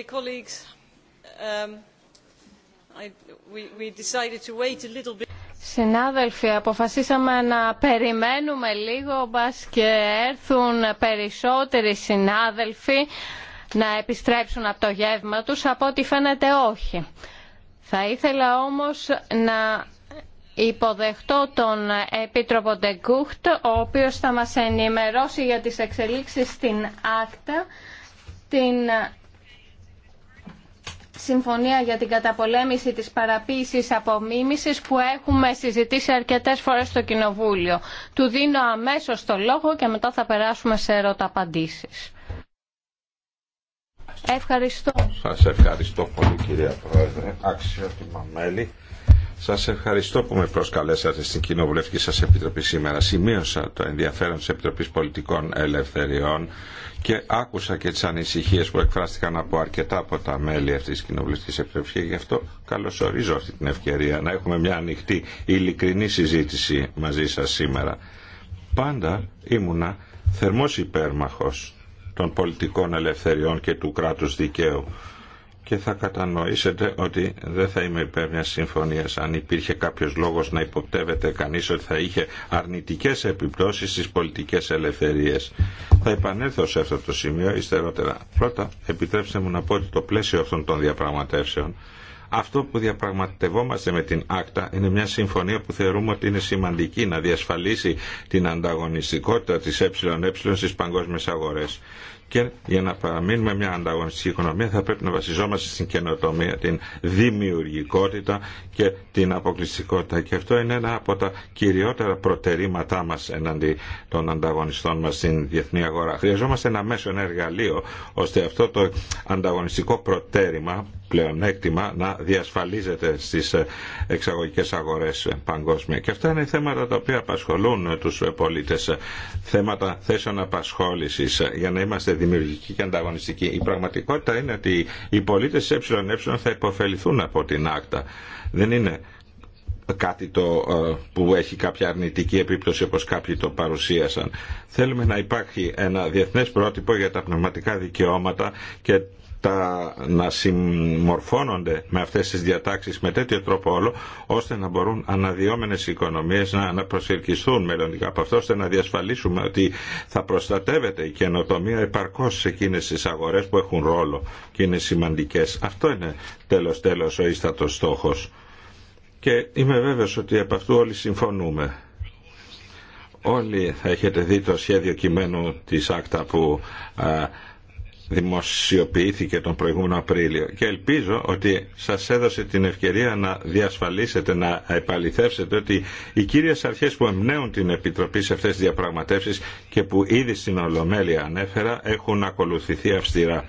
colleagues, Συνάδελφοι, αποφασίσαμε να περιμένουμε λίγο, μπας και έρθουν περισσότεροι συνάδελφοι να επιστρέψουν από το γεύμα τους, από ό,τι φαίνεται όχι. Θα ήθελα όμως να υποδεχτώ τον Επίτροπο Ντεγκούχτ, ο οποίος θα μας ενημερώσει για τις εξελίξεις στην ΑΚΤΑ, την συμφωνία για την καταπολέμηση της παραποίησης απομίμησης που έχουμε συζητήσει αρκετές φορές στο Κοινοβούλιο. Του δίνω αμέσως το λόγο και μετά θα περάσουμε σε ερώτα-απαντήσεις. Ευχαριστώ. Σας ευχαριστώ πολύ κυρία Πρόεδρε, αξιότιμα μέλη. Σας ευχαριστώ που με προσκαλέσατε στην Κοινοβουλευτική σας Επιτροπή σήμερα. Σημείωσα το ενδιαφέρον της Επιτροπής Πολιτικών Ελευθεριών και άκουσα και τις ανησυχίες που εκφράστηκαν από αρκετά από τα μέλη αυτής της Κοινοβουλευτικής Επιτροπής και γι' αυτό καλωσορίζω αυτή την ευκαιρία να έχουμε μια ανοιχτή, ειλικρινή συζήτηση μαζί σας σήμερα. Πάντα ήμουνα θερμός υπέρμαχος των πολιτικών ελευθεριών και του κράτους δικαίου και θα κατανοήσετε ότι δεν θα είμαι υπέρ μιας συμφωνίας αν υπήρχε κάποιος λόγος να υποπτεύεται κανείς ότι θα είχε αρνητικές επιπτώσεις στις πολιτικές ελευθερίες. Θα επανέλθω σε αυτό το σημείο ύστερότερα. Πρώτα, επιτρέψτε μου να πω ότι το πλαίσιο αυτών των διαπραγματεύσεων αυτό που διαπραγματευόμαστε με την ΑΚΤΑ είναι μια συμφωνία που θεωρούμε ότι είναι σημαντική να διασφαλίσει την ανταγωνιστικότητα της ΕΕ στις παγκόσμιες αγορές. Και για να παραμείνουμε μια ανταγωνιστική οικονομία θα πρέπει να βασιζόμαστε στην καινοτομία, την δημιουργικότητα και την αποκλειστικότητα. Και αυτό είναι ένα από τα κυριότερα προτερήματά μα εναντί των ανταγωνιστών μα στην διεθνή αγορά. Χρειαζόμαστε ένα μέσο, ένα εργαλείο, ώστε αυτό το ανταγωνιστικό προτέρημα πλεονέκτημα να διασφαλίζεται στις ε, εξαγωγικές αγορές παγκόσμια. Και αυτά είναι θέματα τα οποία απασχολούν ε, τους ε, πολίτες, θέματα θέσεων απασχόλησης για να είμαστε δημιουργικοί και ανταγωνιστικοί. Η πραγματικότητα είναι ότι οι πολίτες ΕΕ θα υποφεληθούν από την άκτα. Δεν είναι κάτι το, που έχει κάποια αρνητική επίπτωση όπως κάποιοι το παρουσίασαν. Θέλουμε να υπάρχει ένα διεθνές πρότυπο για τα πνευματικά δικαιώματα και τα, να συμμορφώνονται με αυτές τις διατάξεις με τέτοιο τρόπο όλο, ώστε να μπορούν αναδυόμενες οικονομίες να, να μελλοντικά από αυτό, ώστε να διασφαλίσουμε ότι θα προστατεύεται η καινοτομία επαρκώς σε εκείνες τις αγορές που έχουν ρόλο και είναι σημαντικές. Αυτό είναι τέλος τέλος ο ίστατος στόχος. Και είμαι βέβαιος ότι από αυτού όλοι συμφωνούμε. Όλοι θα έχετε δει το σχέδιο κειμένου της ΑΚΤΑ που δημοσιοποιήθηκε τον προηγούμενο Απρίλιο και ελπίζω ότι σας έδωσε την ευκαιρία να διασφαλίσετε, να επαληθεύσετε ότι οι κύριες αρχές που εμπνέουν την Επιτροπή σε αυτές τις διαπραγματεύσεις και που ήδη στην Ολομέλεια ανέφερα έχουν ακολουθηθεί αυστηρά.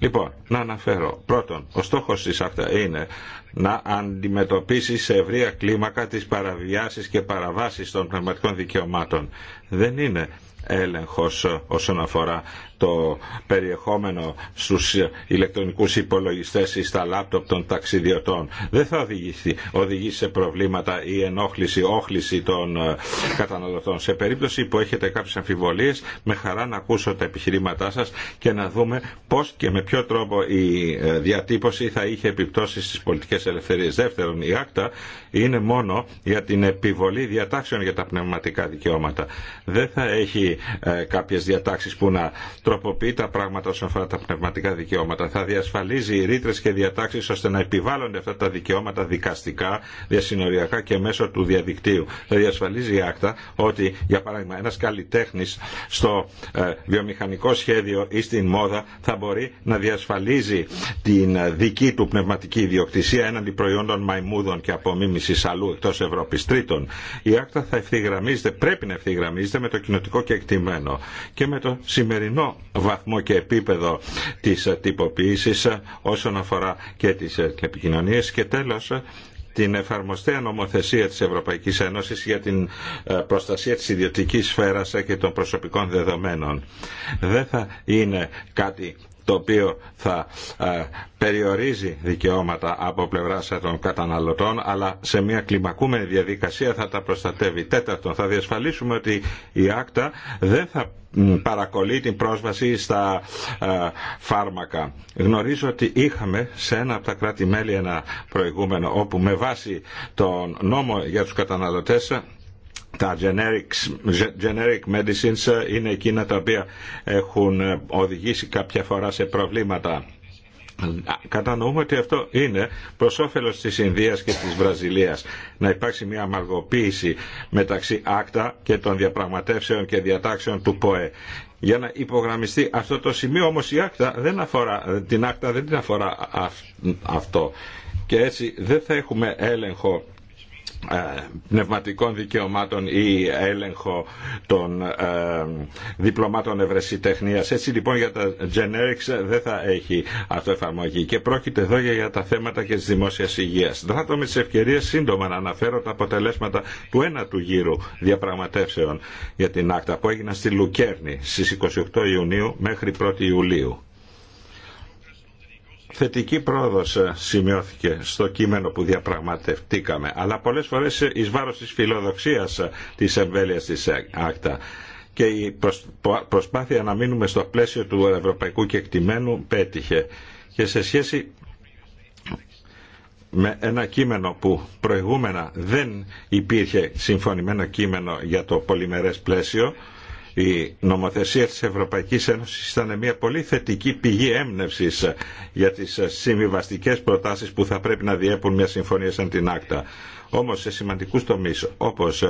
Λοιπόν, να αναφέρω. Πρώτον, ο στόχος της αυτά είναι να αντιμετωπίσει σε ευρεία κλίμακα τις παραβιάσεις και παραβάσεις των πνευματικών δικαιωμάτων. Δεν είναι έλεγχος όσον αφορά το περιεχόμενο στους ηλεκτρονικούς υπολογιστές ή στα λάπτοπ των ταξιδιωτών. Δεν θα οδηγήσει, οδηγήσει σε προβλήματα ή ενόχληση, όχληση των ε, καταναλωτών. Σε περίπτωση που έχετε κάποιες αμφιβολίες, με χαρά να ακούσω τα επιχειρήματά σας και να δούμε πώς και με ποιο τρόπο η ε, διατύπωση θα είχε επιπτώσει στις πολιτικές ελευθερίες. Δεύτερον, η άκτα είναι μόνο για την επιβολή διατάξεων για τα πνευματικά δικαιώματα. Δεν θα έχει ε, κάποιες διατάξεις που να τροποποιεί τα πράγματα όσον αφορά τα πνευματικά δικαιώματα. Θα διασφαλίζει ρήτρε και διατάξει ώστε να επιβάλλονται αυτά τα δικαιώματα δικαστικά, διασυνοριακά και μέσω του διαδικτύου. Θα διασφαλίζει η άκτα ότι, για παράδειγμα, ένα καλλιτέχνη στο ε, βιομηχανικό σχέδιο ή στην μόδα θα μπορεί να διασφαλίζει την ε, δική του πνευματική ιδιοκτησία έναντι προϊόντων μαϊμούδων και απομίμηση αλλού εκτό Ευρώπη. Τρίτον, η άκτα θα ευθυγραμμίζεται, πρέπει να ευθυγραμμίζεται με το κοινοτικό και εκτιμένο και με το σημερινό βαθμό και επίπεδο της τυποποίησης όσον αφορά και τις ε, επικοινωνίες και τέλος την εφαρμοστέα νομοθεσία της Ευρωπαϊκής Ένωσης για την ε, προστασία της ιδιωτικής σφαίρας και των προσωπικών δεδομένων. Δεν θα είναι κάτι το οποίο θα ε, περιορίζει δικαιώματα από πλευράς των καταναλωτών αλλά σε μια κλιμακούμενη διαδικασία θα τα προστατεύει. Τέταρτον, θα διασφαλίσουμε ότι η άκτα δεν θα παρακολεί την πρόσβαση στα ε, φάρμακα. Γνωρίζω ότι είχαμε σε ένα από τα κράτη-μέλη ένα προηγούμενο όπου με βάση τον νόμο για τους καταναλωτές τα generics, generic medicines είναι εκείνα τα οποία έχουν οδηγήσει κάποια φορά σε προβλήματα. Κατανοούμε ότι αυτό είναι προς όφελος της Ινδίας και της Βραζιλίας να υπάρξει μια αμαργοποίηση μεταξύ άκτα και των διαπραγματεύσεων και διατάξεων του ΠΟΕ. Για να υπογραμμιστεί αυτό το σημείο όμως η άκτα δεν αφορά, την άκτα δεν την αφορά αυτό. Και έτσι δεν θα έχουμε έλεγχο ε, πνευματικών δικαιωμάτων ή έλεγχο των ε, διπλωμάτων ευρεσιτεχνίας. Έτσι λοιπόν για τα generics δεν θα έχει αυτό εφαρμογή και πρόκειται εδώ για τα θέματα και τη δημόσια υγείας. Δράτω με τι ευκαιρίες σύντομα να αναφέρω τα αποτελέσματα του ένα του γύρου διαπραγματεύσεων για την άκτα που έγιναν στη Λουκέρνη στις 28 Ιουνίου μέχρι 1 Ιουλίου θετική πρόοδος ε, σημειώθηκε στο κείμενο που διαπραγματευτήκαμε, αλλά πολλές φορές ε, εις βάρος της φιλοδοξίας ε, της εμβέλειας της ΑΚΤΑ και η προσπάθεια να μείνουμε στο πλαίσιο του ευρωπαϊκού κεκτημένου πέτυχε. Και σε σχέση με ένα κείμενο που προηγούμενα δεν υπήρχε συμφωνημένο κείμενο για το πολυμερές πλαίσιο, η νομοθεσία της Ευρωπαϊκής Ένωσης ήταν μια πολύ θετική πηγή έμπνευσης για τις συμβιβαστικέ προτάσεις που θα πρέπει να διέπουν μια συμφωνία σαν την Άκτα. Όμως σε σημαντικούς τομείς όπως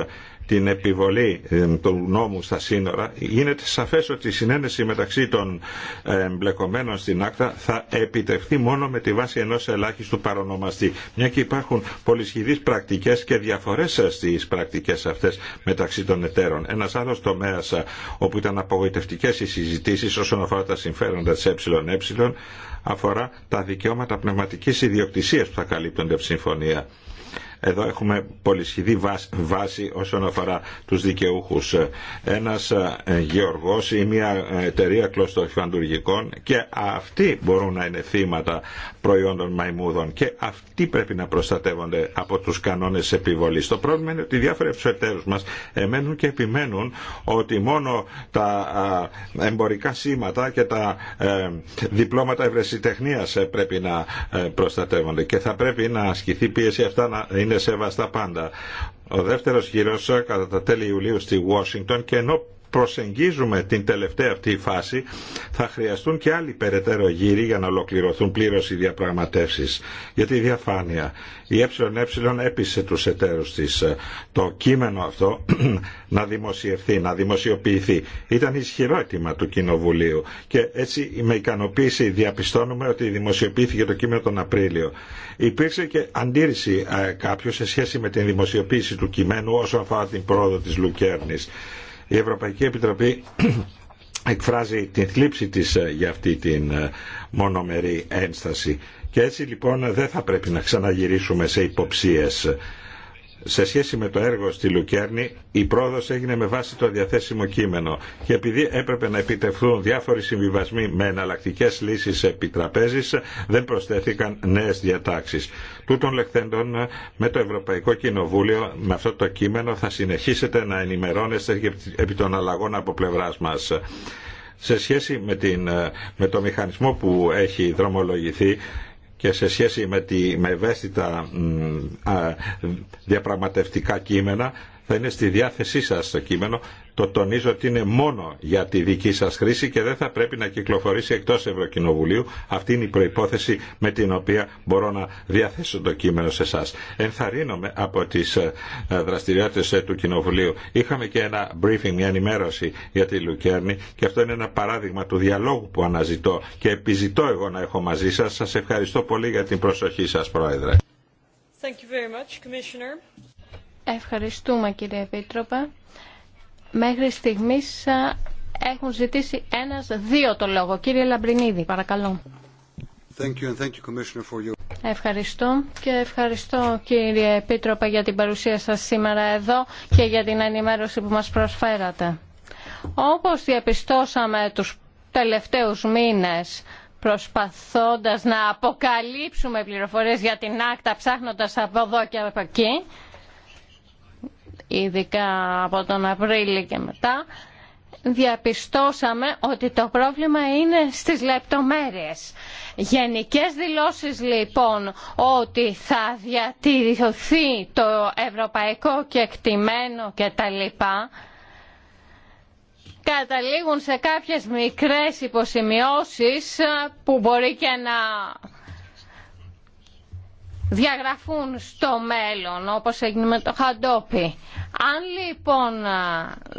την επιβολή του νόμου στα σύνορα, γίνεται σαφές ότι η συνένεση μεταξύ των ε, μπλεκομένων στην άκτα θα επιτευχθεί μόνο με τη βάση ενός ελάχιστου παρονομαστή. Μια και υπάρχουν πολυσχηδείς πρακτικές και διαφορές ε, στις πρακτικές αυτές μεταξύ των εταίρων. Ένας άλλος τομέας ε, όπου ήταν απογοητευτικές οι συζητήσεις όσον αφορά τα συμφέροντα της ΕΕ αφορά τα δικαιώματα πνευματικής ιδιοκτησίας που θα καλύπτονται από συμφωνία. Εδώ έχουμε πολυσχηδή βάση όσον αφορά τους δικαιούχους. Ένας ε, γεωργός ή μια εταιρεία κλωστοφαντουργικών και αυτοί μπορούν να είναι θύματα προϊόντων μαϊμούδων και αυτοί πρέπει να προστατεύονται από τους κανόνες επιβολής. Το πρόβλημα είναι ότι οι διάφοροι μας εμένουν και επιμένουν ότι μόνο τα εμπορικά σήματα και τα ε, διπλώματα ευρεσιτεχνίας ε, πρέπει να προστατεύονται και θα πρέπει να ασκηθεί πίεση αυτά να είναι σεβαστά πάντα. Ο δεύτερος γύρος ε, κατά τα τέλη Ιουλίου στη Ουάσιγκτον και ενώ προσεγγίζουμε την τελευταία αυτή φάση θα χρειαστούν και άλλοι περαιτέρω γύροι για να ολοκληρωθούν πλήρως οι διαπραγματεύσεις. Για τη διαφάνεια. Η ΕΕ έπεισε τους εταίρους της το κείμενο αυτό να δημοσιευθεί, να δημοσιοποιηθεί. Ήταν ισχυρό αίτημα του Κοινοβουλίου και έτσι με ικανοποίηση διαπιστώνουμε ότι δημοσιοποιήθηκε το κείμενο τον Απρίλιο. Υπήρξε και αντίρρηση ε, κάποιου σε σχέση με την δημοσιοποίηση του κειμένου όσον αφορά την πρόοδο της Λουκέρνης. Η Ευρωπαϊκή Επιτροπή εκφράζει την θλίψη της ε, για αυτή την ε, μονομερή ένσταση. Και έτσι λοιπόν δεν θα πρέπει να ξαναγυρίσουμε σε υποψίες σε σχέση με το έργο στη Λουκέρνη η πρόοδος έγινε με βάση το διαθέσιμο κείμενο και επειδή έπρεπε να επιτευχθούν διάφοροι συμβιβασμοί με εναλλακτικέ λύσεις επιτραπέζης δεν προσθέθηκαν νέες διατάξεις. Τούτων λεχθέντων με το Ευρωπαϊκό Κοινοβούλιο με αυτό το κείμενο θα συνεχίσετε να ενημερώνεστε επί των αλλαγών από πλευρά μα. σε σχέση με, την, με το μηχανισμό που έχει δρομολογηθεί και σε σχέση με, τη, με ευαίσθητα διαπραγματευτικά κείμενα θα είναι στη διάθεσή σας το κείμενο. Το τονίζω ότι είναι μόνο για τη δική σας χρήση και δεν θα πρέπει να κυκλοφορήσει εκτός Ευρωκοινοβουλίου. Αυτή είναι η προϋπόθεση με την οποία μπορώ να διαθέσω το κείμενο σε εσά. Ενθαρρύνομαι από τις ε, δραστηριότητες ε, του Κοινοβουλίου. Είχαμε και ένα briefing, μια ενημέρωση για τη Λουκέρνη και αυτό είναι ένα παράδειγμα του διαλόγου που αναζητώ και επιζητώ εγώ να έχω μαζί σας. Σας ευχαριστώ πολύ για την προσοχή σας, Πρόεδρε. Thank you very much, Commissioner. Ευχαριστούμε κύριε Επίτροπε. Μέχρι στιγμής έχουν ζητήσει ένας δύο το λόγο. Κύριε Λαμπρινίδη, παρακαλώ. Ευχαριστώ και ευχαριστώ κύριε Επίτροπε για την παρουσία σας σήμερα εδώ και για την ενημέρωση που μας προσφέρατε. Όπως διαπιστώσαμε τους τελευταίους μήνες προσπαθώντας να αποκαλύψουμε πληροφορίες για την άκτα ψάχνοντας από εδώ και από εκεί ειδικά από τον Απρίλιο και μετά, διαπιστώσαμε ότι το πρόβλημα είναι στις λεπτομέρειες. Γενικές δηλώσεις λοιπόν ότι θα διατηρηθεί το ευρωπαϊκό κεκτημένο και τα λοιπά, καταλήγουν σε κάποιες μικρές υποσημειώσεις που μπορεί και να διαγραφούν στο μέλλον όπως έγινε με το Χαντόπι. Αν λοιπόν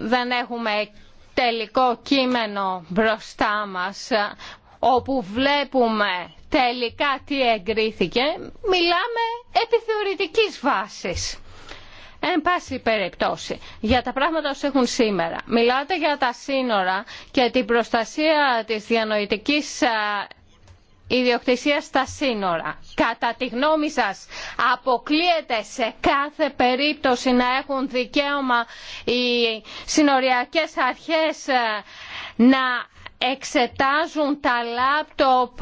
δεν έχουμε τελικό κείμενο μπροστά μας όπου βλέπουμε τελικά τι εγκρίθηκε, μιλάμε επί θεωρητικής βάσης. Εν πάση περιπτώσει, για τα πράγματα όσο έχουν σήμερα. Μιλάτε για τα σύνορα και την προστασία της διανοητικής ιδιοκτησία στα σύνορα. Κατά τη γνώμη σας, αποκλείεται σε κάθε περίπτωση να έχουν δικαίωμα οι συνοριακές αρχές ε, να εξετάζουν τα λάπτοπ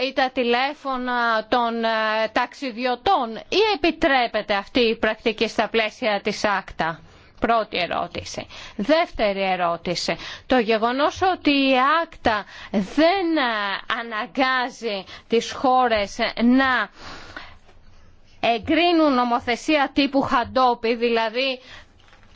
ε, ή τα τηλέφωνα των ε, ταξιδιωτών ή επιτρέπεται αυτή η πρακτική στα πλαίσια της άκτα. Πρώτη ερώτηση. Δεύτερη ερώτηση. Το γεγονός ότι η άκτα δεν ε, αναγκάζει τις χώρες να εγκρίνουν νομοθεσία τύπου χαντόπι, δηλαδή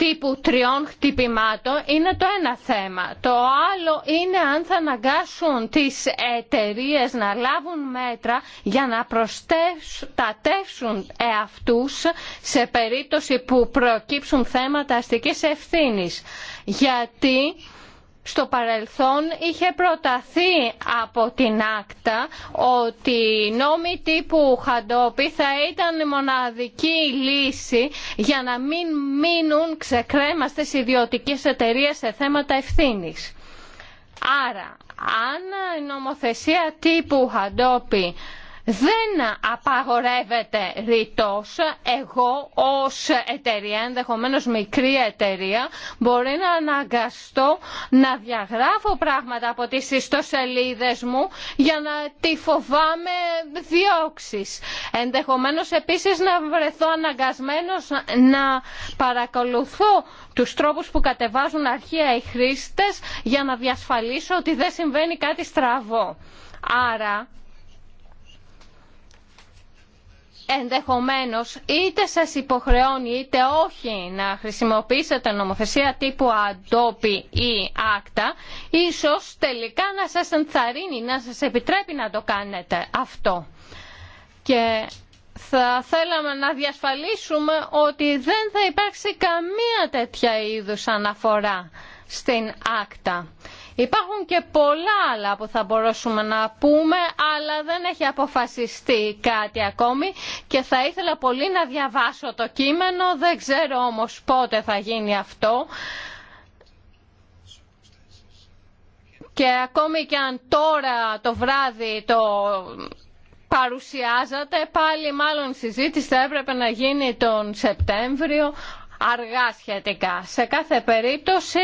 τύπου τριών χτυπημάτων είναι το ένα θέμα. Το άλλο είναι αν θα αναγκάσουν τις εταιρείε να λάβουν μέτρα για να προστατεύσουν εαυτούς σε περίπτωση που προκύψουν θέματα αστικής ευθύνης. Γιατί στο παρελθόν είχε προταθεί από την άκτα ότι νόμοι τύπου Χαντόπι θα ήταν η μοναδική λύση για να μην μείνουν ξεκρέμαστες ιδιωτικές εταιρείες σε θέματα ευθύνης. Άρα, αν η νομοθεσία τύπου Χαντόπι δεν απαγορεύεται ρητός. Εγώ ως εταιρεία, ενδεχομένως μικρή εταιρεία, μπορεί να αναγκαστώ να διαγράφω πράγματα από τις ιστοσελίδες μου για να τη φοβάμαι διώξεις. Ενδεχομένως επίσης να βρεθώ αναγκασμένος να παρακολουθώ τους τρόπους που κατεβάζουν αρχεία οι χρήστες για να διασφαλίσω ότι δεν συμβαίνει κάτι στραβό. Άρα ενδεχομένως είτε σας υποχρεώνει είτε όχι να χρησιμοποιήσετε νομοθεσία τύπου αντόπι ή άκτα ίσως τελικά να σας ενθαρρύνει, να σας επιτρέπει να το κάνετε αυτό. Και θα θέλαμε να διασφαλίσουμε ότι δεν θα υπάρξει καμία τέτοια είδους αναφορά στην άκτα. Υπάρχουν και πολλά άλλα που θα μπορούσαμε να πούμε, αλλά δεν έχει αποφασιστεί κάτι ακόμη και θα ήθελα πολύ να διαβάσω το κείμενο, δεν ξέρω όμως πότε θα γίνει αυτό. Και ακόμη και αν τώρα το βράδυ το παρουσιάζατε, πάλι μάλλον η συζήτηση θα έπρεπε να γίνει τον Σεπτέμβριο, αργά σχετικά. Σε κάθε περίπτωση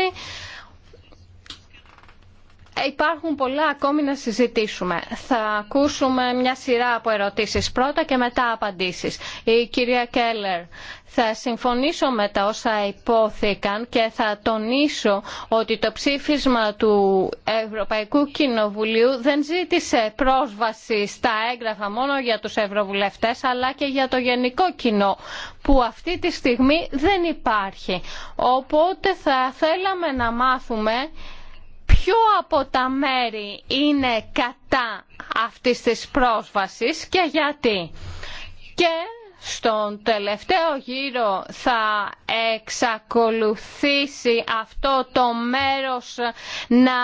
Υπάρχουν πολλά ακόμη να συζητήσουμε. Θα ακούσουμε μια σειρά από ερωτήσεις πρώτα και μετά απαντήσεις. Η κυρία Κέλλερ, θα συμφωνήσω με τα όσα υπόθηκαν και θα τονίσω ότι το ψήφισμα του Ευρωπαϊκού Κοινοβουλίου δεν ζήτησε πρόσβαση στα έγγραφα μόνο για τους ευρωβουλευτές αλλά και για το γενικό κοινό που αυτή τη στιγμή δεν υπάρχει. Οπότε θα θέλαμε να μάθουμε ποιο από τα μέρη είναι κατά αυτής της πρόσβασης και γιατί. Και στον τελευταίο γύρο θα εξακολουθήσει αυτό το μέρος να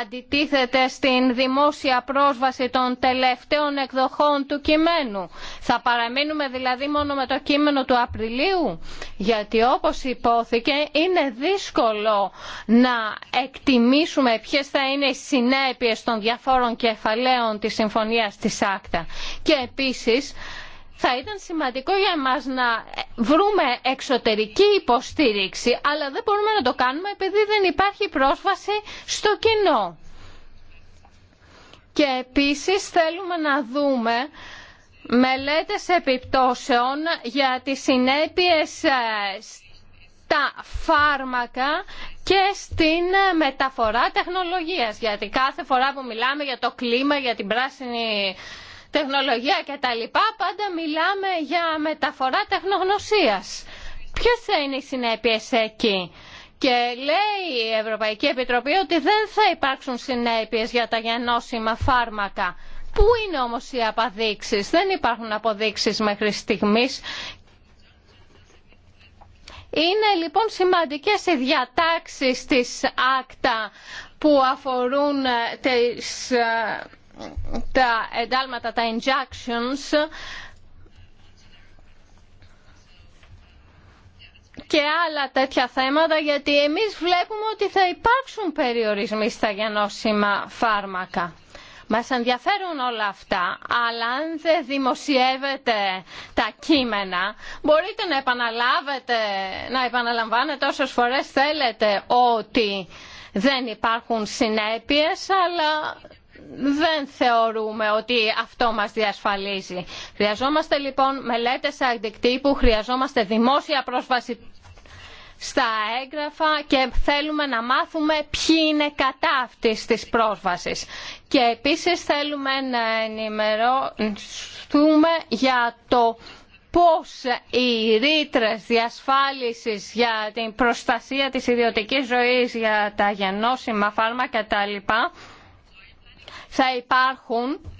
αντιτίθεται στην δημόσια πρόσβαση των τελευταίων εκδοχών του κειμένου. Θα παραμείνουμε δηλαδή μόνο με το κείμενο του Απριλίου, γιατί όπως υπόθηκε είναι δύσκολο να εκτιμήσουμε ποιες θα είναι οι συνέπειες των διαφόρων κεφαλαίων της Συμφωνίας της Άκτα. Και επίσης θα ήταν σημαντικό για μας να βρούμε εξωτερική υποστήριξη, αλλά δεν μπορούμε να το κάνουμε επειδή δεν υπάρχει πρόσβαση στο κοινό. Και επίσης θέλουμε να δούμε μελέτες επιπτώσεων για τις συνέπειες ε, στα φάρμακα και στην ε, μεταφορά τεχνολογίας. Γιατί κάθε φορά που μιλάμε για το κλίμα, για την πράσινη τεχνολογία και τα λοιπά, Πάντα μιλάμε για μεταφορά τεχνογνωσίας. Ποιες θα είναι οι συνέπειες εκεί. Και λέει η Ευρωπαϊκή Επιτροπή ότι δεν θα υπάρξουν συνέπειες για τα γενώσιμα φάρμακα. Πού είναι όμως οι αποδείξεις. Δεν υπάρχουν αποδείξεις μέχρι στιγμής. Είναι λοιπόν σημαντικές οι διατάξεις της άκτα που αφορούν ε, τις ε, τα εντάλματα, τα injections και άλλα τέτοια θέματα γιατί εμείς βλέπουμε ότι θα υπάρξουν περιορισμοί στα γενώσιμα φάρμακα. Μας ενδιαφέρουν όλα αυτά, αλλά αν δεν δημοσιεύετε τα κείμενα, μπορείτε να επαναλάβετε, να επαναλαμβάνετε όσες φορές θέλετε ότι δεν υπάρχουν συνέπειες, αλλά δεν θεωρούμε ότι αυτό μας διασφαλίζει. Χρειαζόμαστε λοιπόν μελέτες αντικτύπου, χρειαζόμαστε δημόσια πρόσβαση στα έγγραφα και θέλουμε να μάθουμε ποιοι είναι κατά αυτής της πρόσβασης. Και επίσης θέλουμε να ενημερώσουμε για το πώς οι ρήτρε διασφάλισης για την προστασία της ιδιωτικής ζωής, για τα γεννόσιμα φάρμακα κτλ θα υπάρχουν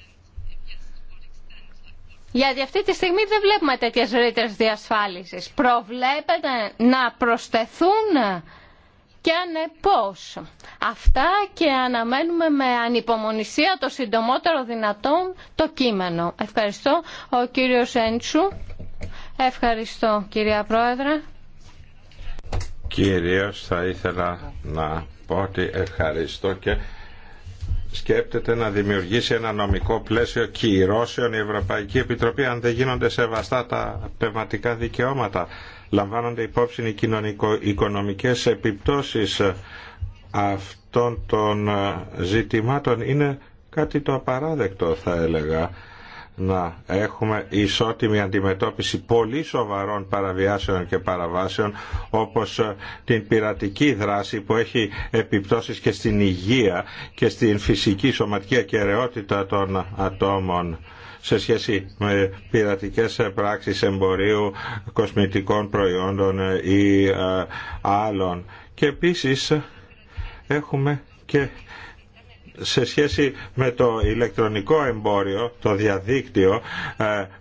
γιατί αυτή τη στιγμή δεν βλέπουμε τέτοιες ρήτρες διασφάλισης. Προβλέπεται να προσθεθούν και ανεπώς. Ναι, Αυτά και αναμένουμε με ανυπομονησία το συντομότερο δυνατόν το κείμενο. Ευχαριστώ ο κύριος Έντσου. Ευχαριστώ κυρία Πρόεδρε. Κυρίως θα ήθελα να πω ότι ευχαριστώ και σκέπτεται να δημιουργήσει ένα νομικό πλαίσιο κυρώσεων η Ευρωπαϊκή Επιτροπή αν δεν γίνονται σεβαστά τα πνευματικά δικαιώματα. Λαμβάνονται υπόψη οι κοινωνικο-οικονομικές επιπτώσεις αυτών των ζητημάτων. Είναι κάτι το απαράδεκτο θα έλεγα να έχουμε ισότιμη αντιμετώπιση πολύ σοβαρών παραβιάσεων και παραβάσεων όπως ε, την πειρατική δράση που έχει επιπτώσεις και στην υγεία και στην φυσική σωματική ακεραιότητα των ατόμων σε σχέση με πειρατικές ε, πράξεις εμπορίου κοσμητικών προϊόντων ε, ή άλλων. Και επίσης έχουμε και σε σχέση με το ηλεκτρονικό εμπόριο, το διαδίκτυο,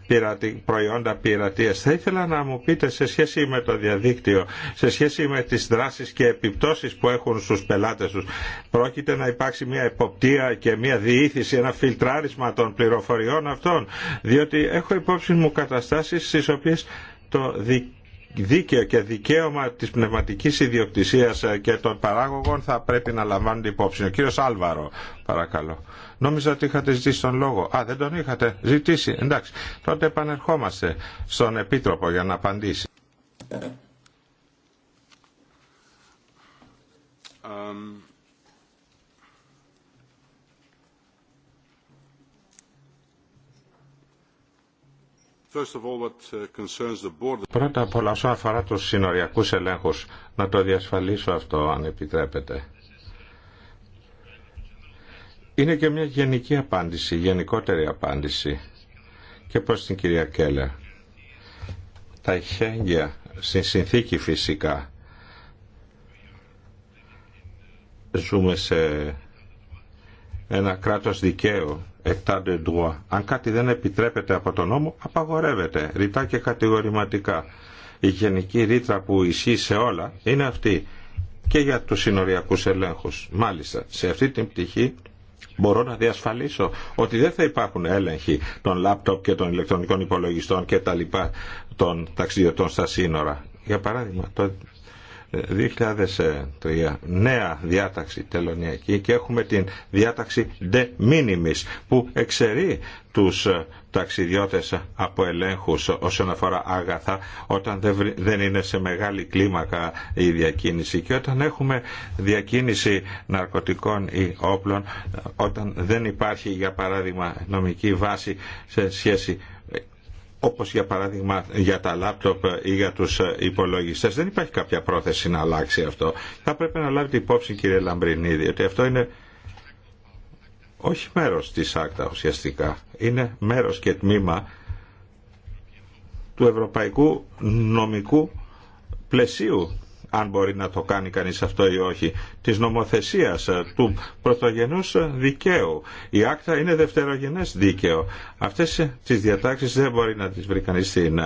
ε, προϊόντα πειρατεία. Θα ήθελα να μου πείτε σε σχέση με το διαδίκτυο, σε σχέση με τις δράσεις και επιπτώσεις που έχουν στους πελάτες τους. Πρόκειται να υπάρξει μια εποπτεία και μια διήθηση, ένα φιλτράρισμα των πληροφοριών αυτών, διότι έχω υπόψη μου καταστάσεις στις οποίες το δικαίωμα δίκαιο και δικαίωμα της πνευματικής ιδιοκτησίας και των παράγωγων θα πρέπει να λαμβάνονται υπόψη. Ο κύριος Άλβαρο, παρακαλώ. Νόμιζα ότι είχατε ζητήσει τον λόγο. Α, δεν τον είχατε ζητήσει. Εντάξει. Τότε επανερχόμαστε στον Επίτροπο για να απαντήσει. Uh, Πρώτα απ' όλα όσον αφορά τους συνοριακούς ελέγχους, να το διασφαλίσω αυτό αν επιτρέπετε. Είναι και μια γενική απάντηση, γενικότερη απάντηση και προς την κυρία Κέλλερ. Τα ειχέγγυα στην συνθήκη φυσικά ζούμε σε ένα κράτος δικαίου αν κάτι δεν επιτρέπεται από τον νόμο, απαγορεύεται ρητά και κατηγορηματικά. Η γενική ρήτρα που ισχύει σε όλα είναι αυτή και για τους συνοριακούς ελέγχους. Μάλιστα, σε αυτή την πτυχή μπορώ να διασφαλίσω ότι δεν θα υπάρχουν έλεγχοι των λάπτοπ και των ηλεκτρονικών υπολογιστών και τα λοιπά των ταξιδιωτών στα σύνορα. Για παράδειγμα, το 2003 ε, νέα διάταξη τελωνιακή και έχουμε την διάταξη de minimis που εξαιρεί τους ε, ταξιδιώτες από ελέγχους όσον αφορά άγαθα όταν δεν είναι σε μεγάλη κλίμακα η διακίνηση και όταν έχουμε διακίνηση ναρκωτικών ή όπλων ε, όταν δεν υπάρχει για παράδειγμα νομική βάση σε σχέση όπως για παράδειγμα για τα λάπτοπ ή για τους υπολογιστές. Δεν υπάρχει κάποια πρόθεση να αλλάξει αυτό. Θα πρέπει να λάβετε υπόψη κύριε Λαμπρινίδη ότι αυτό είναι όχι μέρος της άκτα ουσιαστικά. Είναι μέρος και τμήμα του ευρωπαϊκού νομικού πλαισίου αν μπορεί να το κάνει κανείς αυτό ή όχι, της νομοθεσίας ε, του πρωτογενούς ε, δικαίου. Η άκτα είναι δευτερογενές δίκαιο. Αυτές ε, τις διατάξεις δεν μπορεί να τις βρει κανείς στην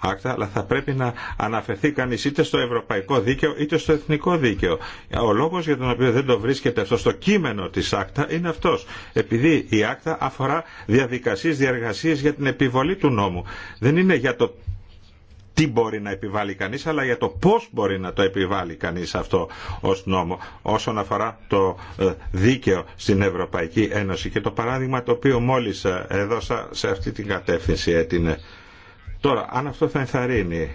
άκτα, αλλά θα πρέπει να αναφερθεί κανείς είτε στο ευρωπαϊκό δίκαιο είτε στο εθνικό δίκαιο. Ο λόγος για τον οποίο δεν το βρίσκεται αυτό στο κείμενο της άκτα είναι αυτός. Επειδή η άκτα αφορά διαδικασίες, διαργασίες για την επιβολή του νόμου. Δεν είναι για το τι μπορεί να επιβάλλει κανείς, αλλά για το πώς μπορεί να το επιβάλλει κανείς αυτό ως νόμο όσον αφορά το ε, δίκαιο στην Ευρωπαϊκή Ένωση. Και το παράδειγμα το οποίο μόλις ε, έδωσα σε αυτή την κατεύθυνση έτεινε. Τώρα, αν αυτό θα ενθαρρύνει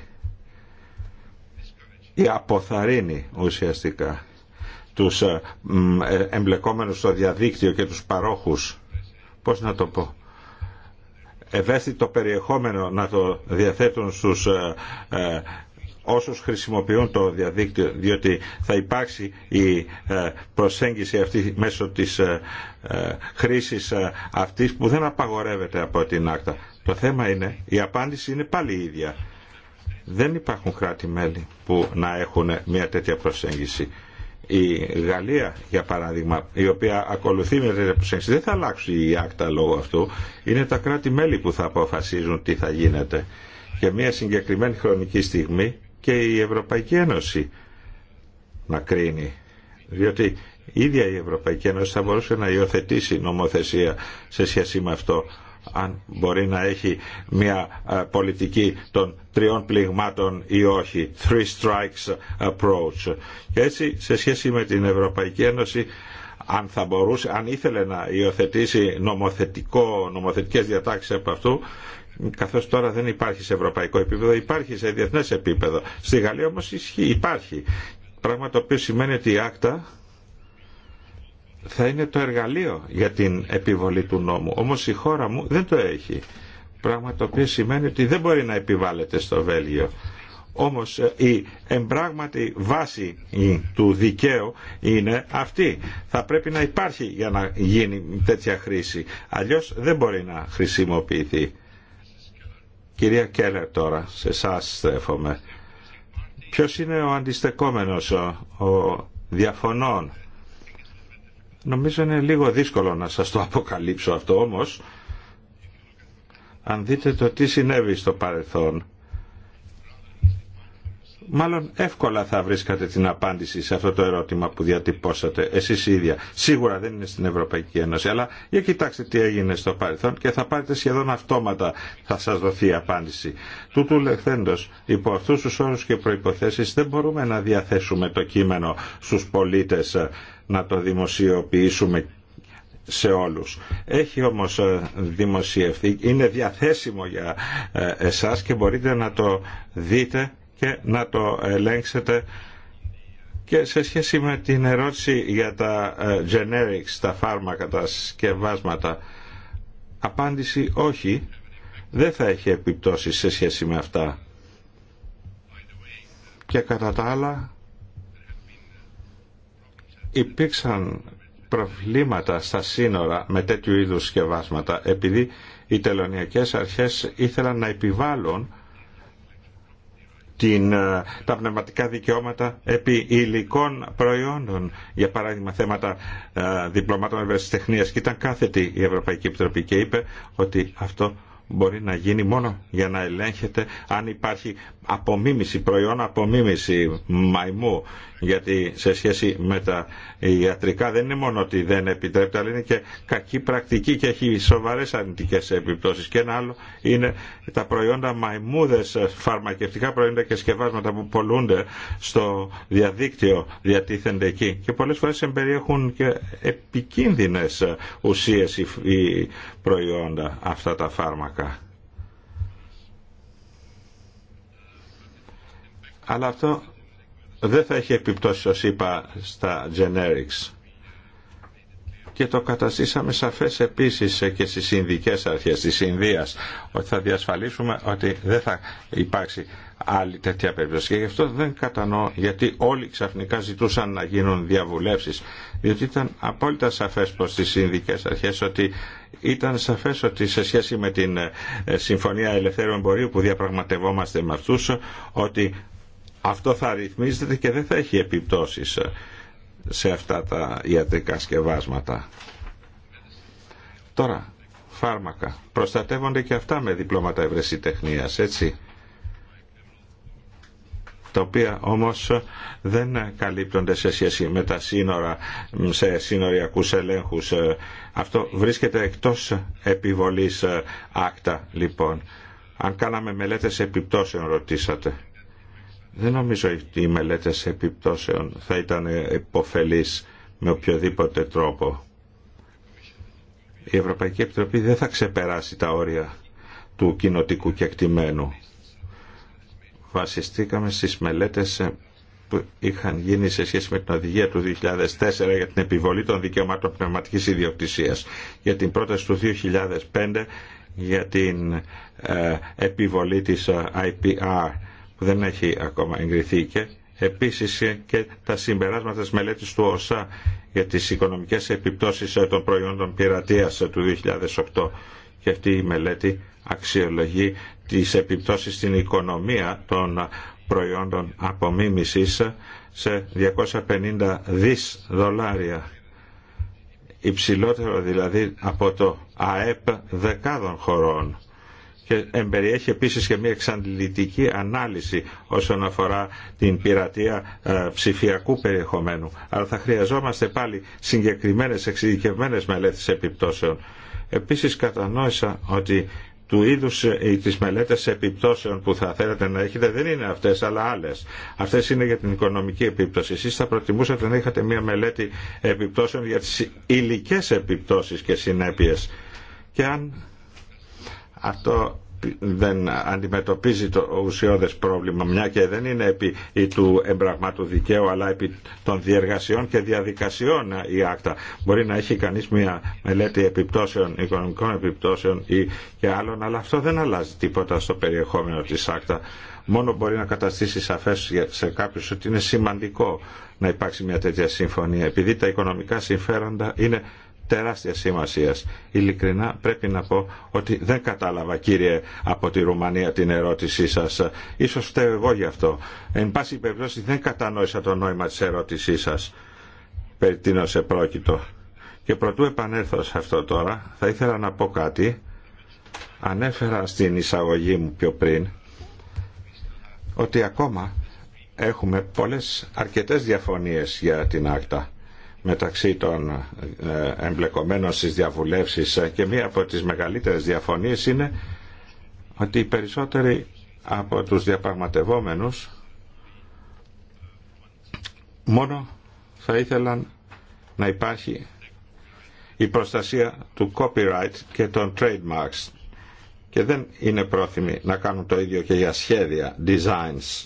ή αποθαρρύνει ουσιαστικά τους ε, εμπλεκόμενους στο διαδίκτυο και τους παρόχους, πώς να το πω, ευαίσθητο περιεχόμενο να το διαθέτουν στους ε, ε, όσους χρησιμοποιούν το διαδίκτυο διότι θα υπάρξει η ε, προσέγγιση αυτή μέσω της χρήσης αυτής που δεν απαγορεύεται από την άκτα. Το θέμα είναι, η απάντηση είναι πάλι ίδια. Δεν υπάρχουν κράτη-μέλη που να έχουν μια τέτοια προσέγγιση η Γαλλία για παράδειγμα η οποία ακολουθεί με την δεν θα αλλάξει η άκτα λόγω αυτού είναι τα κράτη-μέλη που θα αποφασίζουν τι θα γίνεται για μια συγκεκριμένη χρονική στιγμή και η Ευρωπαϊκή Ένωση να κρίνει διότι η ίδια η Ευρωπαϊκή Ένωση θα μπορούσε να υιοθετήσει νομοθεσία σε σχέση με αυτό αν μπορεί να έχει μια ε, πολιτική των τριών πληγμάτων ή όχι. Three strikes approach. Και έτσι σε σχέση με την Ευρωπαϊκή Ένωση αν θα μπορούσε, αν ήθελε να υιοθετήσει νομοθετικό, νομοθετικές διατάξεις από αυτού, καθώς τώρα δεν υπάρχει σε ευρωπαϊκό επίπεδο, υπάρχει σε διεθνές επίπεδο. Στη Γαλλία όμως υπάρχει. Πράγμα το οποίο σημαίνει ότι η άκτα θα είναι το εργαλείο για την επιβολή του νόμου. Όμως η χώρα μου δεν το έχει. Πράγμα το οποίο σημαίνει ότι δεν μπορεί να επιβάλλεται στο Βέλγιο. Όμως ε, η εμπράγματη βάση του δικαίου είναι αυτή. Θα πρέπει να υπάρχει για να γίνει τέτοια χρήση. Αλλιώς δεν μπορεί να χρησιμοποιηθεί. Κυρία Κέλλερ τώρα, σε εσά στρέφομαι. Ποιος είναι ο αντιστεκόμενος, ο διαφωνών. Νομίζω είναι λίγο δύσκολο να σας το αποκαλύψω αυτό όμως. Αν δείτε το τι συνέβη στο παρελθόν μάλλον εύκολα θα βρίσκατε την απάντηση σε αυτό το ερώτημα που διατυπώσατε εσείς ίδια. Σίγουρα δεν είναι στην Ευρωπαϊκή Ένωση, αλλά για κοιτάξτε τι έγινε στο παρελθόν και θα πάρετε σχεδόν αυτόματα θα σας δοθεί η απάντηση. Τούτου λεχθέντος, υπό αυτού τους όρους και προϋποθέσεις δεν μπορούμε να διαθέσουμε το κείμενο στους πολίτες ε, να το δημοσιοποιήσουμε σε όλους. Έχει όμως ε, δημοσιευθεί, είναι διαθέσιμο για ε, εσάς και μπορείτε να το δείτε και να το ελέγξετε και σε σχέση με την ερώτηση για τα ε, generics, τα φάρμακα, τα συσκευάσματα, απάντηση όχι, δεν θα έχει επιπτώσεις σε σχέση με αυτά. Και κατά τα άλλα, υπήρξαν προβλήματα στα σύνορα με τέτοιου είδους συσκευάσματα, επειδή οι τελωνιακές αρχές ήθελαν να επιβάλλουν την, ε, τα πνευματικά δικαιώματα επί υλικών προϊόντων, για παράδειγμα θέματα ε, διπλωμάτων ευρεσιτεχνίας. Και ήταν κάθετη η Ευρωπαϊκή Επιτροπή και είπε ότι αυτό μπορεί να γίνει μόνο για να ελέγχεται αν υπάρχει απομίμηση, προϊόν απομίμηση μαϊμού γιατί σε σχέση με τα ιατρικά δεν είναι μόνο ότι δεν επιτρέπεται αλλά είναι και κακή πρακτική και έχει σοβαρές αρνητικές επιπτώσεις και ένα άλλο είναι τα προϊόντα μαϊμούδες φαρμακευτικά προϊόντα και σκευάσματα που πολλούνται στο διαδίκτυο διατίθενται εκεί και πολλές φορές εμπεριέχουν και επικίνδυνες ουσίες οι προϊόντα αυτά τα φάρμακα αλλά αυτό δεν θα έχει επιπτώσει, ως είπα, στα generics. Και το καταστήσαμε σαφές επίσης και στις Ινδικές αρχές της Ινδίας, ότι θα διασφαλίσουμε ότι δεν θα υπάρξει άλλη τέτοια περίπτωση. Και γι' αυτό δεν κατανοώ γιατί όλοι ξαφνικά ζητούσαν να γίνουν διαβουλεύσεις, διότι ήταν απόλυτα σαφές προς τις Ινδικές αρχές ότι ήταν σαφές ότι σε σχέση με την ε, Συμφωνία Ελευθέρου Εμπορίου που διαπραγματευόμαστε με αυτούς, ότι αυτό θα ρυθμίζεται και δεν θα έχει επιπτώσεις σε αυτά τα ιατρικά σκευάσματα. Τώρα, φάρμακα. Προστατεύονται και αυτά με διπλώματα ευρεσιτεχνίας, έτσι τα οποία όμως δεν καλύπτονται σε σχέση με τα σύνορα, σε σύνοριακούς ελέγχους. Αυτό βρίσκεται εκτός επιβολής άκτα, λοιπόν. Αν κάναμε μελέτες επιπτώσεων, ρωτήσατε. Δεν νομίζω ότι οι μελέτες επιπτώσεων θα ήταν υποφελεί με οποιοδήποτε τρόπο. Η Ευρωπαϊκή Επιτροπή δεν θα ξεπεράσει τα όρια του κοινοτικού κεκτημένου. Βασιστήκαμε στις μελέτες που είχαν γίνει σε σχέση με την οδηγία του 2004 για την επιβολή των δικαιωμάτων πνευματικής ιδιοκτησίας, για την πρόταση του 2005 για την ε, επιβολή της ε, IPR που δεν έχει ακόμα εγκριθεί και επίσης και τα συμπεράσματα της μελέτης του ΟΣΑ για τις οικονομικές επιπτώσεις των προϊόντων πειρατείας του 2008 και αυτή η μελέτη αξιολογεί τις επιπτώσεις στην οικονομία των προϊόντων απομίμησης σε 250 δις δολάρια υψηλότερο δηλαδή από το ΑΕΠ δεκάδων χωρών και εμπεριέχει επίσης και μια εξαντλητική ανάλυση όσον αφορά την πειρατεία ε, ψηφιακού περιεχομένου. Αλλά θα χρειαζόμαστε πάλι συγκεκριμένες εξειδικευμένες μελέτες επιπτώσεων. Επίσης κατανόησα ότι του είδου ή ε, τις μελέτες επιπτώσεων που θα θέλετε να έχετε δεν είναι αυτές αλλά άλλες. Αυτές είναι για την οικονομική επίπτωση. Εσείς θα προτιμούσατε να είχατε μια μελέτη επιπτώσεων για τις υλικές επιπτώσεις και συνέπειε. Και αν αυτό δεν αντιμετωπίζει το ουσιώδες πρόβλημα μια και δεν είναι επί ή του εμπραγμάτου δικαίου αλλά επί των διεργασιών και διαδικασιών άκτα. Μπορεί να έχει κανείς μια μελέτη επιπτώσεων, οικονομικών επιπτώσεων ή και άλλων αλλά αυτό δεν αλλάζει τίποτα στο περιεχόμενο της άκτα. Μόνο μπορεί να καταστήσει σαφές σε κάποιους ότι είναι σημαντικό να υπάρξει μια τέτοια σύμφωνία επειδή τα οικονομικά συμφέροντα είναι τεράστια σημασία. Ειλικρινά πρέπει να πω ότι δεν κατάλαβα κύριε από τη Ρουμανία την ερώτησή σας. Ίσως φταίω εγώ γι' αυτό. Εν πάση περιπτώσει δεν κατανόησα το νόημα της ερώτησής σας. Περί τίνο επρόκειτο. Και προτού επανέλθω σε αυτό τώρα, θα ήθελα να πω κάτι. Ανέφερα στην εισαγωγή μου πιο πριν ότι ακόμα έχουμε πολλές αρκετές διαφωνίες για την άκτα μεταξύ των ε, εμπλεκομένων στις διαβουλεύσεις ε, και μία από τις μεγαλύτερες διαφωνίες είναι ότι οι περισσότεροι από τους διαπραγματευόμενους μόνο θα ήθελαν να υπάρχει η προστασία του copyright και των trademarks και δεν είναι πρόθυμοι να κάνουν το ίδιο και για σχέδια, designs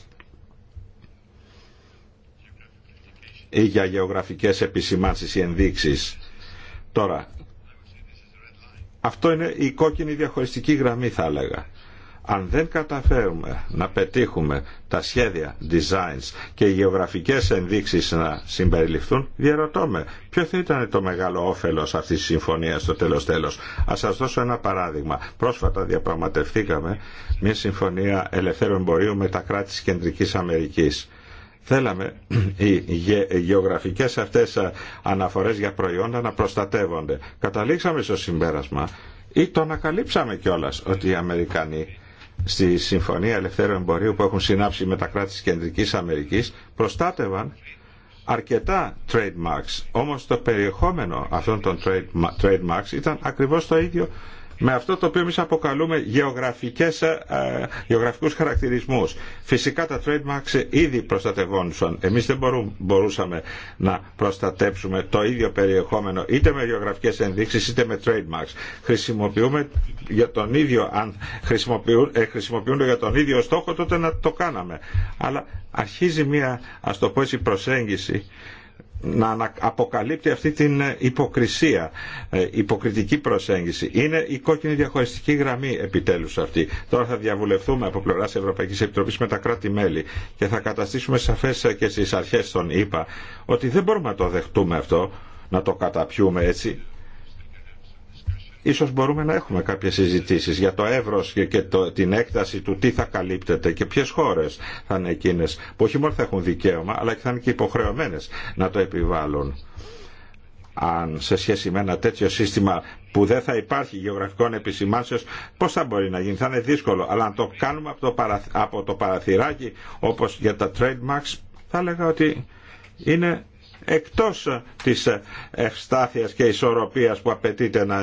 ή για γεωγραφικές επισημάνσεις ή ενδείξεις. Τώρα, αυτό είναι η κόκκινη διαχωριστική γραμμή θα έλεγα. Αν δεν καταφέρουμε να πετύχουμε τα σχέδια, designs και οι γεωγραφικές ενδείξεις να συμπεριληφθούν, διαρωτώ ποιο θα ήταν το μεγάλο όφελος αυτής της συμφωνίας στο τέλος τέλος. Ας σας δώσω ένα παράδειγμα. Πρόσφατα διαπραγματευθήκαμε μια συμφωνία ελευθέρου εμπορίου με τα κράτη της Κεντρικής Αμερικής Θέλαμε οι γεωγραφικές αυτές αναφορές για προϊόντα να προστατεύονται. Καταλήξαμε στο συμπέρασμα ή το ανακαλύψαμε κιόλας ότι οι Αμερικανοί στη Συμφωνία Ελευθέρου Εμπορίου που έχουν συνάψει με τα κράτη της Κεντρικής Αμερικής προστάτευαν αρκετά trademarks. Όμως το περιεχόμενο αυτών των trademarks ήταν ακριβώς το ίδιο με αυτό το οποίο εμεί αποκαλούμε γεωγραφικές, ε, ε, γεωγραφικούς χαρακτηρισμούς. Φυσικά τα trademarks ήδη προστατευόντουσαν. Εμείς δεν μπορούσαμε να προστατέψουμε το ίδιο περιεχόμενο είτε με γεωγραφικές ενδείξεις είτε με trademarks. Χρησιμοποιούμε για τον ίδιο, αν χρησιμοποιούν, ε, για τον ίδιο στόχο τότε να το κάναμε. Αλλά αρχίζει μια, ας το πω έτσι, προσέγγιση να αποκαλύπτει αυτή την ε, υποκρισία, ε, υποκριτική προσέγγιση. Είναι η κόκκινη διαχωριστική γραμμή επιτέλους αυτή. Τώρα θα διαβουλευτούμε από πλευρά τη Ευρωπαϊκής Επιτροπής με τα κράτη-μέλη και θα καταστήσουμε σαφές ε, και στις αρχές των ΗΠΑ ότι δεν μπορούμε να το δεχτούμε αυτό, να το καταπιούμε έτσι ίσως μπορούμε να έχουμε κάποιες συζητήσεις για το εύρος και, το, την έκταση του τι θα καλύπτεται και ποιες χώρες θα είναι εκείνες που όχι μόνο θα έχουν δικαίωμα αλλά και θα είναι και υποχρεωμένες να το επιβάλλουν αν σε σχέση με ένα τέτοιο σύστημα που δεν θα υπάρχει γεωγραφικών επισημάνσεως, πώς θα μπορεί να γίνει, θα είναι δύσκολο. Αλλά αν το κάνουμε από το, από το παραθυράκι, όπως για τα trademarks, θα έλεγα ότι είναι εκτός της ευστάθειας και ισορροπίας που απαιτείται να,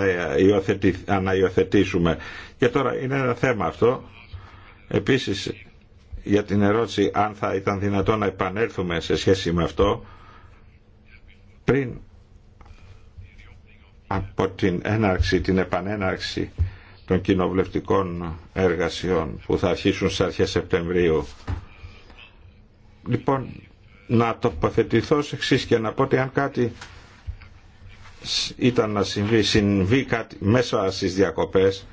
να υιοθετήσουμε. Και τώρα είναι ένα θέμα αυτό. Επίσης για την ερώτηση αν θα ήταν δυνατό να επανέλθουμε σε σχέση με αυτό πριν από την έναρξη, την επανέναρξη των κοινοβουλευτικών εργασιών που θα αρχίσουν στις αρχές Σεπτεμβρίου. Λοιπόν, να τοποθετηθώ σε εξής και να πω ότι αν κάτι ήταν να συμβεί, συμβεί κάτι μέσα στις διακοπές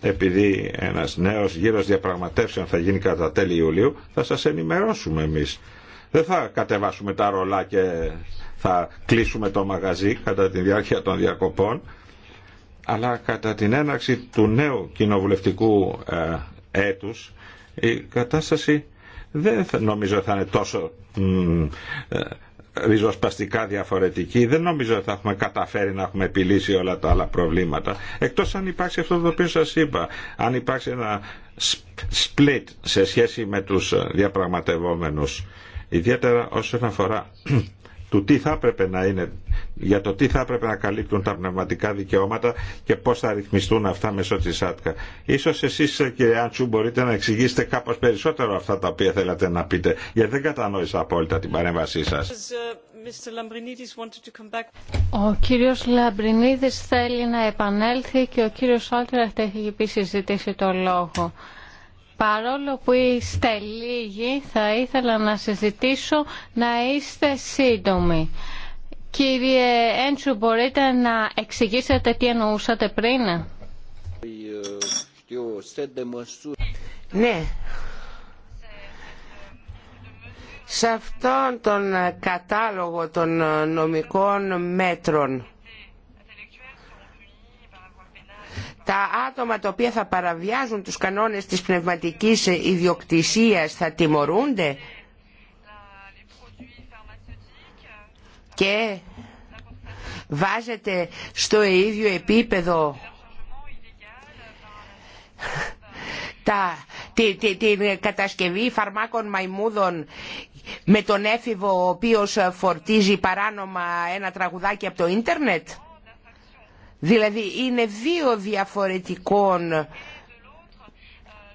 επειδή ένας νέος γύρος διαπραγματεύσεων θα γίνει κατά τέλη Ιουλίου θα σας ενημερώσουμε εμείς δεν θα κατεβάσουμε τα ρολά και θα κλείσουμε το μαγαζί κατά τη διάρκεια των διακοπών αλλά κατά την έναρξη του νέου κοινοβουλευτικού ε, έτους η κατάσταση δεν νομίζω θα είναι τόσο ε, ριζοσπαστικά διαφορετική. Δεν νομίζω ότι θα έχουμε καταφέρει να έχουμε επιλύσει όλα τα άλλα προβλήματα. Εκτός αν υπάρξει αυτό το οποίο σας είπα. Αν υπάρξει ένα split σε σχέση με τους ε, διαπραγματευόμενους. Ιδιαίτερα όσον αφορά του τι θα έπρεπε να είναι για το τι θα έπρεπε να καλύπτουν τα πνευματικά δικαιώματα και πώς θα ρυθμιστούν αυτά μέσω της ΣΑΤΚΑ Ίσως εσείς κύριε Άντσου μπορείτε να εξηγήσετε κάπως περισσότερο αυτά τα οποία θέλατε να πείτε γιατί δεν κατανόησα απόλυτα την παρέμβασή σας. Ο κύριος Λαμπρινίδης θέλει να επανέλθει και ο κύριος Όλτραχτ έχει επίσης ζητήσει το λόγο. Παρόλο που είστε λίγοι, θα ήθελα να συζητήσω να είστε σύντομοι. Κύριε Έντσου, μπορείτε να εξηγήσετε τι εννοούσατε πριν. Ναι. Σε αυτόν τον κατάλογο των νομικών μέτρων τα άτομα τα οποία θα παραβιάζουν τους κανόνες της πνευματικής ιδιοκτησίας θα τιμωρούνται. και βάζεται στο ίδιο επίπεδο τα, την κατασκευή φαρμάκων μαϊμούδων με τον έφηβο ο οποίος φορτίζει παράνομα ένα τραγουδάκι από το ίντερνετ. Δηλαδή είναι δύο διαφορετικών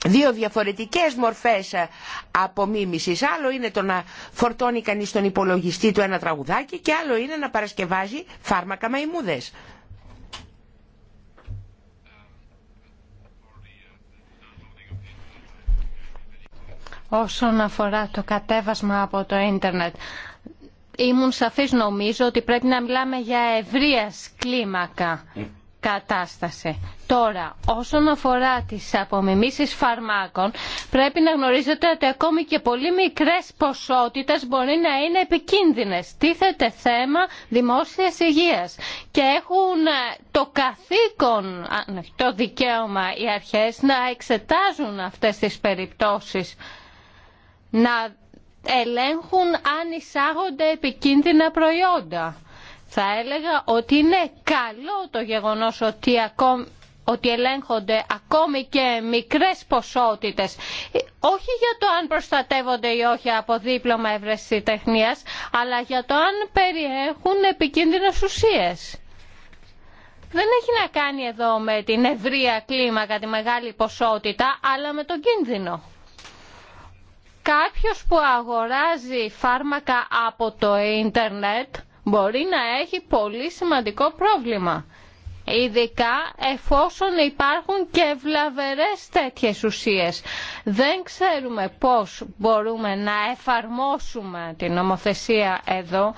δύο διαφορετικές μορφές ε, απομίμησης. Άλλο είναι το να φορτώνει κανείς στον υπολογιστή του ένα τραγουδάκι και άλλο είναι να παρασκευάζει φάρμακα μαϊμούδες. Όσον αφορά το κατέβασμα από το ίντερνετ, ήμουν σαφής νομίζω ότι πρέπει να μιλάμε για ευρείας κλίμακα κατάσταση. Τώρα, όσον αφορά τις απομιμήσεις φαρμάκων, πρέπει να γνωρίζετε ότι ακόμη και πολύ μικρές ποσότητες μπορεί να είναι επικίνδυνες. Τίθεται θέμα δημόσιας υγείας και έχουν ε, το καθήκον, ναι, το δικαίωμα οι αρχές να εξετάζουν αυτές τις περιπτώσεις, να ελέγχουν αν εισάγονται επικίνδυνα προϊόντα. Θα έλεγα ότι είναι καλό το γεγονός ότι ακόμη ότι ελέγχονται ακόμη και μικρές ποσότητες, όχι για το αν προστατεύονται ή όχι από δίπλωμα ευρεσιτεχνίας, αλλά για το αν περιέχουν επικίνδυνες ουσίες. Δεν έχει να κάνει εδώ με την ευρεία κλίμακα, τη μεγάλη ποσότητα, αλλά με τον κίνδυνο. Κάποιος που αγοράζει φάρμακα από το ίντερνετ, μπορεί να έχει πολύ σημαντικό πρόβλημα. Ειδικά εφόσον υπάρχουν και βλαβερές τέτοιες ουσίες. Δεν ξέρουμε πώς μπορούμε να εφαρμόσουμε την νομοθεσία εδώ,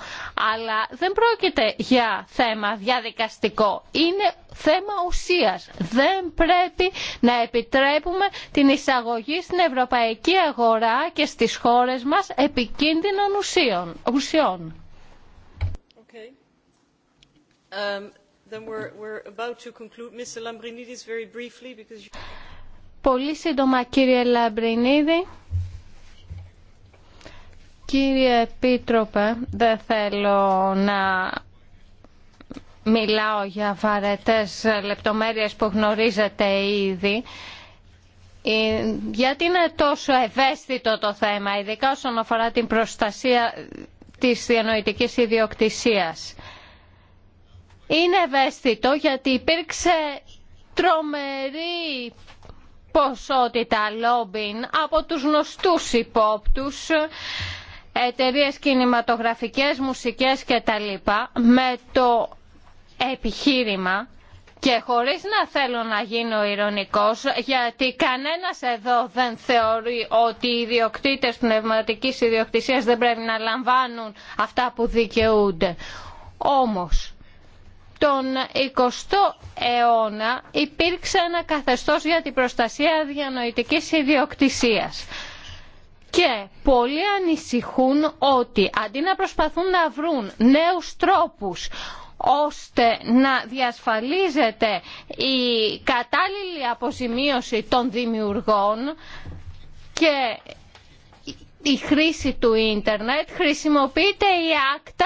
αλλά δεν πρόκειται για θέμα διαδικαστικό. Είναι θέμα ουσίας. Δεν πρέπει να επιτρέπουμε την εισαγωγή στην ευρωπαϊκή αγορά και στις χώρες μας επικίνδυνων ουσιών. Πολύ σύντομα κύριε Λαμπρινίδη. Κύριε Επίτροπε, δεν θέλω να μιλάω για βαρετές λεπτομέρειες που γνωρίζετε ήδη. Ε, γιατί είναι τόσο ευαίσθητο το θέμα, ειδικά όσον αφορά την προστασία της διανοητικής ιδιοκτησίας είναι ευαίσθητο γιατί υπήρξε τρομερή ποσότητα λόμπιν από τους γνωστούς υπόπτους εταιρείες κινηματογραφικές, μουσικές κτλ. με το επιχείρημα και χωρίς να θέλω να γίνω ηρωνικός, γιατί κανένας εδώ δεν θεωρεί ότι οι ιδιοκτήτες πνευματικής ιδιοκτησίας δεν πρέπει να λαμβάνουν αυτά που δικαιούνται. Όμως, τον 20ο αιώνα υπήρξε ένα καθεστώς για την προστασία διανοητικής ιδιοκτησίας. Και πολλοί ανησυχούν ότι αντί να προσπαθούν να βρουν νέους τρόπους ώστε να διασφαλίζεται η κατάλληλη αποζημίωση των δημιουργών και η χρήση του ίντερνετ χρησιμοποιείται η άκτα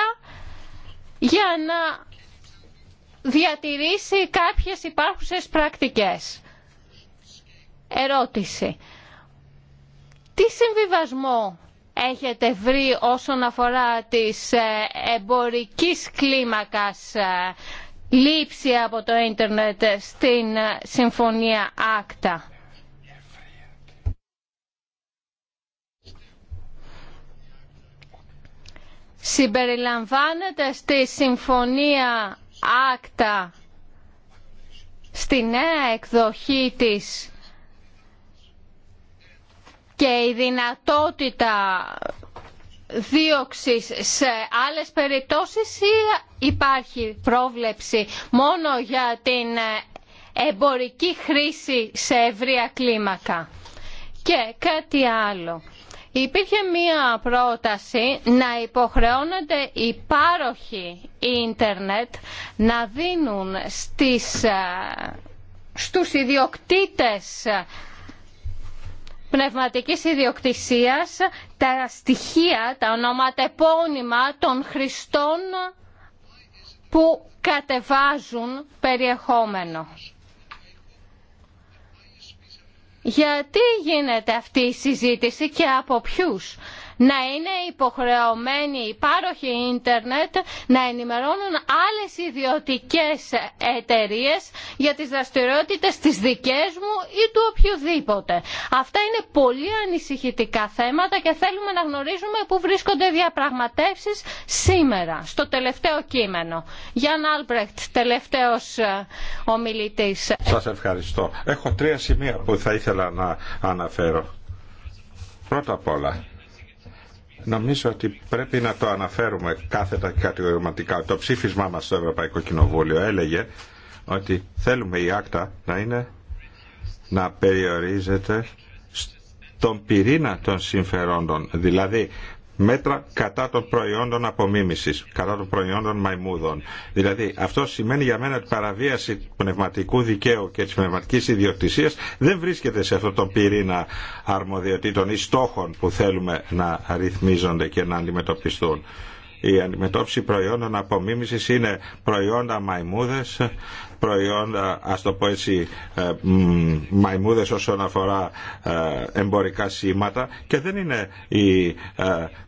για να διατηρήσει κάποιες υπάρχουσες πρακτικές. Ερώτηση. Τι συμβιβασμό έχετε βρει όσον αφορά της ε, εμπορικής κλίμακας ε, λήψη από το ίντερνετ στην ε, Συμφωνία Άκτα. Συμπεριλαμβάνεται στη Συμφωνία άκτα στη νέα εκδοχή της και η δυνατότητα δίωξης σε άλλες περιπτώσεις ή υπάρχει πρόβλεψη μόνο για την εμπορική χρήση σε ευρεία κλίμακα. Και κάτι άλλο. Υπήρχε μία πρόταση να υποχρεώνονται οι πάροχοι ίντερνετ να δίνουν στις, ε, στους ιδιοκτήτες πνευματικής ιδιοκτησίας τα στοιχεία, τα ονοματεπώνυμα των χρηστών που κατεβάζουν περιεχόμενο. Γιατί γίνεται αυτή η συζήτηση και από ποιους να είναι υποχρεωμένοι οι πάροχοι ίντερνετ να ενημερώνουν άλλες ιδιωτικές εταιρείες για τις δραστηριότητες της δικές μου ή του οποιοδήποτε. Αυτά είναι πολύ ανησυχητικά θέματα και θέλουμε να γνωρίζουμε πού βρίσκονται διαπραγματεύσεις σήμερα, στο τελευταίο κείμενο. Γιάννα Άλμπρεχτ, τελευταίος ε, ομιλητής. Σας ευχαριστώ. Έχω τρία σημεία που θα ήθελα να αναφέρω. Πρώτα απ' όλα, Νομίζω ότι πρέπει να το αναφέρουμε κάθετα και κατηγορηματικά. Το ψήφισμά μας στο Ευρωπαϊκό Κοινοβούλιο έλεγε ότι θέλουμε η άκτα να είναι να περιορίζεται στον πυρήνα των συμφερόντων. Δηλαδή μέτρα κατά των προϊόντων απομίμησης, κατά των προϊόντων μαϊμούδων. Δηλαδή αυτό σημαίνει για μένα ότι η παραβίαση πνευματικού δικαίου και της πνευματικής ιδιοκτησίας δεν βρίσκεται σε αυτό το πυρήνα αρμοδιοτήτων ή στόχων που θέλουμε να ρυθμίζονται και να αντιμετωπιστούν. Η αντιμετώπιση προϊόντων απομίμησης είναι προϊόντα μαϊμούδες προϊόντα, ας το πω έτσι, ε, μαϊμούδες όσον αφορά ε, εμπορικά σήματα και δεν είναι η ε,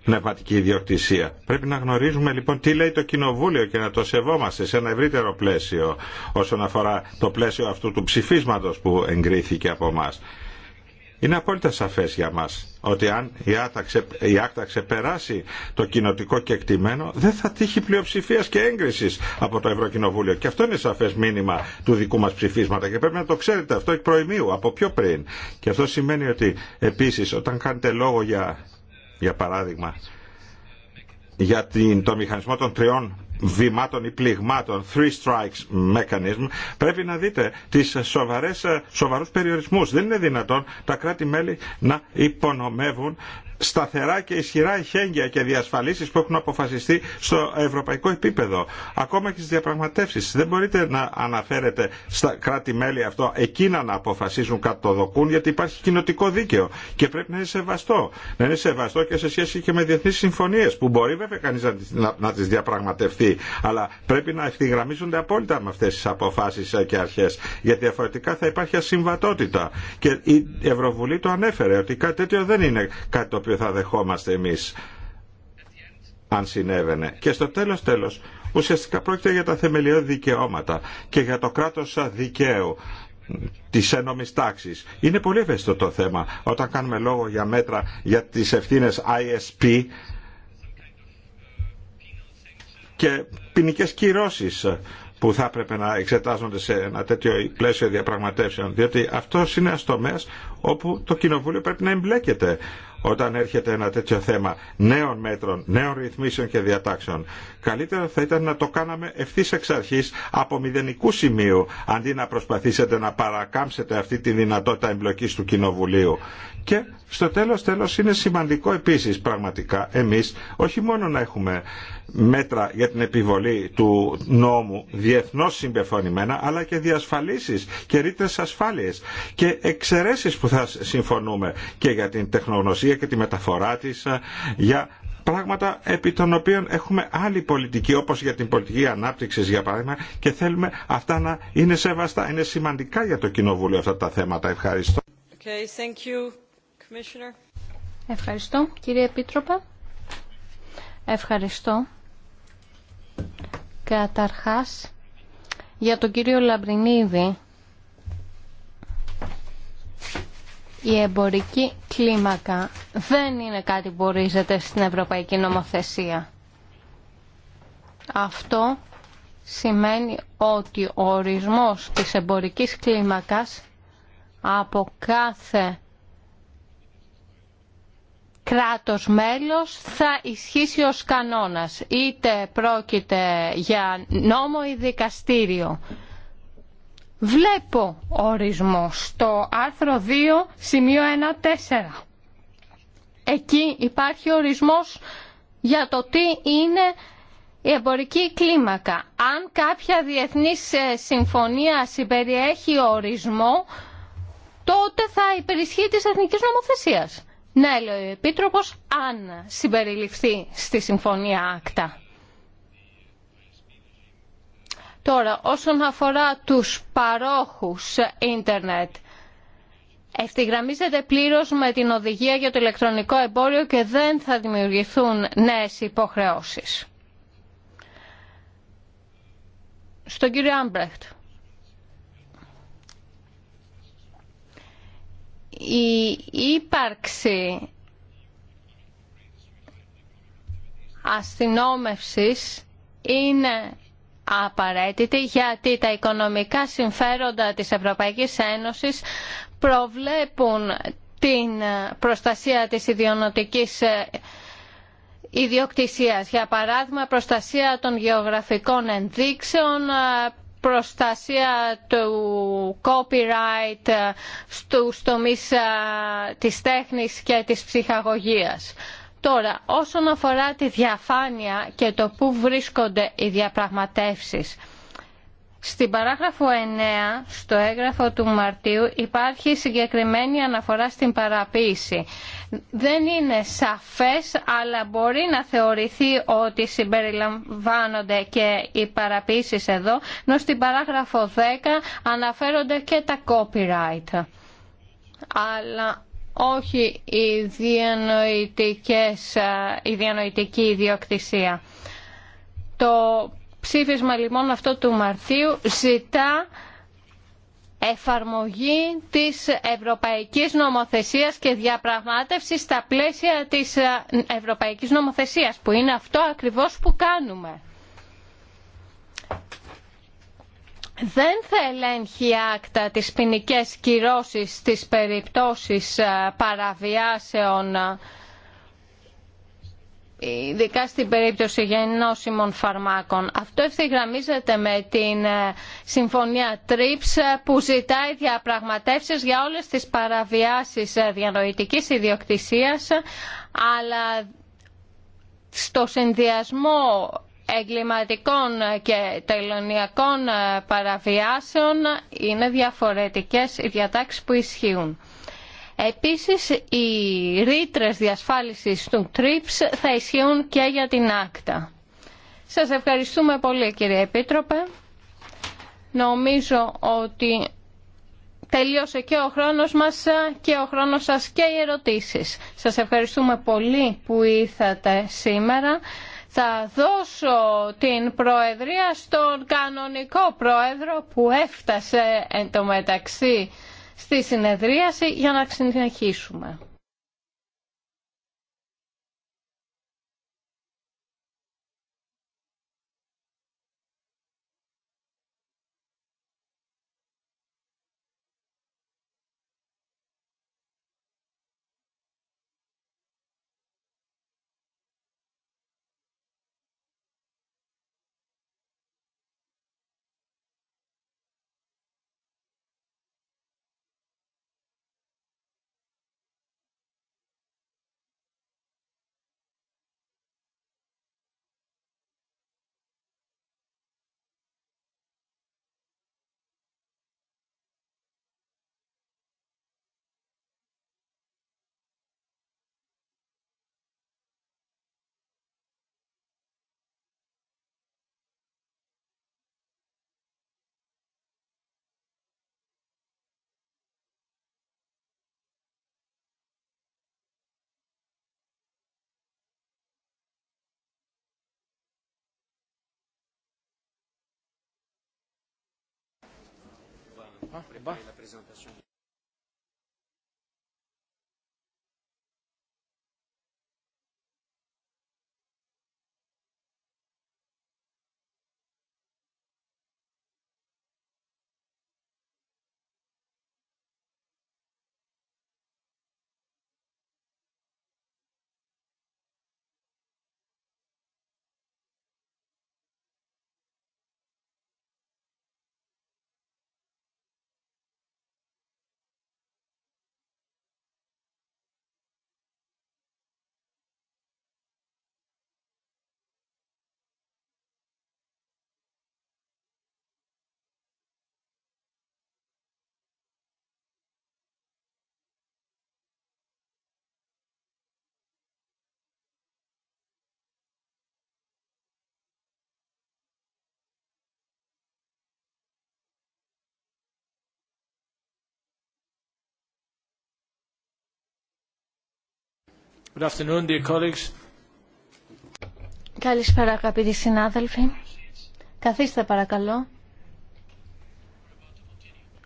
πνευματική ιδιοκτησία. Πρέπει να γνωρίζουμε λοιπόν τι λέει το Κοινοβούλιο και να το σεβόμαστε σε ένα ευρύτερο πλαίσιο όσον αφορά το πλαίσιο αυτού του ψηφίσματος που εγκρίθηκε από εμά. Είναι απόλυτα σαφές για μας ότι αν η άκτα ξεπεράσει το κοινοτικό κεκτημένο δεν θα τύχει πλειοψηφία και έγκριση από το Ευρωκοινοβούλιο. Και αυτό είναι σαφέ μήνυμα του δικού μα ψηφίσματα και πρέπει να το ξέρετε αυτό εκ προημίου, από πιο πριν. Και αυτό σημαίνει ότι επίση όταν κάνετε λόγο για, για παράδειγμα για το μηχανισμό των τριών βημάτων ή πληγμάτων, three strikes mechanism, πρέπει να δείτε τις σοβαρές, σοβαρούς περιορισμούς. Δεν είναι δυνατόν τα κράτη-μέλη να υπονομεύουν σταθερά και ισχυρά εχέγγυα και διασφαλίσεις που έχουν αποφασιστεί στο ευρωπαϊκό επίπεδο. Ακόμα και στις διαπραγματεύσεις. Δεν μπορείτε να αναφέρετε στα κράτη-μέλη αυτό εκείνα να αποφασίζουν κατοδοκούν το δοκούν γιατί υπάρχει κοινοτικό δίκαιο και πρέπει να είναι σεβαστό. Να είναι σεβαστό και σε σχέση και με διεθνείς συμφωνίες που μπορεί βέβαια κανείς να τις διαπραγματευτεί αλλά πρέπει να ευθυγραμμίζονται απόλυτα με αυτέ τι αποφάσει ε, και αρχέ. Γιατί διαφορετικά θα υπάρχει ασυμβατότητα. Και η Ευρωβουλή το ανέφερε ότι κάτι τέτοιο δεν είναι κάτι το οποίο θα δεχόμαστε εμεί αν συνέβαινε. Και στο τέλος τέλος ουσιαστικά πρόκειται για τα θεμελιώδη δικαιώματα και για το κράτος δικαίου τη ένωμη τάξη. Είναι πολύ ευαίσθητο το θέμα. Όταν κάνουμε λόγο για μέτρα για τι ευθύνε ISP, και ποινικέ κυρώσει που θα έπρεπε να εξετάζονται σε ένα τέτοιο πλαίσιο διαπραγματεύσεων. Διότι αυτό είναι ένα τομέα όπου το Κοινοβούλιο πρέπει να εμπλέκεται όταν έρχεται ένα τέτοιο θέμα νέων μέτρων, νέων ρυθμίσεων και διατάξεων. Καλύτερα θα ήταν να το κάναμε ευθύ εξ αρχή από μηδενικού σημείου, αντί να προσπαθήσετε να παρακάμψετε αυτή τη δυνατότητα εμπλοκή του Κοινοβουλίου. Και στο τέλος τέλος είναι σημαντικό επίσης πραγματικά εμείς όχι μόνο να έχουμε μέτρα για την επιβολή του νόμου διεθνώς συμπεφωνημένα αλλά και διασφαλίσεις και ρήτρες ασφάλειες και εξαιρέσεις που θα συμφωνούμε και για την τεχνογνωσία και τη μεταφορά της ε, για πράγματα επί των οποίων έχουμε άλλη πολιτική όπως για την πολιτική ανάπτυξη για παράδειγμα και θέλουμε αυτά να είναι σεβαστά. Είναι σημαντικά για το Κοινοβούλιο αυτά τα θέματα. Ευχαριστώ. Okay, Ευχαριστώ. Κύριε Επίτροπε. Ευχαριστώ. Καταρχάς, για τον κύριο Λαμπρινίδη, η εμπορική κλίμακα δεν είναι κάτι που ορίζεται στην Ευρωπαϊκή Νομοθεσία. Αυτό σημαίνει ότι ο ορισμός της εμπορικής κλίμακας από κάθε κράτος μέλος θα ισχύσει ως κανόνας, είτε πρόκειται για νόμο ή δικαστήριο. Βλέπω ορισμό στο άρθρο 2, σημείο 1 1-4. Εκεί υπάρχει ορισμός για το τι είναι η εμπορική κλίμακα. Αν κάποια διεθνής ε, συμφωνία συμπεριέχει ορισμό, τότε θα υπερισχύει της εθνικής νομοθεσίας. Ναι, λέει ο Επίτροπος, αν συμπεριληφθεί στη Συμφωνία Άκτα. Τώρα, όσον αφορά τους παρόχους ίντερνετ, ευθυγραμμίζεται πλήρως με την οδηγία για το ηλεκτρονικό εμπόριο και δεν θα δημιουργηθούν νέες υποχρεώσεις. Στον κύριο Άμπρεχτ. η ύπαρξη αστυνόμευσης είναι απαραίτητη γιατί τα οικονομικά συμφέροντα της Ευρωπαϊκής Ένωσης προβλέπουν την προστασία της ιδιωτικής ε, ιδιοκτησίας. Για παράδειγμα, προστασία των γεωγραφικών ενδείξεων, προστασία του copyright ε, στους τομείς ε, της τέχνης και της ψυχαγωγίας. Τώρα, όσον αφορά τη διαφάνεια και το πού βρίσκονται οι διαπραγματεύσεις, στην παράγραφο 9, στο έγγραφο του Μαρτίου, υπάρχει συγκεκριμένη αναφορά στην παραποίηση δεν είναι σαφές αλλά μπορεί να θεωρηθεί ότι συμπεριλαμβάνονται και οι παραποίησεις εδώ ενώ στην παράγραφο 10 αναφέρονται και τα copyright αλλά όχι η, διανοητικές, η διανοητική ιδιοκτησία. Το ψήφισμα λοιπόν αυτό του Μαρτίου ζητά εφαρμογή της ευρωπαϊκής νομοθεσίας και διαπραγμάτευση στα πλαίσια της ε, ευρωπαϊκής νομοθεσίας που είναι αυτό ακριβώς που κάνουμε. Δεν θα ελέγχει άκτα τις ποινικέ κυρώσεις στις περιπτώσεις ε, παραβιάσεων ειδικά στην περίπτωση γεννόσιμων φαρμάκων. Αυτό ευθυγραμμίζεται με την ε, συμφωνία TRIPS ε, που ζητάει διαπραγματεύσεις για όλες τις παραβιάσεις ε, διανοητικής ιδιοκτησίας αλλά στο συνδυασμό εγκληματικών και τελωνιακών παραβιάσεων είναι διαφορετικές οι διατάξεις που ισχύουν. Επίσης, οι ρήτρε διασφάλισης του TRIPS θα ισχύουν και για την άκτα. Σας ευχαριστούμε πολύ κύριε Επίτροπε. Νομίζω ότι τελείωσε και ο χρόνος μας και ο χρόνος σας και οι ερωτήσεις. Σας ευχαριστούμε πολύ που ήρθατε σήμερα. Θα δώσω την Προεδρία στον κανονικό Πρόεδρο που έφτασε εν τω μεταξύ στη συνεδρίαση για να συνεχίσουμε. Bon, bon. Καλησπέρα αγαπητοί συνάδελφοι. Καθίστε παρακαλώ.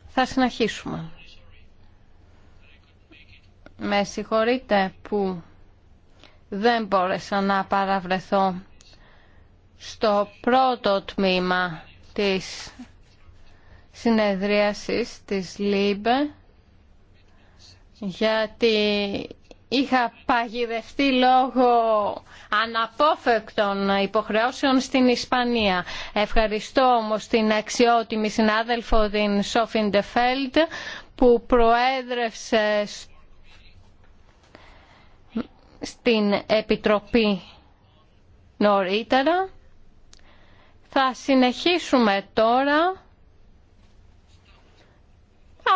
Θα συνεχίσουμε. Με συγχωρείτε που δεν μπόρεσα να παραβρεθώ στο πρώτο τμήμα της συνεδρίασης της ΛΥΜΠΕ γιατί είχα παγιδευτεί λόγω αναπόφευκτων υποχρεώσεων στην Ισπανία. Ευχαριστώ όμως την αξιότιμη συνάδελφο την Σόφιν Ντεφέλτ που προέδρευσε στην Επιτροπή νωρίτερα. Θα συνεχίσουμε τώρα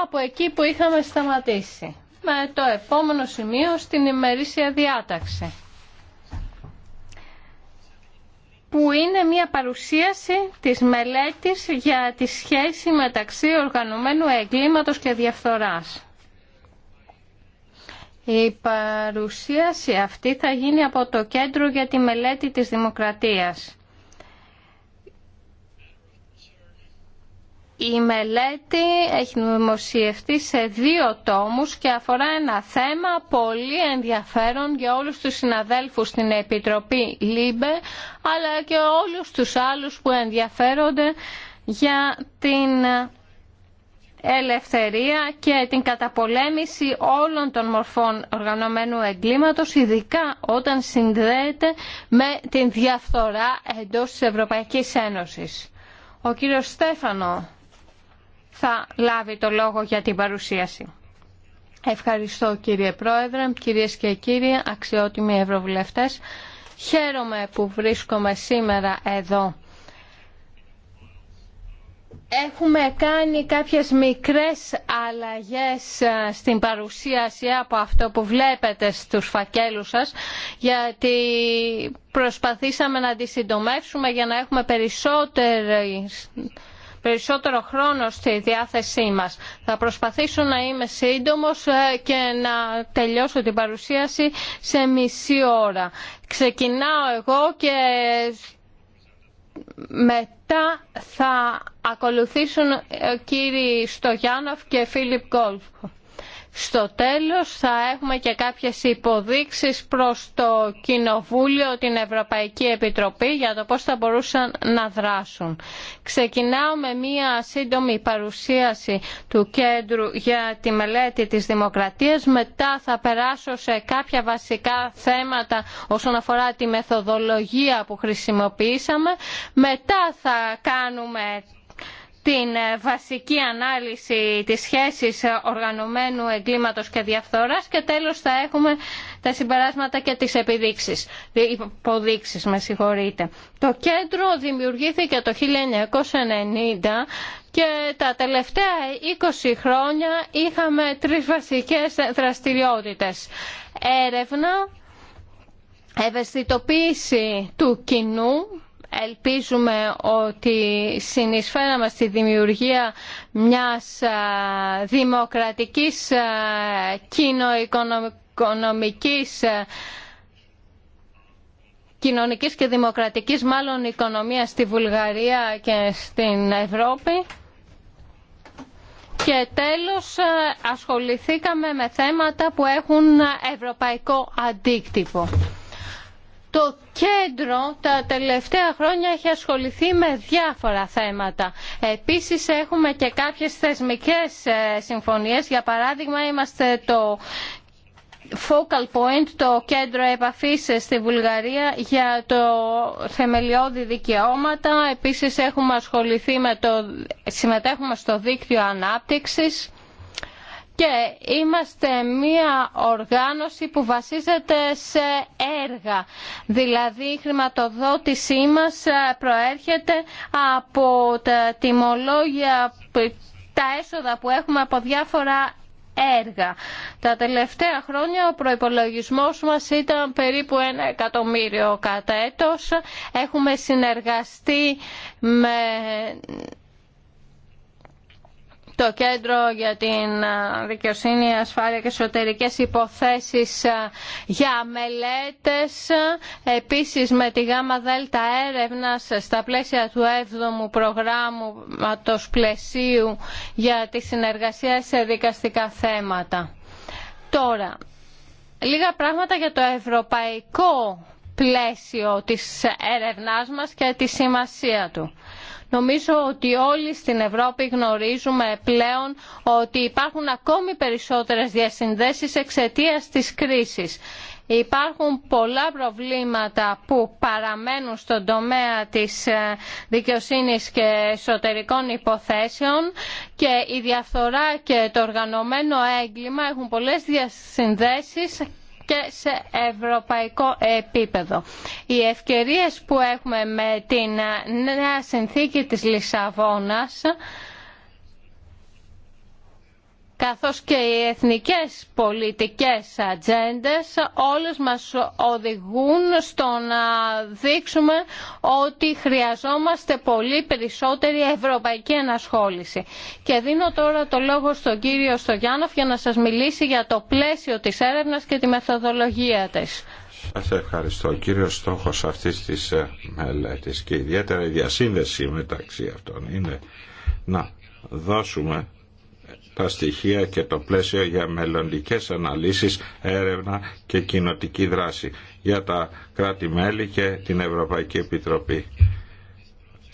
από εκεί που είχαμε σταματήσει με το επόμενο σημείο στην ημερήσια διάταξη που είναι μια παρουσίαση της μελέτης για τη σχέση μεταξύ οργανωμένου εγκλήματος και διαφθοράς. Η παρουσίαση αυτή θα γίνει από το Κέντρο για τη Μελέτη της Δημοκρατίας. Η μελέτη έχει δημοσιευτεί σε δύο τόμους και αφορά ένα θέμα πολύ ενδιαφέρον για όλους τους συναδέλφους στην Επιτροπή ΛΥΜΠΕ αλλά και όλους τους άλλους που ενδιαφέρονται για την ελευθερία και την καταπολέμηση όλων των μορφών οργανωμένου εγκλήματος, ειδικά όταν συνδέεται με την διαφθορά εντός της Ευρωπαϊκής Ένωσης. Ο κύριος Στέφανο θα λάβει το λόγο για την παρουσίαση. Ευχαριστώ κύριε Πρόεδρε, κυρίες και κύριοι, αξιότιμοι ευρωβουλευτές. Χαίρομαι που βρίσκομαι σήμερα εδώ. Έχουμε κάνει κάποιες μικρές αλλαγές ε, στην παρουσίαση από αυτό που βλέπετε στους φακέλους σας γιατί προσπαθήσαμε να τη συντομεύσουμε για να έχουμε περισσότερες περισσότερο χρόνο στη διάθεσή μας. Θα προσπαθήσω να είμαι σύντομος ε, και να τελειώσω την παρουσίαση σε μισή ώρα. Ξεκινάω εγώ και μετά θα ακολουθήσουν ο ε, κύριοι Στογιάνοφ και Φίλιπ Γκολφ στο τέλος θα έχουμε και κάποιες υποδείξεις προς το Κοινοβούλιο, την Ευρωπαϊκή Επιτροπή για το πώς θα μπορούσαν να δράσουν. Ξεκινάω με μία σύντομη παρουσίαση του Κέντρου για τη μελέτη της δημοκρατίας. Μετά θα περάσω σε κάποια βασικά θέματα όσον αφορά τη μεθοδολογία που χρησιμοποιήσαμε. Μετά θα κάνουμε την ε, βασική ανάλυση της σχέσης ε, οργανωμένου εγκλήματος και διαφθοράς και τέλος θα έχουμε τα συμπεράσματα και τις επιδείξεις, ε, υποδείξεις με συγχωρείτε. Το κέντρο δημιουργήθηκε το 1990 και τα τελευταία 20 χρόνια είχαμε τρεις βασικές δραστηριότητες. Έρευνα, ευαισθητοποίηση του κοινού Ελπίζουμε ότι συνεισφέραμε στη δημιουργία μιας δημοκρατικής κοινοοικονομικής κοινωνικής και δημοκρατικής μάλλον οικονομίας στη Βουλγαρία και στην Ευρώπη. Και τέλος ασχοληθήκαμε με θέματα που έχουν ευρωπαϊκό αντίκτυπο. Το κέντρο τα τελευταία χρόνια έχει ασχοληθεί με διάφορα θέματα. Επίσης έχουμε και κάποιες θεσμικές ε, συμφωνίες. Για παράδειγμα είμαστε το focal point, το κέντρο επαφής στη Βουλγαρία για το θεμελιώδη δικαιώματα. Επίσης έχουμε ασχοληθεί με το, συμμετέχουμε στο δίκτυο ανάπτυξης και είμαστε μία οργάνωση που βασίζεται σε έργα. Δηλαδή η χρηματοδότησή μας ε, προέρχεται από τα τιμολόγια, τα έσοδα που έχουμε από διάφορα έργα. Τα τελευταία χρόνια ο προϋπολογισμός μας ήταν περίπου ένα εκατομμύριο κατά έτος. Έχουμε συνεργαστεί με το Κέντρο για την Δικαιοσύνη, Ασφάλεια και Εσωτερικές Υποθέσεις για μελέτες. Επίσης με τη ΓΑΜΑ ΔΕΛΤΑ έρευνας στα πλαίσια του 7ου προγράμματος πλαισίου για τη συνεργασία σε δικαστικά θέματα. Τώρα, λίγα πράγματα για το ευρωπαϊκό πλαίσιο της έρευνάς μας και τη σημασία του. Νομίζω ότι όλοι στην Ευρώπη γνωρίζουμε πλέον ότι υπάρχουν ακόμη περισσότερες διασυνδέσεις εξαιτίας της κρίσης. Υπάρχουν πολλά προβλήματα που παραμένουν στον τομέα της ε, δικαιοσύνης και εσωτερικών υποθέσεων και η διαφθορά και το οργανωμένο έγκλημα έχουν πολλές διασυνδέσεις και σε ευρωπαϊκό επίπεδο. Οι ευκαιρίες που έχουμε με την νέα συνθήκη της Λισαβόνας καθώς και οι εθνικές πολιτικές ατζέντε όλες μας οδηγούν στο να δείξουμε ότι χρειαζόμαστε πολύ περισσότερη ευρωπαϊκή ενασχόληση. Και δίνω τώρα το λόγο στον κύριο Στογιάνοφ για να σας μιλήσει για το πλαίσιο της έρευνας και τη μεθοδολογία της. Σας ευχαριστώ. Ο κύριος στόχος αυτής της ε, μελέτης και ιδιαίτερα η διασύνδεση μεταξύ αυτών είναι να δώσουμε τα στοιχεία και το πλαίσιο για μελλοντικές αναλύσεις, έρευνα και κοινοτική δράση για τα κράτη-μέλη και την Ευρωπαϊκή Επιτροπή.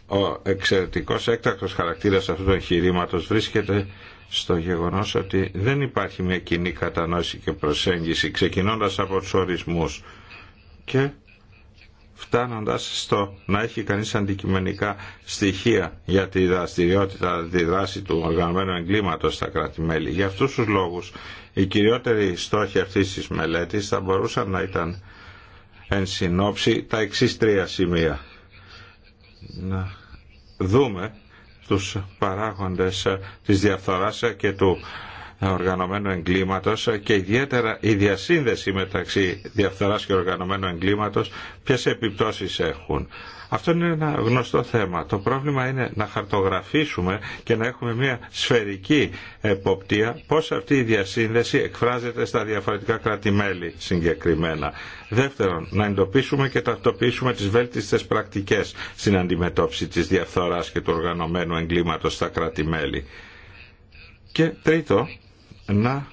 Ο εξαιρετικός έκτακτος χαρακτήρας αυτού του εγχειρήματο βρίσκεται στο γεγονός ότι δεν υπάρχει μια κοινή κατανόηση και προσέγγιση ξεκινώντας από τους ορισμούς και φτάνοντας στο να έχει κανείς αντικειμενικά στοιχεία για τη δραστηριότητα, τη δράση του οργανωμένου εγκλήματος στα κράτη-μέλη. Για αυτούς τους λόγους, οι κυριότεροι στόχοι αυτής της μελέτης θα μπορούσαν να ήταν εν συνόψη τα εξή τρία σημεία. Να δούμε τους παράγοντες ε, της διαφθοράς ε, και του οργανωμένου εγκλήματος και ιδιαίτερα η διασύνδεση μεταξύ διαφθοράς και οργανωμένου εγκλήματος ποιες επιπτώσεις έχουν. Αυτό είναι ένα γνωστό θέμα. Το πρόβλημα είναι να χαρτογραφήσουμε και να έχουμε μια σφαιρική εποπτεία πώς αυτή η διασύνδεση εκφράζεται στα διαφορετικά κράτη-μέλη συγκεκριμένα. Δεύτερον, να εντοπίσουμε και ταυτοποιήσουμε τις βέλτιστες πρακτικές στην αντιμετώπιση της διαφθοράς και του οργανωμένου εγκλήματο στα κράτη-μέλη. Και τρίτο, να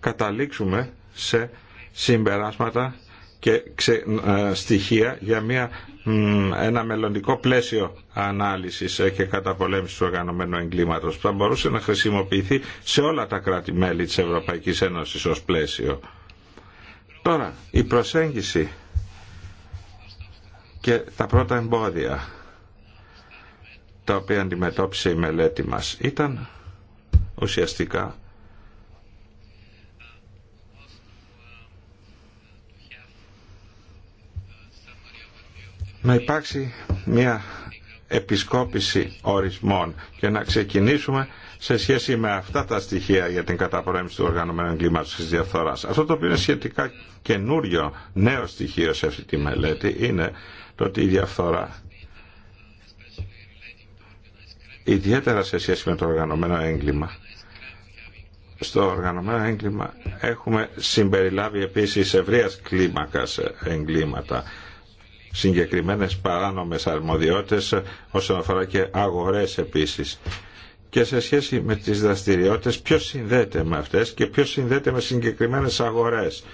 καταλήξουμε σε συμπεράσματα και ε, στοιχεία για μια, ένα μελλοντικό πλαίσιο ανάλυσης ε, και καταπολέμησης του οργανωμένου εγκλήματος που θα μπορούσε να χρησιμοποιηθεί σε όλα τα κράτη-μέλη της Ευρωπαϊκής Ένωσης ως πλαίσιο. Τώρα, η προσέγγιση και τα πρώτα εμπόδια τα οποία αντιμετώπισε η μελέτη μας ήταν ουσιαστικά να υπάρξει μια επισκόπηση ορισμών και να ξεκινήσουμε σε σχέση με αυτά τα στοιχεία για την καταπολέμηση του οργανωμένου εγκλήματος της διαφθοράς. Αυτό το οποίο είναι σχετικά καινούριο νέο στοιχείο σε αυτή τη μελέτη είναι το ότι η διαφθορά ιδιαίτερα σε σχέση με το οργανωμένο έγκλημα στο οργανωμένο έγκλημα έχουμε συμπεριλάβει επίσης ευρείας κλίμακας εγκλήματα συγκεκριμένες παράνομες αρμοδιότητες όσον αφορά και αγορές επίσης και σε σχέση με τις δραστηριότητες ποιος συνδέεται με αυτές και ποιος συνδέεται με συγκεκριμένες αγορές.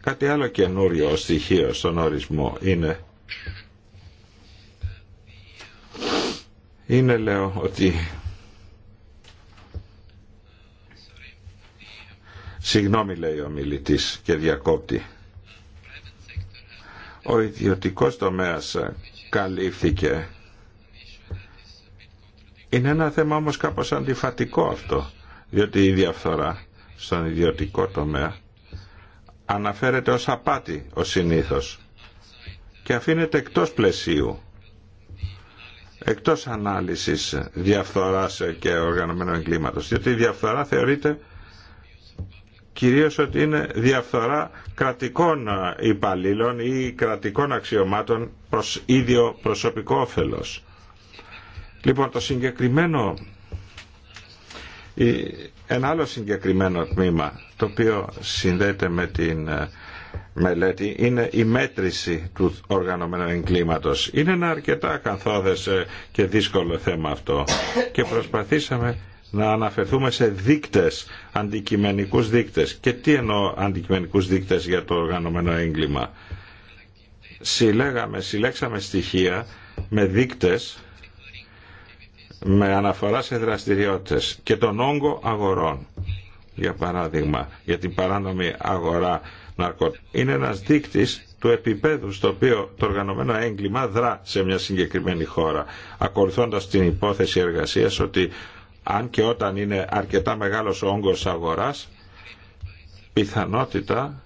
Κάτι άλλο καινούριο στοιχείο στον ορισμό είναι είναι λέω ότι συγγνώμη λέει ο μιλητής και διακόπτη ο ιδιωτικός τομέας καλύφθηκε. Είναι ένα θέμα όμως κάπως αντιφατικό αυτό, διότι η διαφθορά στον ιδιωτικό τομέα αναφέρεται ως απάτη ο συνήθως και αφήνεται εκτός πλαισίου, εκτός ανάλυσης διαφθοράς και οργανωμένου εγκλήματος, διότι η διαφθορά θεωρείται κυρίως ότι είναι διαφθορά κρατικών υπαλλήλων ή κρατικών αξιωμάτων προς ίδιο προσωπικό όφελος. Λοιπόν, το συγκεκριμένο, ένα άλλο συγκεκριμένο τμήμα, το οποίο συνδέεται με την ε, μελέτη, είναι η μέτρηση του οργανωμένου εγκλήματος. Είναι ένα αρκετά καθόδες ε, και δύσκολο θέμα αυτό και προσπαθήσαμε να αναφερθούμε σε δείκτες, αντικειμενικούς δείκτες. Και τι εννοώ αντικειμενικούς δείκτες για το οργανωμένο έγκλημα. συλλέξαμε στοιχεία με δείκτες με αναφορά σε δραστηριότητες και τον όγκο αγορών. Για παράδειγμα, για την παράνομη αγορά ναρκών. Είναι ένας δείκτης του επίπεδου στο οποίο το οργανωμένο έγκλημα δρά σε μια συγκεκριμένη χώρα, ακολουθώντας την υπόθεση εργασίας ότι αν και όταν είναι αρκετά μεγάλος ο όγκος αγοράς, πιθανότητα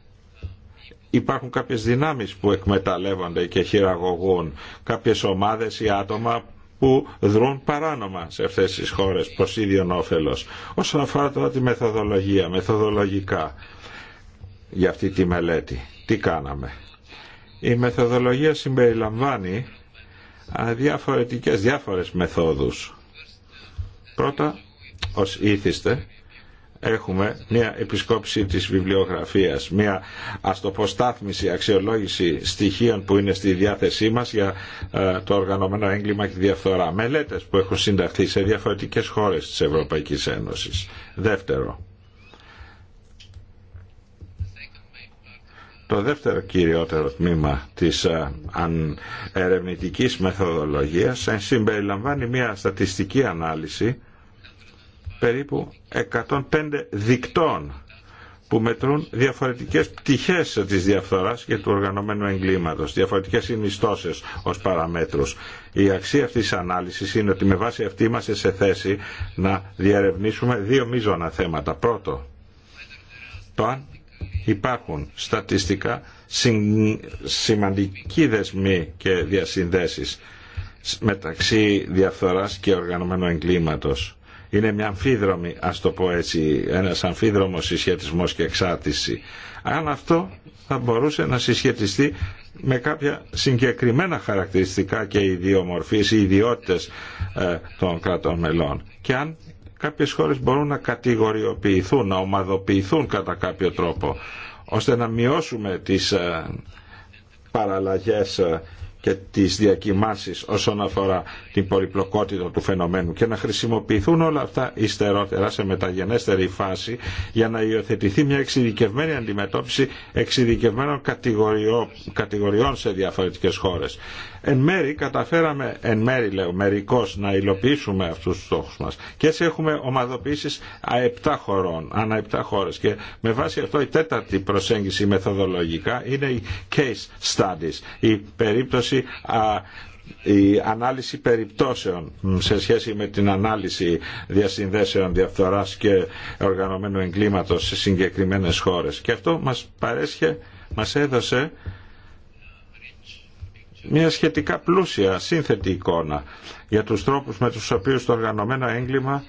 υπάρχουν κάποιες δυνάμεις που εκμεταλλεύονται και χειραγωγούν, κάποιες ομάδες ή άτομα που δρούν παράνομα σε αυτές τις χώρες προς ίδιον όφελος. Όσον αφορά τώρα τη μεθοδολογία, μεθοδολογικά για αυτή τη μελέτη, τι κάναμε. Η μεθοδολογία συμπεριλαμβάνει διαφορετικές, διάφορες μεθόδους Πρώτα, ως ήθιστε, έχουμε μια επισκόπηση της βιβλιογραφίας, μια αστοποστάθμιση, αξιολόγηση στοιχείων που είναι στη διάθεσή μας για ε, το οργανωμένο έγκλημα και διαφθορά. Μελέτες που έχουν συνταχθεί σε διαφορετικές χώρες της Ευρωπαϊκής Ένωσης. Δεύτερο, Το δεύτερο κυριότερο τμήμα της ερευνητικής μεθοδολογίας ε, συμπεριλαμβάνει μια στατιστική ανάλυση περίπου 105 δικτών που μετρούν διαφορετικές πτυχές της διαφθοράς και του οργανωμένου εγκλήματος, διαφορετικές συνιστώσεις ως παραμέτρους. Η αξία αυτής της ανάλυσης είναι ότι με βάση αυτή είμαστε σε θέση να διαρευνήσουμε δύο μείζωνα θέματα. Πρώτο, το αν υπάρχουν στατιστικά σημαντικοί δεσμοί και διασυνδέσεις μεταξύ διαφθοράς και οργανωμένου εγκλήματος. Είναι μια αμφίδρομη, ας το πω έτσι, ένας αμφίδρομος συσχετισμός και εξάρτηση. Αν αυτό θα μπορούσε να συσχετιστεί με κάποια συγκεκριμένα χαρακτηριστικά και ιδιομορφίες ή ιδιότητες ε, των κρατών μελών κάποιες χώρες μπορούν να κατηγοριοποιηθούν, να ομαδοποιηθούν κατά κάποιο τρόπο, ώστε να μειώσουμε τις ε, παραλλαγές ε, και τις διακοιμάσεις όσον αφορά την πολυπλοκότητα του φαινομένου και να χρησιμοποιηθούν όλα αυτά υστερότερα σε μεταγενέστερη φάση για να υιοθετηθεί μια εξειδικευμένη αντιμετώπιση εξειδικευμένων κατηγοριών σε διαφορετικές χώρες εν μέρη καταφέραμε, εν μέρη λέω, μερικώς να υλοποιήσουμε αυτούς τους στόχους μας. Και έτσι έχουμε ομαδοποιήσεις 7 χωρών, ανά χώρες. Και με βάση αυτό η τέταρτη προσέγγιση μεθοδολογικά είναι η case studies, η περίπτωση η ανάλυση περιπτώσεων σε σχέση με την ανάλυση διασυνδέσεων διαφθοράς και οργανωμένου εγκλήματος σε συγκεκριμένες χώρες. Και αυτό μας παρέσχε, μας έδωσε μια σχετικά πλούσια, σύνθετη εικόνα για τους τρόπους με τους οποίους το οργανωμένο έγκλημα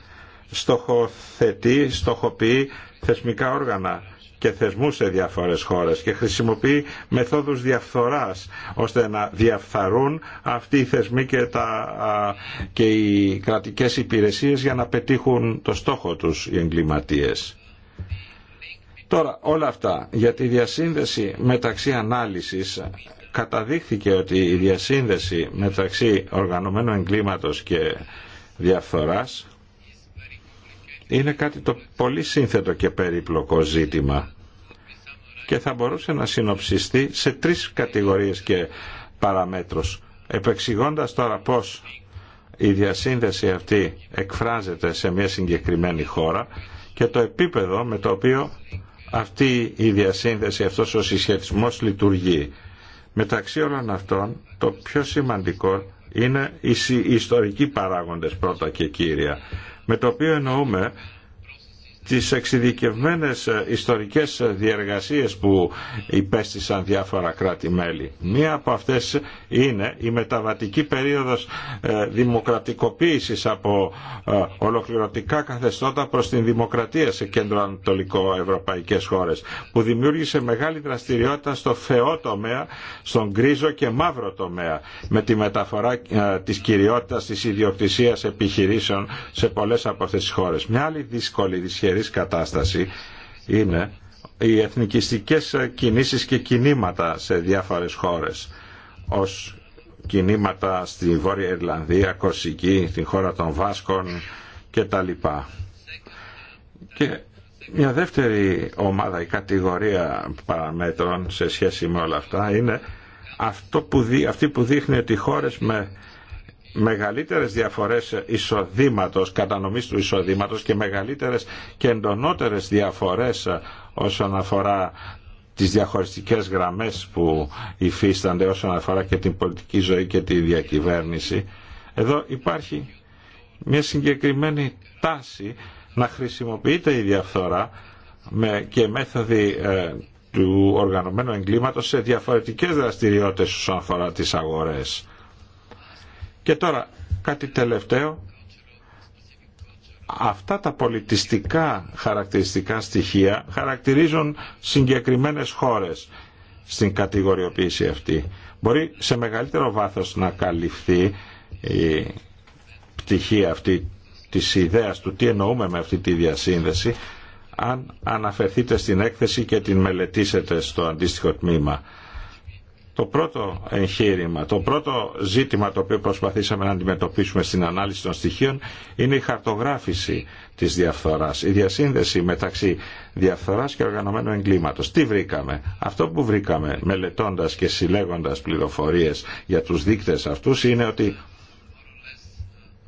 στοχοθετεί, στοχοποιεί θεσμικά όργανα και θεσμούς σε διάφορες χώρες και χρησιμοποιεί μεθόδους διαφθοράς ώστε να διαφθαρούν αυτοί οι θεσμοί και, τα, και οι κρατικές υπηρεσίες για να πετύχουν το στόχο τους οι εγκληματίες. Τώρα όλα αυτά για τη διασύνδεση μεταξύ ανάλυσης καταδείχθηκε ότι η διασύνδεση μεταξύ οργανωμένου εγκλήματος και διαφθοράς είναι κάτι το πολύ σύνθετο και περίπλοκο ζήτημα και θα μπορούσε να συνοψιστεί σε τρεις κατηγορίες και παραμέτρους. Επεξηγώντας τώρα πώς η διασύνδεση αυτή εκφράζεται σε μια συγκεκριμένη χώρα και το επίπεδο με το οποίο αυτή η διασύνδεση, αυτός ο συσχετισμός λειτουργεί. Μεταξύ όλων αυτών το πιο σημαντικό είναι οι ιστορικοί παράγοντες πρώτα και κύρια με το οποίο εννοούμε τις εξειδικευμένες ε, ιστορικές ε, διεργασίες που υπέστησαν διάφορα κράτη-μέλη. Μία από αυτές είναι η μεταβατική περίοδος ε, δημοκρατικοποίησης από ολοκληρωτικά καθεστώτα προς την δημοκρατία σε κέντρο-ανατολικό ευρωπαϊκές χώρες που δημιούργησε μεγάλη δραστηριότητα στο φαιό τομέα, στον γκρίζο και μαύρο τομέα με τη μεταφορά της κυριότητας της ιδιοκτησίας επιχειρήσεων σε πολλές από αυτές τις χώρες. Μια άλλη κατάσταση είναι οι εθνικιστικές κινήσεις και κινήματα σε διάφορες χώρες ως κινήματα στη Βόρεια Ιρλανδία, Κορσική, την χώρα των Βάσκων και τα λοιπά. Και μια δεύτερη ομάδα ή κατηγορία παραμέτρων σε σχέση με όλα αυτά είναι αυτό που, που δείχνει ότι χώρες με μεγαλύτερες διαφορές εισοδήματος, κατανομής του εισοδήματος και μεγαλύτερες και εντονότερες διαφορές όσον αφορά τις διαχωριστικές γραμμές που υφίστανται όσον αφορά και την πολιτική ζωή και τη διακυβέρνηση. Εδώ υπάρχει μια συγκεκριμένη τάση να χρησιμοποιείται η διαφθορά και μέθοδοι ε, του οργανωμένου εγκλήματος σε διαφορετικές δραστηριότητες όσον αφορά τις αγορές. Και τώρα κάτι τελευταίο. Αυτά τα πολιτιστικά χαρακτηριστικά στοιχεία χαρακτηρίζουν συγκεκριμένες χώρες στην κατηγοριοποίηση αυτή. Μπορεί σε μεγαλύτερο βάθος να καλυφθεί η πτυχή αυτή της ιδέας του τι εννοούμε με αυτή τη διασύνδεση αν αναφερθείτε στην έκθεση και την μελετήσετε στο αντίστοιχο τμήμα. Το πρώτο εγχείρημα, το πρώτο ζήτημα το οποίο προσπαθήσαμε να αντιμετωπίσουμε στην ανάλυση των στοιχείων είναι η χαρτογράφηση της διαφθοράς, η διασύνδεση μεταξύ διαφθοράς και οργανωμένου εγκλήματος. Τι βρήκαμε. Αυτό που βρήκαμε μελετώντας και συλλέγοντας πληροφορίες για τους δείκτες αυτούς είναι ότι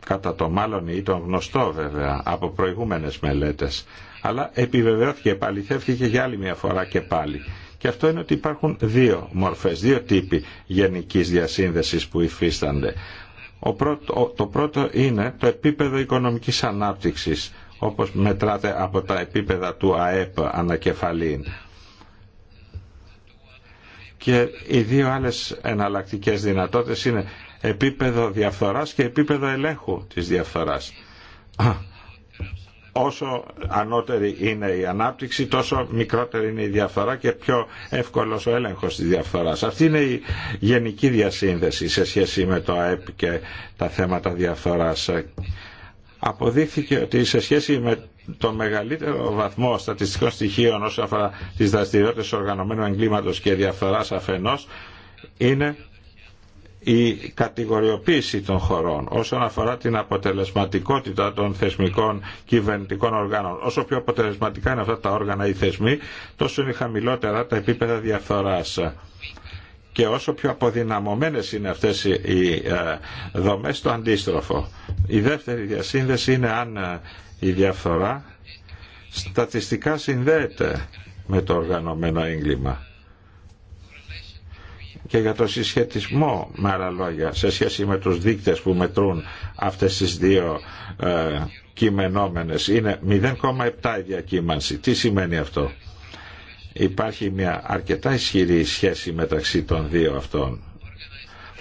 κατά το μάλλον ή τον γνωστό βέβαια από προηγούμενες μελέτες αλλά επιβεβαιώθηκε, επαληθεύθηκε για άλλη μια φορά και πάλι και αυτό είναι ότι υπάρχουν δύο μορφές, δύο τύποι γενικής διασύνδεσης που υφίστανται. Ο πρώτο, το πρώτο είναι το επίπεδο οικονομικής ανάπτυξης, όπως μετράται από τα επίπεδα του ΑΕΠ ανακεφαλήν. Και οι δύο άλλες εναλλακτικές δυνατότητες είναι επίπεδο διαφθοράς και επίπεδο ελέγχου της διαφθοράς όσο ανώτερη είναι η ανάπτυξη τόσο μικρότερη είναι η διαφθορά και πιο εύκολος ο έλεγχος της διαφθοράς. Αυτή είναι η γενική διασύνδεση σε σχέση με το ΑΕΠ και τα θέματα διαφθοράς. Αποδείχθηκε ότι σε σχέση με το μεγαλύτερο βαθμό στατιστικών στοιχείων όσον αφορά τις δραστηριότητες οργανωμένου εγκλήματος και διαφθοράς αφενός είναι η κατηγοριοποίηση των χωρών όσον αφορά την αποτελεσματικότητα των θεσμικών κυβερνητικών οργάνων. Όσο πιο αποτελεσματικά είναι αυτά τα όργανα ή θεσμοί, τόσο είναι χαμηλότερα τα επίπεδα διαφθοράς. Και όσο πιο αποδυναμωμένες είναι αυτές οι ε, δομές, το αντίστροφο. Η δεύτερη διασύνδεση είναι αν ε, η διαφθορά στατιστικά συνδέεται με το οργανωμένο έγκλημα και για το συσχετισμό με άλλα λόγια σε σχέση με τους δείκτες που μετρούν αυτές τις δύο ε, είναι 0,7 η διακύμανση. Τι σημαίνει αυτό. Υπάρχει μια αρκετά ισχυρή σχέση μεταξύ των δύο αυτών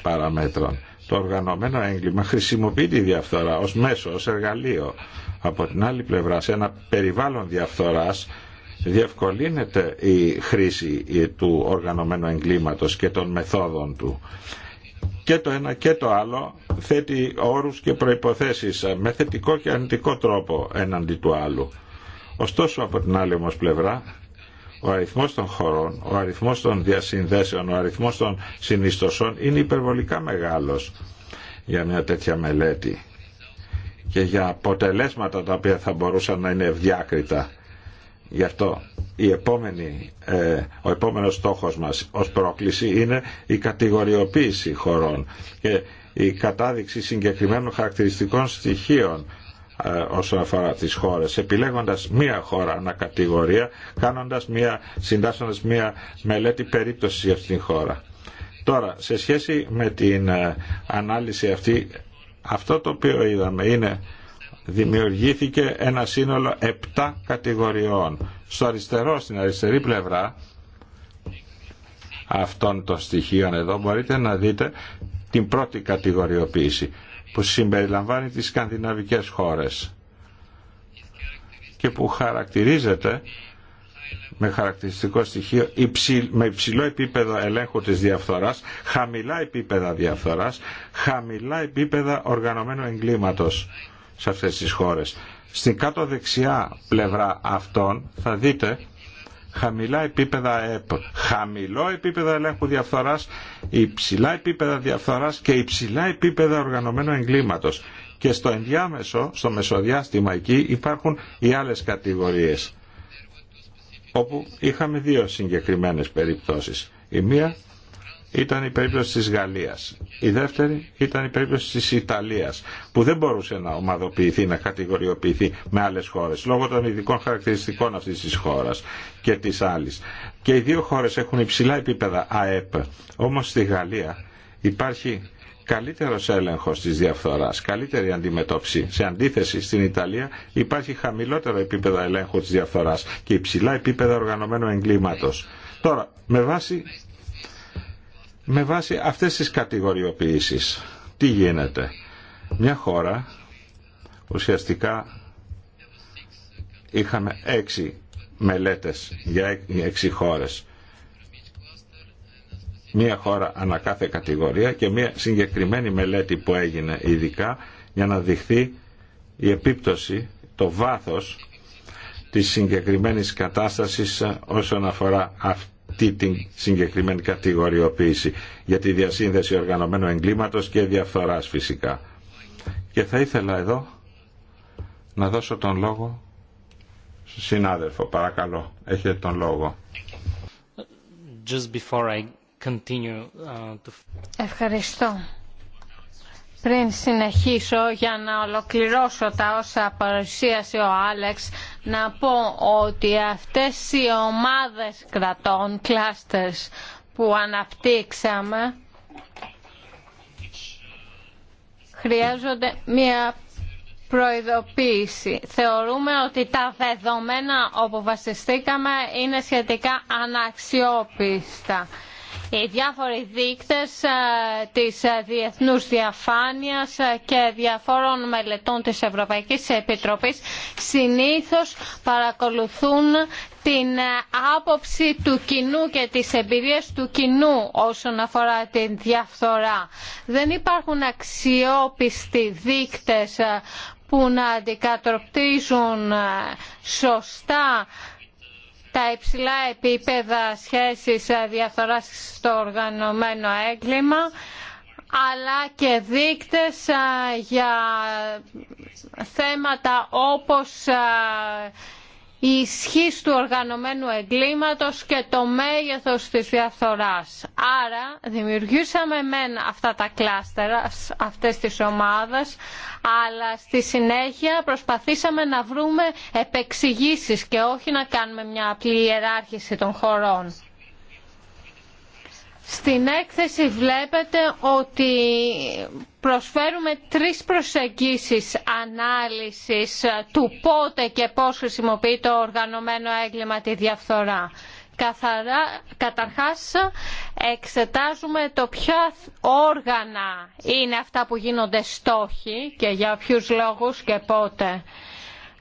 παραμέτρων. Το οργανωμένο έγκλημα χρησιμοποιεί τη διαφθορά ως μέσο, ως εργαλείο. Από την άλλη πλευρά, σε ένα περιβάλλον διαφθοράς διευκολύνεται η χρήση του οργανωμένου εγκλήματος και των μεθόδων του. Και το ένα και το άλλο θέτει όρους και προϋποθέσεις με θετικό και αρνητικό τρόπο έναντι του άλλου. Ωστόσο από την άλλη όμως πλευρά ο αριθμός των χωρών, ο αριθμός των διασυνδέσεων, ο αριθμός των συνιστοσών είναι υπερβολικά μεγάλος για μια τέτοια μελέτη και για αποτελέσματα τα οποία θα μπορούσαν να είναι ευδιάκριτα. Γι' αυτό ε, ο επόμενος στόχος μας ως πρόκληση είναι η κατηγοριοποίηση χωρών και η κατάδειξη συγκεκριμένων χαρακτηριστικών στοιχείων ε, όσον αφορά τις χώρες επιλέγοντας μία χώρα ανακατηγορία κάνοντας μία, συντάσσοντας μία μελέτη περίπτωση για αυτήν την χώρα τώρα σε σχέση με την ε, ανάλυση αυτή αυτό το οποίο είδαμε είναι δημιουργήθηκε ένα σύνολο 7 κατηγοριών. Στο αριστερό, στην αριστερή πλευρά αυτών των στοιχείων εδώ μπορείτε να δείτε την πρώτη κατηγοριοποίηση που συμπεριλαμβάνει τις σκανδιναβικές χώρες και που χαρακτηρίζεται με χαρακτηριστικό στοιχείο με υψηλό επίπεδο ελέγχου της διαφθοράς, χαμηλά επίπεδα διαφθοράς, χαμηλά επίπεδα οργανωμένου εγκλήματος σε αυτές τις χώρες. Στην κάτω δεξιά πλευρά αυτών θα δείτε χαμηλά επίπεδα χαμηλό επίπεδο ελέγχου διαφθοράς, υψηλά επίπεδα διαφθοράς και υψηλά επίπεδα οργανωμένου εγκλήματος. Και στο ενδιάμεσο, στο μεσοδιάστημα εκεί υπάρχουν οι άλλες κατηγορίες όπου είχαμε δύο συγκεκριμένες περιπτώσεις. Η μία ήταν η περίπτωση της Γαλλίας. Η δεύτερη ήταν η περίπτωση της Ιταλίας που δεν μπορούσε να ομαδοποιηθεί, να κατηγοριοποιηθεί με άλλες χώρες λόγω των ειδικών χαρακτηριστικών αυτής της χώρας και της άλλης. Και οι δύο χώρες έχουν υψηλά επίπεδα ΑΕΠ. Όμως στη Γαλλία υπάρχει καλύτερος έλεγχος της διαφθοράς, καλύτερη αντιμετώπιση. Σε αντίθεση στην Ιταλία υπάρχει χαμηλότερο επίπεδο ελέγχου της διαφθοράς και υψηλά επίπεδα οργανωμένου εγκλήματος. Τώρα, με βάση με βάση αυτές τις κατηγοριοποιήσεις, τι γίνεται. Μια χώρα, ουσιαστικά είχαμε έξι μελέτες για έξι χώρες. Μία χώρα ανά κάθε κατηγορία και μία συγκεκριμένη μελέτη που έγινε ειδικά για να δειχθεί η επίπτωση, το βάθος της συγκεκριμένης κατάστασης όσον αφορά αυτή την συγκεκριμένη κατηγοριοποίηση για τη διασύνδεση οργανωμένου εγκλήματος και διαφθοράς φυσικά. Και θα ήθελα εδώ να δώσω τον λόγο στον συνάδελφο. Παρακαλώ, έχετε τον λόγο. Uh, Ευχαριστώ. Πριν συνεχίσω για να ολοκληρώσω τα όσα παρουσίασε ο Άλεξ, να πω ότι αυτές οι ομάδες κρατών, κλάστερς που αναπτύξαμε, χρειάζονται μία προειδοποίηση. Θεωρούμε ότι τα δεδομένα όπου βασιστήκαμε είναι σχετικά αναξιόπιστα οι διάφοροι δείκτες ε, της ε, διεθνούς διαφάνειας ε, και διαφόρων μελετών της Ευρωπαϊκής Επιτροπής συνήθως παρακολουθούν την άποψη του κοινού και τις εμπειρίες του κοινού όσον αφορά την διαφθορά. Δεν υπάρχουν αξιόπιστοι δείκτες που να αντικατοπτρίζουν σωστά τα υψηλά επίπεδα σχέσης ε, διαφθοράς στο οργανωμένο έγκλημα αλλά και δείκτες ε, για θέματα όπως ε, η ισχύ του οργανωμένου εγκλήματος και το μέγεθος της διαφθοράς. Άρα δημιουργήσαμε μεν αυτά τα κλάστερα, αυτές τις ομάδες, αλλά στη συνέχεια προσπαθήσαμε να βρούμε επεξηγήσεις και όχι να κάνουμε μια απλή ιεράρχηση των χωρών. Στην έκθεση βλέπετε ότι προσφέρουμε τρεις προσεγγίσεις ανάλυσης του πότε και πώς χρησιμοποιεί το οργανωμένο έγκλημα τη διαφθορά. Καθαρά, καταρχάς εξετάζουμε το ποια όργανα είναι αυτά που γίνονται στόχοι και για ποιους λόγους και πότε.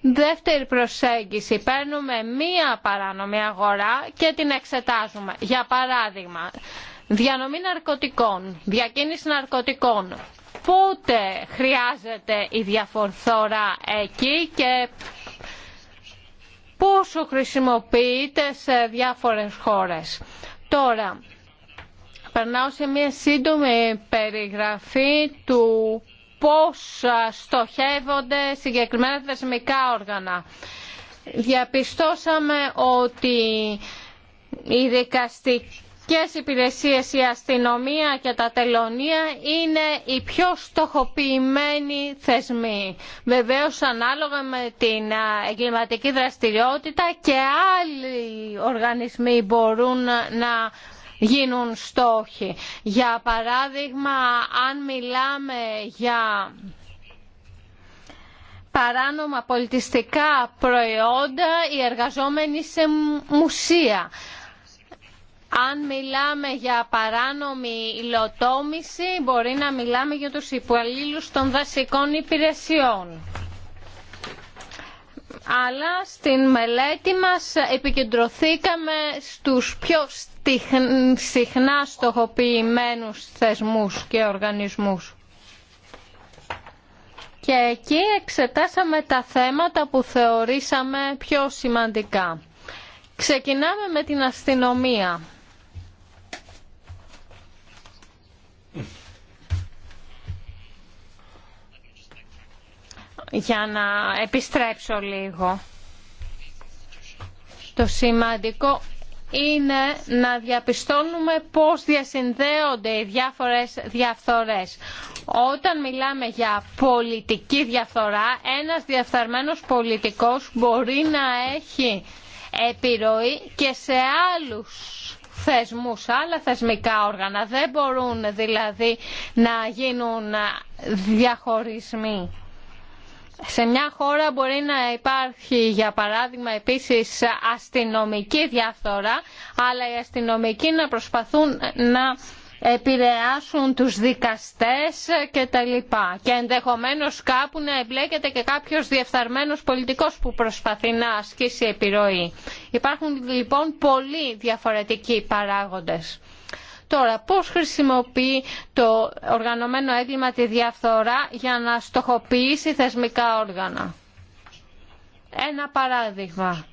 Δεύτερη προσέγγιση, παίρνουμε μία παράνομη αγορά και την εξετάζουμε. Για παράδειγμα, διανομή ναρκωτικών, διακίνηση ναρκωτικών πότε χρειάζεται η διαφορθώρα εκεί και πόσο χρησιμοποιείται σε διάφορες χώρες. Τώρα, περνάω σε μια σύντομη περιγραφή του πώς στοχεύονται συγκεκριμένα θεσμικά όργανα. Διαπιστώσαμε ότι η δικαστική οι υπηρεσίες, η αστυνομία και τα τελωνία είναι οι πιο στοχοποιημένοι θεσμοί. Βεβαίως ανάλογα με την εγκληματική δραστηριότητα και άλλοι οργανισμοί μπορούν να γίνουν στόχοι. Για παράδειγμα, αν μιλάμε για παράνομα πολιτιστικά προϊόντα, οι εργαζόμενοι σε μουσεία αν μιλάμε για παράνομη υλοτόμηση, μπορεί να μιλάμε για τους υποαλλήλους των δασικών υπηρεσιών. Αλλά στην μελέτη μας επικεντρωθήκαμε στους πιο συχνά στοχοποιημένους θεσμούς και οργανισμούς. Και εκεί εξετάσαμε τα θέματα που θεωρήσαμε πιο σημαντικά. Ξεκινάμε με την αστυνομία. για να επιστρέψω λίγο. Το σημαντικό είναι να διαπιστώνουμε πώς διασυνδέονται οι διάφορες διαφθορές. Όταν μιλάμε για πολιτική διαφθορά, ένας διαφθαρμένος πολιτικός μπορεί να έχει επιρροή και σε άλλους θεσμούς, άλλα θεσμικά όργανα. Δεν μπορούν δηλαδή να γίνουν διαχωρισμοί σε μια χώρα μπορεί να υπάρχει για παράδειγμα επίσης αστυνομική διαφθορά αλλά οι αστυνομικοί να προσπαθούν να επηρεάσουν τους δικαστές και τα λοιπά. Και ενδεχομένως κάπου να εμπλέκεται και κάποιος διεφθαρμένος πολιτικός που προσπαθεί να ασκήσει επιρροή. Υπάρχουν λοιπόν πολύ διαφορετικοί παράγοντες. Τώρα, πώς χρησιμοποιεί το οργανωμένο έγκλημα τη διαφθορά για να στοχοποιήσει θεσμικά όργανα. Ένα παράδειγμα.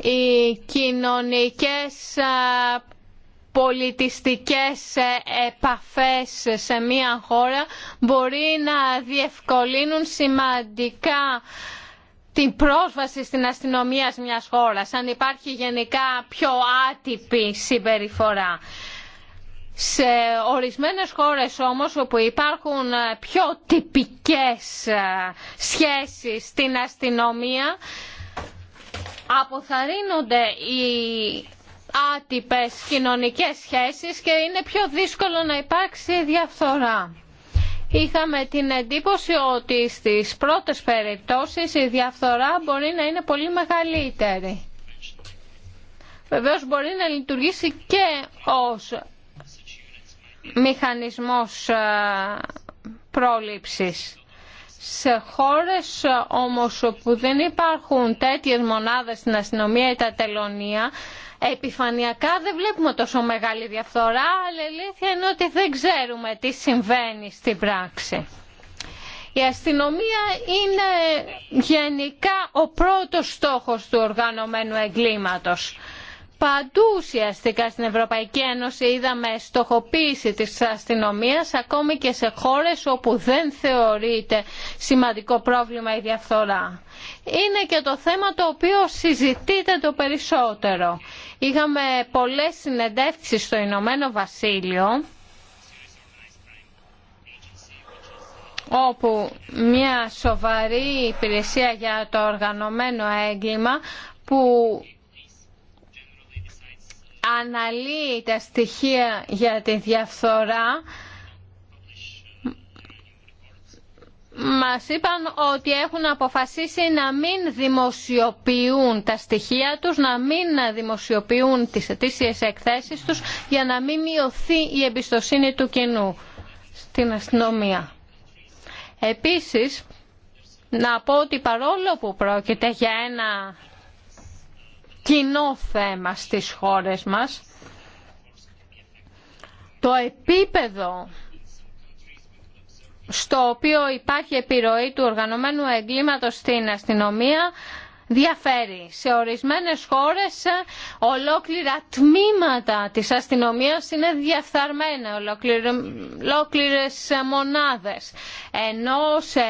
Οι κοινωνικές πολιτιστικές ε, επαφές σε μία χώρα μπορεί να διευκολύνουν σημαντικά την πρόσβαση στην αστυνομία μιας χώρα. αν υπάρχει γενικά πιο άτυπη συμπεριφορά. Σε ορισμένες χώρες όμως όπου υπάρχουν πιο τυπικές ε, σχέσεις στην αστυνομία αποθαρρύνονται οι άτυπες κοινωνικές σχέσεις και είναι πιο δύσκολο να υπάρξει διαφθορά είχαμε την εντύπωση ότι στις πρώτες περιπτώσεις η διαφθορά μπορεί να είναι πολύ μεγαλύτερη. Βεβαίως μπορεί να λειτουργήσει και ως μηχανισμός ε, πρόληψης. Σε χώρες ε, όμως που δεν υπάρχουν τέτοιες μονάδες στην αστυνομία ή τα τελωνία, επιφανειακά δεν βλέπουμε τόσο μεγάλη διαφθορά, αλλά η αλήθεια είναι ότι δεν ξέρουμε τι συμβαίνει στην πράξη. Η αστυνομία είναι γενικά ο πρώτος στόχος του οργανωμένου εγκλήματος. Παντού ουσιαστικά στην Ευρωπαϊκή Ένωση είδαμε στοχοποίηση της αστυνομίας ακόμη και σε χώρες όπου δεν θεωρείται σημαντικό πρόβλημα η διαφθορά. Είναι και το θέμα το οποίο συζητείται το περισσότερο. Είχαμε πολλές συνεντεύξεις στο Ηνωμένο Βασίλειο όπου μια σοβαρή υπηρεσία για το οργανωμένο έγκλημα που αναλύει τα στοιχεία για τη διαφθορά μας είπαν ότι έχουν αποφασίσει να μην δημοσιοποιούν τα στοιχεία τους, να μην δημοσιοποιούν τις αιτήσιες εκθέσεις τους για να μην μειωθεί η εμπιστοσύνη του κοινού στην αστυνομία. Επίσης, να πω ότι παρόλο που πρόκειται για ένα κοινό θέμα στις χώρες μας. Το επίπεδο στο οποίο υπάρχει επιρροή του οργανωμένου εγκλήματος στην αστυνομία διαφέρει. Σε ορισμένες χώρες ε, ολόκληρα τμήματα της αστυνομίας είναι διαφθαρμένα, ολόκληρες ε, μονάδες. Ενώ σε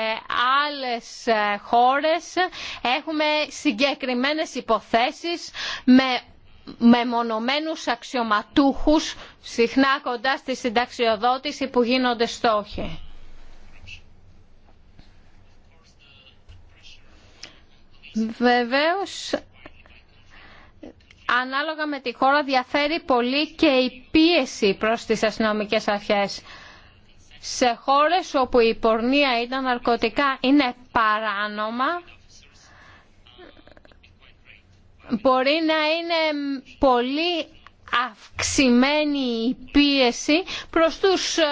άλλες ε, χώρες έχουμε συγκεκριμένες υποθέσεις με μεμονωμένους αξιωματούχους συχνά κοντά στη συνταξιοδότηση που γίνονται στόχοι. Βεβαίω, ανάλογα με τη χώρα διαφέρει πολύ και η πίεση προς τις αστυνομικές αρχές. Σε χώρες όπου η πορνεία ή τα ναρκωτικά είναι παράνομα, μπορεί να είναι πολύ αυξημένη η πίεση προς τους ε,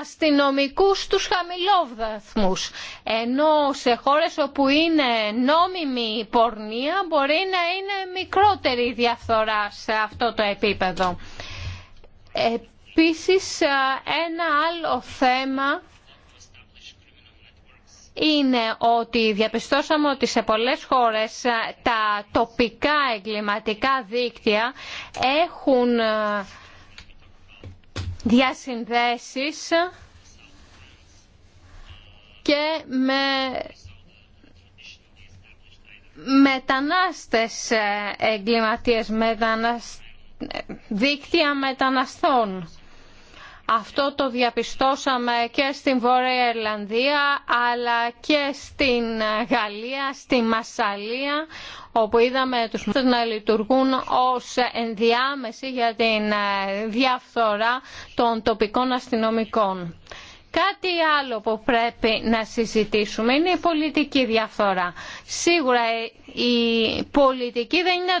αστυνομικούς τους χαμηλόβδαθμους. Ενώ σε χώρες όπου είναι νόμιμη η πορνεία μπορεί να είναι μικρότερη η διαφθορά σε αυτό το επίπεδο. Επίσης ένα άλλο θέμα είναι ότι διαπιστώσαμε ότι σε πολλές χώρες τα τοπικά εγκληματικά δίκτυα έχουν διασυνδέσεις και με μετανάστες εγκληματίες, δίκτυα μεταναστών. Αυτό το διαπιστώσαμε και στην Βόρεια Ιρλανδία αλλά και στην Γαλλία, στη Μασαλία όπου είδαμε τους μουσούς να λειτουργούν ως ενδιάμεση για την ε, διαφθορά των τοπικών αστυνομικών. Κάτι άλλο που πρέπει να συζητήσουμε είναι η πολιτική διαφθορά. Σίγουρα η πολιτική δεν είναι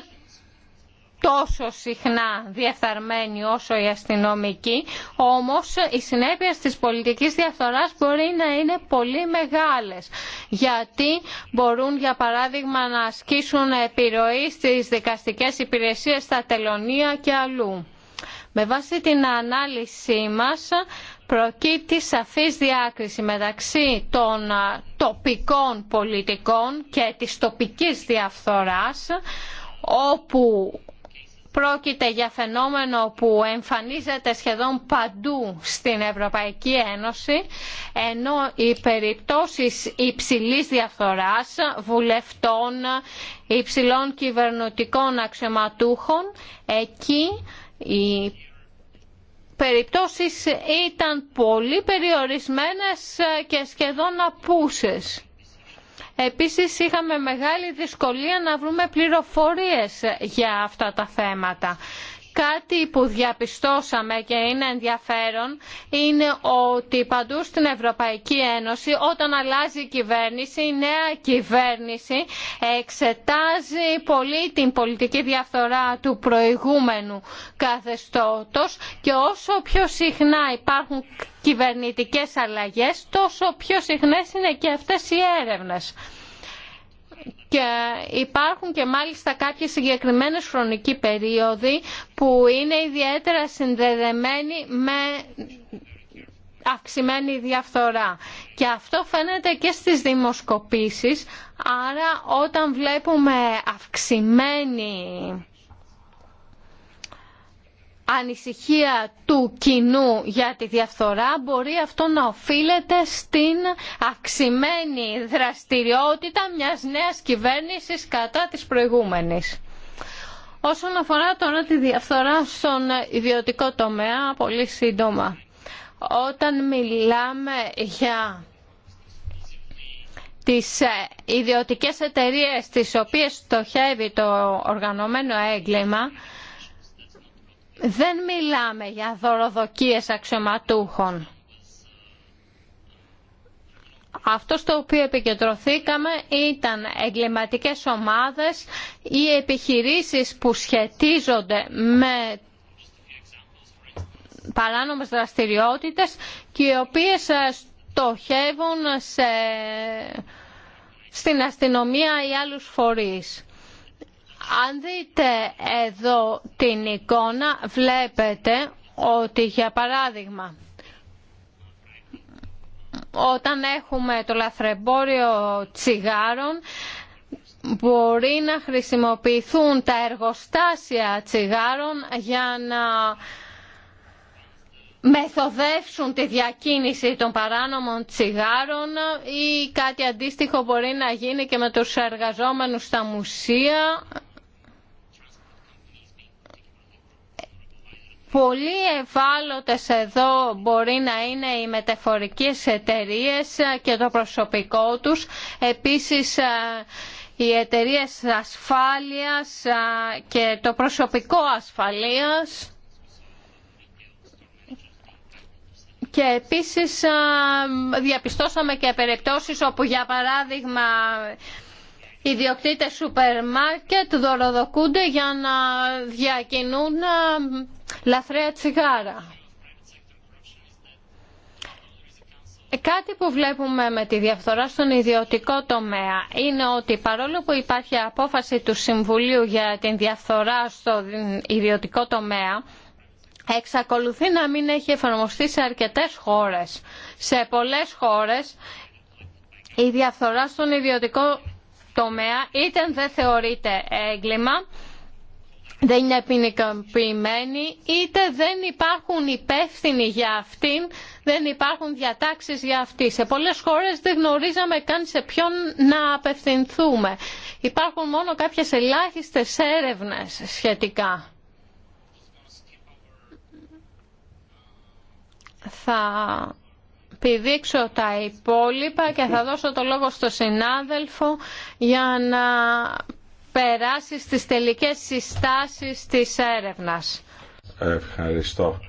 τόσο συχνά διεφθαρμένοι όσο οι αστυνομικοί, όμως οι συνέπειες της πολιτικής διαφθοράς μπορεί να είναι πολύ μεγάλες. Γιατί μπορούν για παράδειγμα να ασκήσουν επιρροή στις δικαστικές υπηρεσίες στα τελωνία και αλλού. Με βάση την ανάλυση μας προκύπτει σαφής διάκριση μεταξύ των τοπικών πολιτικών και της τοπικής διαφθοράς όπου Πρόκειται για φαινόμενο που εμφανίζεται σχεδόν παντού στην Ευρωπαϊκή Ένωση, ενώ οι περιπτώσεις υψηλής διαφθοράς βουλευτών, υψηλών κυβερνητικών αξιωματούχων, εκεί οι περιπτώσεις ήταν πολύ περιορισμένες και σχεδόν απούσες. Επίσης είχαμε μεγάλη δυσκολία να βρούμε πληροφορίες για αυτά τα θέματα. Κάτι που διαπιστώσαμε και είναι ενδιαφέρον είναι ότι παντού στην Ευρωπαϊκή Ένωση όταν αλλάζει η κυβέρνηση, η νέα κυβέρνηση εξετάζει πολύ την πολιτική διαφθορά του προηγούμενου καθεστώτος και όσο πιο συχνά υπάρχουν κυβερνητικές αλλαγές τόσο πιο συχνές είναι και αυτές οι έρευνες και υπάρχουν και μάλιστα κάποιες συγκεκριμένες χρονικοί περίοδοι που είναι ιδιαίτερα συνδεδεμένοι με αυξημένη διαφθορά. Και αυτό φαίνεται και στις δημοσκοπήσεις, άρα όταν βλέπουμε αυξημένη ανησυχία του κοινού για τη διαφθορά μπορεί αυτό να οφείλεται στην αυξημένη δραστηριότητα μιας νέας κυβέρνησης κατά της προηγούμενης. Όσον αφορά τώρα τη διαφθορά στον ιδιωτικό τομέα, πολύ σύντομα. Όταν μιλάμε για τις ε, ιδιωτικές εταιρείες τις οποίες στοχεύει το οργανωμένο έγκλημα, δεν μιλάμε για δωροδοκίες αξιωματούχων. Αυτό στο οποίο επικεντρωθήκαμε ήταν εγκληματικές ομάδες ή επιχειρήσεις που σχετίζονται με παράνομες δραστηριότητες και οι οποίες ε, στοχεύουν σε... στην αστυνομία ή άλλους φορείς. Αν δείτε εδώ την εικόνα βλέπετε ότι για παράδειγμα όταν έχουμε το λαθρεμπόριο τσιγάρων μπορεί να χρησιμοποιηθούν τα εργοστάσια τσιγάρων για να μεθοδεύσουν τη διακίνηση των παράνομων τσιγάρων ή κάτι αντίστοιχο μπορεί να γίνει και με τους εργαζόμενους στα μουσεία Πολύ ευάλωτες εδώ μπορεί να είναι οι μεταφορικές εταιρείες και το προσωπικό τους. Επίσης οι εταιρείες ασφάλειας και το προσωπικό ασφαλείας. Και επίσης διαπιστώσαμε και περιπτώσεις όπου για παράδειγμα οι ιδιοκτήτες σούπερ μάρκετ δωροδοκούνται για να διακινούν λαθρέα τσιγάρα. Κάτι που βλέπουμε με τη διαφθορά στον ιδιωτικό τομέα είναι ότι παρόλο που υπάρχει απόφαση του Συμβουλίου για την διαφθορά στον ιδιωτικό τομέα, εξακολουθεί να μην έχει εφαρμοστεί σε αρκετές χώρες. Σε πολλές χώρες η διαφθορά στον ιδιωτικό τομέα είτε δεν θεωρείται έγκλημα, δεν είναι ποινικοποιημένοι, είτε δεν υπάρχουν υπεύθυνοι για αυτήν, δεν υπάρχουν διατάξεις για αυτή. Σε πολλές χώρες δεν γνωρίζαμε καν σε ποιον να απευθυνθούμε. Υπάρχουν μόνο κάποιες ελάχιστες έρευνες σχετικά. Θα πηδήξω τα υπόλοιπα και θα δώσω το λόγο στο συνάδελφο για να περάσει στις τελικές συστάσεις της έρευνας. Ευχαριστώ.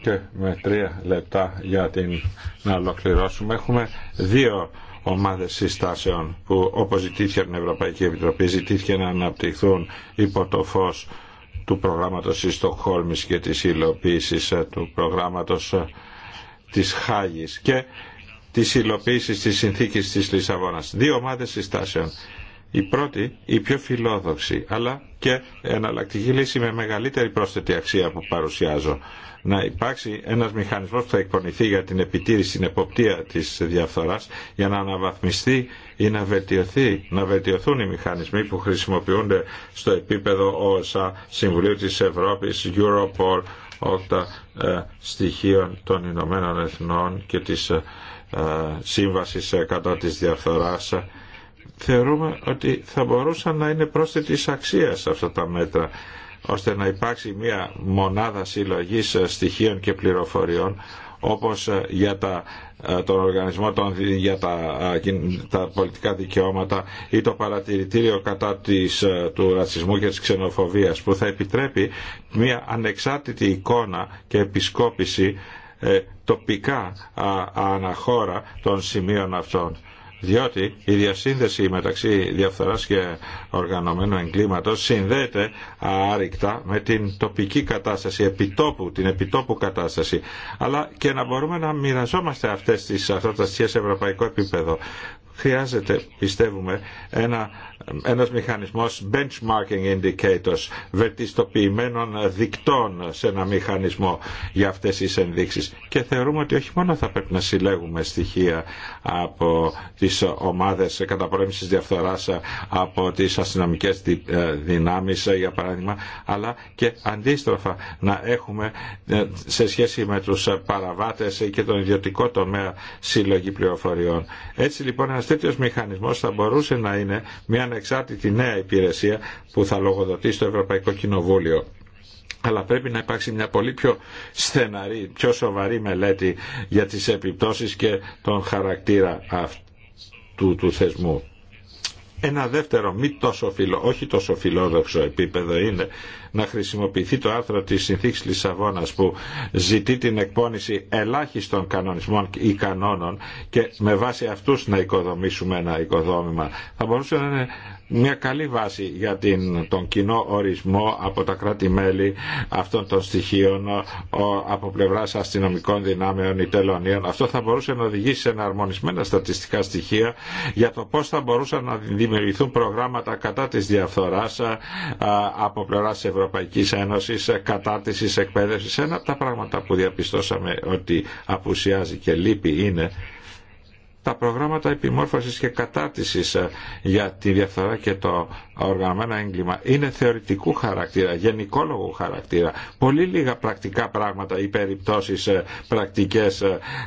Και με τρία λεπτά για την... να ολοκληρώσουμε. Έχουμε δύο ομάδες συστάσεων που όπως ζητήθηκε από την Ευρωπαϊκή Επιτροπή ζητήθηκε να αναπτυχθούν υπό το φως του προγράμματος της Στοκχόλμης και της υλοποίησης του προγράμματος της Χάγης και της υλοποίηση της συνθήκης της Λισαβόνας. Δύο ομάδες συστάσεων. Η πρώτη, η πιο φιλόδοξη, αλλά και εναλλακτική λύση με μεγαλύτερη πρόσθετη αξία που παρουσιάζω. Να υπάρξει ένας μηχανισμός που θα εκπονηθεί για την επιτήρηση, την εποπτεία της διαφθοράς, για να αναβαθμιστεί ή να, βελτιωθεί, να βελτιωθούν οι μηχανισμοί που χρησιμοποιούνται στο επίπεδο ΩΣΑ, Συμβουλίου της Ευρώπης, Europol, όκτα ε, στοιχείων των Ηνωμένων Εθνών και της ε, ε Σύμβασης ε, κατά της θεωρούμε ότι θα μπορούσαν να είναι πρόσθετης αξίας αυτά τα μέτρα ώστε να υπάρξει μια μονάδα συλλογής στοιχείων και πληροφοριών όπως για τα, ε, τον οργανισμό των, για τα, ε, τα πολιτικά δικαιώματα ή το παρατηρητήριο κατά της, ε, του ρατσισμού και της ξενοφοβίας που θα επιτρέπει μια ανεξάρτητη εικόνα και επισκόπηση τοπικά αναχώρα των σημείων αυτών διότι η διασύνδεση μεταξύ διαφθοράς και οργανωμένου εγκλήματος συνδέεται άρρηκτα με την τοπική κατάσταση, επιτόπου, την επιτόπου κατάσταση, αλλά και να μπορούμε να μοιραζόμαστε αυτές τις, αυτά σε ευρωπαϊκό επίπεδο χρειάζεται, πιστεύουμε, ένα, ένας μηχανισμός benchmarking indicators, βελτιστοποιημένων δικτών σε ένα μηχανισμό για αυτές τις ενδείξεις. Και θεωρούμε ότι όχι μόνο θα πρέπει να συλλέγουμε στοιχεία από τις ομάδες καταπολέμησης διαφθοράς, από τις αστυνομικές ε, δυνάμεις, ε, για παράδειγμα, αλλά και αντίστροφα να έχουμε ε, σε σχέση με τους παραβάτες και τον ιδιωτικό τομέα συλλογή πληροφοριών. Έτσι λοιπόν ένας τέτοιος μηχανισμός θα μπορούσε να είναι μια ανεξάρτητη νέα υπηρεσία που θα λογοδοτεί στο Ευρωπαϊκό Κοινοβούλιο αλλά πρέπει να υπάρξει μια πολύ πιο στεναρή, πιο σοβαρή μελέτη για τις επιπτώσεις και τον χαρακτήρα αυτού του θεσμού. Ένα δεύτερο, μη όχι τόσο φιλόδοξο επίπεδο είναι να χρησιμοποιηθεί το άρθρο της Συνθήκης Λισαβόνας που ζητεί την εκπόνηση ελάχιστων κανονισμών ή κανόνων και με βάση αυτούς να οικοδομήσουμε ένα οικοδόμημα. Θα μπορούσε να είναι μια καλή βάση για την, τον κοινό ορισμό από τα κράτη-μέλη αυτών των στοιχείων από πλευρά αστυνομικών δυνάμεων ή τελωνίων. Αυτό θα μπορούσε να οδηγήσει σε εναρμονισμένα στατιστικά στοιχεία για το πώς θα μπορούσαν να δημιουργηθούν προγράμματα κατά της διαφθοράς από πλευρά Ευρώπη. Ένωση ε, κατά τη εκπαίδευση, Ένα από τα πράγματα που διαπιστώσαμε ότι απουσιάζει και λείπει είναι τα προγράμματα επιμόρφωσης και κατάρτισης ε, για τη διαφθορά και το οργανωμένο έγκλημα είναι θεωρητικού χαρακτήρα, γενικόλογου χαρακτήρα. Πολύ λίγα πρακτικά πράγματα ή περιπτώσεις ε, πρακτικές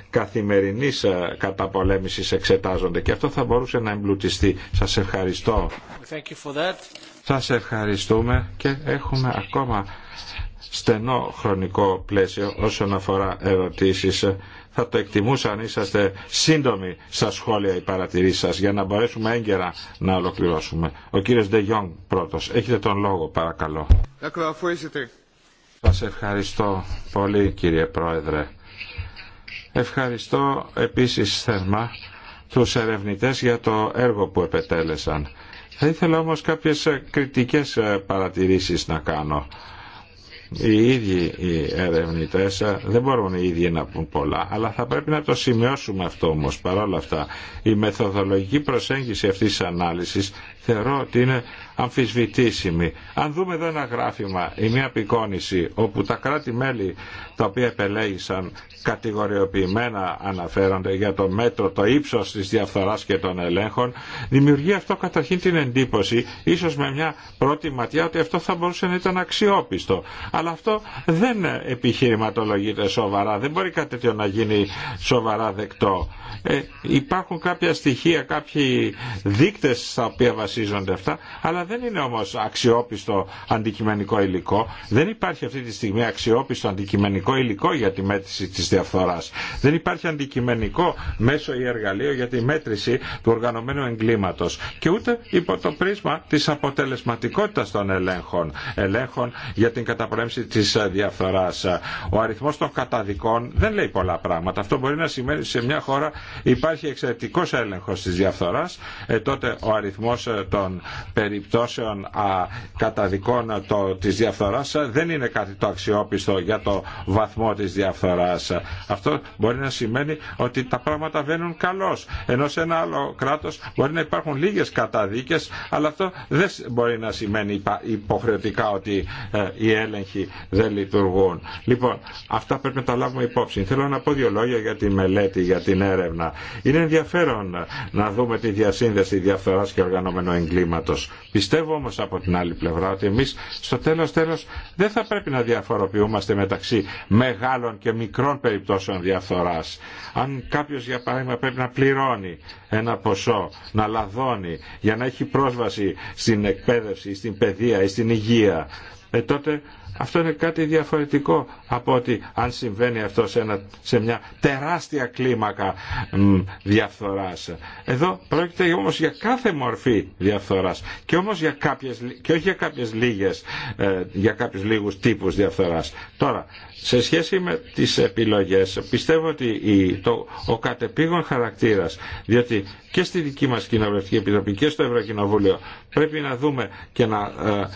καθημερινής καταπολέμησης εξετάζονται και αυτό θα μπορούσε να εμπλουτιστεί. Σας ευχαριστώ. Thank you for that σε ευχαριστούμε και έχουμε ακόμα στενό χρονικό πλαίσιο όσον αφορά ερωτήσεις. Θα το εκτιμούσα αν είσαστε σύντομοι στα σχόλια ή παρατηρήσεις σας για να μπορέσουμε έγκαιρα να ολοκληρώσουμε. Ο κύριος Ντε Γιόγκ πρώτος. Έχετε τον λόγο παρακαλώ. Σας ευχαριστώ πολύ κύριε Πρόεδρε. Ευχαριστώ επίσης θερμά τους ερευνητές για το έργο που επετέλεσαν. Θα ήθελα όμως κάποιες ε, κριτικές ε, παρατηρήσεις να κάνω. Οι ίδιοι οι ερευνητές ε, δεν μπορούν οι ίδιοι να πούν πολλά, αλλά θα πρέπει να το σημειώσουμε αυτό όμως παρόλα αυτά. Η μεθοδολογική προσέγγιση αυτής της ανάλυσης θεωρώ ότι είναι αμφισβητήσιμη. Αν δούμε εδώ ένα γράφημα ή μια απεικόνηση όπου τα κράτη-μέλη τα οποία επελέγησαν κατηγοριοποιημένα αναφέρονται για το μέτρο, το ύψος της διαφθοράς και των ελέγχων, δημιουργεί αυτό καταρχήν την εντύπωση, ίσως με μια πρώτη ματιά, ότι αυτό θα μπορούσε να ήταν αξιόπιστο. Αλλά αυτό δεν επιχειρηματολογείται σοβαρά, δεν μπορεί κάτι τέτοιο να γίνει σοβαρά δεκτό. Ε, υπάρχουν κάποια στοιχεία, κάποιοι δείκτες στα οποία βασίζονται αυτά, αλλά δεν είναι όμως αξιόπιστο αντικειμενικό υλικό. Δεν υπάρχει αυτή τη στιγμή αξιόπιστο αντικειμενικό υλικό για τη μέτρηση της διαφθοράς. Δεν υπάρχει αντικειμενικό μέσο ή εργαλείο για τη μέτρηση του οργανωμένου εγκλήματος και ούτε υπό το πρίσμα της αποτελεσματικότητας των ελέγχων, ελέγχων για την καταπολέμηση της διαφθοράς. Ο αριθμός των καταδικών δεν λέει πολλά πράγματα. Αυτό μπορεί να σημαίνει σε μια χώρα υπάρχει εξαιρετικός έλεγχος της διαφθοράς, ε, τότε ο αριθμός ε, των περιπτώσεων α, καταδικών το, της διαφθοράς δεν είναι κάτι το αξιόπιστο για το βαθμό της διαφθοράς. Αυτό μπορεί να σημαίνει ότι τα πράγματα βαίνουν καλώς. Ενώ σε ένα άλλο κράτος μπορεί να υπάρχουν λίγες καταδίκες, αλλά αυτό δεν μπορεί να σημαίνει υποχρεωτικά ότι ε, οι έλεγχοι δεν λειτουργούν. Λοιπόν, αυτά πρέπει να τα λάβουμε υπόψη. Θέλω να πω δύο λόγια για τη μελέτη, για την έρευνα. Είναι ενδιαφέρον να δούμε τη διασύνδεση διαφθοράς και οργανωμένων αντικείμενο εγκλήματος. Πιστεύω όμως από την άλλη πλευρά ότι εμείς στο τέλος τέλος δεν θα πρέπει να διαφοροποιούμαστε μεταξύ μεγάλων και μικρών περιπτώσεων διαφθοράς. Αν κάποιος για παράδειγμα πρέπει να πληρώνει ένα ποσό, να λαδώνει για να έχει πρόσβαση στην εκπαίδευση, στην παιδεία ή στην υγεία, ε, τότε αυτό είναι κάτι διαφορετικό από ότι αν συμβαίνει αυτό σε, ένα, σε μια τεράστια κλίμακα διαφθοράς. Εδώ πρόκειται όμως για κάθε μορφή διαφθοράς και όμως για κάποιες, και όχι για κάποιες λίγες, ε, για κάποιους λίγους τύπους διαφθοράς. Τώρα, σε σχέση με τις επιλογές, πιστεύω ότι το, ο κατεπήγων χαρακτήρας, διότι και στη δική μας Κοινοβουλευτική Επιτροπή και στο Ευρωκοινοβούλιο πρέπει να δούμε και να ε,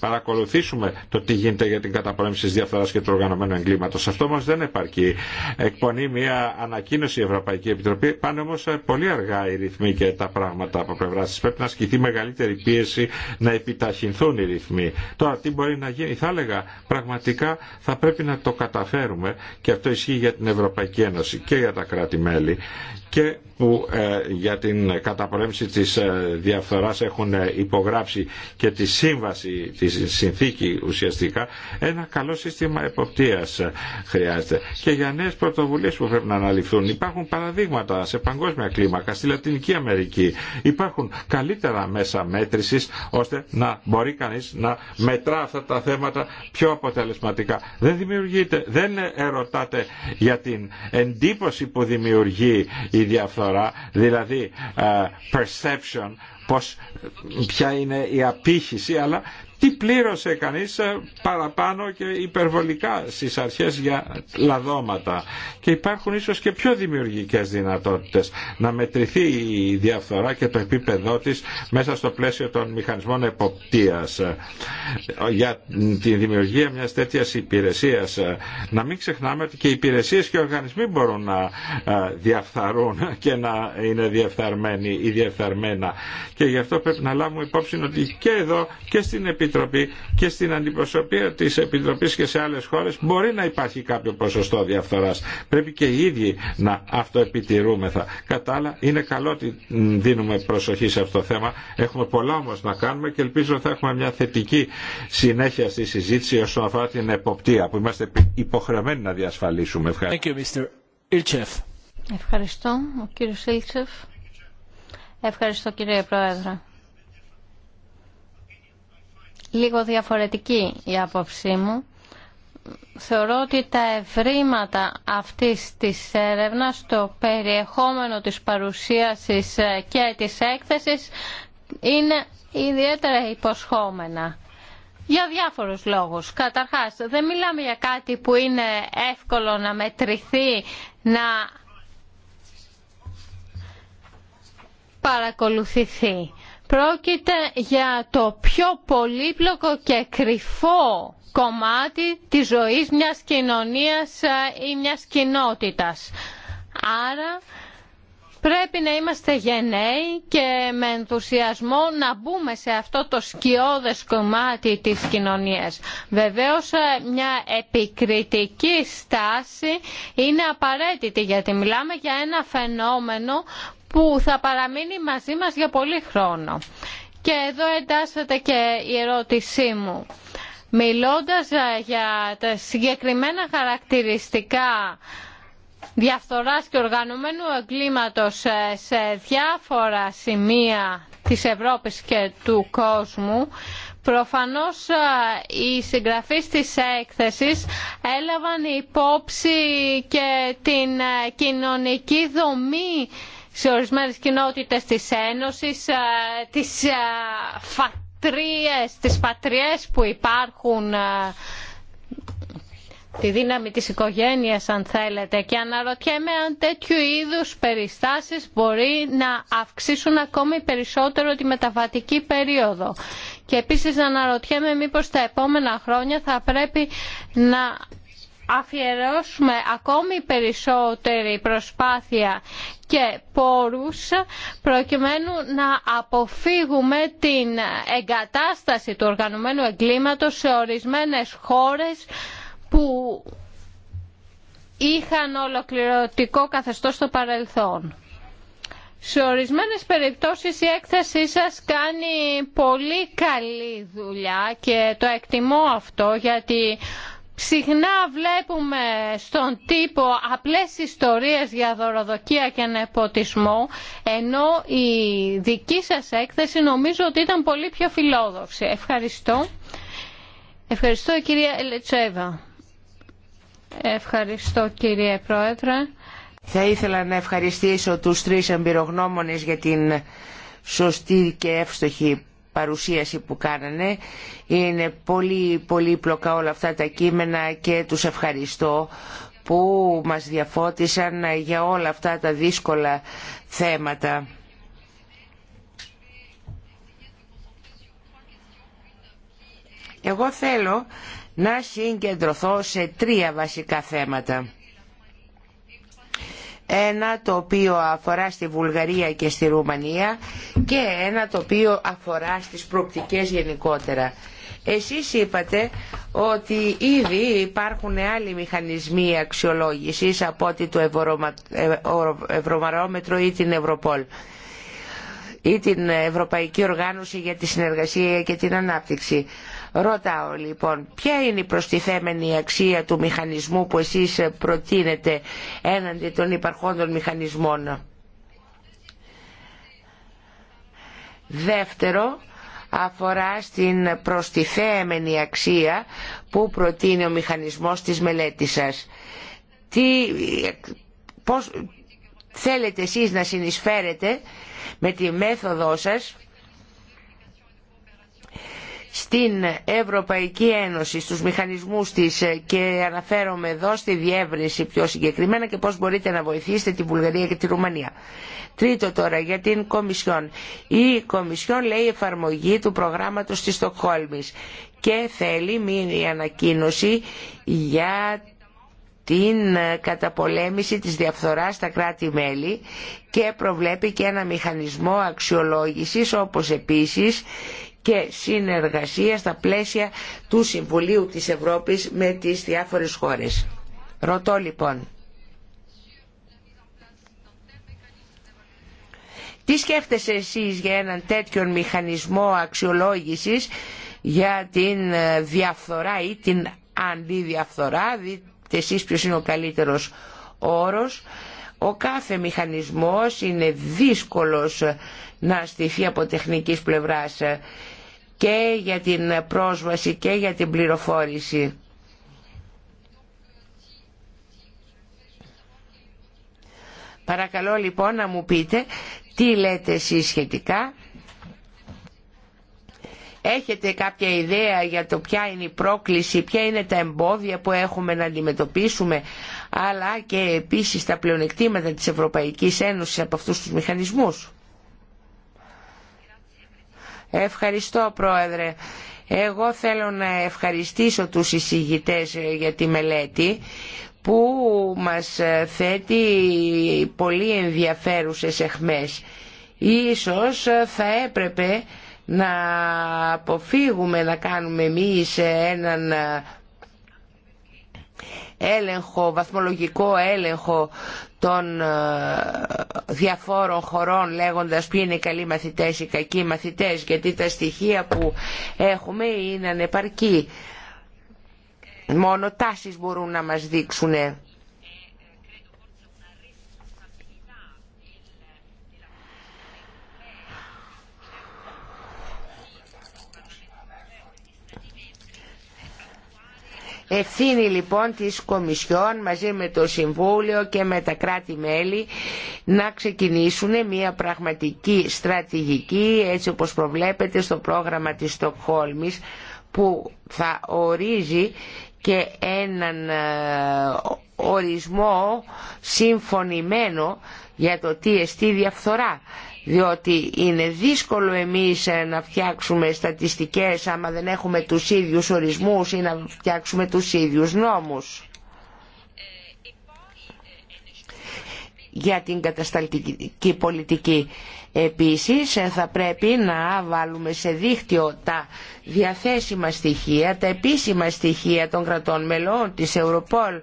παρακολουθήσουμε το τι γίνεται για την καταπολέμηση της διαφθοράς και του οργανωμένου εγκλήματος. Αυτό όμω δεν επαρκεί. Εκπονεί μια ανακοίνωση η Ευρωπαϊκή Επιτροπή. Πάνε όμως ε, πολύ αργά οι ρυθμοί και τα πράγματα από πλευρά της. Πρέπει να ασκηθεί μεγαλύτερη πίεση να επιταχυνθούν οι ρυθμοί. Τώρα τι μπορεί να γίνει. Θα έλεγα πραγματικά θα πρέπει να το καταφέρουμε και αυτό ισχύει για την Ευρωπαϊκή Ένωση και για τα κράτη-μέλη και που ε, για την καταπολέμηση της ε, διαφθοράς έχουν ε, υπογράψει και τη σύμβαση, τη συνθήκη ουσιαστικά, ένα καλό σύστημα εποπτείας χρειάζεται. Και για νέες πρωτοβουλίες που πρέπει να αναλυφθούν. Υπάρχουν παραδείγματα σε παγκόσμια κλίμακα, στη Λατινική Αμερική. Υπάρχουν καλύτερα μέσα μέτρησης ώστε να μπορεί κανείς να μετρά αυτά τα θέματα πιο αποτελεσματικά. Δεν δημιουργείται, δεν ερωτάτε για την εντύπωση που δημιουργεί διαφθορά, δηλαδή ε, perception, πώς, ποια είναι η απήχηση, αλλά τι πλήρωσε κανείς ε, παραπάνω και υπερβολικά στις αρχές για λαδώματα. Και υπάρχουν ίσως και πιο δημιουργικές δυνατότητες να μετρηθεί η διαφθορά και το επίπεδό της μέσα στο πλαίσιο των μηχανισμών εποπτείας. Για τη δημιουργία μιας τέτοιας υπηρεσίας να μην ξεχνάμε ότι και οι υπηρεσίες και οι οργανισμοί μπορούν να ε, διαφθαρούν και να είναι διεφθαρμένοι ή διεφθαρμένα. Και γι' αυτό πρέπει να λάβουμε υπόψη ότι και εδώ και στην Επιτροπή και στην αντιπροσωπεία της Επιτροπής και σε άλλες χώρες μπορεί να υπάρχει κάποιο ποσοστό διαφθοράς. Πρέπει και οι ίδιοι να αυτοεπιτηρούμεθα. Κατά άλλα είναι καλό ότι δίνουμε προσοχή σε αυτό το θέμα. Έχουμε πολλά όμως να κάνουμε και ελπίζω θα έχουμε μια θετική συνέχεια στη συζήτηση όσον αφορά την εποπτεία που είμαστε υποχρεωμένοι να διασφαλίσουμε. Ευχαριστώ. Ευχαριστώ, Ευχαριστώ κύριε Πρόεδρε λίγο διαφορετική η άποψή μου. Θεωρώ ότι τα ευρήματα αυτής της έρευνας, το περιεχόμενο της παρουσίασης ε, και της έκθεσης είναι ιδιαίτερα υποσχόμενα. Για διάφορους λόγους. Καταρχάς, δεν μιλάμε για κάτι που είναι εύκολο να μετρηθεί, να παρακολουθηθεί. Πρόκειται για το πιο πολύπλοκο και κρυφό κομμάτι της ζωής μιας κοινωνίας ε, ή μιας κοινότητας. Άρα πρέπει να είμαστε γενναίοι και με ενθουσιασμό να μπούμε σε αυτό το σκιώδες κομμάτι της κοινωνίας. Βεβαίως ε, μια επικριτική στάση είναι απαραίτητη γιατί μιλάμε για ένα φαινόμενο που θα παραμείνει μαζί μας για πολύ χρόνο. Και εδώ εντάσσεται και η ερώτησή μου. Μιλώντας ε, για τα συγκεκριμένα χαρακτηριστικά διαφθοράς και οργανωμένου εγκλήματος ε, σε διάφορα σημεία της Ευρώπης και του κόσμου, προφανώς ε, οι συγγραφείς της έκθεσης έλαβαν υπόψη και την κοινωνική δομή σε ορισμένες κοινότητες της Ένωσης, ε, τις ε, φατρίες, τις πατριές που υπάρχουν, ε, τη δύναμη της οικογένειας αν θέλετε και αναρωτιέμαι αν τέτοιου είδους περιστάσεις μπορεί να αυξήσουν ακόμη περισσότερο τη μεταβατική περίοδο. Και επίσης αναρωτιέμαι μήπως τα επόμενα χρόνια θα πρέπει να αφιερώσουμε ακόμη περισσότερη προσπάθεια και πόρους προκειμένου να αποφύγουμε την εγκατάσταση του οργανωμένου εγκλήματος σε ορισμένες χώρες που είχαν ολοκληρωτικό καθεστώς στο παρελθόν. Σε ορισμένες περιπτώσεις η έκθεσή σας κάνει πολύ καλή δουλειά και το εκτιμώ αυτό γιατί Συχνά βλέπουμε στον τύπο απλές ιστορίες για δωροδοκία και νεποτισμό, ενώ η δική σας έκθεση νομίζω ότι ήταν πολύ πιο φιλόδοξη. Ευχαριστώ. Ευχαριστώ κυρία Ελετσέβα. Ευχαριστώ κύριε Πρόεδρε. Θα ήθελα να ευχαριστήσω τους τρεις εμπειρογνώμονες για την σωστή και εύστοχη παρουσίαση που κάνανε. Είναι πολύ πολύπλοκα όλα αυτά τα κείμενα και τους ευχαριστώ που μας διαφώτισαν για όλα αυτά τα δύσκολα θέματα. Εγώ θέλω να συγκεντρωθώ σε τρία βασικά θέματα ένα το οποίο αφορά στη Βουλγαρία και στη Ρουμανία και ένα το οποίο αφορά στις προπτικές γενικότερα. Εσείς είπατε ότι ήδη υπάρχουν άλλοι μηχανισμοί αξιολόγησης από ότι το Ευρωμαρόμετρο ε, ή την Ευρωπόλ ή την Ευρωπαϊκή Οργάνωση για τη Συνεργασία και την Ανάπτυξη. Ρωτάω λοιπόν ποια είναι η προστιθέμενη αξία του μηχανισμού που εσείς προτείνετε έναντι των υπαρχόντων μηχανισμών. Δεύτερο, αφορά στην προστιθέμενη αξία που προτείνει ο μηχανισμός της μελέτης σας. Τι, θέλετε εσείς να συνεισφέρετε με τη μέθοδό σας στην Ευρωπαϊκή Ένωση, στους μηχανισμούς της ε, και αναφέρομαι εδώ στη διεύρυνση πιο συγκεκριμένα και πώς μπορείτε να βοηθήσετε τη Βουλγαρία και τη Ρουμανία. Τρίτο τώρα για την Κομισιόν. Η Κομισιόν λέει εφαρμογή του προγράμματος της Στοκχόλμης και θέλει μία ανακοίνωση για την ε, καταπολέμηση της διαφθοράς στα κράτη-μέλη και προβλέπει και ένα μηχανισμό αξιολόγησης όπως επίσης και συνεργασία στα πλαίσια του Συμβουλίου της Ευρώπης με τις διάφορες χώρες. Ρωτώ λοιπόν, τι σκέφτεσαι εσείς για έναν τέτοιον μηχανισμό αξιολόγησης για την ε, διαφθορά ή την αντιδιαφθορά, δείτε εσείς ποιος είναι ο καλύτερος όρος, ο κάθε μηχανισμός είναι δύσκολος να στηθεί από τεχνικής πλευράς και για την πρόσβαση και για την πληροφόρηση. Παρακαλώ λοιπόν να μου πείτε τι λέτε εσείς σχετικά. Έχετε κάποια ιδέα για το ποια είναι η πρόκληση, ποια είναι τα εμπόδια που έχουμε να αντιμετωπίσουμε, αλλά και επίσης τα πλεονεκτήματα της Ευρωπαϊκής Ένωσης από αυτούς τους μηχανισμούς. Ευχαριστώ Πρόεδρε. Εγώ θέλω να ευχαριστήσω τους εισηγητές ε, για τη μελέτη που μας ε, θέτει πολύ ενδιαφέρουσες εχμές. Ίσως ε, θα έπρεπε να αποφύγουμε να κάνουμε εμείς έναν έλεγχο, βαθμολογικό έλεγχο των ε, διαφόρων χωρών λέγοντας ποιοι είναι οι καλοί μαθητές ή κακοί μαθητές γιατί τα στοιχεία που έχουμε είναι ανεπαρκή. Μόνο τάσεις μπορούν να μας δείξουν Ευθύνη λοιπόν της Κομισιόν μαζί με το Συμβούλιο και με τα κράτη-μέλη να ξεκινήσουν μια πραγματική στρατηγική έτσι όπως προβλέπεται στο πρόγραμμα της Στοκχόλμης που θα ορίζει και έναν ε, ορισμό συμφωνημένο για το τι εστί διαφθορά διότι είναι δύσκολο εμείς ε, να φτιάξουμε στατιστικές άμα δεν έχουμε τους ίδιους ορισμούς ή να φτιάξουμε τους ίδιους νόμους. Για την κατασταλτική πολιτική επίσης ε, θα πρέπει να βάλουμε σε δίκτυο τα διαθέσιμα στοιχεία, τα επίσημα στοιχεία των κρατών μελών της Ευρωπόλ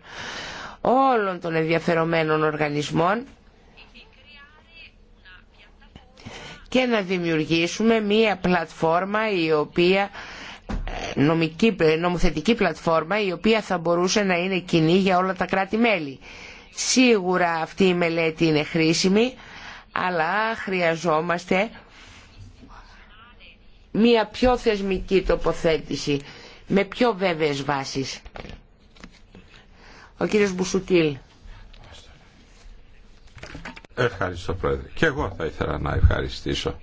όλων των ενδιαφερομένων οργανισμών και να δημιουργήσουμε μία πλατφόρμα η οποία ε, ε, νομοθετική πλατφόρμα η οποία θα μπορούσε να είναι κοινή για όλα τα κράτη-μέλη. Σίγουρα αυτή η μελέτη είναι χρήσιμη, αλλά χρειαζόμαστε μία πιο θεσμική τοποθέτηση, με πιο βέβαιες βάσεις. Ο κύριος Μπουσουτήλ. Ευχαριστώ Πρόεδρε. Και εγώ θα ήθελα να ευχαριστήσω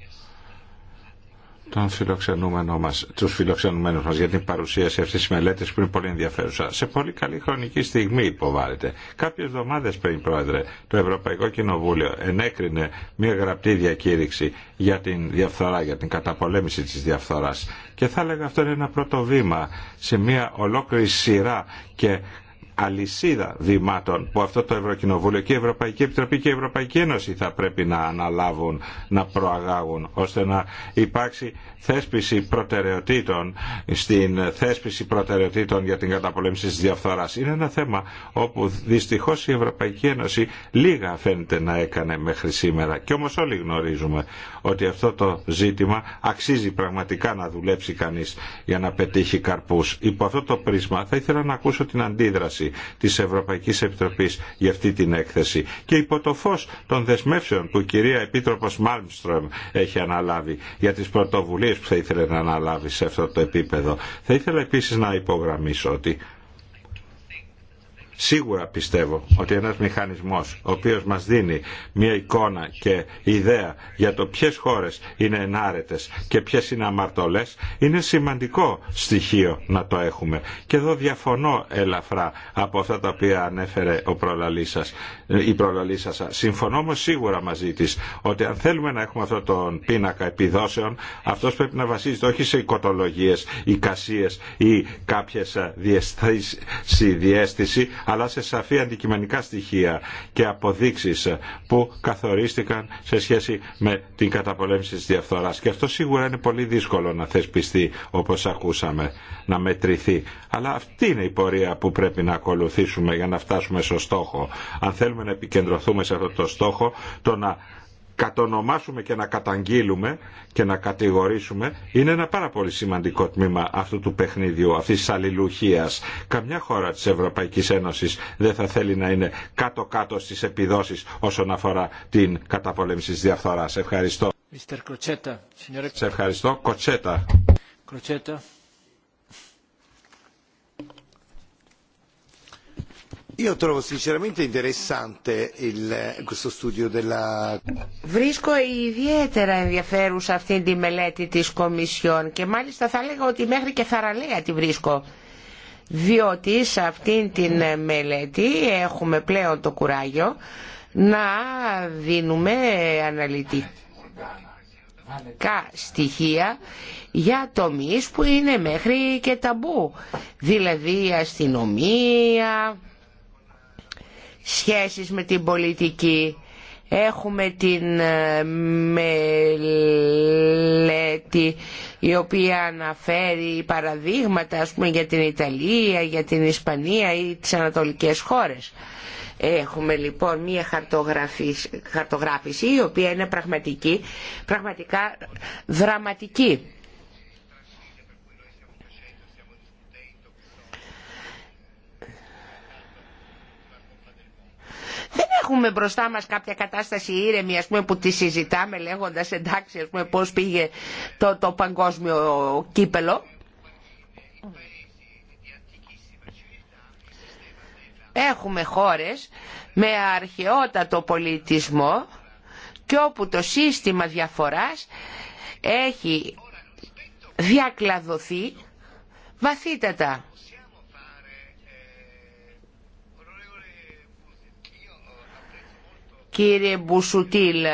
τον φιλοξενούμενο μας, τους φιλοξενούμενους μας για την παρουσίαση αυτής της μελέτης που είναι πολύ ενδιαφέρουσα. Σε πολύ καλή χρονική στιγμή υποβάλλεται. Κάποιες εβδομάδες πριν, Πρόεδρε, το Ευρωπαϊκό Κοινοβούλιο ενέκρινε μια γραπτή διακήρυξη για την διαφθορά, για την καταπολέμηση της διαφθοράς. Και θα έλεγα αυτό είναι ένα πρώτο βήμα σε μια ολόκληρη σειρά και αλυσίδα βημάτων που αυτό το Ευρωκοινοβούλιο και η Ευρωπαϊκή Επιτροπή και η Ευρωπαϊκή Ένωση θα πρέπει να αναλάβουν, να προαγάγουν, ώστε να υπάρξει θέσπιση προτεραιοτήτων στην θέσπιση προτεραιοτήτων για την καταπολέμηση της διαφθοράς. Είναι ένα θέμα όπου δυστυχώς η Ευρωπαϊκή Ένωση λίγα φαίνεται να έκανε μέχρι σήμερα. Και όμως όλοι γνωρίζουμε ότι αυτό το ζήτημα αξίζει πραγματικά να δουλέψει κανείς για να πετύχει καρπούς. Υπό αυτό το πρίσμα θα ήθελα να ακούσω την αντίδραση της Ευρωπαϊκής Επιτροπής για αυτή την έκθεση και υπό το φως των δεσμεύσεων που η κυρία Επίτροπος Μάλμστρομ έχει αναλάβει για τις πρωτοβουλίες που θα ήθελε να αναλάβει σε αυτό το επίπεδο. Θα ήθελα επίσης να υπογραμμίσω ότι Σίγουρα πιστεύω ότι ένας μηχανισμός ο οποίος μας δίνει μια εικόνα και ιδέα για το ποιες χώρες είναι ενάρετες και ποιες είναι αμαρτωλές είναι σημαντικό στοιχείο να το έχουμε. Και εδώ διαφωνώ ελαφρά από αυτά τα οποία ανέφερε ο η προλαλή σας. Συμφωνώ όμως σίγουρα μαζί της ότι αν θέλουμε να έχουμε αυτόν τον πίνακα επιδόσεων αυτός πρέπει να βασίζεται όχι σε οικοτολογίες, οικασίες ή κάποιες διαισθήσεις, αλλά σε σαφή αντικειμενικά στοιχεία και αποδείξεις που καθορίστηκαν σε σχέση με την καταπολέμηση της διαφθοράς. Και αυτό σίγουρα είναι πολύ δύσκολο να θεσπιστεί όπως ακούσαμε, να μετρηθεί. Αλλά αυτή είναι η πορεία που πρέπει να ακολουθήσουμε για να φτάσουμε στο στόχο. Αν θέλουμε να επικεντρωθούμε σε αυτό το στόχο, το να κατονομάσουμε και να καταγγείλουμε και να κατηγορήσουμε είναι ένα πάρα πολύ σημαντικό τμήμα αυτού του παιχνίδιου, αυτής της αλληλουχίας. Καμιά χώρα της Ευρωπαϊκής Ένωσης δεν θα θέλει να είναι κάτω-κάτω στις επιδόσεις όσον αφορά την καταπολέμηση της διαφθοράς. Ευχαριστώ. Mr. Crocetta, signore... Σε ευχαριστώ. Κοτσέτα. Crocetta. Io trovo sinceramente interessante il, questo Βρίσκω ιδιαίτερα ενδιαφέρουσα αυτή τη μελέτη της Κομισιόν και μάλιστα θα λέγω ότι μέχρι και θαραλέα τη βρίσκω. Διότι σε αυτήν την μελέτη έχουμε πλέον το κουράγιο να δίνουμε αναλυτικά στοιχεία για τομείς που είναι μέχρι και ταμπού. Δηλαδή αστυνομία, σχέσεις με την πολιτική. Έχουμε την ε, μελέτη η οποία αναφέρει παραδείγματα ας πούμε, για την Ιταλία, για την Ισπανία ή τις ανατολικές χώρες. Έχουμε λοιπόν μία χαρτογράφηση η οποία είναι πραγματική, πραγματικά δραματική. δεν έχουμε μπροστά μας κάποια κατάσταση ήρεμη ας πούμε, που τη συζητάμε λέγοντας εντάξει πώς πήγε το, το παγκόσμιο κύπελο. Έχουμε χώρες με αρχαιότατο πολιτισμό και όπου το σύστημα διαφοράς έχει διακλαδωθεί βαθύτατα. Κύριε Μπουσουτήλ,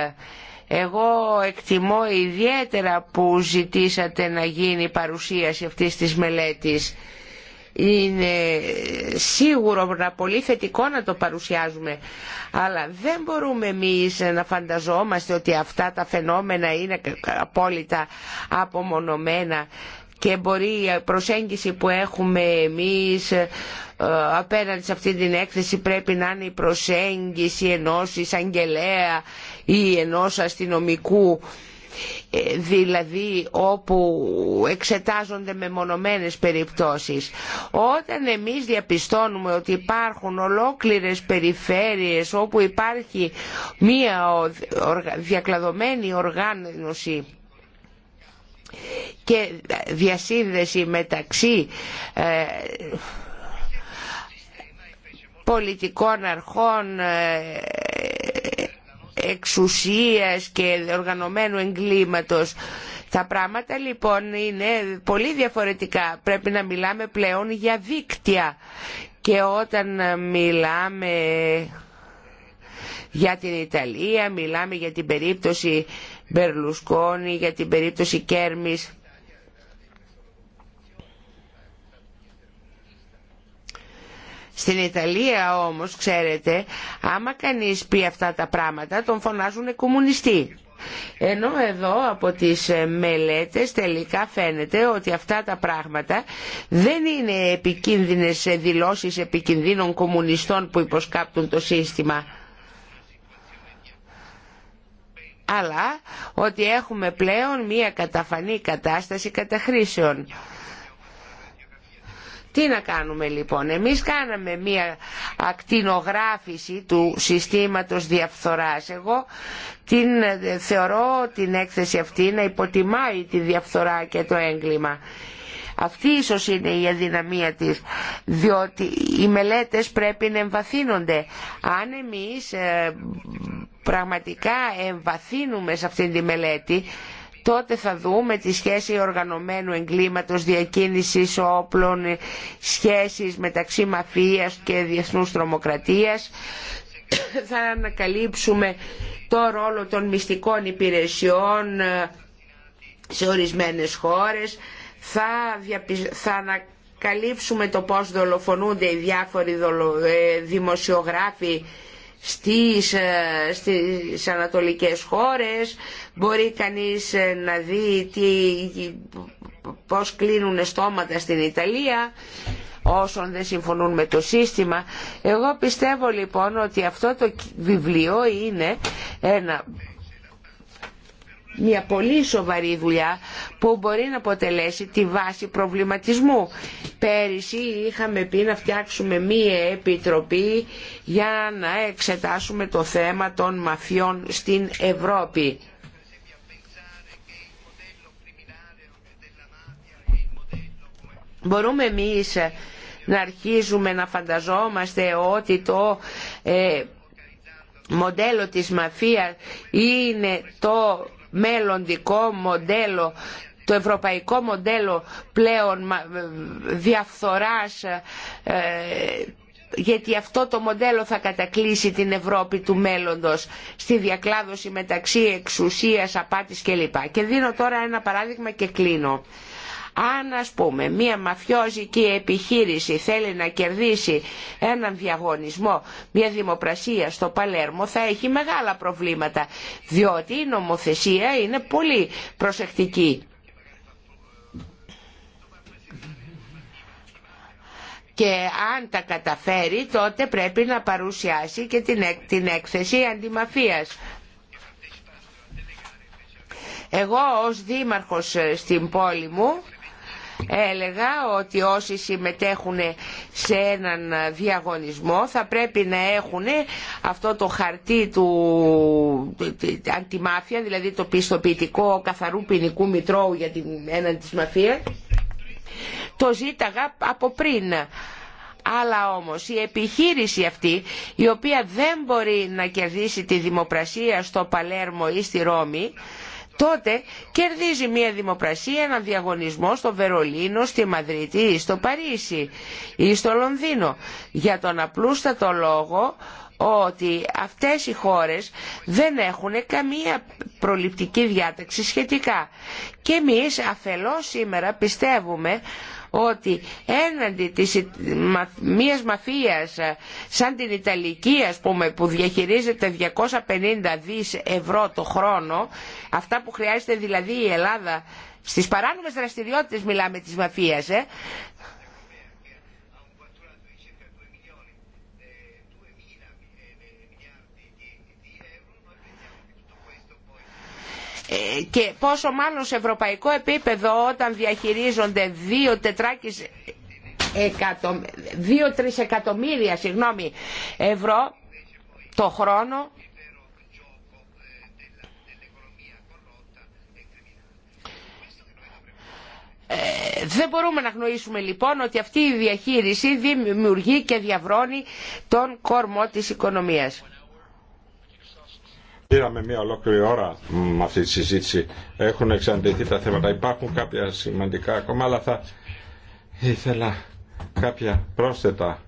εγώ εκτιμώ ιδιαίτερα που ζητήσατε να γίνει παρουσίαση αυτής της μελέτης. Είναι σίγουρο να πολύ θετικό να το παρουσιάζουμε, αλλά δεν μπορούμε εμείς να φανταζόμαστε ότι αυτά τα φαινόμενα είναι απόλυτα απομονωμένα και μπορεί η προσέγγιση που έχουμε εμείς ε, απέναντι σε αυτή την έκθεση πρέπει να είναι η προσέγγιση ενός εισαγγελέα ή ενός αστυνομικού ε, δηλαδή όπου εξετάζονται μεμονωμένες περιπτώσεις. Όταν εμείς διαπιστώνουμε ότι υπάρχουν ολόκληρες περιφέρειες όπου υπάρχει μία διακλαδωμένη οργάνωση και διασύνδεση μεταξύ ε, πολιτικών αρχών ε, εξουσίας και οργανωμένου εγκλήματος. Τα πράγματα λοιπόν είναι πολύ διαφορετικά. Πρέπει να μιλάμε πλέον για δίκτυα και όταν μιλάμε για την Ιταλία, μιλάμε για την περίπτωση Μπερλουσκόνη για την περίπτωση Κέρμης Στην Ιταλία όμως ξέρετε άμα κανείς πει αυτά τα πράγματα τον φωνάζουν κομμουνιστή. Ενώ εδώ από τις μελέτες τελικά φαίνεται ότι αυτά τα πράγματα δεν είναι επικίνδυνες δηλώσεις επικινδύνων κομμουνιστών που υποσκάπτουν το σύστημα αλλά ότι έχουμε πλέον μία καταφανή κατάσταση καταχρήσεων. Τι να κάνουμε λοιπόν, εμείς κάναμε μία ακτινογράφηση του συστήματος διαφθοράς. Εγώ την, ε, θεωρώ την έκθεση αυτή να υποτιμάει τη διαφθορά και το έγκλημα. Αυτή ίσως είναι η αδυναμία της, διότι οι μελέτες πρέπει να εμβαθύνονται. Αν εμείς ε, πραγματικά εμβαθύνουμε σε αυτή τη μελέτη, τότε θα δούμε τη σχέση οργανωμένου εγκλήματος, διακίνησης όπλων, σχέσεις μεταξύ μαφίας και διεθνούς τρομοκρατίας. Θα ανακαλύψουμε το ρόλο των μυστικών υπηρεσιών ε, σε ορισμένες χώρες θα, ανακαλύψουμε το πώς δολοφονούνται οι διάφοροι ε, δημοσιογράφοι στις, ε, στις ανατολικές χώρες, μπορεί κανείς ε, να δει τι, πώς κλείνουν στόματα στην Ιταλία όσων δεν συμφωνούν με το σύστημα. Εγώ πιστεύω λοιπόν ότι αυτό το βιβλίο είναι ένα μια πολύ σοβαρή δουλειά που μπορεί να αποτελέσει τη βάση προβληματισμού. Πέρυσι είχαμε πει να φτιάξουμε μία επιτροπή για να εξετάσουμε το θέμα των μαφιών στην Ευρώπη. Μπορούμε εμείς να αρχίζουμε να φανταζόμαστε ότι το ε, μοντέλο της μαφίας είναι το μελλοντικό μοντέλο το ευρωπαϊκό μοντέλο πλέον διαφθοράς ε, γιατί αυτό το μοντέλο θα κατακλείσει την Ευρώπη του μέλλοντος στη διακλάδωση μεταξύ εξουσίας, απάτης κλπ. Και δίνω τώρα ένα παράδειγμα και κλείνω. Αν ας πούμε μια μαφιόζικη επιχείρηση θέλει να κερδίσει έναν διαγωνισμό, μια δημοπρασία στο Παλέρμο θα έχει μεγάλα προβλήματα διότι η νομοθεσία είναι πολύ προσεκτική. και αν τα καταφέρει τότε πρέπει να παρουσιάσει και την έκθεση αντιμαφίας. Εγώ ως δήμαρχος στην πόλη μου έλεγα ότι όσοι συμμετέχουν σε έναν διαγωνισμό θα πρέπει να έχουν αυτό το χαρτί του αντιμάφια, δηλαδή το πιστοποιητικό καθαρού ποινικού μητρώου για την έναν της μαφία. Το ζήταγα από πριν. Αλλά όμως η επιχείρηση αυτή η οποία δεν μπορεί να κερδίσει τη δημοπρασία στο Παλέρμο ή στη Ρώμη τότε κερδίζει μια δημοπρασία, έναν διαγωνισμό στο Βερολίνο, στη Μαδρίτη ή στο Παρίσι ή στο Λονδίνο για τον απλούστατο λόγο ότι αυτές οι χώρες δεν έχουν καμία προληπτική διάταξη σχετικά. Και εμείς αφελώς σήμερα πιστεύουμε ότι έναντι της μίας μαφίας ε, σαν την Ιταλική ας πούμε που διαχειρίζεται 250 δις ευρώ το χρόνο αυτά που χρειάζεται δηλαδή η Ελλάδα στις παράνομες δραστηριότητες μιλάμε της μαφίας ε, Ε, και πόσο μάλλον σε ευρωπαϊκό επίπεδο όταν διαχειρίζονται δύο τετράκις εκατομμύρια ευρώ το χρόνο ε, δεν μπορούμε να γνωρίσουμε λοιπόν ότι αυτή η διαχείριση δημιουργεί και διαβρώνει τον κορμό της οικονομίας. Πήραμε μια ολόκληρη ώρα με αυτή τη συζήτηση. Έχουν εξαντληθεί τα θέματα. Υπάρχουν κάποια σημαντικά ακόμα, αλλά θα ήθελα κάποια πρόσθετα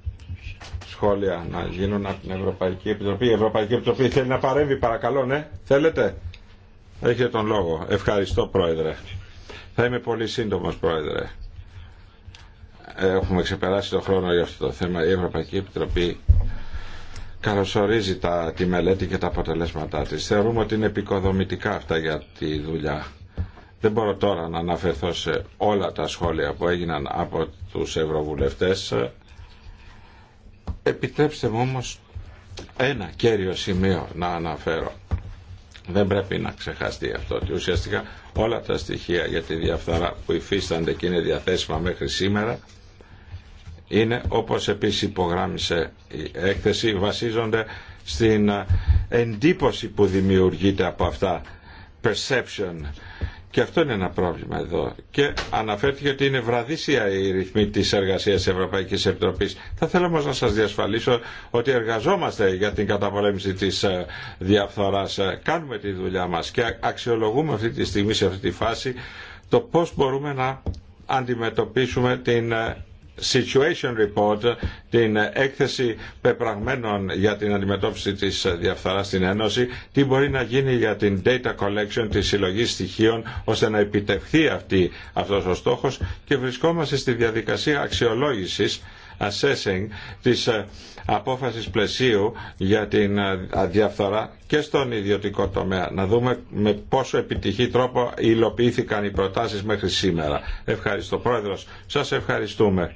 σχόλια να γίνουν από την Ευρωπαϊκή Επιτροπή. Η Ευρωπαϊκή Επιτροπή θέλει να παρέμβει, παρακαλώ, ναι. Θέλετε. Έχετε τον λόγο. Ευχαριστώ, Πρόεδρε. Θα είμαι πολύ σύντομος, Πρόεδρε. Έχουμε ξεπεράσει τον χρόνο για αυτό το θέμα. Η Ευρωπαϊκή Επιτροπή καλωσορίζει τα, τη μελέτη και τα αποτελέσματά της. Θεωρούμε ότι είναι επικοδομητικά αυτά για τη δουλειά. Δεν μπορώ τώρα να αναφερθώ σε όλα τα σχόλια που έγιναν από τους ευρωβουλευτές. Επιτρέψτε μου όμως ένα κέριο σημείο να αναφέρω. Δεν πρέπει να ξεχαστεί αυτό ότι ουσιαστικά όλα τα στοιχεία για τη διαφθαρά που υφίστανται και είναι διαθέσιμα μέχρι σήμερα είναι όπως επίσης υπογράμμισε η έκθεση βασίζονται στην ε, εντύπωση που δημιουργείται από αυτά perception και αυτό είναι ένα πρόβλημα εδώ. Και αναφέρθηκε ότι είναι βραδύσια η ρυθμή τη εργασία τη Ευρωπαϊκή Επιτροπής. Θα θέλω όμως να σας διασφαλίσω ότι εργαζόμαστε για την καταπολέμηση της ε, διαφθοράς ε, Κάνουμε τη δουλειά μας και αξιολογούμε αυτή τη στιγμή, σε αυτή τη φάση, το πως μπορούμε να αντιμετωπίσουμε την Situation Report, την έκθεση πεπραγμένων για την αντιμετώπιση της διαφθοράς στην Ένωση, τι μπορεί να γίνει για την data collection, τη συλλογή στοιχείων, ώστε να επιτευχθεί αυτή, αυτός ο στόχος και βρισκόμαστε στη διαδικασία αξιολόγησης assessing της ε, απόφασης πλαισίου για την ε, αδιαφθορά και στον ιδιωτικό τομέα. Να δούμε με πόσο επιτυχή τρόπο υλοποιήθηκαν οι προτάσεις μέχρι σήμερα. Ευχαριστώ Πρόεδρος. Σας ευχαριστούμε.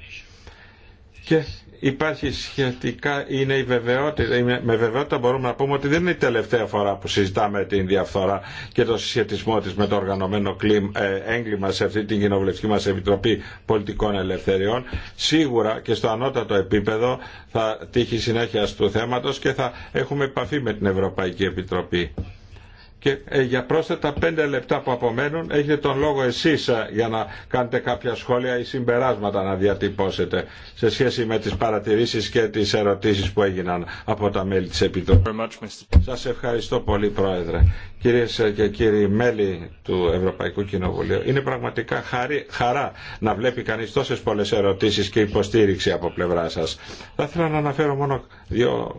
Και υπάρχει σχετικά, είναι η βεβαιότητα, με βεβαιότητα μπορούμε να πούμε ότι δεν είναι η τελευταία φορά που συζητάμε την διαφθορά και το συσχετισμό της με το οργανωμένο κλίμα, ε, έγκλημα σε αυτή την κοινοβουλευτική μας Επιτροπή Πολιτικών Ελευθεριών. Σίγουρα και στο ανώτατο επίπεδο θα τύχει συνέχεια του θέματος και θα έχουμε επαφή με την Ευρωπαϊκή Επιτροπή και ε, για πρόσθετα πέντε λεπτά που απομένουν έχετε τον λόγο εσείς ε, για να κάνετε κάποια σχόλια ή συμπεράσματα να διατυπώσετε σε σχέση με τις παρατηρήσεις και τις ερωτήσεις που έγιναν από τα μέλη της Επιτροπής. Σας ευχαριστώ πολύ Πρόεδρε. Κυρίες ε, και κύριοι μέλη του Ευρωπαϊκού Κοινοβουλίου, είναι πραγματικά χαρά να βλέπει κανείς τόσες πολλές ερωτήσεις και υποστήριξη από πλευρά σας. Θα ήθελα να αναφέρω μόνο δύο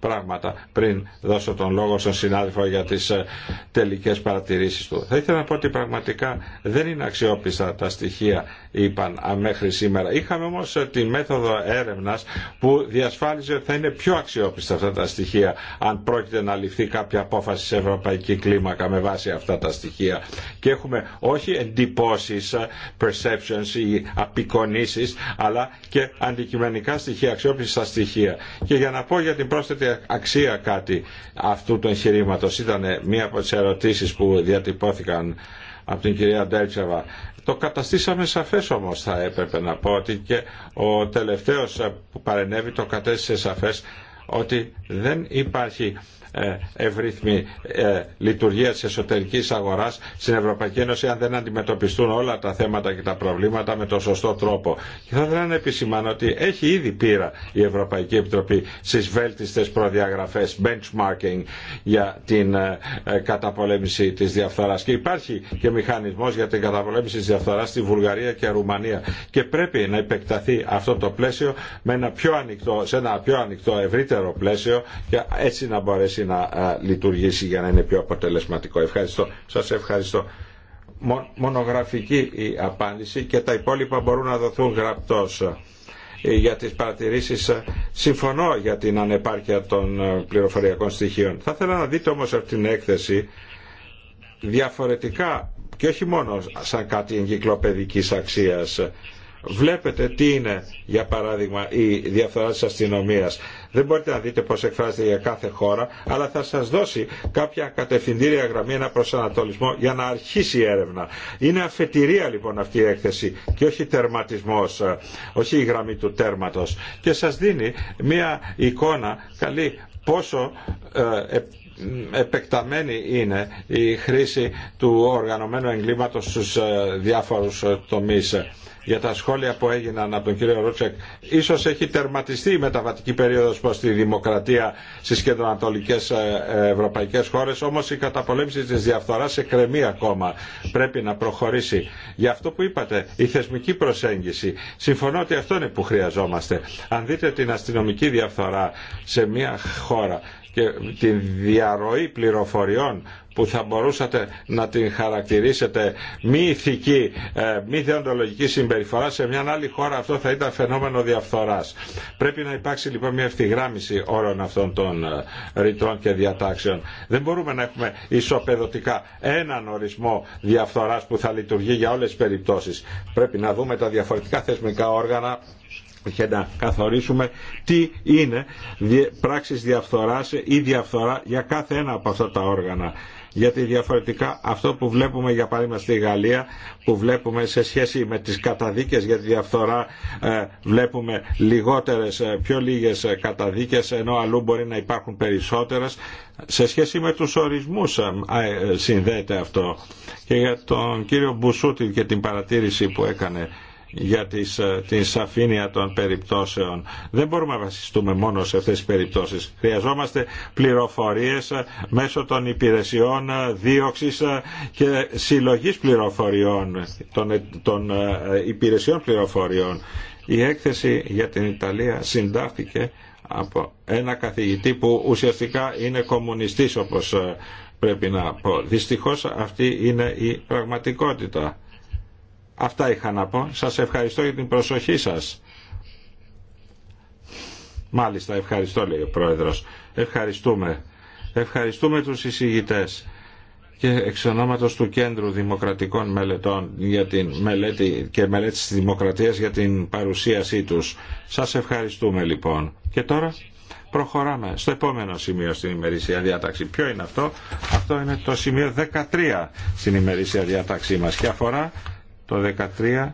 πράγματα πριν δώσω τον λόγο στον συνάδελφο για τις τελικές παρατηρήσεις του. Θα ήθελα να πω ότι πραγματικά δεν είναι αξιόπιστα τα στοιχεία είπαν μέχρι σήμερα. Είχαμε όμω ε, τη μέθοδο έρευνα που διασφάλιζε ότι θα είναι πιο αξιόπιστα αυτά τα στοιχεία αν πρόκειται να ληφθεί κάποια απόφαση σε ευρωπαϊκή κλίμακα με βάση αυτά τα στοιχεία. Και έχουμε όχι εντυπώσει, ε, perceptions ή απεικονίσει, αλλά και αντικειμενικά στοιχεία, αξιόπιστα στοιχεία. Και για να πω για την πρόσθετη αξία κάτι αυτού του εγχειρήματο, ήταν μία από τι ερωτήσει που διατυπώθηκαν από την κυρία Ντέλτσεβα το καταστήσαμε σαφές όμως θα έπρεπε να πω ότι και ο τελευταίος που παρενέβη το κατέστησε σαφές ότι δεν υπάρχει εύρυθμη ε, λειτουργία τη εσωτερική αγορά στην Ευρωπαϊκή Ένωση αν δεν αντιμετωπιστούν όλα τα θέματα και τα προβλήματα με τον σωστό τρόπο. Και θα ήθελα να επισημάνω ότι έχει ήδη πείρα η Ευρωπαϊκή Επιτροπή στι βέλτιστέ προδιαγραφέ, benchmarking για την ε, ε, καταπολέμηση τη διαφθορά. Και υπάρχει και μηχανισμό για την καταπολέμηση τη διαφθοράς στη Βουλγαρία και Ρουμανία. Και πρέπει να επεκταθεί αυτό το πλαίσιο με ένα πιο ανοιχτό, σε ένα πιο ανοιχτό ευρύτερο πλαίσιο και έτσι να μπορέσει μπορέσει να ε, λειτουργήσει για να είναι πιο αποτελεσματικό. Ευχαριστώ. Σας ευχαριστώ. Μονογραφική η απάντηση και τα υπόλοιπα μπορούν να δοθούν γραπτός ε, για τις παρατηρήσεις ε, συμφωνώ για την ανεπάρκεια των πληροφοριακών στοιχείων. Θα ήθελα να δείτε όμως αυτήν την έκθεση διαφορετικά και όχι μόνο σαν κάτι εγκυκλοπαιδικής αξίας Βλέπετε τι είναι, για παράδειγμα, η διαφθορά της αστυνομίας. Δεν μπορείτε να δείτε πώς εκφράζεται για κάθε χώρα, αλλά θα σας δώσει κάποια κατευθυντήρια γραμμή, ένα προσανατολισμό για να αρχίσει η έρευνα. Είναι αφετηρία λοιπόν αυτή η έκθεση και όχι τερματισμός, όχι η γραμμή του τέρματος. Και σας δίνει μια εικόνα καλή πόσο ε, επεκταμένη είναι η χρήση του οργανωμένου εγκλήματος στους ε, διάφορους ε, τομείς για τα σχόλια που έγιναν από τον κύριο Ρούτσεκ. Ίσως έχει τερματιστεί η μεταβατική περίοδος προς τη δημοκρατία στις κεντροανατολικές ε, ε, ευρωπαϊκές χώρες, όμως η καταπολέμηση της διαφθοράς εκκρεμεί ακόμα. Πρέπει να προχωρήσει. Για αυτό που είπατε, η θεσμική προσέγγιση. Συμφωνώ ότι αυτό είναι που χρειαζόμαστε. Αν δείτε την αστυνομική διαφθορά σε μια χώρα, και τη διαρροή πληροφοριών που θα μπορούσατε να την χαρακτηρίσετε μη ηθική, ε, μη διοντολογική συμπεριφορά σε μια άλλη χώρα αυτό θα ήταν φαινόμενο διαφθοράς. Πρέπει να υπάρξει λοιπόν μια ευθυγράμμιση όλων αυτών των ε, ρητών και διατάξεων. Δεν μπορούμε να έχουμε ισοπεδωτικά έναν ορισμό διαφθοράς που θα λειτουργεί για όλες τις περιπτώσεις. Πρέπει να δούμε τα διαφορετικά θεσμικά όργανα και να καθορίσουμε τι είναι πράξεις διαφθοράς ή διαφθορά για κάθε ένα από αυτά τα όργανα. Γιατί διαφορετικά αυτό που βλέπουμε για παράδειγμα στη Γαλλία, που βλέπουμε σε σχέση με τις καταδίκες για τη διαφθορά, ε, βλέπουμε λιγότερες, ε, πιο λίγες ε, καταδίκες, ενώ αλλού μπορεί να υπάρχουν περισσότερες. Σε σχέση με τους ορισμούς συνδέεται αυτό. Και για τον κύριο Μπουσούτη και την παρατήρηση που έκανε για τις, ε, την σαφήνεια των περιπτώσεων. Δεν μπορούμε να βασιστούμε μόνο σε αυτές τις περιπτώσεις. Χρειαζόμαστε πληροφορίες ε, μέσω των υπηρεσιών ε, δίωξης και συλλογής πληροφοριών, των, των υπηρεσιών πληροφοριών. Η έκθεση για την Ιταλία συντάχθηκε από ένα καθηγητή που ουσιαστικά είναι κομμουνιστής όπως πρέπει να πω. Δυστυχώς αυτή είναι η πραγματικότητα. Αυτά είχα να πω. Σας ευχαριστώ για την προσοχή σας. Μάλιστα, ευχαριστώ λέει ο Πρόεδρος. Ευχαριστούμε. Ευχαριστούμε τους εισηγητές και εξ του Κέντρου Δημοκρατικών Μελετών για την μελέτη και μελέτη της Δημοκρατίας για την παρουσίασή τους. Σας ευχαριστούμε λοιπόν. Και τώρα προχωράμε στο επόμενο σημείο στην ημερήσια διάταξη. Ποιο είναι αυτό? Αυτό είναι το σημείο 13 στην ημερήσια διάταξή μας και αφορά το 13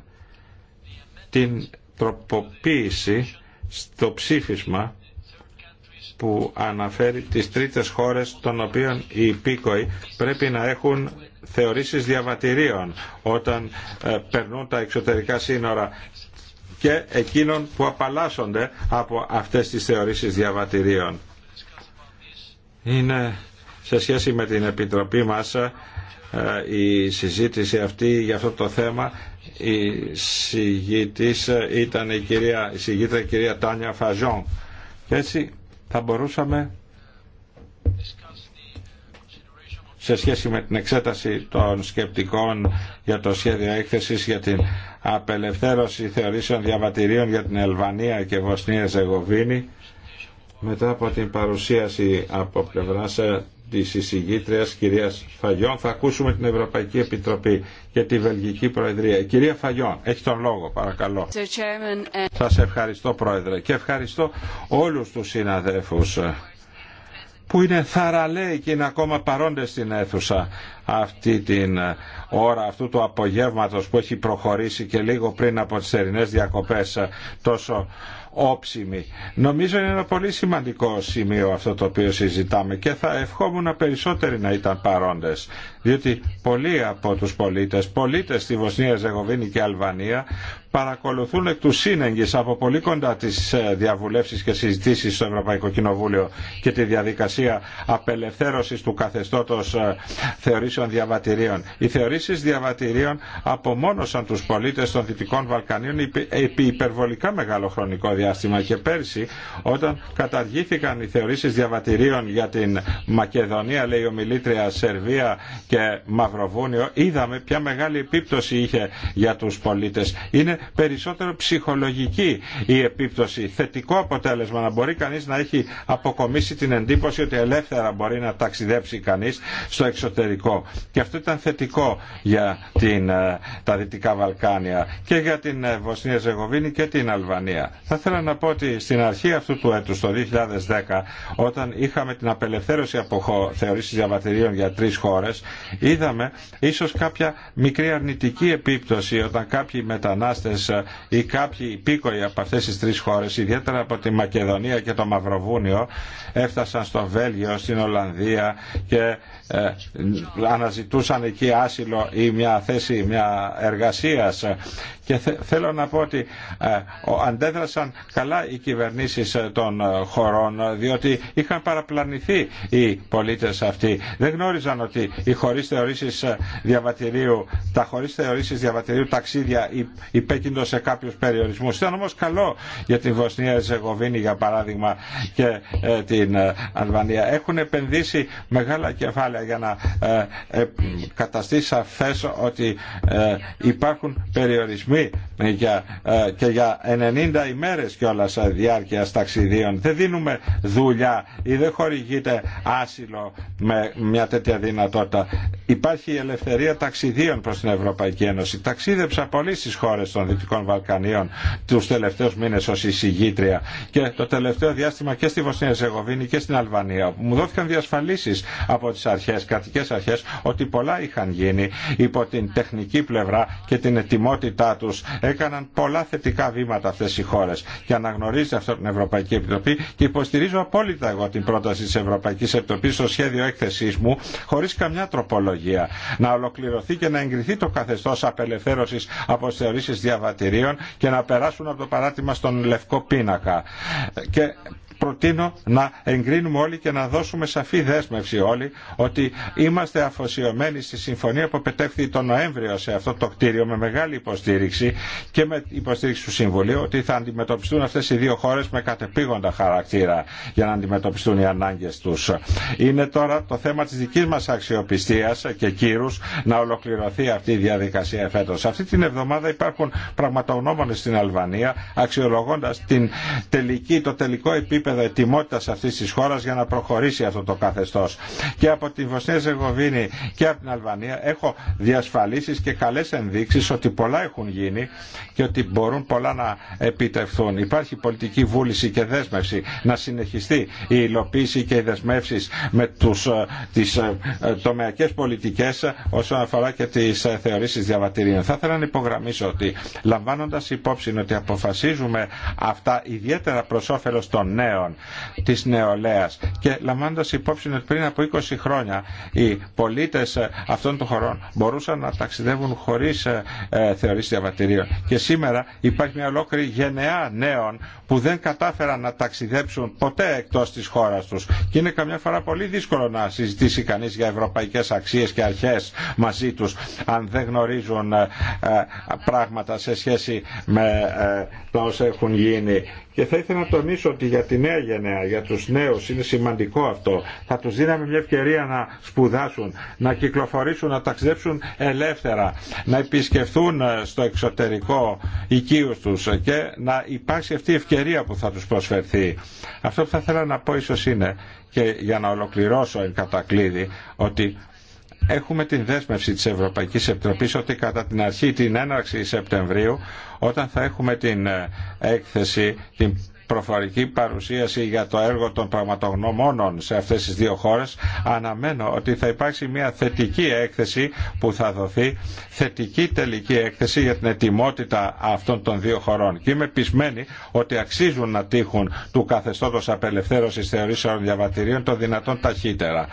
την τροποποίηση στο ψήφισμα που αναφέρει τις τρίτες χώρες των οποίων οι υπήκοοι πρέπει να έχουν θεωρήσεις διαβατηρίων όταν ε, περνούν τα εξωτερικά σύνορα και εκείνων που απαλλάσσονται από αυτές τις θεωρήσεις διαβατηρίων. Είναι σε σχέση με την Επιτροπή μας η συζήτηση αυτή για αυτό το θέμα η συγγήτης ήταν η κυρία, η συγγήτρια η κυρία Τάνια Φαζόν και έτσι θα μπορούσαμε σε σχέση με την εξέταση των σκεπτικών για το σχέδιο έκθεσης για την απελευθέρωση θεωρήσεων διαβατηρίων για την Ελβανία και Βοσνία Ζεγοβίνη μετά από την παρουσίαση από πλευρά. Ε, Τη εισηγήτριας κυρία Φαγιών. Θα ακούσουμε την Ευρωπαϊκή Επιτροπή και τη Βελγική Προεδρία. κυρία Φαγιών, έχει τον λόγο, παρακαλώ. Ε, Σα ευχαριστώ, Πρόεδρε, και ευχαριστώ όλους τους συναδέλφους ε, που είναι θαραλέοι και είναι ακόμα παρόντες στην αίθουσα αυτή την ε, ώρα αυτού του απογεύματος που έχει προχωρήσει και λίγο πριν από τις ερηνές διακοπές τόσο όψιμη. Νομίζω είναι ένα πολύ σημαντικό σημείο αυτό το οποίο συζητάμε και θα ευχόμουν περισσότεροι να ήταν παρόντες διότι πολλοί από τους πολίτες, πολίτες στη Βοσνία, Ζεγοβίνη και Αλβανία παρακολουθούν εκ του σύνεγγυς από πολύ κοντά τις ε, διαβουλεύσεις και συζητήσεις στο Ευρωπαϊκό Κοινοβούλιο και τη διαδικασία απελευθέρωσης του καθεστώτος ε, θεωρήσεων διαβατηρίων. Οι θεωρήσεις διαβατηρίων απομόνωσαν τους πολίτες των Δυτικών Βαλκανίων επί υπερβολικά μεγάλο χρονικό διάστημα διάστημα και πέρσι όταν καταργήθηκαν οι θεωρήσεις διαβατηρίων για την Μακεδονία λέει ομιλήτρια Σερβία και Μαυροβούνιο είδαμε ποια μεγάλη επίπτωση είχε για τους πολίτες. Είναι περισσότερο ψυχολογική η επίπτωση, θετικό αποτέλεσμα να μπορεί κανείς να έχει αποκομίσει την εντύπωση ότι ελεύθερα μπορεί να ταξιδέψει κανείς στο εξωτερικό. Και αυτό ήταν θετικό για την, ε, τα Δυτικά Βαλκάνια και για την ε, Βοσνία Ζεγοβίνη και την Αλβανία. Ήθελα να πω ότι στην αρχή αυτού του έτους, το 2010, όταν είχαμε την απελευθέρωση από θεωρήσεις διαβατηρίων για τρεις χώρες, είδαμε ίσως κάποια μικρή αρνητική επίπτωση όταν κάποιοι μετανάστες ε, ή κάποιοι υπήκοοι από αυτές τις τρεις χώρες, ιδιαίτερα από τη Μακεδονία και το Μαυροβούνιο, έφτασαν στο Βέλγιο, στην Ολλανδία και ε, αναζητούσαν εκεί άσυλο ή μια θέση μια εργασίας και θέλω να πω ότι ε, αντέδρασαν καλά οι κυβερνήσεις ε, των χωρών διότι είχαν παραπλανηθεί οι πολίτες αυτοί. Δεν γνώριζαν ότι οι χωρίς θεωρήσεις διαβατηρίου, τα χωρίς θεωρήσεις διαβατηρίου ταξίδια υπέκυντο σε κάποιους περιορισμούς. Ήταν όμως καλό για την Βοσνία Ζεγοβίνη για παράδειγμα και την Αλβανία. Έχουν επενδύσει μεγάλα κεφάλαια για να ε, ε, καταστήσει σαφές ότι ε, υπάρχουν περιορισμοί για, και για 90 ημέρες κιόλας διάρκεια ταξιδίων. Δεν δίνουμε δουλειά ή δεν χορηγείται άσυλο με μια τέτοια δυνατότητα. Υπάρχει η ελευθερία ταξιδίων προς την Ευρωπαϊκή Ένωση. Ταξίδεψα πολύ στις χώρες των Δυτικών Βαλκανίων τους τελευταίους μήνες ως εισηγήτρια και το τελευταίο διάστημα και στη Βοσνία Ζεγοβίνη και στην Αλβανία. Μου δόθηκαν διασφαλίσεις από τις αρχές, κρατικές αρχές, ότι πολλά είχαν γίνει υπό την τεχνική πλευρά και την ετοιμότητά τους. Έκαναν πολλά θετικά βήματα αυτές οι χώρε και αναγνωρίζει αυτό την Ευρωπαϊκή Επιτροπή και υποστηρίζω απόλυτα εγώ την πρόταση της Ευρωπαϊκής Επιτροπής στο σχέδιο έκθεσή μου χωρίς καμιά τροπολογία να ολοκληρωθεί και να εγκριθεί το καθεστώς απελευθέρωσης από θεωρήσεις διαβατηρίων και να περάσουν από το παράτημα στον λευκό πίνακα. Και προτείνω να εγκρίνουμε όλοι και να δώσουμε σαφή δέσμευση όλοι ότι είμαστε αφοσιωμένοι στη συμφωνία που πετέχθη τον Νοέμβριο σε αυτό το κτίριο με μεγάλη υποστήριξη και με υποστήριξη του Συμβουλίου ότι θα αντιμετωπιστούν αυτές οι δύο χώρες με κατεπήγοντα χαρακτήρα για να αντιμετωπιστούν οι ανάγκες τους. Είναι τώρα το θέμα της δικής μας αξιοπιστίας και κύρους να ολοκληρωθεί αυτή η διαδικασία φέτος. Αυτή την εβδομάδα υπάρχουν πραγματογνώμονε στην Αλβανία αξιολογώντας την το τελικό επίπεδο επίπεδο ετοιμότητας αυτής της χώρας για να προχωρήσει αυτό το καθεστώ. Και από την Βοσνία Ζεγοβίνη και από την Αλβανία έχω διασφαλίσεις και καλέ ενδείξεις ότι πολλά έχουν γίνει και ότι μπορούν πολλά να επιτευχθούν. Υπάρχει πολιτική βούληση και δέσμευση να συνεχιστεί η υλοποίηση και οι δεσμεύσει με τους, ε, τις ε, ε, τομεακές πολιτικές όσον αφορά και τις θεωρήσεις διαβατηρίων. Θα ήθελα να υπογραμμίσω ότι λαμβάνοντας υπόψη ότι αποφασίζουμε αυτά ιδιαίτερα προς όφελος των νέων νέων, της νεολαίας. Και λαμβάνοντας υπόψη ότι πριν από 20 χρόνια οι πολίτες αυτών των χωρών μπορούσαν να ταξιδεύουν χωρίς ε, ε, θεωρήσεις διαβατηρίων. Και σήμερα υπάρχει μια ολόκληρη γενεά νέων που δεν κατάφεραν να ταξιδέψουν ποτέ εκτός της χώρας τους. Και είναι καμιά φορά πολύ δύσκολο να συζητήσει κανείς για ευρωπαϊκές αξίες και αρχές μαζί τους αν δεν γνωρίζουν ε, ε, πράγματα σε σχέση με ε, τα όσα έχουν γίνει. Και θα ήθελα να τονίσω νέα γενναία, για τους νέους, είναι σημαντικό αυτό. Θα τους δίναμε μια ευκαιρία να σπουδάσουν, να κυκλοφορήσουν, να ταξιδέψουν ελεύθερα, να επισκεφθούν ε, στο εξωτερικό οικείους τους και να υπάρξει αυτή η ευκαιρία που θα τους προσφερθεί. Αυτό που θα ήθελα να πω ίσως είναι, και για να ολοκληρώσω εν κατακλείδη, ότι έχουμε την δέσμευση της Ευρωπαϊκής Επιτροπής ότι κατά την αρχή την έναρξη Σεπτεμβρίου όταν θα έχουμε την ε, έκθεση, την προφορική παρουσίαση για το έργο των πραγματογνωμόνων σε αυτές τις δύο χώρες αναμένω ότι θα υπάρξει μια θετική έκθεση που θα δοθεί θετική τελική έκθεση για την ετοιμότητα αυτών των δύο χωρών και είμαι πεισμένη ότι αξίζουν να τύχουν του καθεστώτος απελευθέρωσης θεωρήσεων διαβατηρίων το δυνατόν ταχύτερα.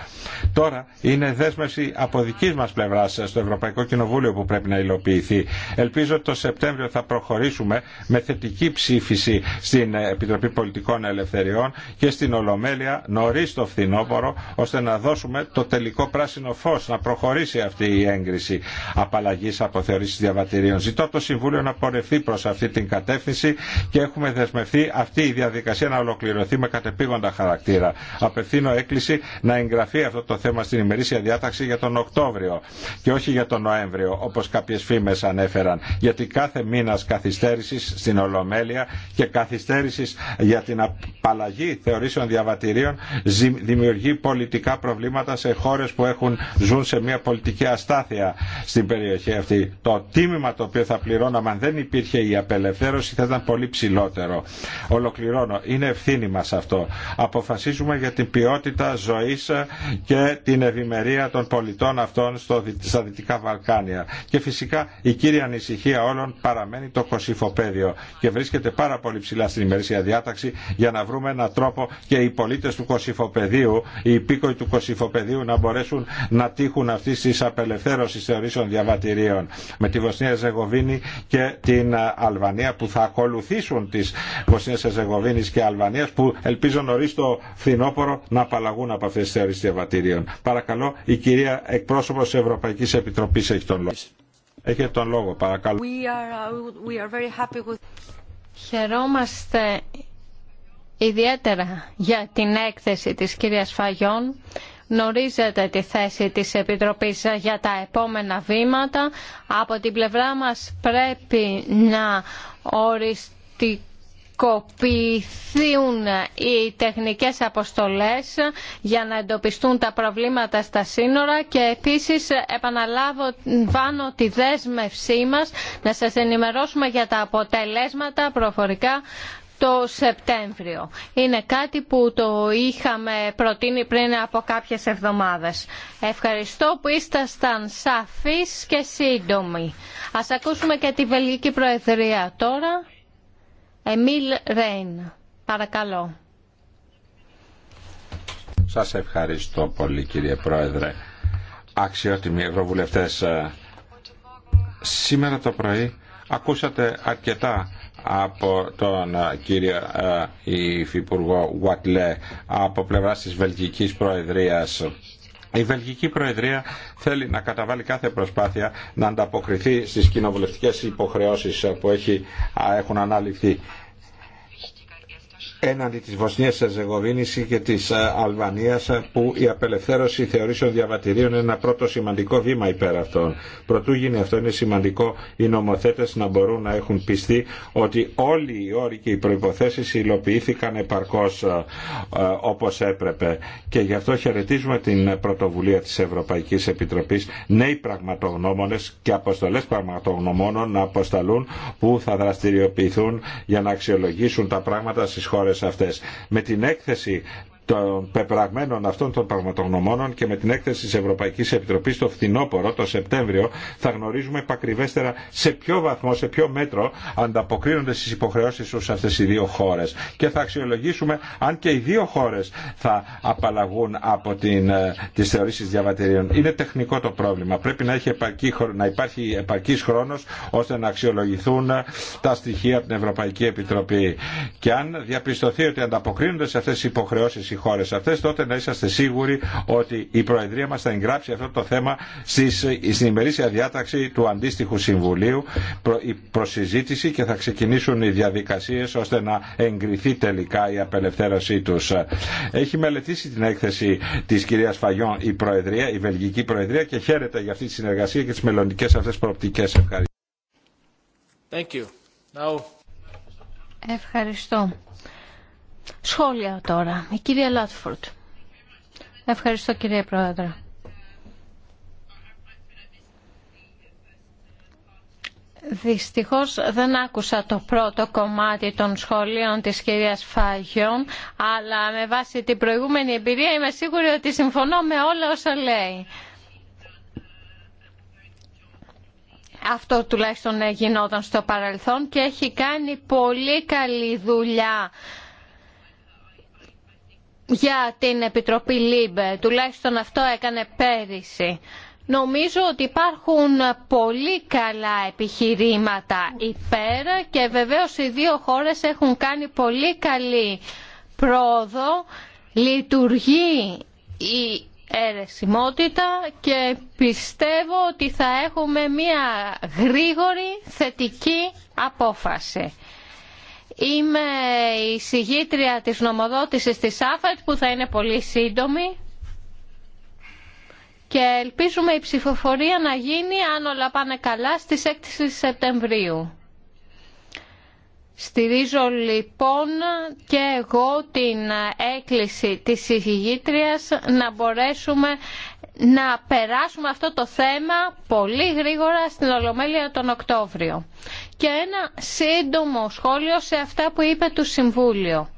Τώρα είναι δέσμευση από δική μας πλευρά στο Ευρωπαϊκό Κοινοβούλιο που πρέπει να υλοποιηθεί. Ελπίζω το Σεπτέμβριο θα προχωρήσουμε με θετική ψήφιση στην Επιτροπή Πολιτικών Ελευθεριών και στην Ολομέλεια νωρί το φθινόπωρο, ώστε να δώσουμε το τελικό πράσινο φω, να προχωρήσει αυτή η έγκριση απαλλαγή από θεωρήσει διαβατηρίων. Ζητώ το Συμβούλιο να πορευθεί προ αυτή την κατεύθυνση και έχουμε δεσμευτεί αυτή η διαδικασία να ολοκληρωθεί με κατεπήγοντα χαρακτήρα. Απευθύνω έκκληση να εγγραφεί αυτό το θέμα στην ημερήσια διάταξη για τον Οκτώβριο και όχι για τον Νοέμβριο, όπω κάποιε φήμε ανέφεραν. Γιατί κάθε μήνα καθυστέρηση στην Ολομέλεια και καθυστέρηση για την απαλλαγή θεωρήσεων διαβατηρίων δημιουργεί πολιτικά προβλήματα σε χώρες που έχουν, ζουν σε μια πολιτική αστάθεια στην περιοχή αυτή. Το τίμημα το οποίο θα πληρώναμε αν δεν υπήρχε η απελευθέρωση θα ήταν πολύ ψηλότερο. Ολοκληρώνω. Είναι ευθύνη μας αυτό. Αποφασίζουμε για την ποιότητα ζωής και την ευημερία των πολιτών αυτών στο, στα Δυτικά Βαλκάνια. Και φυσικά η κύρια ανησυχία όλων παραμένει το Κωσυφοπέδιο και βρίσκεται πάρα πολύ ψηλά στην ημερήσια διάταξη για να βρούμε έναν τρόπο και οι πολίτε του Κωσυφοπεδίου, οι υπήκοοι του Κωσυφοπεδίου να μπορέσουν να τύχουν αυτή τη απελευθέρωση θεωρήσεων διαβατηρίων με τη Βοσνία Ζεγοβίνη και την Αλβανία που θα ακολουθήσουν τις Βοσνία Ζεγοβίνη και Αλβανία, που ελπίζω νωρί το φθινόπωρο να απαλλαγούν από αυτέ τι θεωρήσεις διαβατηρίων. Παρακαλώ, η κυρία εκπρόσωπο της Ευρωπαϊκής Επιτροπής έχει τον λόγο. Έχετε τον λόγο, παρακαλώ. Uh, Χαιρόμαστε ιδιαίτερα για την έκθεση της κυρίας Φαγιών. Γνωρίζετε τη θέση της Επιτροπής για τα επόμενα βήματα. Από την πλευρά μας πρέπει να οριστεί ενεργοποιηθούν οι τεχνικές αποστολές για να εντοπιστούν τα προβλήματα στα σύνορα και επίσης επαναλάβω βάνω τη δέσμευσή μας να σας ενημερώσουμε για τα αποτελέσματα προφορικά το Σεπτέμβριο. Είναι κάτι που το είχαμε προτείνει πριν από κάποιες εβδομάδες. Ευχαριστώ που ήσασταν σαφείς και σύντομοι. Ας ακούσουμε και τη Βελγική Προεδρία τώρα. Εμίλ Ρέιν. Παρακαλώ. Σας ευχαριστώ πολύ κύριε Πρόεδρε. Αξιότιμοι Ευρωβουλευτές, ε, σήμερα το πρωί ακούσατε αρκετά από τον ε, κύριο ε, Υφυπουργό Γουατλέ από πλευράς της Βελγικής Προεδρίας η Βελγική Προεδρία θέλει να καταβάλει κάθε προσπάθεια να ανταποκριθεί στις κοινοβουλευτικές υποχρεώσεις που έχει, έχουν ανάληφθει έναντι της Βοσνίας Ζεγοβίνης και της ε, Αλβανίας ε, που η απελευθέρωση θεωρήσεων διαβατηρίων είναι ένα πρώτο σημαντικό βήμα υπέρ αυτών. Προτού γίνει αυτό είναι σημαντικό οι νομοθέτες να μπορούν να έχουν πιστεί ότι όλοι οι όροι και οι προϋποθέσεις υλοποιήθηκαν επαρκώς ε, όπως έπρεπε και γι' αυτό χαιρετίζουμε την πρωτοβουλία της Ευρωπαϊκής Επιτροπής νέοι πραγματογνώμονες και αποστολές πραγματογνωμόνων να αποσταλούν που θα δραστηριοποιηθούν για να αξιολογήσουν τα πράγματα στις χώρες αυτές. Με την έκθεση των πεπραγμένων αυτών των πραγματογνωμόνων και με την έκθεση της Ευρωπαϊκής Επιτροπής το φθινόπωρο, το Σεπτέμβριο, θα γνωρίζουμε επακριβέστερα σε ποιο βαθμό, σε ποιο μέτρο ανταποκρίνονται στις υποχρεώσεις τους αυτές οι δύο χώρες. Και θα αξιολογήσουμε αν και οι δύο χώρες θα απαλλαγούν από την, ε, τις θεωρήσεις διαβατηρίων. Είναι τεχνικό το πρόβλημα. Πρέπει να, έχει επαρκή, να υπάρχει επαρκής χρόνος ώστε να αξιολογηθούν ε, τα στοιχεία από την Ευρωπαϊκή Επιτροπή. Και αν διαπιστωθεί ότι ανταποκρίνονται σε αυτές τις υποχρεώσεις χώρες αυτές, τότε να είσαστε σίγουροι ότι η Προεδρία μας θα εγγράψει αυτό το θέμα στις, στην ημερήσια διάταξη του αντίστοιχου Συμβουλίου προ, η και θα ξεκινήσουν οι διαδικασίες ώστε να εγκριθεί τελικά η απελευθέρωσή τους. Έχει μελετήσει την έκθεση της κυρίας Φαγιόν η Προεδρία, η Βελγική Προεδρία και χαίρεται για αυτή τη συνεργασία και τις μελλοντικέ αυτές προοπτικές. Ευχαριστώ. Ευχαριστώ. Σχόλια τώρα. Η κυρία Λάτφορντ. Ευχαριστώ κυρία Πρόεδρε. Δυστυχώς δεν άκουσα το πρώτο κομμάτι των σχολείων της κυρίας Φαγιόν, αλλά με βάση την προηγούμενη εμπειρία είμαι σίγουρη ότι συμφωνώ με όλα όσα λέει. Αυτό τουλάχιστον γινόταν στο παρελθόν και έχει κάνει πολύ καλή δουλειά για την Επιτροπή ΛΥΜΠΕ. Τουλάχιστον αυτό έκανε πέρυσι. Νομίζω ότι υπάρχουν πολύ καλά επιχειρήματα υπέρ και βεβαίως οι δύο χώρες έχουν κάνει πολύ καλή πρόοδο. Λειτουργεί η αιρεσιμότητα και πιστεύω ότι θα έχουμε μια γρήγορη θετική απόφαση. Είμαι η συγγήτρια της νομοδότησης της ΑΦΕΤ που θα είναι πολύ σύντομη και ελπίζουμε η ψηφοφορία να γίνει αν όλα πάνε καλά στις 6 Σεπτεμβρίου. Στηρίζω λοιπόν και εγώ την έκκληση της συγγήτριας να μπορέσουμε να περάσουμε αυτό το θέμα πολύ γρήγορα στην Ολομέλεια τον Οκτώβριο. Και ένα σύντομο σχόλιο σε αυτά που είπε το Συμβούλιο.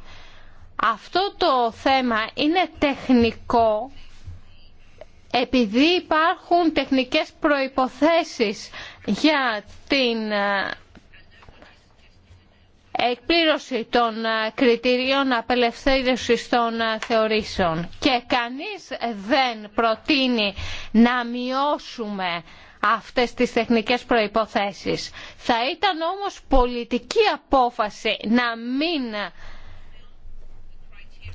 Αυτό το θέμα είναι τεχνικό επειδή υπάρχουν τεχνικές προϋποθέσεις για την ε, εκπλήρωση των ε, κριτηρίων απελευθέρωσης των ε, θεωρήσεων και κανείς δεν προτείνει να μειώσουμε αυτές τις τεχνικές προϋποθέσεις. Θα ήταν όμως πολιτική απόφαση να μην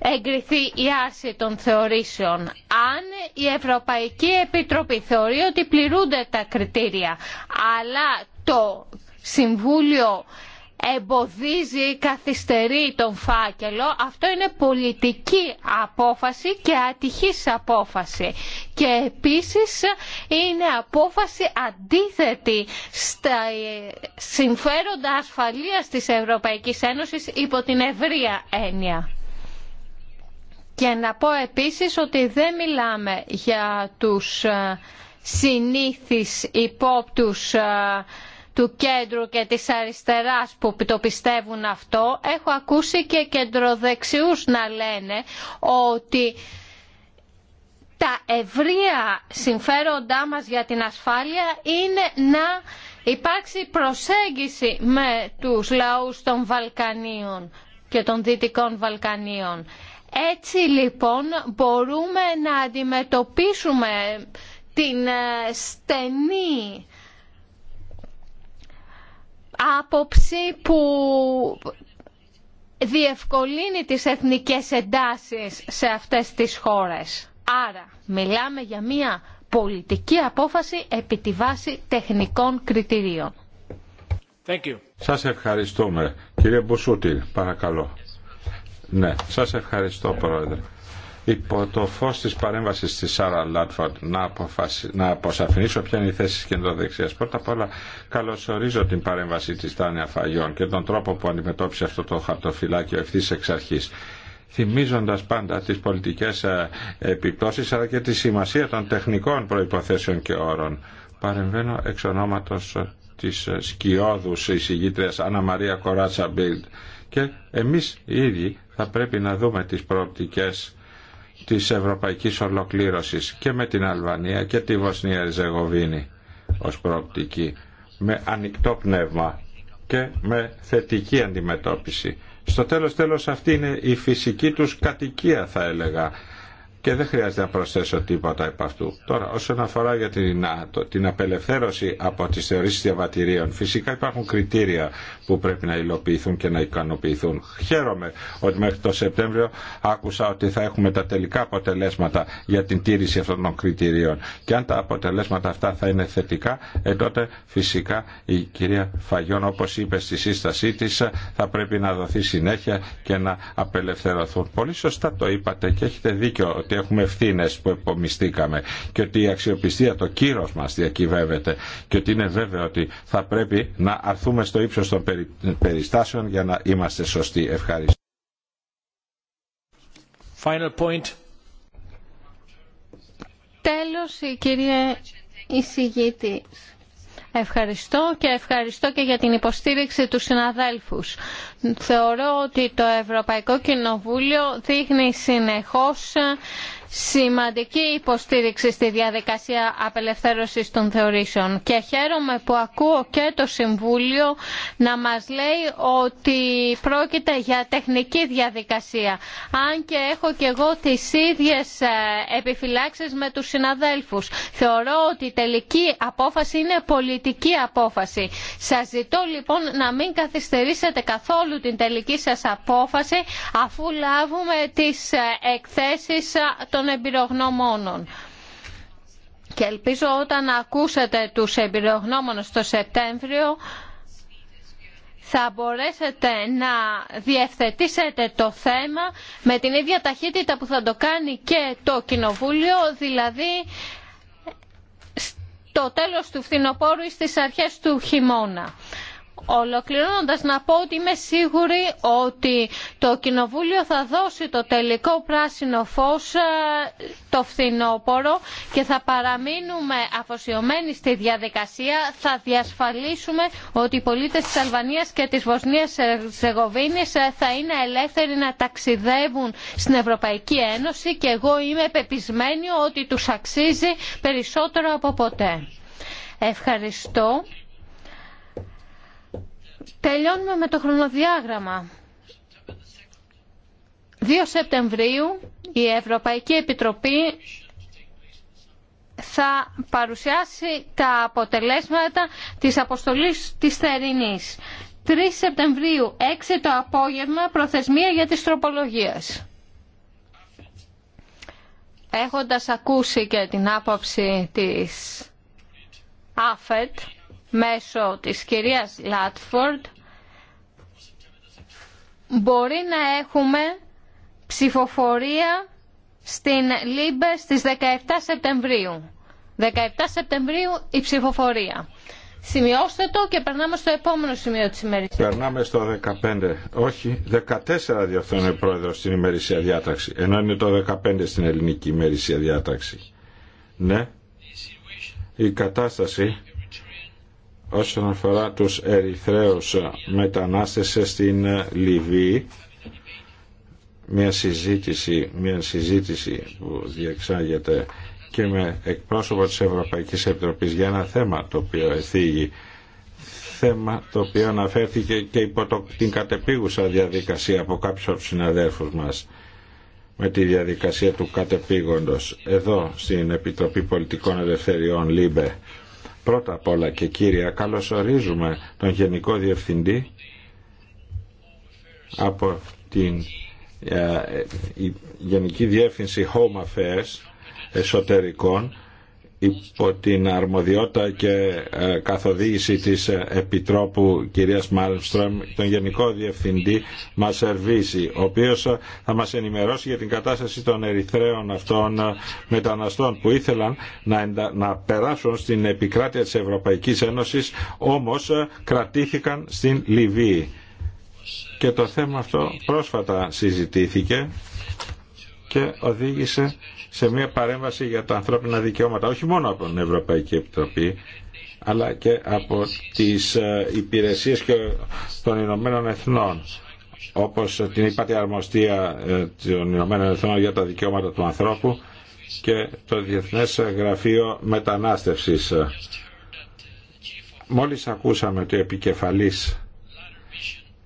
εγκριθεί η άρση των θεωρήσεων. Αν η Ευρωπαϊκή Επιτροπή θεωρεί ότι πληρούνται τα κριτήρια, αλλά το Συμβούλιο εμποδίζει, καθυστερεί τον φάκελο. Αυτό είναι πολιτική απόφαση και ατυχής απόφαση. Και επίσης είναι απόφαση αντίθετη στα ε, συμφέροντα ασφαλείας της Ευρωπαϊκής Ένωσης υπό την ευρεία έννοια. Και να πω επίσης ότι δεν μιλάμε για τους ε, συνήθεις υπόπτους ε, του κέντρου και της αριστεράς που το πιστεύουν αυτό, έχω ακούσει και κεντροδεξιούς να λένε ότι τα ευρεία συμφέροντά μας για την ασφάλεια είναι να υπάρξει προσέγγιση με τους λαούς των Βαλκανίων και των Δυτικών Βαλκανίων. Έτσι λοιπόν μπορούμε να αντιμετωπίσουμε την ε, στενή άποψη που διευκολύνει τις εθνικές εντάσεις σε αυτές τις χώρες. Άρα μιλάμε για μια πολιτική απόφαση επί τη βάση τεχνικών κριτηρίων. Thank you. Σας ευχαριστούμε. Κύριε Μπουσούτη, παρακαλώ. Ναι, σας ευχαριστώ Πρόεδρε υπό το φω τη παρέμβαση τη Σάρα Λάτφορντ να, αποφασι... να αποσαφηνίσω ποια είναι η θέση τη κεντροδεξία. Πρώτα απ' όλα καλωσορίζω την παρέμβαση τη Τάνια Φαγιών και τον τρόπο που αντιμετώπισε αυτό το χαρτοφυλάκιο ευθύ εξ αρχή, θυμίζοντας πάντα τις πολιτικές ε, επιπτώσεις αλλά και τη σημασία των τεχνικών προϋποθέσεων και όρων. Παρεμβαίνω εξ ονόματος ε, της ε, σκιώδους εισηγήτριας Άννα Μαρία Κοράτσα Μπίλτ και εμείς οι ίδιοι θα πρέπει να δούμε τις προοπτικές της ευρωπαϊκής ολοκλήρωσης και με την Αλβανία και τη Βοσνία Ριζεγοβίνη ως προοπτική με ανοιχτό πνεύμα και με θετική αντιμετώπιση. Στο τέλος τέλος αυτή είναι η φυσική τους κατοικία θα έλεγα και δεν χρειάζεται να προσθέσω τίποτα επ' αυτού. Τώρα, όσον αφορά για την, την απελευθέρωση από τις θεωρήσεις διαβατηρίων, φυσικά υπάρχουν κριτήρια που πρέπει να υλοποιηθούν και να ικανοποιηθούν. Χαίρομαι ότι μέχρι το Σεπτέμβριο άκουσα ότι θα έχουμε τα τελικά αποτελέσματα για την τήρηση αυτών των κριτηρίων. Και αν τα αποτελέσματα αυτά θα είναι θετικά, ε, τότε φυσικά η κυρία Φαγιών, όπως είπε στη σύστασή της, θα πρέπει να δοθεί συνέχεια και να απελευθερωθούν. Πολύ σωστά το είπατε και έχετε δίκιο ότι έχουμε ευθύνε που επομιστήκαμε και ότι η αξιοπιστία, το κύρος μας διακυβεύεται και ότι είναι βέβαιο ότι θα πρέπει να αρθούμε στο ύψο των περιστάσεων για να είμαστε σωστοί. Ευχαριστώ. Final point. Τέλος, η κυρία Ευχαριστώ και ευχαριστώ και για την υποστήριξη του συναδέλφους. Θεωρώ ότι το Ευρωπαϊκό Κοινοβούλιο δείχνει συνεχώς σημαντική υποστήριξη στη διαδικασία απελευθέρωσης των θεωρήσεων και χαίρομαι που ακούω και το Συμβούλιο να μας λέει ότι πρόκειται για τεχνική διαδικασία αν και έχω και εγώ τις ίδιες ε, επιφυλάξεις με τους συναδέλφους θεωρώ ότι η τελική απόφαση είναι πολιτική απόφαση σας ζητώ λοιπόν να μην καθυστερήσετε καθόλου την τελική σας απόφαση αφού λάβουμε τις ε, εκθέσεις ε, των των εμπειρογνωμόνων. Και ελπίζω όταν ακούσετε τους εμπειρογνώμονες το Σεπτέμβριο θα μπορέσετε να διευθετήσετε το θέμα με την ίδια ταχύτητα που θα το κάνει και το Κοινοβούλιο, δηλαδή στο τέλος του φθινοπόρου ή στις αρχές του χειμώνα. Ολοκληρώνοντας να πω ότι είμαι σίγουρη ότι το Κοινοβούλιο θα δώσει το τελικό πράσινο φως ε, το φθινόπωρο και θα παραμείνουμε αφοσιωμένοι στη διαδικασία. Θα διασφαλίσουμε ότι οι πολίτες της Αλβανίας και της Βοσνίας Ζεγοβίνης ε, θα είναι ελεύθεροι να ταξιδεύουν στην Ευρωπαϊκή Ένωση και εγώ είμαι πεπισμένη ότι τους αξίζει περισσότερο από ποτέ. Ευχαριστώ. Τελειώνουμε με το χρονοδιάγραμμα. 2 Σεπτεμβρίου η Ευρωπαϊκή Επιτροπή θα παρουσιάσει τα αποτελέσματα της αποστολής της Θερινής. 3 Σεπτεμβρίου, 6 το απόγευμα, προθεσμία για τις τροπολογίες. Έχοντας ακούσει και την άποψη της ΑΦΕΤ, μέσω της κυρίας Λάτφορντ μπορεί να έχουμε ψηφοφορία στην Λίμπε στις 17 Σεπτεμβρίου. 17 Σεπτεμβρίου η ψηφοφορία. Σημειώστε το και περνάμε στο επόμενο σημείο της ημερησίας. Περνάμε στο 15, όχι, 14 διευθύνει ο πρόεδρος στην ημερησία διάταξη, ενώ είναι το 15 στην ελληνική ημερησία διάταξη. Ναι, η κατάσταση όσον αφορά τους Ερυθρέους μετανάστες στην Λιβύη μια συζήτηση, μια συζήτηση που διεξάγεται και με εκπρόσωπο της Ευρωπαϊκής Επιτροπής για ένα θέμα το οποίο εθίγει θέμα το οποίο αναφέρθηκε και υπό το, την κατεπίγουσα διαδικασία από κάποιους από μας με τη διαδικασία του κατεπήγοντος εδώ στην Επιτροπή Πολιτικών Ελευθεριών ΛΥΜΠΕ Πρώτα απ' όλα και κύρια, καλωσορίζουμε τον Γενικό Διευθυντή από την ε, ε, Γενική Διεύθυνση Home Affairs εσωτερικών υπό την αρμοδιότητα και ε, καθοδήγηση της ε, Επιτρόπου κυρίας Μάλμστρομ, τον Γενικό Διευθυντή Μασερβίση, ο οποίος ε, θα μας ενημερώσει για την κατάσταση των Ερυθρέων αυτών μεταναστών που ήθελαν να, να περάσουν στην επικράτεια της Ευρωπαϊκής Ένωσης, όμως κρατήθηκαν στην Λιβύη. Και το θέμα αυτό πρόσφατα συζητήθηκε και οδήγησε σε μια παρέμβαση για τα ανθρώπινα δικαιώματα, όχι μόνο από την Ευρωπαϊκή Επιτροπή, αλλά και από τις ε, υπηρεσίες και των Ηνωμένων Εθνών όπως την είπατε αρμοστία ε, των Ηνωμένων Εθνών για τα δικαιώματα του ανθρώπου και το Διεθνές Γραφείο Μετανάστευσης. Μόλις ακούσαμε το επικεφαλής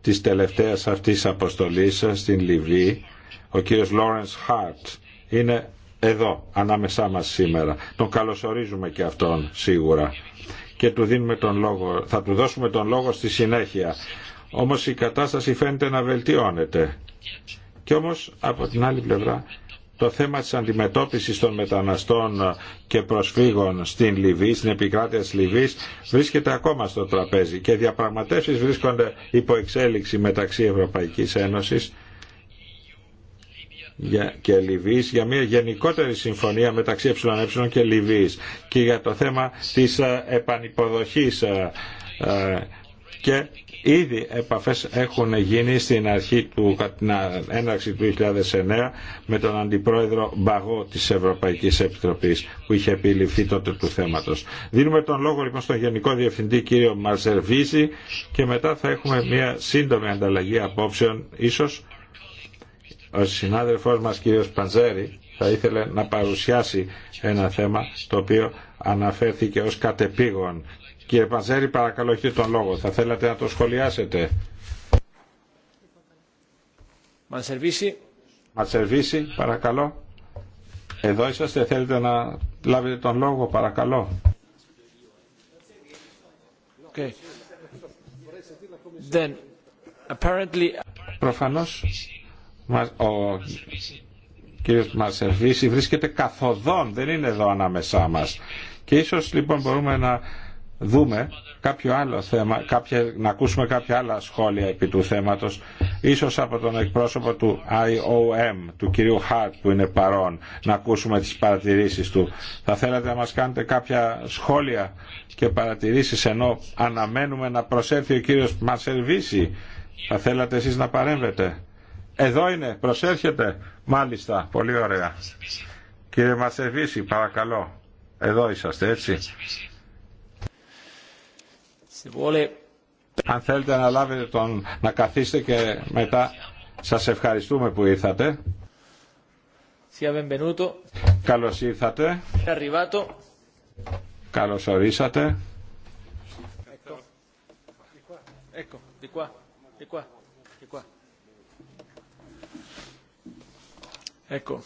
της τελευταίας αυτής αποστολής στην Λιβύη, ο κύριος Λόρενς Χάρτ, είναι εδώ ανάμεσά μας σήμερα. Τον καλωσορίζουμε και αυτόν σίγουρα και του δίνουμε τον λόγο, θα του δώσουμε τον λόγο στη συνέχεια. Όμως η κατάσταση φαίνεται να βελτιώνεται. Και όμως από την άλλη πλευρά το θέμα της αντιμετώπισης των μεταναστών και προσφύγων στην Λιβύη, στην επικράτεια της Λιβύης, βρίσκεται ακόμα στο τραπέζι και διαπραγματεύσεις βρίσκονται υπό εξέλιξη μεταξύ Ευρωπαϊκής Ένωσης και Λιβύης για μια γενικότερη συμφωνία μεταξύ ΕΕ και Λιβύης και για το θέμα της ε, επανυποδοχής ε, ε, και ήδη επαφές έχουν γίνει στην αρχή του, έναρξη του 2009 με τον Αντιπρόεδρο Μπαγό της Ευρωπαϊκής Επιτροπής που είχε επιληφθεί τότε του θέματος. Δίνουμε τον λόγο λοιπόν στον Γενικό Διευθυντή κύριο Μαρζερβίζη και μετά θα έχουμε μια σύντομη ανταλλαγή απόψεων ίσως ο συνάδελφός μας κύριος Παντζέρη θα ήθελε να παρουσιάσει ένα θέμα το οποίο αναφέρθηκε ως κατεπήγον. Κύριε Παντζέρη παρακαλώ έχετε τον λόγο. Θα θέλατε να το σχολιάσετε. Μα σερβίσει, παρακαλώ. Εδώ είσαστε θέλετε να λάβετε τον λόγο παρακαλώ. Okay. Then, apparently... Προφανώς ο κύριος Μαρσερβίση βρίσκεται καθοδόν, δεν είναι εδώ ανάμεσά μας. Και ίσως λοιπόν μπορούμε να δούμε κάποιο άλλο θέμα, κάποια, να ακούσουμε κάποια άλλα σχόλια επί του θέματος, ίσως από τον εκπρόσωπο του IOM, του κυρίου Χάρτ που είναι παρόν, να ακούσουμε τις παρατηρήσεις του. Θα θέλατε να μας κάνετε κάποια σχόλια και παρατηρήσεις ενώ αναμένουμε να προσέλθει ο κύριος Μαρσερβίση. Θα θέλατε εσείς να παρέμβετε. Εδώ είναι, προσέρχεται. Μάλιστα, πολύ ωραία. Κύριε Μασεβίση, παρακαλώ. Εδώ είσαστε, έτσι. Αν θέλετε να λάβετε τον, να καθίσετε και μετά σας ευχαριστούμε που ήρθατε. Καλώς ήρθατε. Καλώς ορίσατε. Ecco, di qua, di Ecco,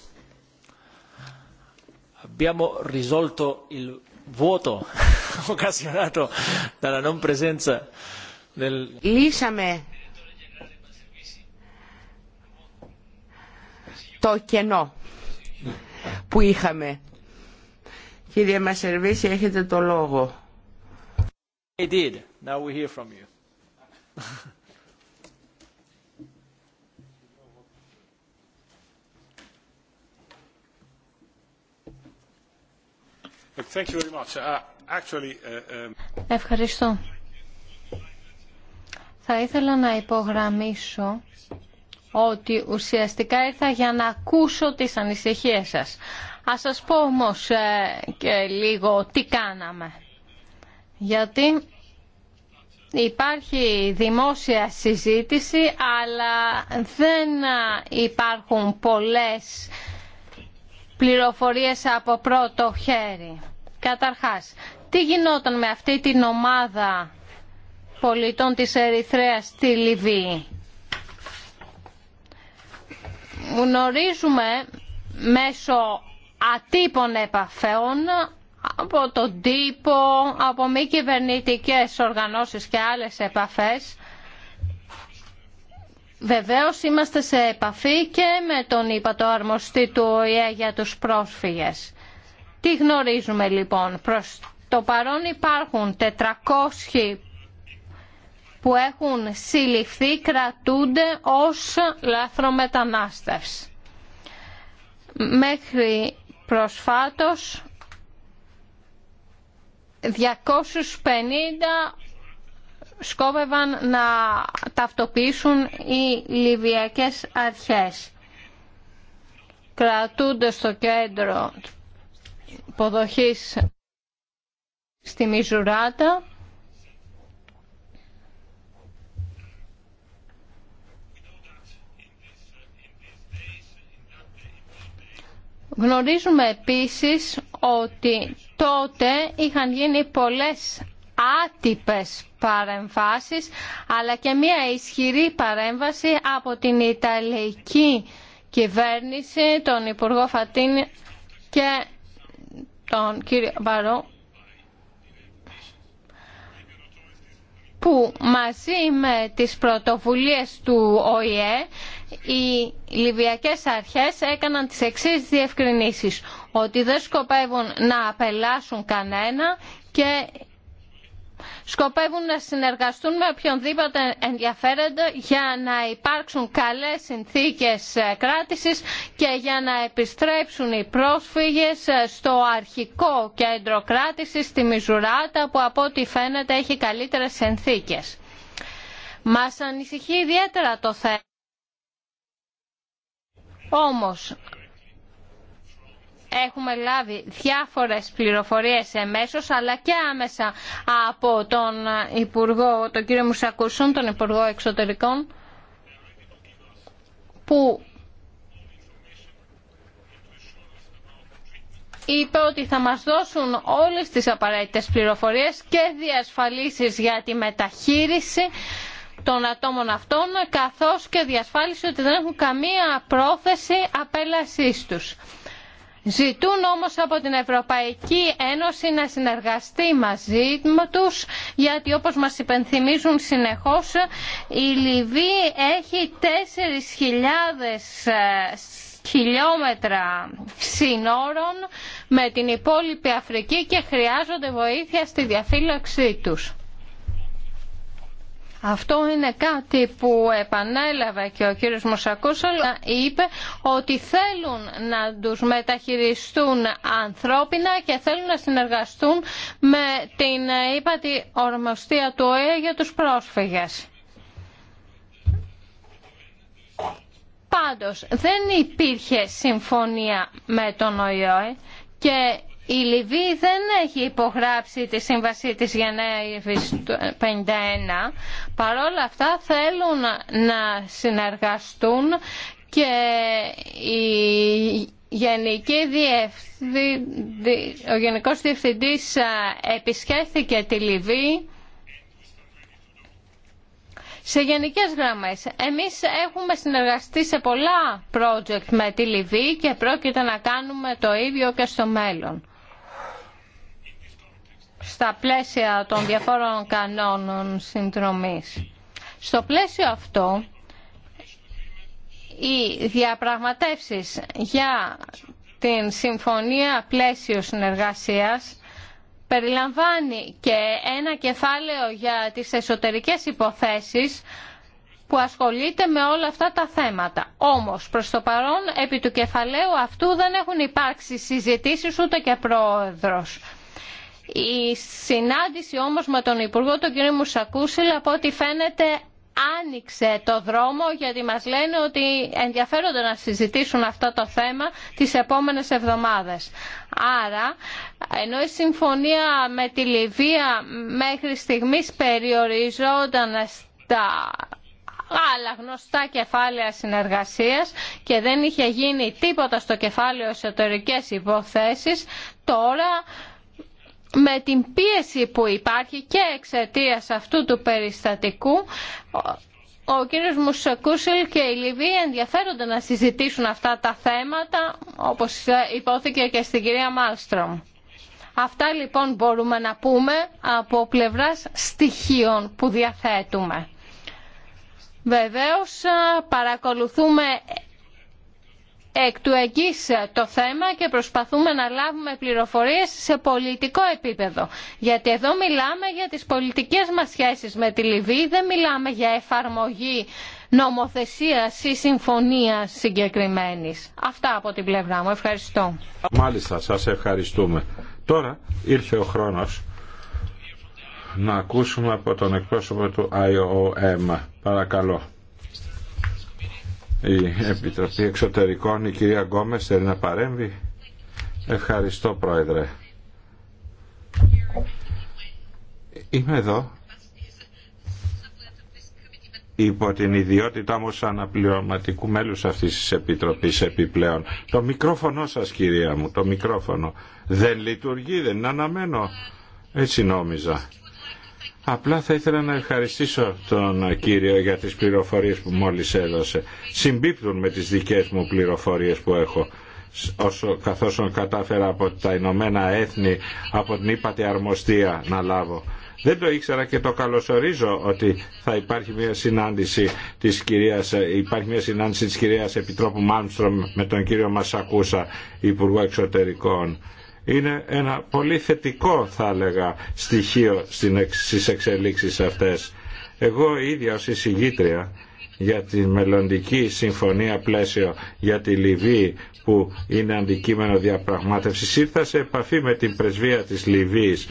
abbiamo risolto il vuoto occasionato dalla non presenza del... lisame το κενό που είχαμε. Κύριε Μασερβίση, έχετε το λόγο. I did. Now we hear from you. Uh, uh, um, Ευχαριστώ. Θα ήθελα να υπογραμμίσω ότι ουσιαστικά ήρθα για να ακούσω τις ανησυχίες σας. Ας σας πω όμως ε, και λίγο τι κάναμε. Γιατί υπάρχει δημόσια συζήτηση αλλά δεν ε, υπάρχουν πολλές πληροφορίες από πρώτο χέρι. Καταρχάς, τι γινόταν με αυτή την ομάδα πολιτών της Ερυθρέας στη Λιβύη. Γνωρίζουμε μέσω ατύπων επαφέων από τον τύπο, από μη κυβερνητικέ οργανώσεις και άλλες επαφές Βεβαίω είμαστε σε επαφή και με τον είπα αρμοστή του ΟΗΕ για τους πρόσφυγες. Τι γνωρίζουμε λοιπόν. Προς το παρόν υπάρχουν 400 που έχουν συλληφθεί, κρατούνται ως λαθρομετανάστες. Μέχρι προσφάτως 250 σκόπευαν να ταυτοποιήσουν οι Λιβιακές αρχές. Κρατούνται στο κέντρο υποδοχής στη Μιζουράτα Γνωρίζουμε επίσης ότι τότε είχαν γίνει πολλές άτυπες παρεμφάσεις, αλλά και μια ισχυρή παρέμβαση από την Ιταλική κυβέρνηση, τον Υπουργό φατίν και τον κύριο Μπαρό που μαζί με τις πρωτοβουλίες του ΟΗΕ οι Λιβιακές αρχές έκαναν τις εξής διευκρινήσεις ότι δεν σκοπεύουν να απελάσουν κανένα και σκοπεύουν να συνεργαστούν με οποιονδήποτε ενδιαφέρεται για να υπάρξουν καλές συνθήκες ε, κράτησης και για να επιστρέψουν οι πρόσφυγες ε, στο αρχικό κέντρο κράτησης στη Μιζουράτα που από ό,τι φαίνεται έχει καλύτερες συνθήκες. Μας ανησυχεί ιδιαίτερα το θέμα. Όμως Έχουμε λάβει διάφορες πληροφορίες εμέσως αλλά και άμεσα από τον Υπουργό, τον κύριο Μουσακουσούν, τον Υπουργό Εξωτερικών που είπε ότι θα μας δώσουν όλες τις απαραίτητες πληροφορίες και διασφαλίσεις για τη μεταχείριση των ατόμων αυτών καθώς και διασφάλιση ότι δεν έχουν καμία πρόθεση απέλασής τους. Ζητούν όμως από την Ευρωπαϊκή Ένωση να συνεργαστεί μαζί τους γιατί όπως μας υπενθυμίζουν συνεχώς η Λιβύη έχει 4.000 ε, χιλιόμετρα σύνορων με την υπόλοιπη Αφρική και χρειάζονται βοήθεια στη διαφύλαξή τους. Αυτό είναι κάτι που επανέλαβε και ο κύριος Μοσακός, αλλά είπε ότι θέλουν να τους μεταχειριστούν ανθρώπινα και θέλουν να συνεργαστούν με την τη ορμοστία του ΟΕ για τους πρόσφυγες. Πάντως δεν υπήρχε συμφωνία με τον ΟΕΕ και η Λιβύη δεν έχει υπογράψει τη σύμβασή της να του 51. Παρόλα αυτά θέλουν να συνεργαστούν και η Γενική διεύθυνση, ο Γενικός Διευθυντής επισκέφθηκε τη Λιβύη σε γενικές γραμμές. Εμείς έχουμε συνεργαστεί σε πολλά project με τη Λιβύη και πρόκειται να κάνουμε το ίδιο και στο μέλλον στα πλαίσια των διαφόρων κανόνων συνδρομής. Στο πλαίσιο αυτό, οι διαπραγματεύσεις για την Συμφωνία Πλαίσιο Συνεργασίας περιλαμβάνει και ένα κεφάλαιο για τις εσωτερικές υποθέσεις που ασχολείται με όλα αυτά τα θέματα. Όμως, προς το παρόν, επί του κεφαλαίου αυτού δεν έχουν υπάρξει συζητήσεις ούτε και πρόεδρος. Η συνάντηση όμως με τον Υπουργό, τον κ. Μουσακούσιλ, από ό,τι φαίνεται άνοιξε το δρόμο γιατί μας λένε ότι ενδιαφέρονται να συζητήσουν αυτό το θέμα τις επόμενες εβδομάδες. Άρα, ενώ η συμφωνία με τη Λιβύα μέχρι στιγμής περιοριζόταν στα άλλα γνωστά κεφάλαια συνεργασίας και δεν είχε γίνει τίποτα στο κεφάλαιο εσωτερικές υποθέσεις, τώρα με την πίεση που υπάρχει και εξαιτίας αυτού του περιστατικού ο κύριος Μουσακούσελ και η Λιβύη ενδιαφέρονται να συζητήσουν αυτά τα θέματα όπως υπόθηκε και στην κυρία Μάλστρομ. Αυτά λοιπόν μπορούμε να πούμε από πλευράς στοιχείων που διαθέτουμε. Βεβαίως παρακολουθούμε εκ του εγγύς το θέμα και προσπαθούμε να λάβουμε πληροφορίες σε πολιτικό επίπεδο. Γιατί εδώ μιλάμε για τις πολιτικές μας σχέσεις με τη Λιβύη, δεν μιλάμε για εφαρμογή νομοθεσίας ή συμφωνίας συγκεκριμένης. Αυτά από την πλευρά μου. Ευχαριστώ. Μάλιστα, σας ευχαριστούμε. Τώρα ήρθε ο χρόνος να ακούσουμε από τον εκπρόσωπο του IOM. Παρακαλώ η Επιτροπή Εξωτερικών, η κυρία Γκόμες, θέλει να παρέμβει. Ευχαριστώ, Πρόεδρε. Είμαι εδώ υπό την ιδιότητά μου ως αναπληρωματικού μέλους αυτής της Επιτροπής επιπλέον. Το μικρόφωνο σας κυρία μου, το μικρόφωνο δεν λειτουργεί, δεν είναι αναμένο. Έτσι νόμιζα. Απλά θα ήθελα να ευχαριστήσω τον κύριο για τις πληροφορίες που μόλις έδωσε. Συμπίπτουν με τις δικές μου πληροφορίες που έχω όσο, καθώς κατάφερα από τα Ηνωμένα Έθνη, από την ύπατη αρμοστία να λάβω. Δεν το ήξερα και το καλωσορίζω ότι θα υπάρχει μια συνάντηση της κυρίας, υπάρχει μια συνάντηση της κυρίας Επιτρόπου Μάλμστρομ με τον κύριο Μασακούσα, Υπουργό Εξωτερικών είναι ένα πολύ θετικό θα έλεγα στοιχείο στις εξελίξεις αυτές. Εγώ ίδια ως εισηγήτρια για τη μελλοντική συμφωνία πλαίσιο για τη Λιβύη που είναι αντικείμενο διαπραγμάτευσης ήρθα σε επαφή με την πρεσβεία της Λιβύης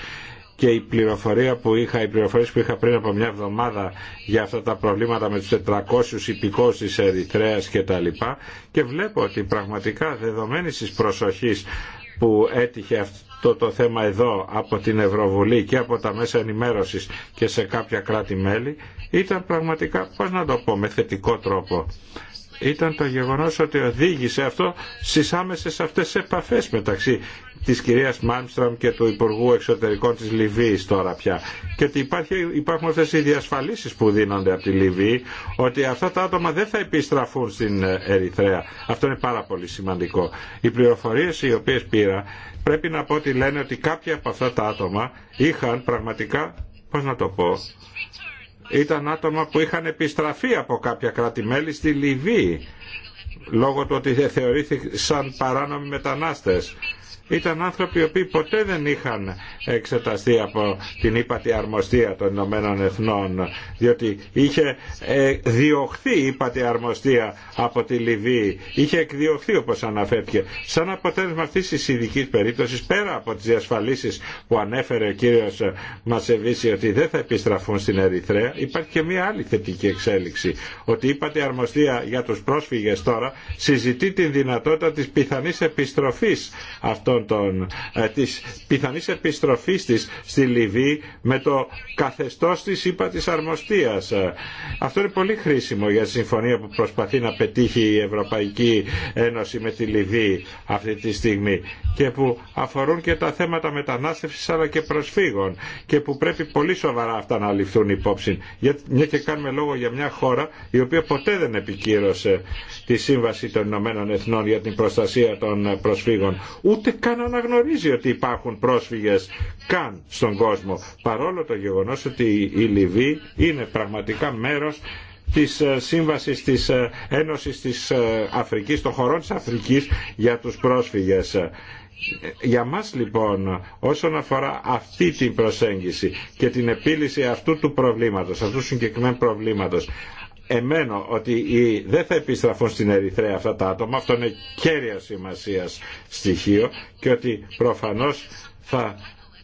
και η πληροφορία που είχα, οι πληροφορίες που είχα πριν από μια εβδομάδα για αυτά τα προβλήματα με τους 400 υπηκόους της Ερυθρέας και και βλέπω ότι πραγματικά δεδομένης της προσοχής που έτυχε αυτό το θέμα εδώ από την Ευρωβουλή και από τα μέσα ενημέρωσης και σε κάποια κράτη-μέλη ήταν πραγματικά, πώς να το πω, με θετικό τρόπο. Ήταν το γεγονός ότι οδήγησε αυτό στις άμεσες αυτές επαφές μεταξύ της κυρίας Μάνστραμ και του Υπουργού Εξωτερικών της Λιβύης τώρα πια. Και ότι υπάρχουν αυτές οι διασφαλίσεις που δίνονται από τη Λιβύη ότι αυτά τα άτομα δεν θα επιστραφούν στην Ερυθρέα. Αυτό είναι πάρα πολύ σημαντικό. Οι πληροφορίες οι οποίες πήρα πρέπει να πω ότι λένε ότι κάποια από αυτά τα άτομα είχαν πραγματικά, πώς να το πω, ήταν άτομα που είχαν επιστραφεί από κάποια κράτη-μέλη στη Λιβύη λόγω του ότι θεωρήθηκαν σαν παράνομοι μετανάστες ήταν άνθρωποι οι οποίοι ποτέ δεν είχαν εξεταστεί από την ύπατη αρμοστία των Ηνωμένων Εθνών διότι είχε ε, διωχθεί η ύπατη αρμοστία από τη Λιβύη είχε εκδιωχθεί όπως αναφέρθηκε σαν αποτέλεσμα αυτής της ειδική περίπτωσης πέρα από τις διασφαλίσεις που ανέφερε ο κύριος Μασεβίση ότι δεν θα επιστραφούν στην Ερυθρέα υπάρχει και μια άλλη θετική εξέλιξη ότι η ύπατη αρμοστία για τους πρόσφυγες τώρα συζητεί την δυνατότητα της πιθανής επιστροφής αυτών αυτών των, ε, της πιθανής επιστροφής της στη Λιβύη με το καθεστώς της είπα της αρμοστίας. Αυτό είναι πολύ χρήσιμο για τη συμφωνία που προσπαθεί να πετύχει η Ευρωπαϊκή Ένωση με τη Λιβύη αυτή τη στιγμή και που αφορούν και τα θέματα μετανάστευσης αλλά και προσφύγων και που πρέπει πολύ σοβαρά αυτά να ληφθούν υπόψη. Γιατί μια και κάνουμε λόγο για μια χώρα η οποία ποτέ δεν επικύρωσε τη Σύμβαση των Ηνωμένων Εθνών για την προστασία των προσφύγων. Ούτε καν αναγνωρίζει ότι υπάρχουν πρόσφυγες καν στον κόσμο. Παρόλο το γεγονός ότι η Λιβύη είναι πραγματικά μέρος της ε, σύμβασης της ε, Ένωσης της ε, Αφρικής, των χωρών της Αφρικής για τους πρόσφυγες. Για μας λοιπόν όσον αφορά αυτή την προσέγγιση και την επίλυση αυτού του προβλήματος, αυτού του συγκεκριμένου προβλήματος, εμένω ότι δεν θα επιστραφούν στην Ερυθρέα αυτά τα άτομα, αυτό είναι κέρια σημασίας στοιχείο και ότι προφανώς θα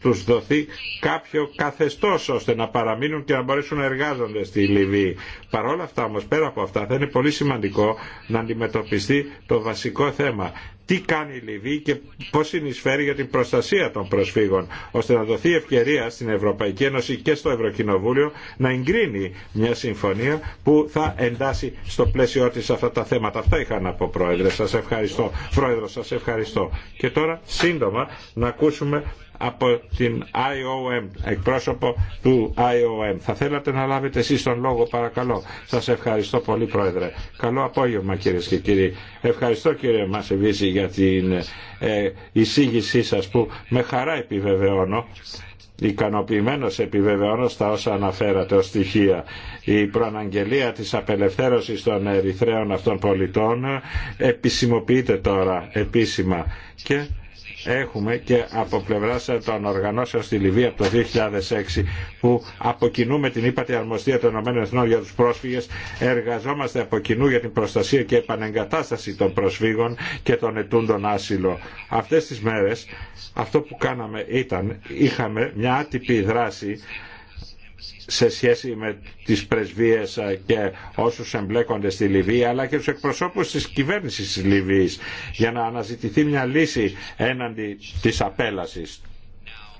τους δοθεί κάποιο καθεστώς ώστε να παραμείνουν και να μπορέσουν να εργάζονται στη Λιβύη. Παρ' όλα αυτά όμως πέρα από αυτά θα είναι πολύ σημαντικό να αντιμετωπιστεί το βασικό θέμα. Τι κάνει η Λιβύη και πώς συνεισφέρει για την προστασία των προσφύγων ώστε να δοθεί ευκαιρία στην Ευρωπαϊκή Ένωση και στο Ευρωκοινοβούλιο να εγκρίνει μια συμφωνία που θα εντάσσει στο πλαίσιο της αυτά τα θέματα. Αυτά είχα να πω Πρόεδρε. Σας ευχαριστώ. Πρόεδρο σας ευχαριστώ. Και τώρα σύντομα να ακούσουμε από την IOM, εκπρόσωπο του IOM. Θα θέλατε να λάβετε εσεί τον λόγο παρακαλώ. Σα ευχαριστώ πολύ Πρόεδρε. Καλό απόγευμα κύριε και κύριοι. Ευχαριστώ κύριε Μασεβίση για την ε, εισήγησή σας που με χαρά επιβεβαιώνω ικανοποιημένος επιβεβαιώνω στα όσα αναφέρατε ως στοιχεία. Η προαναγγελία της απελευθέρωσης των Ερυθρέων αυτών πολιτών ε, επισημοποιείται τώρα επίσημα και έχουμε και από πλευράς των οργανώσεων στη Λιβύη από το 2006 που από την ύπατη αρμοστία των ΗΕ για τους πρόσφυγες εργαζόμαστε από κοινού για την προστασία και επανεγκατάσταση των προσφύγων και των ετούντων άσυλο. Αυτές τις μέρες αυτό που κάναμε ήταν είχαμε μια άτυπη δράση σε σχέση με τις πρεσβείες ε, και όσους εμπλέκονται στη Λιβύη αλλά και τους εκπροσώπους της κυβέρνησης της Λιβύης για να αναζητηθεί μια λύση έναντι της απέλασης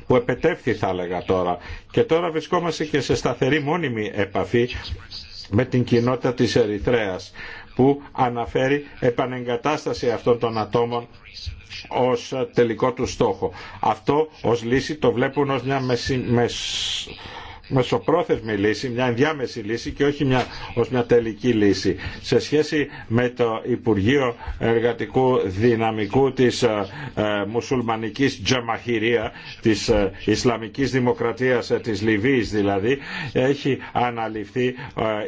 που επετεύχθη θα έλεγα τώρα και τώρα βρισκόμαστε και σε σταθερή μόνιμη επαφή με την κοινότητα της Ερυθρέας που αναφέρει επανεγκατάσταση αυτών των ατόμων ως τελικό του στόχο. Αυτό ως λύση το βλέπουν ως μια μεσ μεσοπρόθεσμη λύση, μια ενδιάμεση λύση και όχι μια, ως μια τελική λύση. Σε σχέση με το Υπουργείο Εργατικού Δυναμικού της ε, ε μουσουλμανικής Τζαμαχηρία, της ε, Ισλαμικής Δημοκρατίας ε, της Λιβύης δηλαδή, έχει αναλυφθεί ε,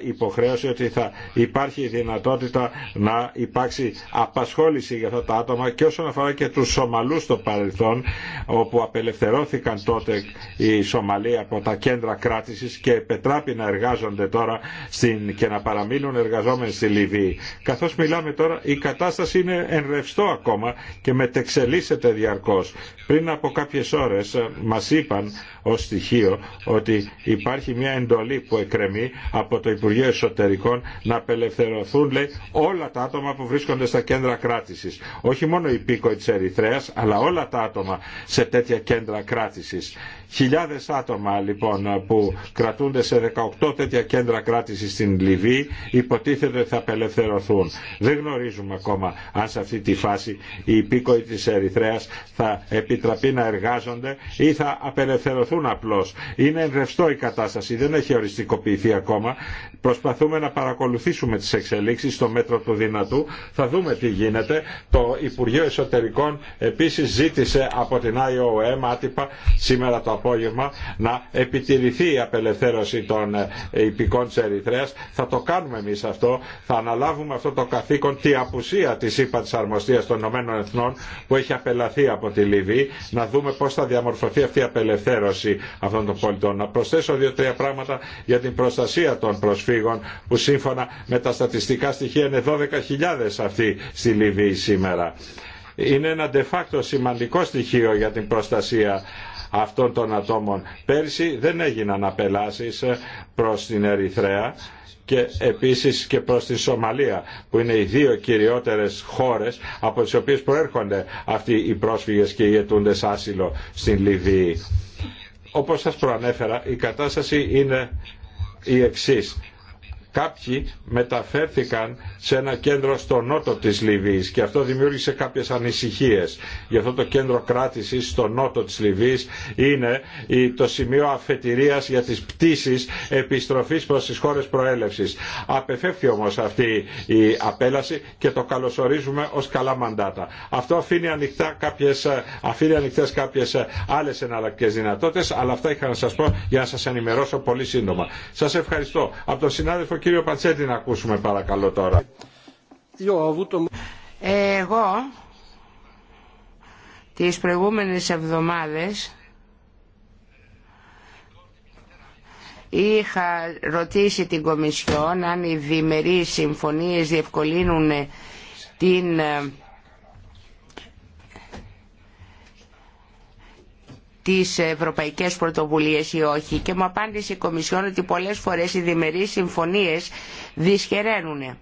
υποχρέωση ότι θα υπάρχει δυνατότητα να υπάρξει απασχόληση για αυτά τα άτομα και όσον αφορά και τους Σομαλούς στο παρελθόν, όπου απελευθερώθηκαν τότε οι Σομαλοί από τα κέντρα κράτησης και επετράπει να εργάζονται τώρα και να παραμείνουν εργαζόμενοι στη Λιβύη. Καθώς μιλάμε τώρα η κατάσταση είναι ενρευστό ακόμα και μετεξελίσσεται διαρκώς. Πριν από κάποιες ώρες ε, μας είπαν ως στοιχείο ότι υπάρχει μια εντολή που εκκρεμεί από το Υπουργείο Εσωτερικών να απελευθερωθούν όλα τα άτομα που βρίσκονται στα κέντρα κράτησης. Όχι μόνο οι πήκοοι της Ερυθρέας αλλά όλα τα άτομα σε τέτοια κέντρα κράτησης. Χιλιάδες άτομα λοιπόν που κρατούνται σε 18 τέτοια κέντρα κράτησης στην Λιβύη υποτίθεται ότι θα απελευθερωθούν. Δεν γνωρίζουμε ακόμα αν σε αυτή τη φάση οι υπήκοοι της Ερυθρέας θα επιτραπεί να εργάζονται ή θα απελευθερωθούν απλώς. Είναι ενρευστό η κατάσταση, δεν έχει οριστικοποιηθεί ακόμα. Προσπαθούμε να παρακολουθήσουμε τις εξελίξεις στο μέτρο του δυνατού. Θα δούμε τι γίνεται. Το Υπουργείο Εσωτερικών επίσης ζήτησε από την IOM άτυπα σήμερα το απόγευμα να επιτηρηθεί η απελευθέρωση των ε, υπηκών της Ερυθρέας. Θα το κάνουμε εμείς αυτό, θα αναλάβουμε αυτό το καθήκον, τη απουσία της ΥΠΑ της Αρμοστίας των Ηνωμένων Εθνών που έχει απελαθεί από τη Λιβύη, να δούμε πώς θα διαμορφωθεί αυτή η απελευθέρωση αυτών των πολιτών. Να προσθέσω δύο-τρία πράγματα για την προστασία των προσφύγων που σύμφωνα με τα στατιστικά στοιχεία είναι 12.000 αυτοί στη Λιβύη σήμερα. Είναι ένα de facto σημαντικό στοιχείο για την προστασία αυτών των ατόμων. Πέρσι δεν έγιναν απελάσεις ε, προς την Ερυθρέα και επίσης και προς την Σομαλία που είναι οι δύο κυριότερες χώρες από τις οποίες προέρχονται αυτοί οι πρόσφυγες και οι αιτούντες άσυλο στην Λιβύη. Όπως σας προανέφερα η κατάσταση είναι η εξής Κάποιοι μεταφέρθηκαν σε ένα κέντρο στο νότο της Λιβύης και αυτό δημιούργησε κάποιες ανησυχίες. Γι' αυτό το κέντρο κράτησης στο νότο της Λιβύης είναι το σημείο αφετηρίας για τις πτήσεις επιστροφής προς τις χώρες προέλευσης. Απεφεύθει όμως αυτή η απέλαση και το καλωσορίζουμε ως καλά μαντάτα. Αυτό αφήνει, ανοιχτά κάποιες, ε, αφήνει ανοιχτές κάποιες ε, άλλες εναλλακτικές δυνατότητες, αλλά αυτά είχα να σας πω για να σας ενημερώσω πολύ σύντομα. Σας ευχαριστώ. Από τον συνάδελφο κύριο Πατσέτη να ακούσουμε παρακαλώ τώρα. Εγώ τις προηγούμενες εβδομάδες είχα ρωτήσει την Κομισιόν αν οι διμερείς συμφωνίες διευκολύνουν την ε, τις ευρωπαϊκές πρωτοβουλίες ή όχι και μου απάντησε η Κομισιόν ότι πολλές φορές οι διμερείς συμφωνίες δυσχεραίνουν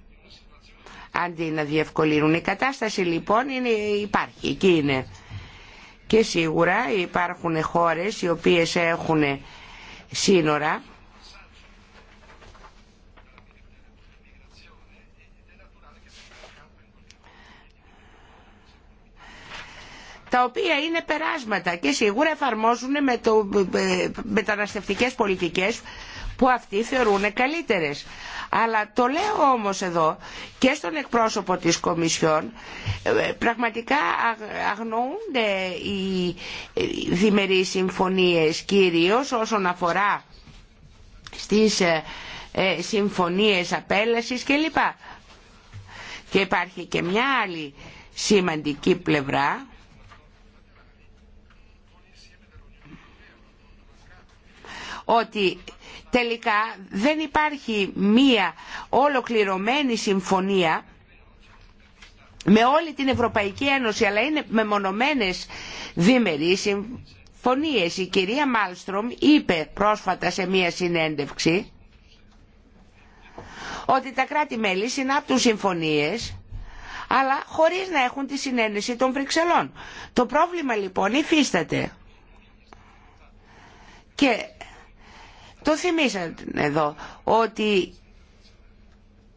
αντί να διευκολύνουν. Η κατάσταση λοιπόν είναι, υπάρχει, εκεί είναι. Και σίγουρα υπάρχουν χώρες οι οποίες έχουν σύνορα τα οποία είναι περάσματα και σίγουρα εφαρμόζουν με το, ε, μεταναστευτικές πολιτικές που αυτοί θεωρούν καλύτερες. Αλλά το λέω όμως εδώ και στον εκπρόσωπο της Κομισιόν ε, πραγματικά αγνοούνται οι διμερείς συμφωνίες κυρίως όσον αφορά στις ε, συμφωνίες απέλασης κλπ. Και υπάρχει και μια άλλη σημαντική πλευρά ότι τελικά δεν υπάρχει μία ολοκληρωμένη συμφωνία με όλη την Ευρωπαϊκή Ένωση, αλλά είναι μεμονωμένες διμερείς συμφωνίες. Η κυρία Μάλστρομ είπε πρόσφατα σε μία συνέντευξη ότι τα κράτη-μέλη συνάπτουν συμφωνίες αλλά χωρίς να έχουν τη συνένεση των Βρυξελών. Το πρόβλημα λοιπόν υφίσταται. Και το θυμίσατε εδώ ότι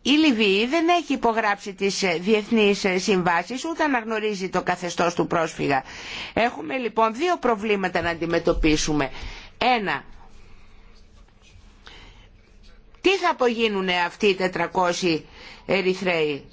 η Λιβύη δεν έχει υπογράψει τις διεθνείς συμβάσεις ούτε αναγνωρίζει το καθεστώς του πρόσφυγα. Έχουμε λοιπόν δύο προβλήματα να αντιμετωπίσουμε. Ένα, τι θα απογίνουν αυτοί οι 400 Ερυθρέοι.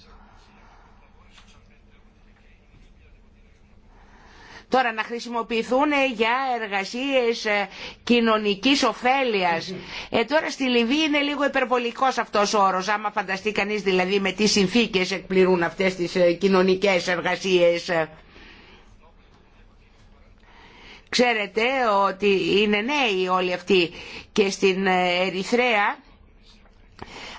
Τώρα να χρησιμοποιηθούν ε, για εργασίες ε, κοινωνικής ωφέλειας. Ε, τώρα στη Λιβύη είναι λίγο υπερβολικός αυτός ο όρος, άμα φανταστεί κανείς δηλαδή με τι συνθήκες εκπληρούν αυτές τις ε, κοινωνικές εργασίες. Ξέρετε ότι είναι νέοι όλοι αυτοί και στην Ερυθρέα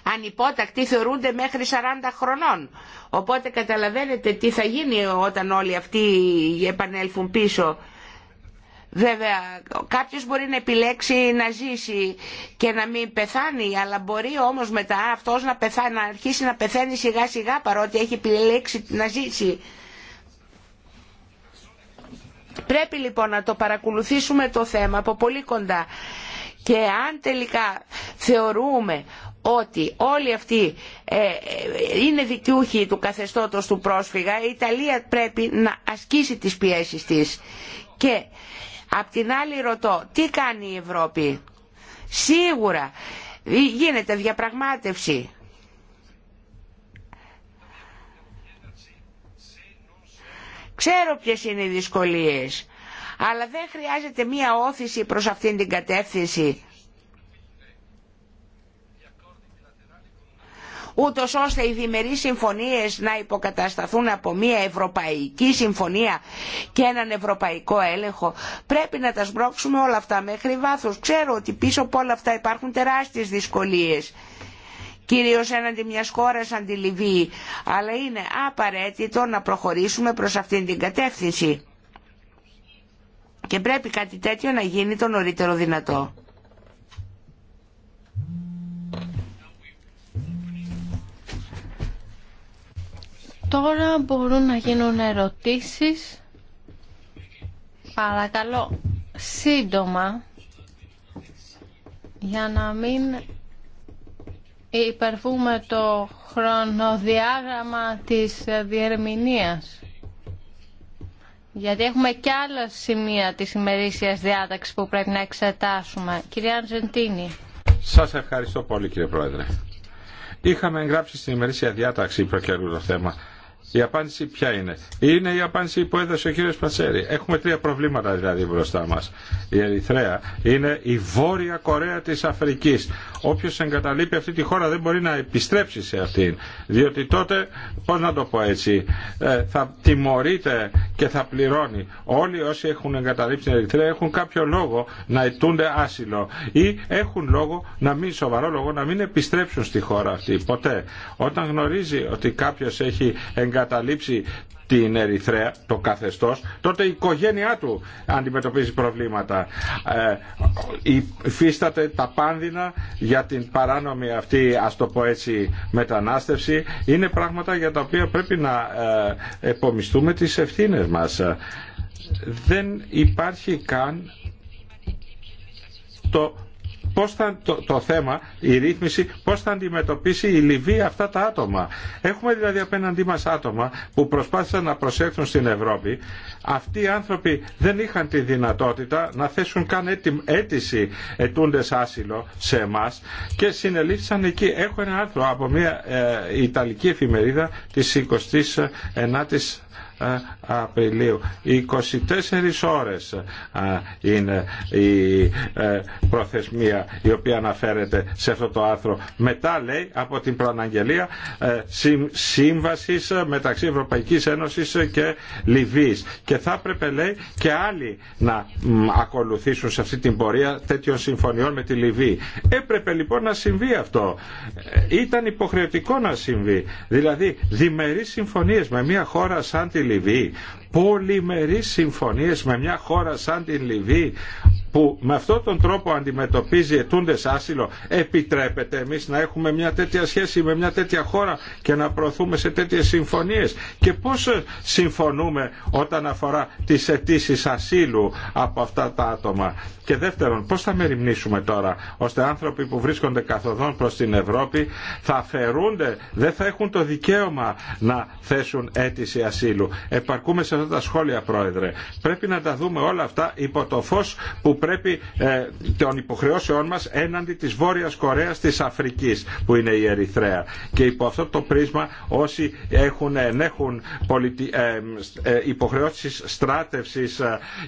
ανυπότακτοι θεωρούνται μέχρι 40 χρονών. Οπότε καταλαβαίνετε τι θα γίνει όταν όλοι αυτοί επανέλθουν πίσω. Βέβαια, κάποιος μπορεί να επιλέξει να ζήσει και να μην πεθάνει, αλλά μπορεί όμως μετά αυτός να, πεθάνει, να αρχίσει να πεθαίνει σιγά σιγά παρότι έχει επιλέξει να ζήσει. Πρέπει λοιπόν να το παρακολουθήσουμε το θέμα από πολύ κοντά. Και αν τελικά θεωρούμε ότι όλοι αυτοί ε, ε, είναι δικιούχοι του καθεστώτος του πρόσφυγα, η Ιταλία πρέπει να ασκήσει τις πιέσεις της. Και απ' την άλλη ρωτώ, τι κάνει η Ευρώπη. Σίγουρα ε, γίνεται διαπραγμάτευση. Ξέρω ποιες είναι οι δυσκολίες, αλλά δεν χρειάζεται μία όθηση προς αυτήν την κατεύθυνση ούτως ώστε οι διμερείς συμφωνίες να υποκατασταθούν από μια ευρωπαϊκή συμφωνία και έναν ευρωπαϊκό έλεγχο. Πρέπει να τα σπρώξουμε όλα αυτά μέχρι βάθος. Ξέρω ότι πίσω από όλα αυτά υπάρχουν τεράστιες δυσκολίες κυρίως έναντι μιας χώρας σαν αλλά είναι απαραίτητο να προχωρήσουμε προς αυτήν την κατεύθυνση. Και πρέπει κάτι τέτοιο να γίνει το νωρίτερο δυνατό. Τώρα μπορούν να γίνουν ερωτήσεις. Παρακαλώ, σύντομα, για να μην υπερβούμε το χρονοδιάγραμμα της διερμηνίας. Γιατί έχουμε και άλλα σημεία της ημερήσιας διάταξης που πρέπει να εξετάσουμε. Κυρία Αντζεντίνη. Σας ευχαριστώ πολύ κύριε Πρόεδρε. Είχαμε εγγράψει στην ημερήσια διάταξη προκαιρού το θέμα η απάντηση ποια είναι. Είναι η απάντηση που έδωσε ο κύριο Πατσέρη. Έχουμε τρία προβλήματα δηλαδή μπροστά μα. Η Ερυθρέα είναι η Βόρεια Κορέα τη Αφρική. Όποιο εγκαταλείπει αυτή τη χώρα δεν μπορεί να επιστρέψει σε αυτήν. Διότι τότε, πώ να το πω έτσι, ε, θα τιμωρείται και θα πληρώνει. Όλοι όσοι έχουν εγκαταλείψει την Ερυθρέα έχουν κάποιο λόγο να ετούνται άσυλο ή έχουν λόγο να μην, σοβαρό λόγο να μην επιστρέψουν στη χώρα αυτή. Ποτέ. Όταν γνωρίζει ότι κάποιο έχει εγκαταλείψει την Ερυθρέα, το καθεστώς, τότε η οικογένειά του αντιμετωπίζει προβλήματα. Ε, υφίσταται τα πάνδυνα για την παράνομη αυτή, ας το πω έτσι, μετανάστευση. Είναι πράγματα για τα οποία πρέπει να ε, επομιστούμε τις ευθύνες μας. Δεν υπάρχει καν το πώς θα, το, θέμα, η ρύθμιση, πώς θα αντιμετωπίσει η Λιβύη αυτά τα άτομα. Έχουμε δηλαδή απέναντί μας άτομα που προσπάθησαν να προσέλθουν στην Ευρώπη. Αυτοί οι άνθρωποι δεν είχαν τη δυνατότητα να θέσουν καν αίτηση ετούντες άσυλο σε εμά και συνελήφθησαν εκεί. Έχω ένα άρθρο από μια ε, Ιταλική εφημερίδα της 29ης Απριλίου. 24 ώρες είναι η ε, προθεσμία η οποία αναφέρεται σε αυτό το άρθρο. Μετά λέει από την προαναγγελία ε, σύμβασης μεταξύ Ευρωπαϊκής Ένωσης και Λιβύης. Και θα έπρεπε λέει και άλλοι να ακολουθήσουν σε αυτή την πορεία τέτοιων συμφωνιών με τη Λιβύη. Έπρεπε λοιπόν να συμβεί αυτό. Ε, ήταν υποχρεωτικό να συμβεί. Δηλαδή διμερείς συμφωνίες με μια χώρα σαν τη Λιβύη Λιβύη πολυμερείς συμφωνίες με μια χώρα σαν την Λιβύη που με αυτόν τον τρόπο αντιμετωπίζει ετούντες άσυλο επιτρέπεται εμείς να έχουμε μια τέτοια σχέση με μια τέτοια χώρα και να προωθούμε σε τέτοιες συμφωνίες και πώς ε, συμφωνούμε όταν αφορά τις αιτήσει ασύλου από αυτά τα άτομα και δεύτερον πώς θα μεριμνήσουμε τώρα ώστε άνθρωποι που βρίσκονται καθοδόν προς την Ευρώπη θα αφαιρούνται δεν θα έχουν το δικαίωμα να θέσουν αίτηση ασύλου επαρκούμε τα σχόλια πρόεδρε. Πρέπει να τα δούμε όλα αυτά υπό το φως που πρέπει ε, των υποχρεώσεών μας έναντι της Βόρειας Κορέας της Αφρικής που είναι η Ερυθρέα. Και υπό αυτό το πρίσμα όσοι έχουν, ε, έχουν πολιτι... Ε, ε, υποχρεώσεις στράτευσης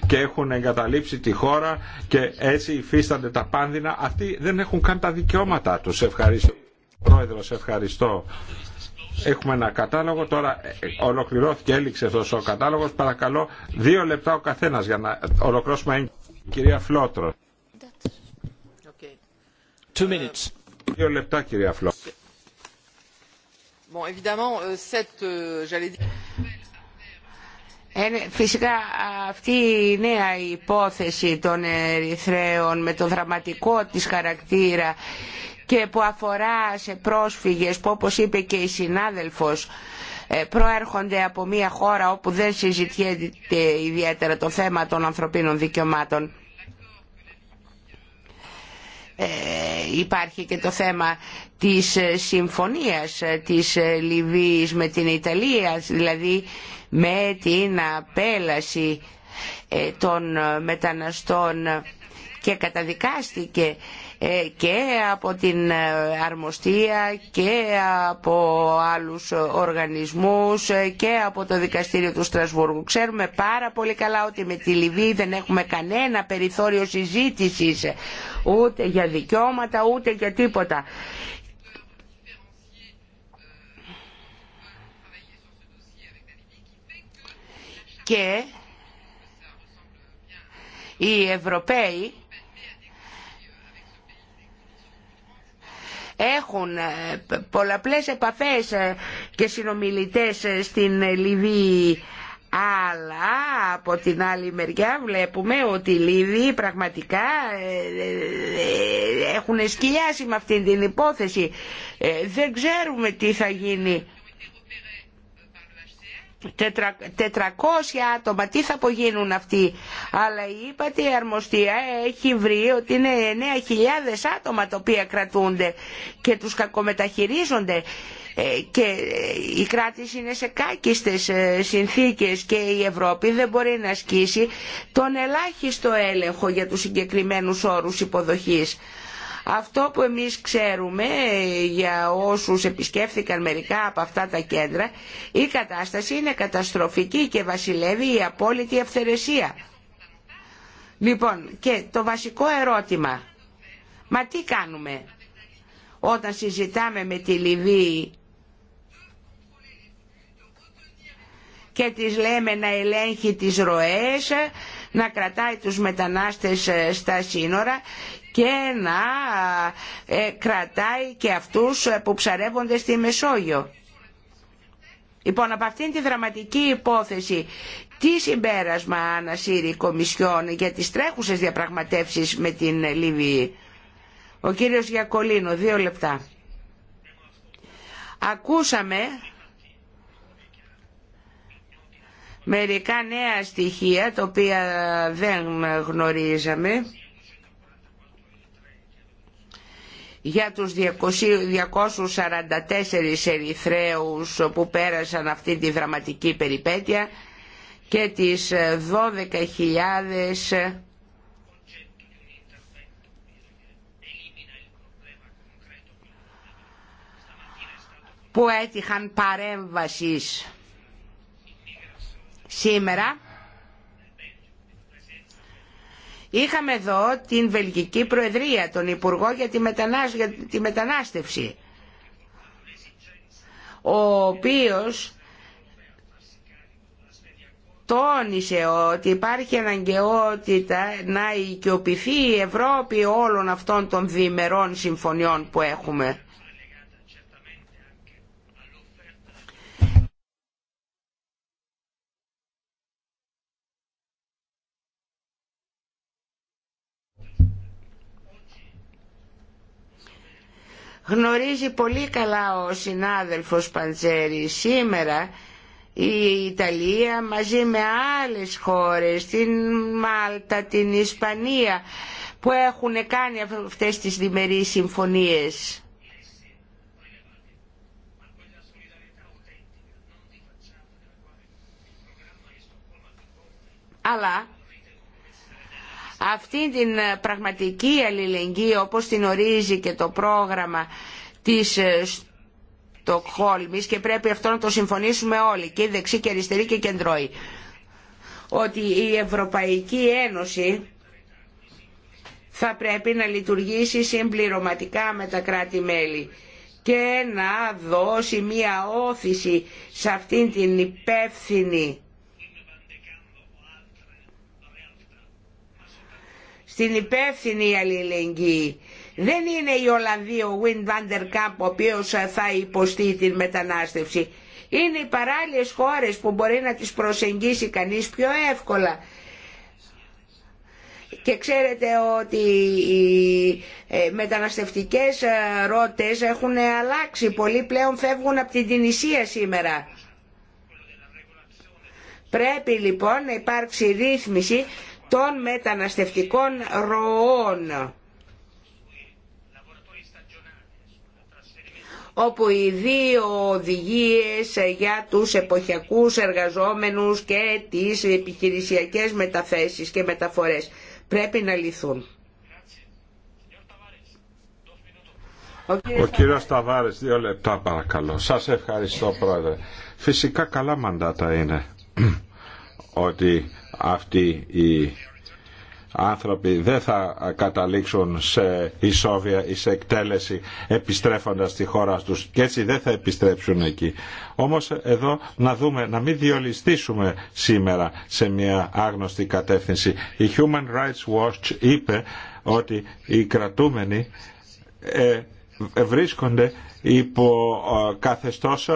και έχουν εγκαταλείψει τη χώρα και έτσι υφίστανται τα πάνδυνα αυτοί δεν έχουν καν τα δικαιώματά τους. Ευχαριστώ. πρόεδρο ευχαριστώ. Έχουμε ένα κατάλογο, τώρα ε, ολοκληρώθηκε, έληξε αυτός ο κατάλογος. Παρακαλώ, δύο λεπτά ο καθένα για να ολοκληρώσουμε. Κυρία Φλότρο. Ε, δύο λεπτά, κυρία Φλότρο. Bon, évidemment, euh, euh, ε, ναι, Φυσικά αυτή η νέα υπόθεση των Ερυθρέων με το δραματικό της χαρακτήρα και που αφορά σε πρόσφυγες που όπως είπε και η συνάδελφος ε, προέρχονται από μια χώρα όπου δεν συζητιέται ιδιαίτερα το θέμα των ανθρωπίνων δικαιωμάτων. Ε, υπάρχει και το θέμα της ε, συμφωνίας της Λιβύης με την Ιταλία, δηλαδή με την απέλαση των μεταναστών και καταδικάστηκε ε, και από την ε, αρμοστία και από άλλους οργανισμούς ε, και από το δικαστήριο του Στρασβούργου. Ξέρουμε πάρα πολύ καλά ότι με τη Λιβύη δεν έχουμε κανένα περιθώριο συζήτησης ούτε για δικαιώματα ούτε για τίποτα. Και οι Ευρωπαίοι έχουν ε, πολλαπλές επαφές ε, και συνομιλητές ε, στην Λιβύη αλλά από την άλλη μεριά βλέπουμε ότι οι Λίβοι πραγματικά έχουν σκυλιάσει με αυτή την υπόθεση. Δεν ξέρουμε τι θα γίνει 400 άτομα, τι θα απογίνουν αυτοί. Αλλά η ύπατη αρμοστία έχει βρει ότι είναι 9.000 άτομα τα οποία κρατούνται και τους κακομεταχειρίζονται ε, και ε, η κράτηση είναι σε κάκιστες ε, συνθήκες και η Ευρώπη δεν μπορεί να ασκήσει τον ελάχιστο έλεγχο για τους συγκεκριμένους όρους υποδοχής. Αυτό που εμείς ξέρουμε ε, για όσους επισκέφθηκαν μερικά από αυτά τα κέντρα, η κατάσταση είναι καταστροφική και βασιλεύει η απόλυτη ευθερεσία. Λοιπόν, και το βασικό ερώτημα, μα τι κάνουμε όταν συζητάμε με τη Λιβύη και τις λέμε να ελέγχει τις ροές, να κρατάει τους μετανάστες ε, στα σύνορα και να ε, κρατάει και αυτούς ε, που ψαρεύονται στη Μεσόγειο. Λοιπόν, από αυτήν τη δραματική υπόθεση, τι συμπέρασμα ανασύρει η Κομισιόν για τις τρέχουσες διαπραγματεύσεις με την Λιβύη. Ο κύριος Γιακολίνο, δύο λεπτά. Ακούσαμε μερικά νέα στοιχεία, τα οποία δεν γνωρίζαμε. για τους 244 Ερυθρέους που πέρασαν αυτή τη δραματική περιπέτεια και τις 12.000 που έτυχαν παρέμβασης σήμερα Είχαμε εδώ την Βελγική Προεδρία, τον Υπουργό για τη, τη Μετανάστευση, ο οποίος τόνισε ότι υπάρχει αναγκαιότητα να οικειοποιηθεί η Ευρώπη όλων αυτών των διημερών συμφωνιών που έχουμε. Γνωρίζει πολύ καλά ο συνάδελφος Παντζέρη σήμερα η Ιταλία μαζί με άλλες χώρες, την Μάλτα, την Ισπανία που έχουν κάνει αυτές τις διμερείς συμφωνίες. Αλλά αυτή την ε, πραγματική αλληλεγγύη όπως την ορίζει και το πρόγραμμα της ε, Στοκχόλμης και πρέπει αυτό να το συμφωνήσουμε όλοι και δεξί και αριστερή και κεντρώη ότι η Ευρωπαϊκή Ένωση θα πρέπει να λειτουργήσει συμπληρωματικά με τα κράτη-μέλη και να δώσει μία όθηση σε αυτήν την υπεύθυνη στην υπεύθυνη αλληλεγγύη. Δεν είναι η Ολλανδία ο Βιν van der ο οποίος ε, θα υποστεί την μετανάστευση. Είναι οι παράλληλες χώρες που μπορεί να τις προσεγγίσει κανείς πιο εύκολα. Και ξέρετε ότι οι ε, μεταναστευτικές ε, ρότες έχουν αλλάξει. Πολλοί πλέον φεύγουν από την Τινησία σήμερα. Πρέπει λοιπόν να υπάρξει ρύθμιση των μεταναστευτικών ροών όπου οι δύο οδηγίες για τους εποχιακούς εργαζόμενους και τις επιχειρησιακές μεταθέσεις και μεταφορές πρέπει να λυθούν. Ο κύριος, Ταβάρης, δύο λεπτά παρακαλώ. Σας ευχαριστώ πρόεδρε. Φυσικά καλά μαντάτα είναι ότι αυτοί οι άνθρωποι δεν θα καταλήξουν σε ισόβια ή σε εκτέλεση επιστρέφοντας στη χώρα τους και έτσι δεν θα επιστρέψουν εκεί. Όμως εδώ να δούμε, να μην διολυστήσουμε σήμερα σε μια άγνωστη κατεύθυνση. Η Human Rights Watch είπε ότι οι κρατούμενοι ε, βρίσκονται υπό καθεστώς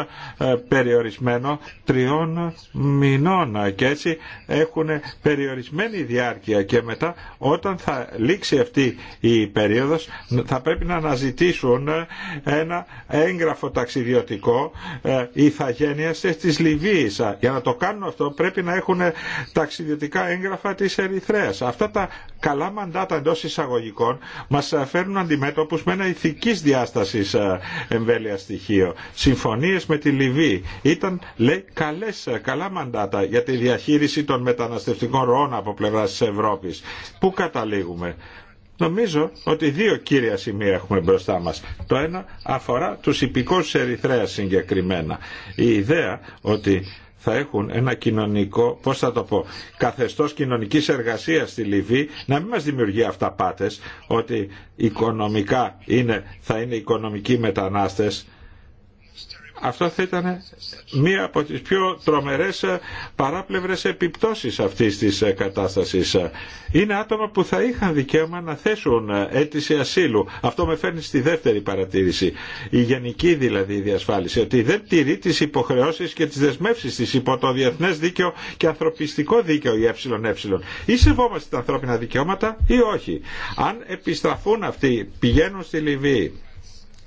περιορισμένο τριών μηνών και έτσι έχουν περιορισμένη διάρκεια και μετά όταν θα λήξει αυτή η περίοδος θα πρέπει να αναζητήσουν ένα έγγραφο ταξιδιωτικό ε, ηθαγένειας της Λιβύης. Για να το κάνουν αυτό πρέπει να έχουν ταξιδιωτικά έγγραφα της Ερυθρέας. Αυτά τα καλά μαντάτα εντό εισαγωγικών μας φέρνουν αντιμέτωπους με ένα ηθικής διάστασης ε, εμβέλεια στοιχείο. Συμφωνίες με τη Λιβύη ήταν λέει καλές, καλά μαντάτα για τη διαχείριση των μεταναστευτικών ροών από πλευρά τη Ευρώπης. Πού καταλήγουμε. Νομίζω ότι δύο κύρια σημεία έχουμε μπροστά μας. Το ένα αφορά τους υπηκόους της Ερυθρέας συγκεκριμένα. Η ιδέα ότι θα έχουν ένα κοινωνικό, πώς θα το πω, καθεστώς κοινωνικής εργασίας στη Λιβύη, να μην μας δημιουργεί αυτά ότι οικονομικά είναι, θα είναι οικονομικοί μετανάστες, αυτό θα ήταν μία από τις πιο τρομερές ε, παράπλευρες επιπτώσεις αυτής της ε, κατάστασης. Είναι άτομα που θα είχαν δικαίωμα να θέσουν ε, αίτηση ασύλου. Αυτό με φέρνει στη δεύτερη παρατήρηση. Η γενική δηλαδή η διασφάλιση ότι δεν τηρεί τις υποχρεώσεις και τις δεσμεύσεις της υπό το διεθνές δίκαιο και ανθρωπιστικό δίκαιο η ΕΕ. Ή σεβόμαστε τα ανθρώπινα δικαιώματα ή όχι. Αν επιστραφούν αυτοί, πηγαίνουν στη Λιβύη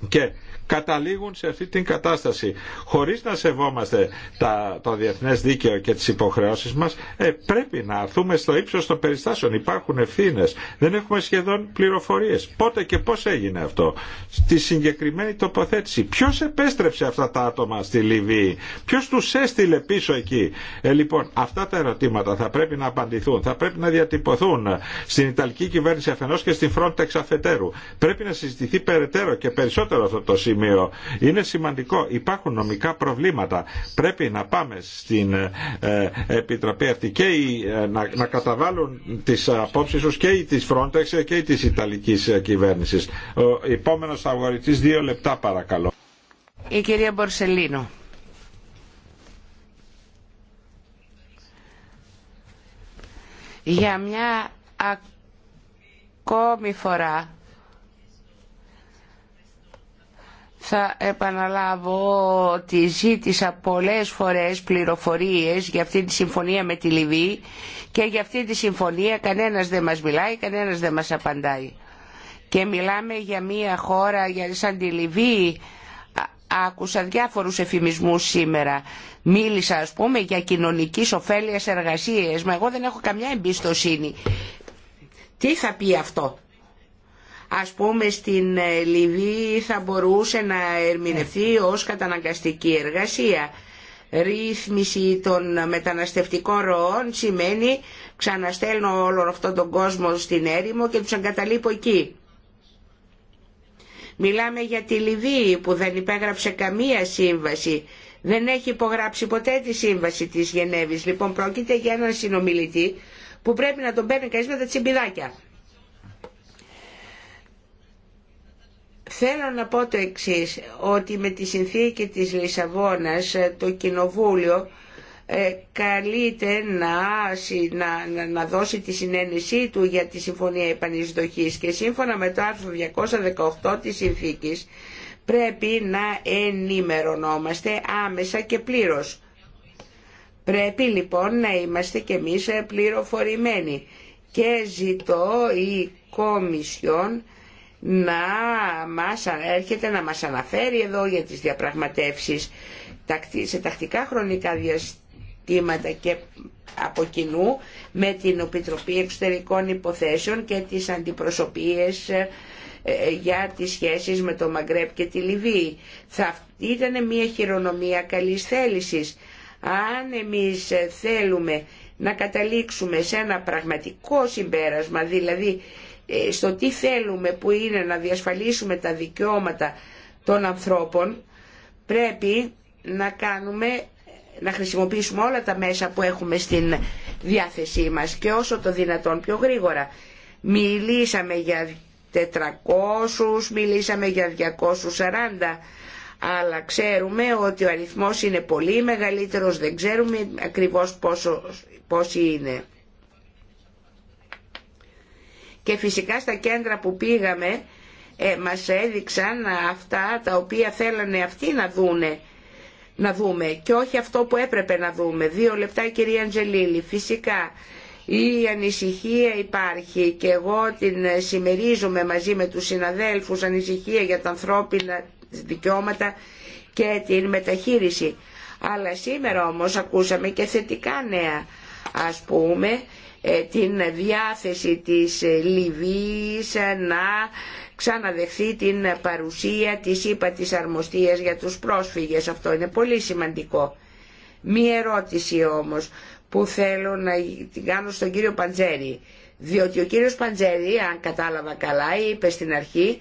και καταλήγουν σε αυτή την κατάσταση. Χωρίς να σεβόμαστε τα, το διεθνές δίκαιο και τις υποχρεώσεις μας, ε, πρέπει να αρθούμε στο ύψος των περιστάσεων. Υπάρχουν ευθύνε. Δεν έχουμε σχεδόν πληροφορίες. Πότε και πώς έγινε αυτό. Στη συγκεκριμένη τοποθέτηση. Ποιος επέστρεψε αυτά τα άτομα στη Λιβύη. Ποιος τους έστειλε πίσω εκεί. Ε, λοιπόν, αυτά τα ερωτήματα θα πρέπει να απαντηθούν. Θα πρέπει να διατυπωθούν στην Ιταλική κυβέρνηση Αφενό και στην Frontex αφετέρου. Πρέπει να συζητηθεί περαιτέρω και περισσότερο αυτό το είναι σημαντικό. Υπάρχουν νομικά προβλήματα. Πρέπει να πάμε στην ε, Επιτροπή αυτή και ε, να καταβάλουν τις απόψεις τους και οι της Frontex και οι της Ιταλικής κυβέρνησης. Ο επόμενος αγορητής, δύο λεπτά παρακαλώ. Η κυρία Μπορσελίνο. Για μια ακόμη φορά Θα επαναλάβω ότι ζήτησα πολλές φορές πληροφορίες για αυτή τη συμφωνία με τη Λιβύη και για αυτή τη συμφωνία κανένας δεν μας μιλάει, κανένας δεν μας απαντάει. Και μιλάμε για μια χώρα για σαν τη Λιβύη, άκουσα διάφορους εφημισμούς σήμερα. Μίλησα ας πούμε για κοινωνική ωφέλεια εργασίες, μα εγώ δεν έχω καμιά εμπιστοσύνη. Τι θα πει αυτό ας πούμε στην ε, Λιβύη θα μπορούσε να ερμηνευτεί ναι. ως καταναγκαστική εργασία. Ρύθμιση των μεταναστευτικών ροών σημαίνει ξαναστέλνω όλο αυτόν τον κόσμο στην έρημο και τους εγκαταλείπω εκεί. Μιλάμε για τη Λιβύη που δεν υπέγραψε καμία σύμβαση. Δεν έχει υπογράψει ποτέ τη σύμβαση της Γενέβης. Λοιπόν πρόκειται για έναν συνομιλητή που πρέπει να τον παίρνει κανείς με τα τσιμπιδάκια. Θέλω να πω το εξής, ότι με τη συνθήκη της Λισαβόνας ε, το Κοινοβούλιο ε, καλείται να, να, να δώσει τη συνένεσή του για τη Συμφωνία Επανεισδοχής και σύμφωνα με το άρθρο 218 της συνθήκης πρέπει να ενημερωνόμαστε άμεσα και πλήρως. Πρέπει λοιπόν να είμαστε και εμείς ε, πληροφορημένοι και ζητώ η Κομισιόν να έρχεται να μας αναφέρει εδώ για τις διαπραγματεύσεις σε τακτικά χρονικά διαστήματα και από κοινού με την Επιτροπή Εξωτερικών Υποθέσεων και τις αντιπροσωπίες ε, για τις σχέσεις με το Μαγκρέπ και τη Λιβύη. Θα ήταν μια χειρονομία καλής θέλησης. Αν εμείς θέλουμε να καταλήξουμε σε ένα πραγματικό συμπέρασμα, δηλαδή ε, στο τι θέλουμε που είναι να διασφαλίσουμε τα δικαιώματα των ανθρώπων πρέπει να κάνουμε να χρησιμοποιήσουμε όλα τα μέσα που έχουμε στην διάθεσή μας και όσο το δυνατόν πιο γρήγορα. Μιλήσαμε για 400, μιλήσαμε για 240, αλλά ξέρουμε ότι ο αριθμός είναι πολύ μεγαλύτερος, δεν ξέρουμε ακριβώς πόσο, πόσοι είναι και φυσικά στα κέντρα που πήγαμε ε, μας έδειξαν αυτά τα οποία θέλανε αυτοί να δούνε να δούμε και όχι αυτό που έπρεπε να δούμε. Δύο λεπτά η κυρία Αντζελίλη. Φυσικά η ανησυχία υπάρχει και εγώ την συμμερίζομαι μαζί με τους συναδέλφους ανησυχία για τα ανθρώπινα δικαιώματα και την μεταχείριση. Αλλά σήμερα όμως ακούσαμε και θετικά νέα. Ας πούμε ε, την διάθεση της Λιβύης να ξαναδεχθεί την παρουσία της ΥΠΑ της αρμοστίας για τους πρόσφυγες. Αυτό είναι πολύ σημαντικό. Μία ερώτηση όμως που θέλω να την κάνω στον κύριο Παντζέρη. Διότι ο κύριος Παντζέρη, αν κατάλαβα καλά, είπε στην αρχή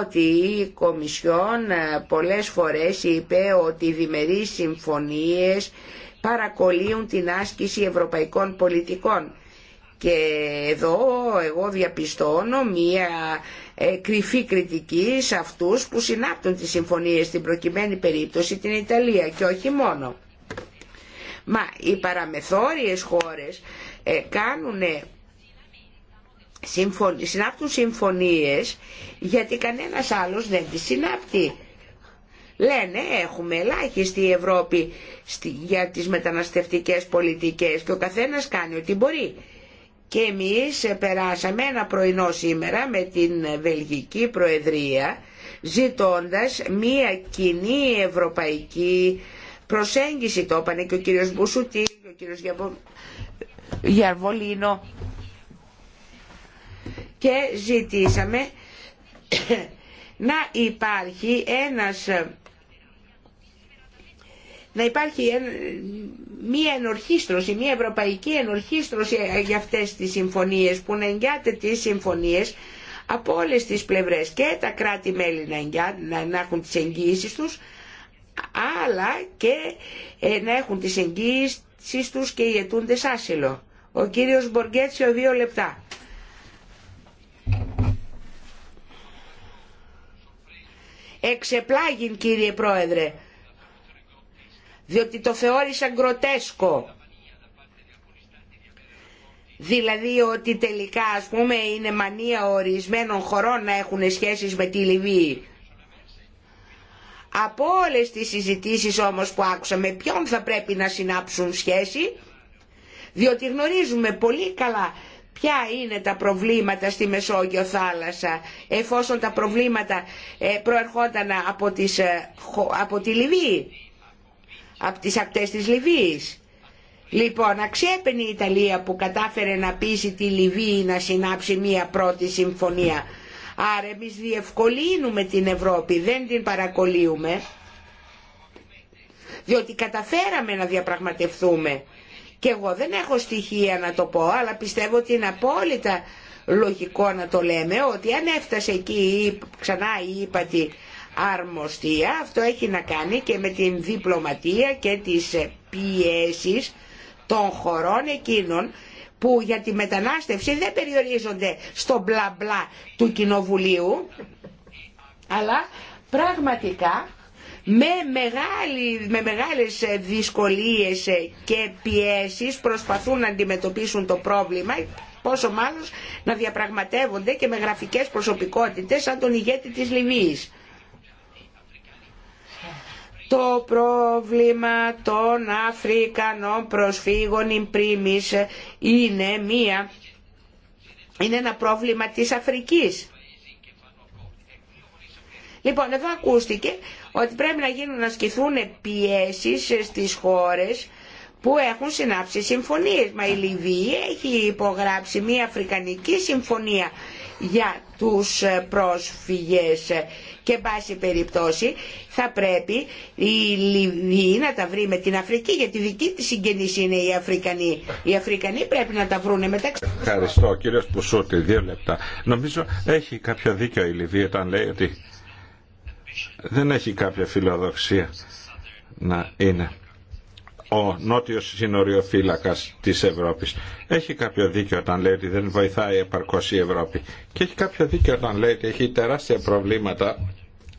ότι η Κομισιόν ε, πολλές φορές είπε ότι οι διμερείς συμφωνίες παρακολύουν την άσκηση ευρωπαϊκών πολιτικών. Και εδώ εγώ διαπιστώνω μία ε, κρυφή κριτική σε αυτούς που συνάπτουν τις συμφωνίες στην προκειμένη περίπτωση την Ιταλία και όχι μόνο. Μα οι παραμεθόριες χώρες ε, κάνουν συνάπτουν συμφωνίες γιατί κανένας άλλος δεν τις συνάπτει. Λένε έχουμε ελάχιστη Ευρώπη για τις μεταναστευτικές πολιτικές και ο καθένας κάνει ό,τι μπορεί. Και εμείς περάσαμε ένα πρωινό σήμερα με την Βελγική Προεδρία ζητώντας μία κοινή ευρωπαϊκή προσέγγιση. Το έπανε και ο κύριος Μπουσουτή και ο κύριος Γιαρβολίνο. Και ζητήσαμε να υπάρχει ένας να υπάρχει μία ενορχίστρωση, μία ευρωπαϊκή ενορχήστρωση ε, για αυτές τις συμφωνίες που να εγγυάται τις συμφωνίες από όλες τις πλευρές και τα κράτη-μέλη να, έχουν τις εγγύησεις τους αλλά και ε, να έχουν τις εγγύησεις τους και οι αιτούντες άσυλο. Ο κύριος Μποργκέτσιο δύο λεπτά. Εξεπλάγιν κύριε Πρόεδρε διότι το θεώρησα γκροτέσκο. Δηλαδή ότι τελικά ας πούμε είναι μανία ορισμένων χωρών να έχουν σχέσεις με τη Λιβύη. Από όλες τις συζητήσεις όμως που άκουσα με ποιον θα πρέπει να συνάψουν σχέση, διότι γνωρίζουμε πολύ καλά ποια είναι τα προβλήματα στη Μεσόγειο θάλασσα, εφόσον τα προβλήματα ε, προερχόταν από, τις, ε, από τη Λιβύη από τις ακτές της Λιβύης. Λοιπόν, αξιέπαινε η Ιταλία που κατάφερε να πείσει τη Λιβύη να συνάψει μία πρώτη συμφωνία. Άρα εμείς διευκολύνουμε την Ευρώπη, δεν την παρακολύουμε, διότι καταφέραμε να διαπραγματευτούμε. Και εγώ δεν έχω στοιχεία να το πω, αλλά πιστεύω ότι είναι απόλυτα λογικό να το λέμε, ότι αν έφτασε εκεί ξανά η ύπατη αρμοστία. Αυτό έχει να κάνει και με την διπλωματία και τις ε, πιέσεις των χωρών εκείνων που για τη μετανάστευση δεν περιορίζονται στο μπλα μπλα του κοινοβουλίου αλλά πραγματικά με, μεγάλη, με μεγάλες ε, δυσκολίες ε, και πιέσεις προσπαθούν να αντιμετωπίσουν το πρόβλημα πόσο μάλλον να διαπραγματεύονται και με γραφικές προσωπικότητες σαν τον ηγέτη της Λιβύης το πρόβλημα των Αφρικανών προσφύγων imprimής είναι, μία, είναι ένα πρόβλημα της Αφρικής. Λοιπόν, εδώ ακούστηκε ότι πρέπει να γίνουν να ασκηθούν πιέσεις στις χώρες που έχουν συνάψει συμφωνίες. Μα η Λιβύη έχει υπογράψει μια Αφρικανική συμφωνία για τους πρόσφυγες και πάση περιπτώσει θα πρέπει η Λιβύη να τα βρει με την Αφρική γιατί δική της συγγενής είναι οι Αφρικανοί. Οι Αφρικανοί πρέπει να τα βρούνε μεταξύ. Ευχαριστώ κύριε Σπουσούτη. δύο λεπτά. Νομίζω έχει κάποιο δίκιο η Λιβύη όταν λέει ότι δεν έχει κάποια φιλοδοξία να είναι ο νότιος συνοριοφύλακας της Ευρώπης. Έχει κάποιο δίκιο όταν λέει ότι δεν βοηθάει επαρκώς η Ευρώπη. Και έχει κάποιο δίκιο όταν λέει ότι έχει τεράστια προβλήματα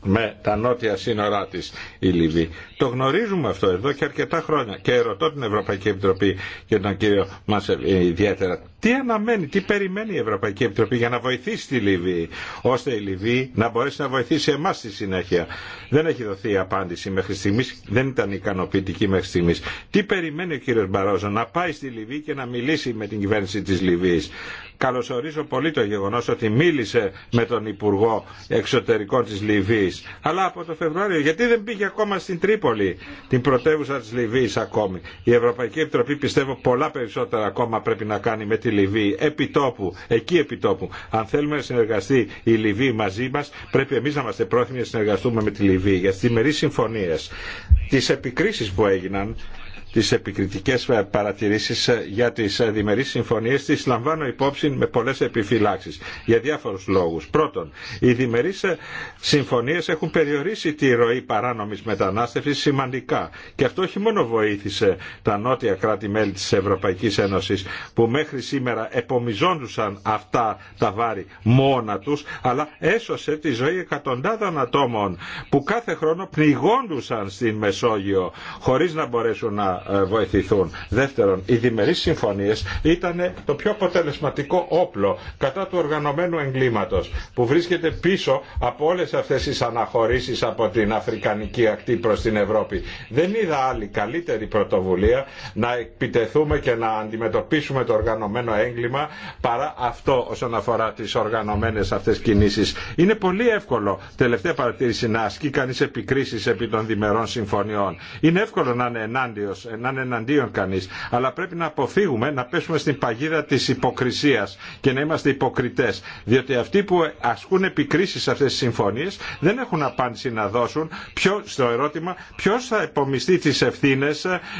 με τα νότια σύνορά τη η Λιβύη. Το γνωρίζουμε αυτό εδώ και αρκετά χρόνια και ρωτώ την Ευρωπαϊκή Επιτροπή και τον κύριο Μάσελ ε, ιδιαίτερα τι αναμένει, τι περιμένει η Ευρωπαϊκή Επιτροπή για να βοηθήσει τη Λιβύη ώστε η Λιβύη να μπορέσει να βοηθήσει εμά στη συνέχεια. Δεν έχει δοθεί η απάντηση μέχρι στιγμή, δεν ήταν ικανοποιητική μέχρι στιγμή. Τι περιμένει ο κύριο Μπαρόζο να πάει στη Λιβύη και να μιλήσει με την κυβέρνηση τη Λιβύη. Καλωσορίζω πολύ το γεγονός ότι μίλησε με τον Υπουργό Εξωτερικών της Λιβύης. Αλλά από το Φεβρουάριο γιατί δεν πήγε ακόμα στην Τρίπολη, την πρωτεύουσα της Λιβύης ακόμη. Η Ευρωπαϊκή Επιτροπή πιστεύω πολλά περισσότερα ακόμα πρέπει να κάνει με τη Λιβύη. Επιτόπου, εκεί επιτόπου. Αν θέλουμε να συνεργαστεί η Λιβύη μαζί μας, πρέπει εμείς να είμαστε πρόθυμοι να συνεργαστούμε με τη Λιβύη για τις συμφωνίες. Τις επικρίσεις που έγιναν τις επικριτικές παρατηρήσεις για τις διμερείς συμφωνίες τις λαμβάνω υπόψη με πολλές επιφυλάξεις για διάφορους λόγους. Πρώτον, οι διμερείς συμφωνίες έχουν περιορίσει τη ροή παράνομης μετανάστευσης σημαντικά και αυτό όχι μόνο βοήθησε τα νότια κράτη-μέλη της Ευρωπαϊκής Ένωσης που μέχρι σήμερα επομιζόντουσαν αυτά τα βάρη μόνα τους αλλά έσωσε τη ζωή εκατοντάδων ατόμων που κάθε χρόνο πνιγόντουσαν στην Μεσόγειο χωρίς να μπορέσουν να ε, βοηθηθούν. Δεύτερον, οι διμερείς συμφωνίες ήταν το πιο αποτελεσματικό όπλο κατά του οργανωμένου εγκλήματος που βρίσκεται πίσω από όλες αυτές τις αναχωρήσεις από την Αφρικανική ακτή προς την Ευρώπη. Δεν είδα άλλη καλύτερη πρωτοβουλία να επιτεθούμε και να αντιμετωπίσουμε το οργανωμένο έγκλημα παρά αυτό όσον αφορά τις οργανωμένες αυτές κινήσεις. Είναι πολύ εύκολο, τελευταία παρατήρηση, να ασκεί κανείς επικρίσεις επί των διμερών συμφωνιών. Είναι εύκολο να είναι να είναι εναντίον κανεί. Αλλά πρέπει να αποφύγουμε να πέσουμε στην παγίδα τη υποκρισία και να είμαστε υποκριτέ. Διότι αυτοί που ασκούν επικρίσεις σε αυτέ τι συμφωνίε δεν έχουν απάντηση να δώσουν ποιο, στο ερώτημα ποιο θα επομιστεί τι ευθύνε ε,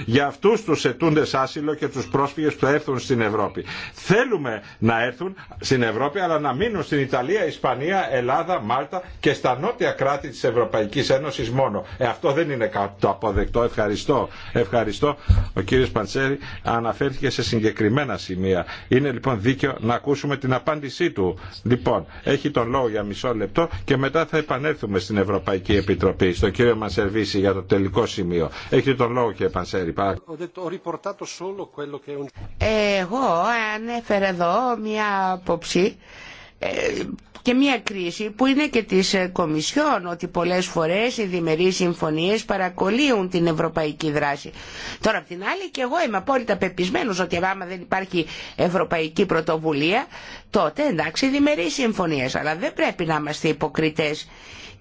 για αυτού του ετούντε άσυλο και του πρόσφυγες που θα έρθουν στην Ευρώπη. Θέλουμε να έρθουν στην Ευρώπη αλλά να μείνουν στην Ιταλία, Ισπανία, Ελλάδα, Μάλτα και στα νότια κράτη τη Ευρωπαϊκή Ένωση μόνο. Ε, αυτό δεν είναι το αποδεκτό. Ευχαριστώ. Ευχαριστώ. Ευχαριστώ. Ο κύριος Παντσέρη αναφέρθηκε σε συγκεκριμένα σημεία. Είναι λοιπόν δίκαιο να ακούσουμε την απάντησή του. Λοιπόν, έχει τον λόγο για μισό λεπτό και μετά θα επανέλθουμε στην Ευρωπαϊκή Επιτροπή, στον κύριο Μανσερβίση για το τελικό σημείο. Έχετε τον λόγο κύριε Παντσέρη. Εγώ ανέφερα εδώ μια άποψη ε, και μια κρίση που είναι και της ε, Κομισιόν ότι πολλές φορές οι διμερείς συμφωνίες παρακολύουν την ευρωπαϊκή δράση. Τώρα απ' την άλλη και εγώ είμαι απόλυτα πεπισμένος ότι άμα δεν υπάρχει ευρωπαϊκή πρωτοβουλία τότε εντάξει διμερείς συμφωνίες αλλά δεν πρέπει να είμαστε υποκριτές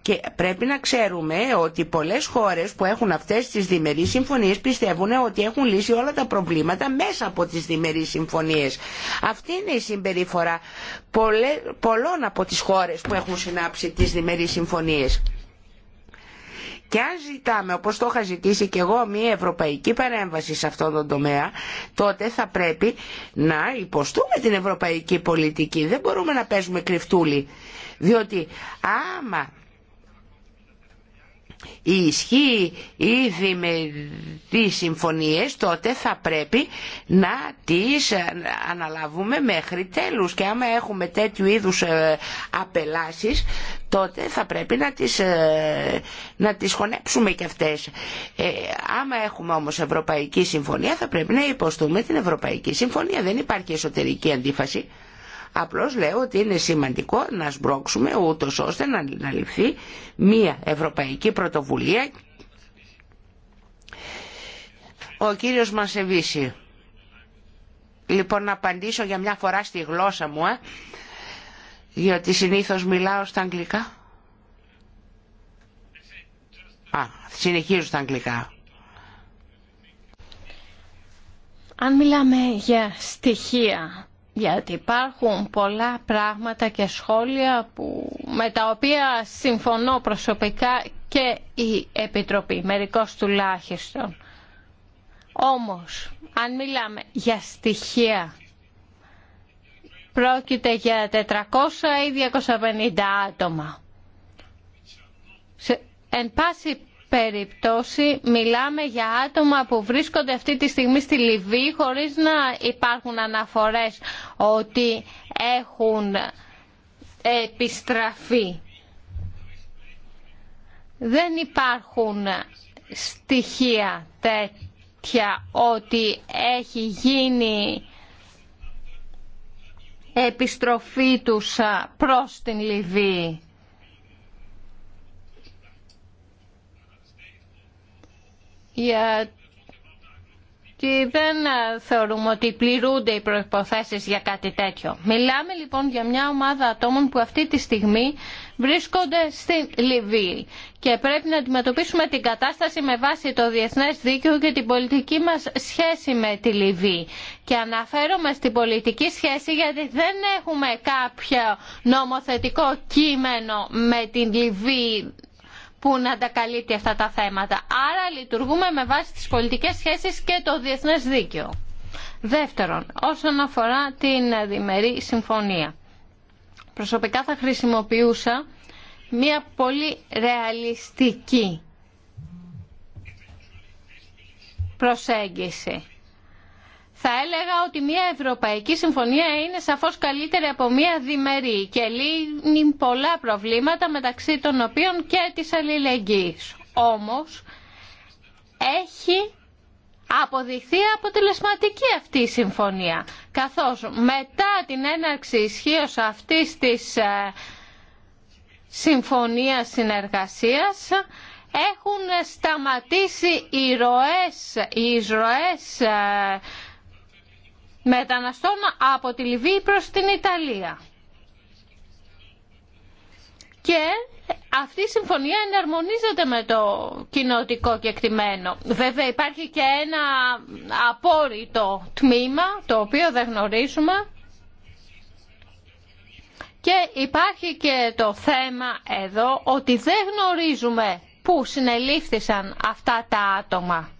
και πρέπει να ξέρουμε ότι πολλές χώρες που έχουν αυτές τις διμερείς συμφωνίες πιστεύουν ότι έχουν λύσει όλα τα προβλήματα μέσα από τις διμερείς συμφωνίες. Αυτή είναι η συμπεριφορά πολλών από τις χώρες που έχουν συνάψει τις διμερείς συμφωνίες. Και αν ζητάμε, όπως το είχα ζητήσει και εγώ, μια ευρωπαϊκή παρέμβαση σε αυτόν τον τομέα, τότε θα πρέπει να υποστούμε την ευρωπαϊκή πολιτική. Δεν μπορούμε να παίζουμε κρυφτούλη. Διότι άμα η ισχύει ήδη με τις συμφωνίες τότε θα πρέπει να τις ε, αναλάβουμε μέχρι τέλους και άμα έχουμε τέτοιου είδους ε, απελάσεις τότε θα πρέπει να τις, ε, να τις χωνέψουμε και αυτές. Ε, άμα έχουμε όμως Ευρωπαϊκή Συμφωνία θα πρέπει να υποστούμε την Ευρωπαϊκή Συμφωνία. Δεν υπάρχει εσωτερική αντίφαση. Απλώς λέω ότι είναι σημαντικό να σμπρώξουμε ούτω ώστε να, να ληφθεί μία ευρωπαϊκή πρωτοβουλία. Ο κύριος Μασεβίση. Λοιπόν, να απαντήσω για μια φορά στη γλώσσα μου, ε, γιατί συνήθω συνήθως μιλάω στα αγγλικά. Α, συνεχίζω στα αγγλικά. Αν μιλάμε για στοιχεία γιατί υπάρχουν πολλά πράγματα και σχόλια που, με τα οποία συμφωνώ προσωπικά και η Επιτροπή, μερικώς τουλάχιστον. Όμως, αν μιλάμε για στοιχεία, πρόκειται για 400 ή 250 άτομα περιπτώσει μιλάμε για άτομα που βρίσκονται αυτή τη στιγμή στη Λιβύη χωρίς να υπάρχουν αναφορές ότι έχουν επιστραφεί. Δεν υπάρχουν στοιχεία τέτοια ότι έχει γίνει επιστροφή τους προς την Λιβύη. γιατί δεν θεωρούμε ότι πληρούνται οι προϋποθέσεις για κάτι τέτοιο. Μιλάμε λοιπόν για μια ομάδα ατόμων που αυτή τη στιγμή βρίσκονται στη Λιβύη και πρέπει να αντιμετωπίσουμε την κατάσταση με βάση το διεθνές δίκαιο και την πολιτική μας σχέση με τη Λιβύη. Και αναφέρομαι στην πολιτική σχέση γιατί δεν έχουμε κάποιο νομοθετικό κείμενο με την Λιβύη που να αντακαλύπτει αυτά τα θέματα. Άρα λειτουργούμε με βάση τις πολιτικές σχέσεις και το διεθνές δίκαιο. Δεύτερον, όσον αφορά την διμερή συμφωνία. Προσωπικά θα χρησιμοποιούσα μία πολύ ρεαλιστική προσέγγιση θα έλεγα ότι μια ευρωπαϊκή συμφωνία είναι σαφώς καλύτερη από μια διμερή και λύνει πολλά προβλήματα μεταξύ των οποίων και της αλληλεγγύης. Όμως έχει αποδειχθεί αποτελεσματική αυτή η συμφωνία καθώς μετά την έναρξη ισχύω αυτής της ε, συμφωνίας συνεργασίας έχουν σταματήσει οι ροές, ε, μεταναστών από τη Λιβύη προς την Ιταλία. Και αυτή η συμφωνία εναρμονίζεται με το κοινοτικό κεκτημένο. Βέβαια υπάρχει και ένα απόρριτο τμήμα, το οποίο δεν γνωρίζουμε. Και υπάρχει και το θέμα εδώ ότι δεν γνωρίζουμε πού συνελήφθησαν αυτά τα άτομα.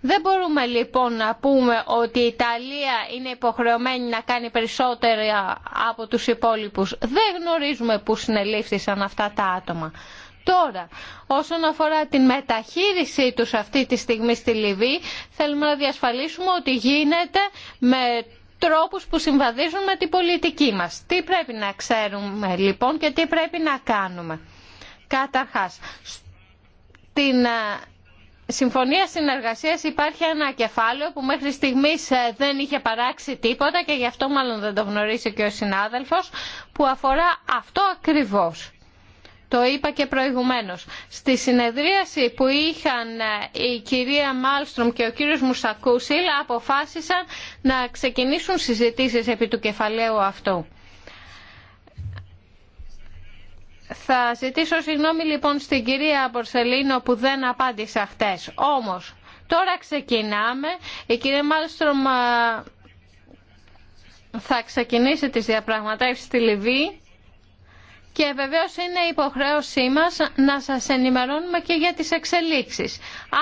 Δεν μπορούμε λοιπόν να πούμε ότι η Ιταλία είναι υποχρεωμένη να κάνει περισσότερα από τους υπόλοιπους. Δεν γνωρίζουμε που συνελήφθησαν αυτά τα άτομα. Τώρα, όσον αφορά την μεταχείρισή τους αυτή τη στιγμή στη Λιβύη, θέλουμε να διασφαλίσουμε ότι γίνεται με τρόπους που συμβαδίζουν με την πολιτική μας. Τι πρέπει να ξέρουμε λοιπόν και τι πρέπει να κάνουμε. Καταρχάς, ε, συμφωνία συνεργασίας υπάρχει ένα κεφάλαιο που μέχρι στιγμής ε, δεν είχε παράξει τίποτα και γι' αυτό μάλλον δεν το γνωρίζει και ο συνάδελφος που αφορά αυτό ακριβώς. Το είπα και προηγουμένως. Στη συνεδρίαση που είχαν ε, η κυρία Μάλστρομ και ο κύριος Μουσακούσιλ αποφάσισαν να ξεκινήσουν συζητήσεις επί του κεφαλαίου αυτού. Θα ζητήσω συγγνώμη λοιπόν στην κυρία Πορσελίνο που δεν απάντησα χτες. Όμως, τώρα ξεκινάμε. Η κυρία Μάλστρομ θα ξεκινήσει τις διαπραγματεύσεις στη Λιβύη και βεβαίως είναι υποχρέωσή μας να σας ενημερώνουμε και για τις εξελίξεις.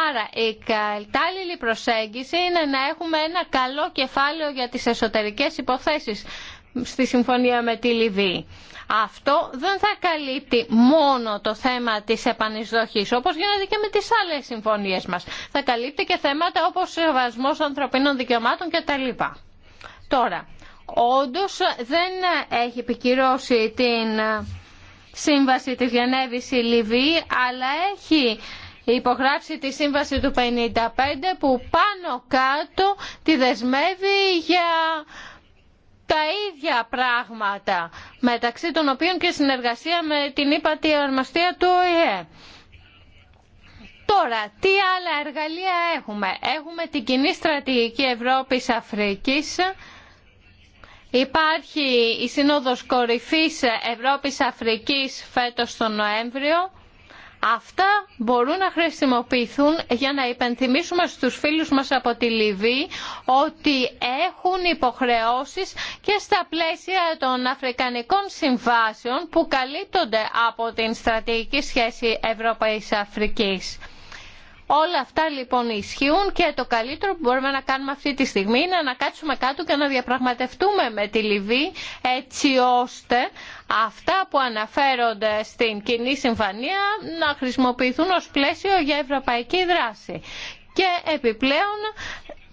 Άρα η κατάλληλη προσέγγιση είναι να έχουμε ένα καλό κεφάλαιο για τις εσωτερικές υποθέσεις στη συμφωνία με τη Λιβύη. Αυτό δεν θα καλύπτει μόνο το θέμα της επανεισδοχής, όπως γίνεται και με τις άλλες συμφωνίες μας. Θα καλύπτει και θέματα όπως σεβασμός ανθρωπίνων δικαιωμάτων κτλ. Τώρα, όντως δεν έχει επικυρώσει την σύμβαση της Γενέβης η Λιβύη, αλλά έχει υπογράψει τη σύμβαση του 1955, που πάνω κάτω τη δεσμεύει για τα ίδια πράγματα, μεταξύ των οποίων και συνεργασία με την ύπατη αρμαστία του ΟΗΕ. Τώρα, τι άλλα εργαλεία έχουμε. Έχουμε την κοινή στρατηγική Ευρώπης-Αφρικής. Υπάρχει η Σύνοδος Κορυφής Ευρώπης-Αφρικής φέτος τον Νοέμβριο. Αυτά μπορούν να χρησιμοποιηθούν για να υπενθυμίσουμε στους φίλους μας από τη Λιβύη ότι έχουν υποχρεώσεις και στα πλαίσια των Αφρικανικών Συμβάσεων που καλύπτονται από την στρατηγική σχέση Ευρωπαϊκής Αφρικής. Όλα αυτά λοιπόν ισχύουν και το καλύτερο που μπορούμε να κάνουμε αυτή τη στιγμή είναι να κάτσουμε κάτω και να διαπραγματευτούμε με τη Λιβύη έτσι ώστε αυτά που αναφέρονται στην κοινή συμφωνία να χρησιμοποιηθούν ως πλαίσιο για ευρωπαϊκή δράση. Και επιπλέον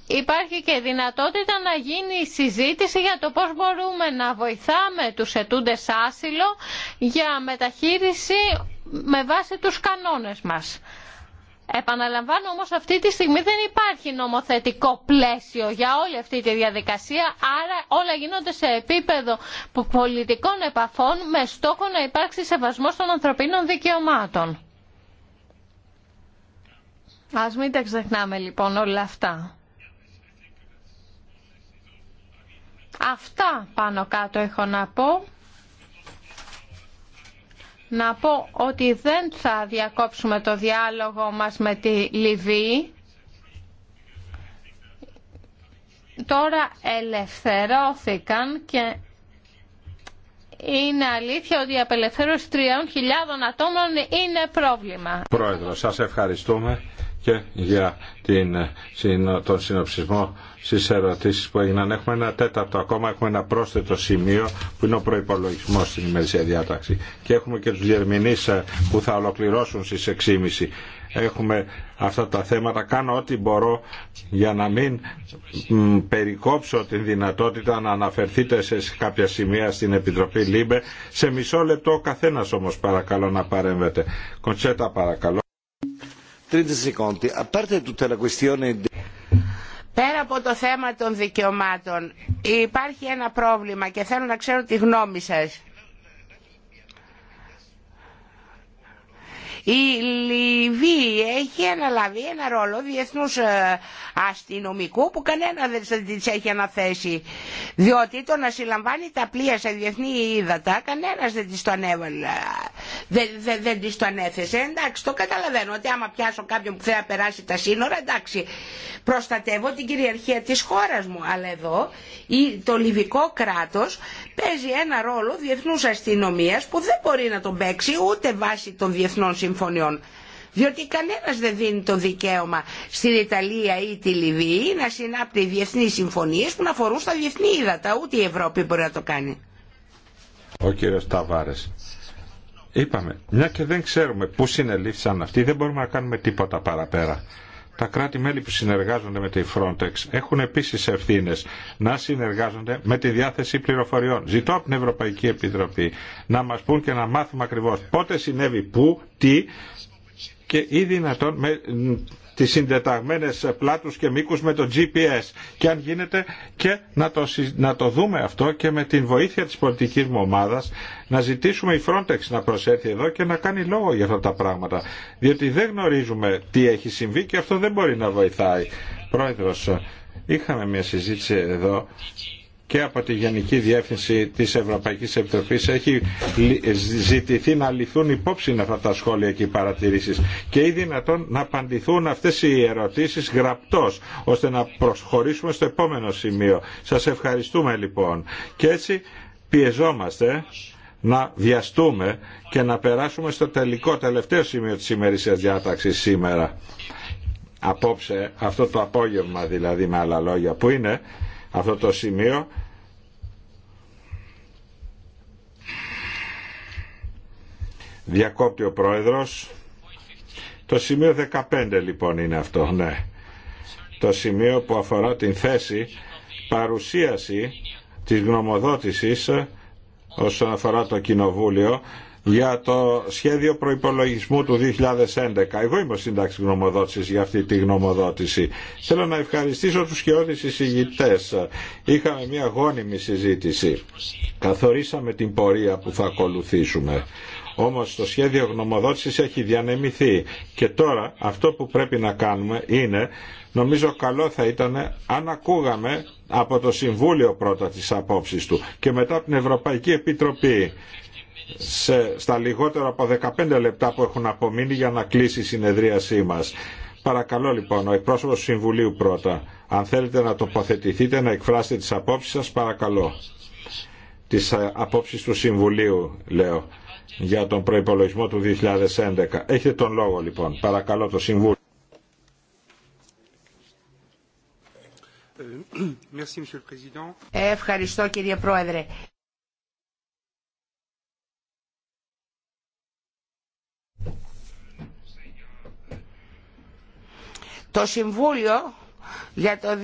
υπάρχει και δυνατότητα να γίνει συζήτηση για το πώς μπορούμε να βοηθάμε τους ετούντες άσυλο για μεταχείριση με βάση τους κανόνες μας. Επαναλαμβάνω όμως αυτή τη στιγμή δεν υπάρχει νομοθετικό πλαίσιο για όλη αυτή τη διαδικασία, άρα όλα γίνονται σε επίπεδο πολιτικών επαφών με στόχο να υπάρξει σεβασμός των ανθρωπίνων δικαιωμάτων. Ας μην τα ξεχνάμε λοιπόν όλα αυτά. Αυτά πάνω κάτω έχω να πω να πω ότι δεν θα διακόψουμε το διάλογο μας με τη Λιβύη. Τώρα ελευθερώθηκαν και είναι αλήθεια ότι η απελευθέρωση 3.000 ατόμων είναι πρόβλημα. Πρόεδρο, σας ευχαριστούμε και για την, τον συνοψισμό στι ερωτήσει που έγιναν. Έχουμε ένα τέταρτο ακόμα, έχουμε ένα πρόσθετο σημείο που είναι ο προπολογισμό στην ημερησία διάταξη. Και έχουμε και του διερμηνεί ε, που θα ολοκληρώσουν στι 6.30. Έχουμε αυτά τα θέματα. Κάνω ό,τι μπορώ για να μην περικόψω τη δυνατότητα να αναφερθείτε σε κάποια σημεία στην Επιτροπή ΛΥΜΠΕ. Σε μισό λεπτό ο καθένας όμως παρακαλώ να παρέμβετε. Κοντσέτα παρακαλώ. Πέρα από το θέμα των δικαιωμάτων, υπάρχει ένα πρόβλημα και θέλω να ξέρω τη γνώμη σας Η Λιβύη έχει αναλάβει ένα ρόλο διεθνούς ε, αστυνομικού που κανένα δεν τη έχει αναθέσει. Διότι το να συλλαμβάνει τα πλοία σε διεθνή ύδατα κανένα δεν τη το Δεν, δεν, το ανέθεσε. Εντάξει, το καταλαβαίνω ότι άμα πιάσω κάποιον που θέλει να περάσει τα σύνορα, εντάξει, προστατεύω την κυριαρχία τη χώρα μου. Αλλά εδώ το λιβικό κράτο παίζει ένα ρόλο διεθνούς αστυνομίας που δεν μπορεί να τον παίξει ούτε βάσει των διεθνών συμφωνιών. Διότι κανένας δεν δίνει το δικαίωμα στην Ιταλία ή τη Λιβύη να συνάπτει διεθνείς συμφωνίες που να αφορούν στα διεθνή ύδατα. Ούτε η Ευρώπη μπορεί να το κάνει. Ο κύριος Ταβάρες. Είπαμε, μια και δεν ξέρουμε πού συνελήφθησαν αυτοί, δεν μπορούμε να κάνουμε τίποτα παραπέρα. Τα κράτη-μέλη που συνεργάζονται με τη Frontex έχουν επίσης ευθύνε να συνεργάζονται με τη διάθεση πληροφοριών. Ζητώ από την Ευρωπαϊκή Επιτροπή να μας πούν και να μάθουμε ακριβώ. πότε συνέβη, πού, τι και ή δυνατόν με τις συντεταγμένες πλάτους και μήκους με το GPS και αν γίνεται και να το, να το δούμε αυτό και με την βοήθεια της πολιτικής μου ομάδας να ζητήσουμε η Frontex να προσέρθει εδώ και να κάνει λόγο για αυτά τα πράγματα διότι δεν γνωρίζουμε τι έχει συμβεί και αυτό δεν μπορεί να βοηθάει. Πρόεδρος, είχαμε μια συζήτηση εδώ και από τη Γενική Διεύθυνση της Ευρωπαϊκής Επιτροπής έχει ζητηθεί να ληφθούν υπόψη αυτά τα σχόλια και οι παρατηρήσεις και ή δυνατόν να απαντηθούν αυτές οι ερωτήσεις γραπτός ώστε να προσχωρήσουμε στο επόμενο σημείο. Σας ευχαριστούμε λοιπόν και έτσι πιεζόμαστε να βιαστούμε και να περάσουμε στο τελικό τελευταίο σημείο της ημερήσιας διάταξης σήμερα. Απόψε, αυτό το απόγευμα δηλαδή με άλλα λόγια, που είναι αυτό το σημείο Διακόπτει ο Πρόεδρος. Το σημείο 15 λοιπόν είναι αυτό, ναι. Το σημείο που αφορά την θέση παρουσίαση της γνωμοδότησης ε, όσον αφορά το Κοινοβούλιο για το σχέδιο προϋπολογισμού του 2011. Εγώ είμαι ο σύνταξη γνωμοδότησης για αυτή τη γνωμοδότηση. Θέλω να ευχαριστήσω τους τους εισηγητές. Είχαμε μια γόνιμη συζήτηση. Καθορίσαμε την πορεία που θα ακολουθήσουμε. Όμως το σχέδιο γνωμοδότησης έχει διανεμηθεί και τώρα αυτό που πρέπει να κάνουμε είναι νομίζω καλό θα ήταν αν ακούγαμε από το Συμβούλιο πρώτα τις απόψεις του και μετά από την Ευρωπαϊκή Επιτροπή σε, στα λιγότερα από 15 λεπτά που έχουν απομείνει για να κλείσει η συνεδρίασή μας. Παρακαλώ λοιπόν, ο εκπρόσωπος του Συμβουλίου πρώτα, αν θέλετε να τοποθετηθείτε, να εκφράσετε τις απόψεις σας, παρακαλώ. Τις ε, απόψεις του Συμβουλίου, λέω για τον προϋπολογισμό του 2011. Έχετε τον λόγο λοιπόν. Παρακαλώ το Συμβούλιο. Ευχαριστώ κύριε Πρόεδρε. Το Συμβούλιο για, το 2000,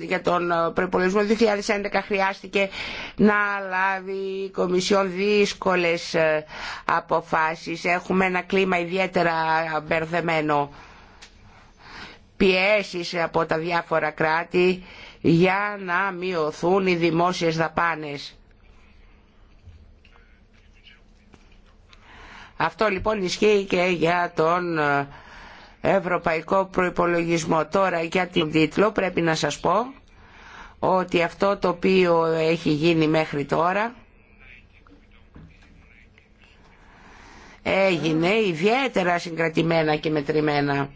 για τον ε, προπολογισμό 2011 χρειάστηκε να λάβει η Κομισιόν δύσκολες ε, αποφάσεις. Έχουμε ένα κλίμα ιδιαίτερα μπερδεμένο πιέσεις από τα διάφορα κράτη για να μειωθούν οι δημόσιες δαπάνες. Αυτό λοιπόν ισχύει και για τον ε, ευρωπαϊκό προϋπολογισμό. Τώρα για τον τίτλο πρέπει να σας πω ότι αυτό το οποίο έχει γίνει μέχρι τώρα έγινε ιδιαίτερα συγκρατημένα και μετρημένα.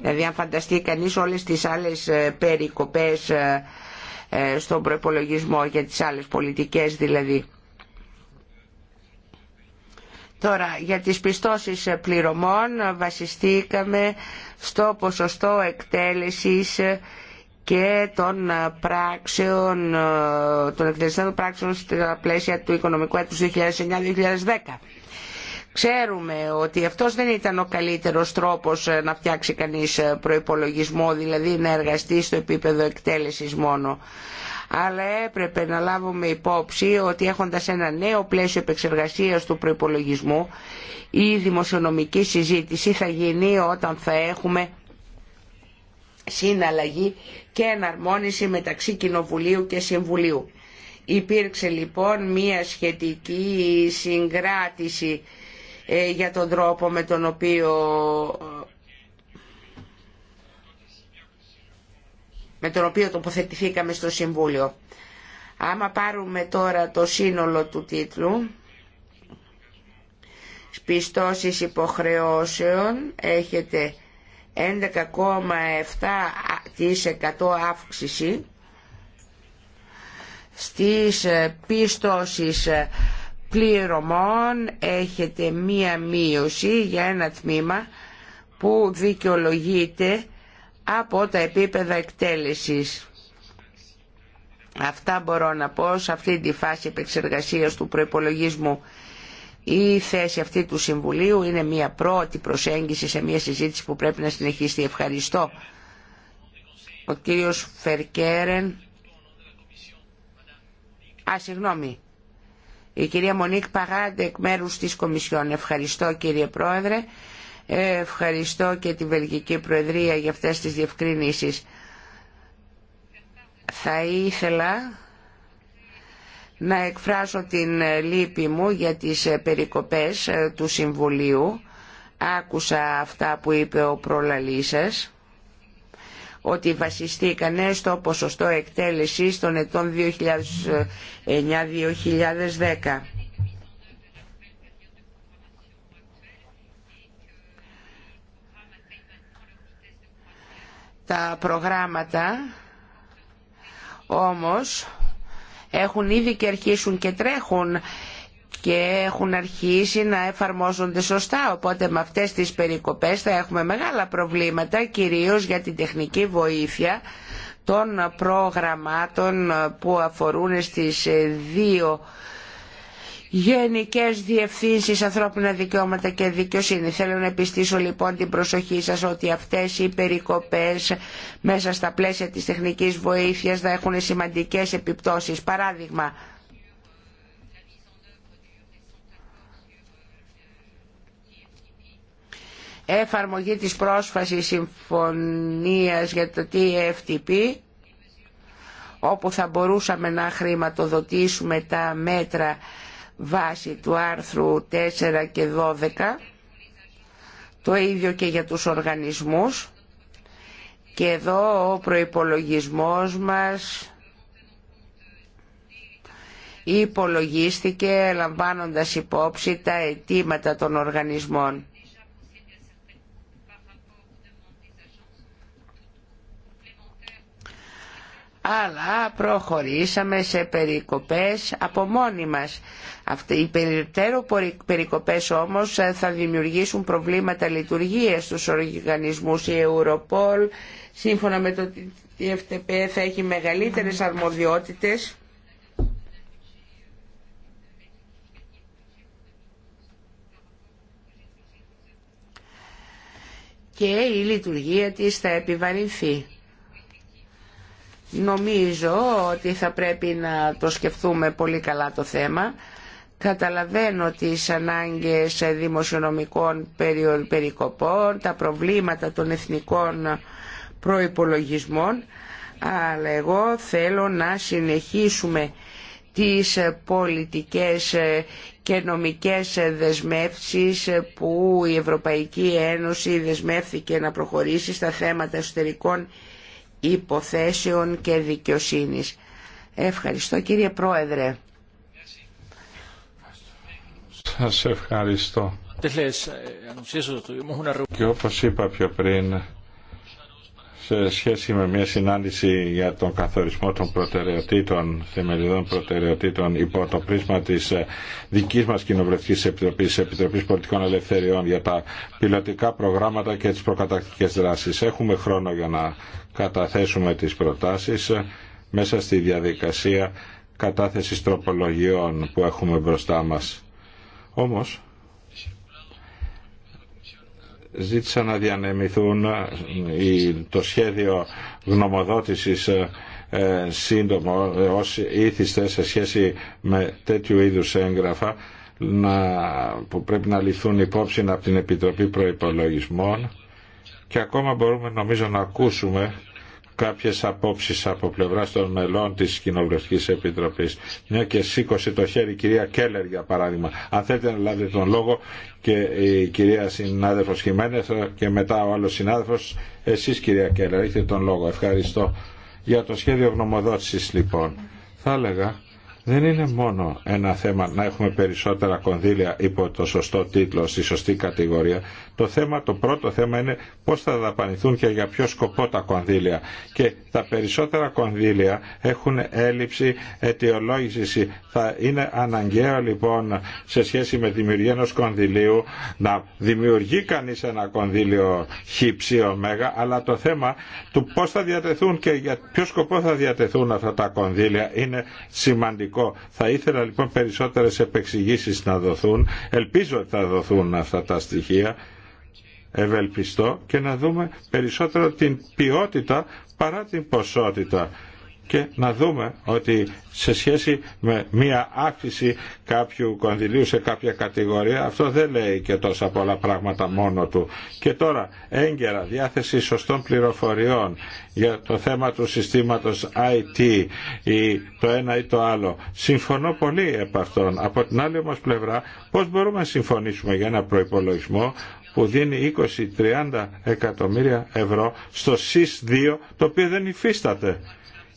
Δηλαδή αν φανταστεί κανείς όλες τις άλλες ε, περικοπές ε, ε, στον προπολογισμό για τις άλλες πολιτικές δηλαδή. Τώρα, για τις πιστώσεις πληρωμών βασιστήκαμε στο ποσοστό εκτέλεσης και των πράξεων, των εκτελεστών πράξεων στα πλαίσια του οικονομικού έτους 2009-2010. Ξέρουμε ότι αυτός δεν ήταν ο καλύτερος τρόπος ε, να φτιάξει κανείς ε, προϋπολογισμό, δηλαδή να εργαστεί στο επίπεδο εκτέλεσης μόνο αλλά έπρεπε να λάβουμε υπόψη ότι έχοντας ένα νέο πλαίσιο επεξεργασίας του προϋπολογισμού η δημοσιονομική συζήτηση θα γίνει όταν θα έχουμε συναλλαγή και εναρμόνιση μεταξύ Κοινοβουλίου και Συμβουλίου. Υπήρξε λοιπόν μία σχετική συγκράτηση ε, για τον τρόπο με τον οποίο με τον οποίο τοποθετηθήκαμε στο Συμβούλιο. Άμα πάρουμε τώρα το σύνολο του τίτλου, πιστώσεις υποχρεώσεων έχετε 11,7% αύξηση στις ε, πιστώσεις ε, πληρωμών έχετε μία μείωση για ένα τμήμα που δικαιολογείται από τα επίπεδα εκτέλεσης. Αυτά μπορώ να πω σε αυτή τη φάση επεξεργασίας του προϋπολογισμού. Η θέση αυτή του Συμβουλίου είναι μια πρώτη προσέγγιση σε μια συζήτηση που πρέπει να συνεχίσει. Ευχαριστώ. Ο κύριος Φερκέρεν. Α, συγγνώμη. Η κυρία Μονίκ Παγάντε εκ μέρους της Κομισιόν. Ευχαριστώ κύριε Πρόεδρε. Ευχαριστώ και την Βελγική Προεδρία για αυτές τις διευκρινήσεις. Θα ήθελα να εκφράσω την λύπη μου για τις περικοπές ε, του Συμβουλίου. Άκουσα αυτά που είπε ο προλαλή ότι βασιστήκανε στο ποσοστό εκτέλεσης των ετών 2009-2010. τα προγράμματα όμως έχουν ήδη και αρχίσουν και τρέχουν και έχουν αρχίσει να εφαρμόζονται σωστά οπότε με αυτές τις περικοπές θα έχουμε μεγάλα προβλήματα κυρίως για την τεχνική βοήθεια των προγραμμάτων που αφορούν στις δύο γενικές διευθύνσεις ανθρώπινα δικαιώματα και δικαιοσύνη. Θέλω να επιστήσω λοιπόν την προσοχή σας ότι αυτές οι περικοπές μέσα στα πλαίσια της τεχνικής βοήθειας θα έχουν σημαντικές επιπτώσεις. Παράδειγμα, εφαρμογή της πρόσφασης συμφωνίας για το TFTP όπου θα μπορούσαμε να χρηματοδοτήσουμε τα μέτρα βάση του άρθρου 4 και 12, το ίδιο και για τους οργανισμούς. Και εδώ ο προϋπολογισμός μας υπολογίστηκε λαμβάνοντας υπόψη τα αιτήματα των οργανισμών. αλλά προχωρήσαμε σε περικοπές από μόνοι μας. Αυτοί οι περιττέρω περικοπές όμως ε, θα δημιουργήσουν προβλήματα λειτουργίας στους οργανισμούς. Η Europol σύμφωνα με το FTP θα έχει μεγαλύτερες αρμοδιότητες και η λειτουργία της θα επιβαρυνθεί. Νομίζω ότι θα πρέπει να το σκεφτούμε πολύ καλά το θέμα. Καταλαβαίνω τις ανάγκες δημοσιονομικών περικοπών, τα προβλήματα των εθνικών προϋπολογισμών, αλλά εγώ θέλω να συνεχίσουμε τις πολιτικές και νομικές δεσμεύσεις που η Ευρωπαϊκή Ένωση δεσμεύθηκε να προχωρήσει στα θέματα εσωτερικών υποθέσεων και δικαιοσύνης. Ευχαριστώ κύριε Πρόεδρε. Σας ευχαριστώ. Ε, και όπως είπα πιο πριν, σε σχέση με μια συνάντηση για τον καθορισμό των προτεραιοτήτων, θεμελιδών προτεραιοτήτων υπό το πρίσμα της ε, δικής μας Κοινοβουλευτικής Επιτροπής, Επιτροπής Πολιτικών Ελευθεριών για τα πιλωτικά προγράμματα και τις προκατακτικές δράσεις. Έχουμε χρόνο για να καταθέσουμε τις προτάσεις ε, μέσα στη διαδικασία κατάθεσης τροπολογιών που έχουμε μπροστά μας. Όμως, ζήτησα να διανεμηθούν ε, το σχέδιο γνωμοδότησης ε, ε, σύντομο ως ήθιστε σε σχέση με τέτοιου είδους έγγραφα να, που πρέπει να ληφθούν υπόψη από την Επιτροπή Προϋπολογισμών και ακόμα μπορούμε νομίζω να ακούσουμε κάποιες απόψεις από πλευράς των μελών της Κοινοβουλευτικής Επιτροπής. Μια και σήκωσε το χέρι η κυρία Κέλλερ για παράδειγμα. Αν θέλετε να λάβετε τον λόγο και η κυρία συνάδελφος Χιμένες και μετά ο άλλος συνάδελφος, εσείς κυρία Κέλλερ, έχετε τον λόγο. Ευχαριστώ. Για το σχέδιο γνωμοδότησης λοιπόν, θα έλεγα δεν είναι μόνο ένα θέμα να έχουμε περισσότερα κονδύλια υπό το σωστό τίτλο, στη σωστή κατηγορία. Το, θέμα, το πρώτο θέμα είναι πώς θα δαπανηθούν και για ποιο σκοπό τα κονδύλια. Και τα περισσότερα κονδύλια έχουν έλλειψη αιτιολόγησης. Θα είναι αναγκαίο λοιπόν σε σχέση με τη δημιουργία ενός κονδυλίου να δημιουργεί κανείς ένα κονδύλιο Ψ, μέγα, αλλά το θέμα του πώς θα διατεθούν και για ποιο σκοπό θα διατεθούν αυτά τα κονδύλια είναι σημαντικό. Θα ήθελα λοιπόν περισσότερες επεξηγήσεις να δοθούν. Ελπίζω ότι θα δοθούν αυτά τα στοιχεία ευελπιστώ και να δούμε περισσότερο την ποιότητα παρά την ποσότητα και να δούμε ότι σε σχέση με μία άκρηση κάποιου κονδυλίου σε κάποια κατηγορία αυτό δεν λέει και τόσα πολλά πράγματα μόνο του. Και τώρα έγκαιρα διάθεση σωστών πληροφοριών για το θέμα του συστήματος IT ή το ένα ή το άλλο. Συμφωνώ πολύ επ' αυτόν. Από την άλλη όμως πλευρά πώς μπορούμε να συμφωνήσουμε για ένα προϋπολογισμό που δίνει 20-30 εκατομμύρια ευρώ στο ΣΥΣ 2 το οποίο δεν υφίσταται.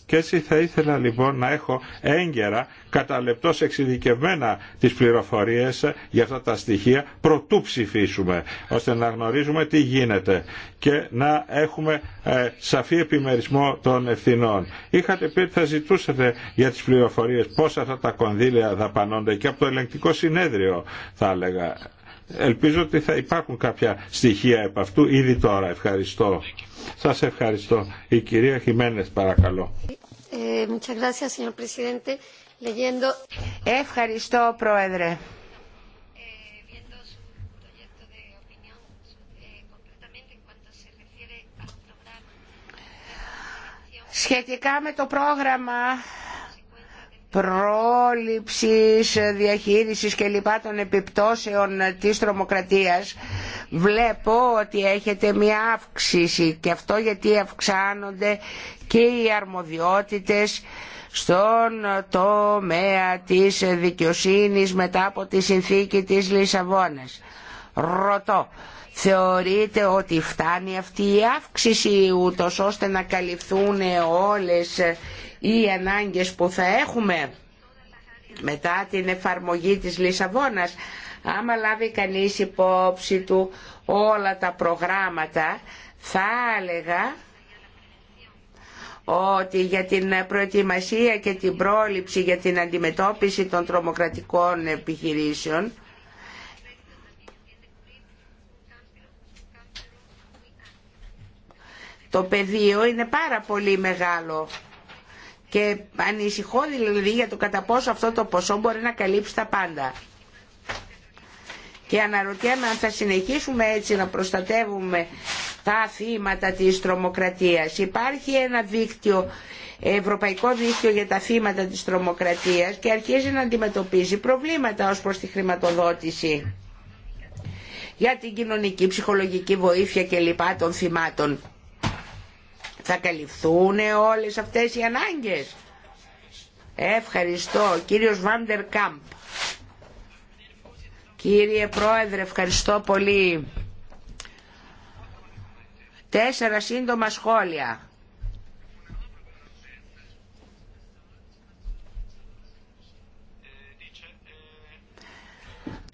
Και έτσι θα ήθελα λοιπόν να έχω έγκαιρα, κατά λεπτός εξειδικευμένα τις πληροφορίες για αυτά τα στοιχεία, προτού ψηφίσουμε, ώστε να γνωρίζουμε τι γίνεται και να έχουμε ε, σαφή επιμερισμό των ευθυνών. Είχατε πει ότι θα ζητούσατε για τις πληροφορίες πώς αυτά τα κονδύλια δαπανώνται και από το ελεγκτικό συνέδριο θα έλεγα Ελπίζω ότι θα υπάρχουν κάποια στοιχεία επ' αυτού ήδη τώρα. Ευχαριστώ. Σας ευχαριστώ. Η κυρία Χιμένες παρακαλώ. Ε, ευχαριστώ Πρόεδρε. Σχετικά με το πρόγραμμα πρόληψης, διαχείρισης και λοιπά των επιπτώσεων της τρομοκρατίας βλέπω ότι έχετε μια αύξηση και αυτό γιατί αυξάνονται και οι αρμοδιότητες στον τομέα της δικαιοσύνης μετά από τη συνθήκη της Λισαβόνας. Ρωτώ, θεωρείτε ότι φτάνει αυτή η αύξηση ούτως ώστε να καλυφθούν όλες οι ανάγκες που θα έχουμε μετά την εφαρμογή της Λισαβόνας. Άμα λάβει κανείς υπόψη του όλα τα προγράμματα, θα έλεγα ότι για την προετοιμασία και την πρόληψη για την αντιμετώπιση των τρομοκρατικών επιχειρήσεων το πεδίο είναι πάρα πολύ μεγάλο και ανησυχώ δηλαδή για το κατά πόσο αυτό το ποσό μπορεί να καλύψει τα πάντα. Και αναρωτιέμαι αν θα συνεχίσουμε έτσι να προστατεύουμε τα θύματα της τρομοκρατίας. Υπάρχει ένα δίκτυο, ευρωπαϊκό δίκτυο για τα θύματα της τρομοκρατίας και αρχίζει να αντιμετωπίζει προβλήματα ως προς τη χρηματοδότηση για την κοινωνική, ψυχολογική βοήθεια λοιπά των θυμάτων θα καλυφθούν όλες αυτές οι ανάγκες. Ευχαριστώ. Κύριος Βάντερ Κάμπ. Κύριε Πρόεδρε, ευχαριστώ πολύ. Τέσσερα σύντομα σχόλια.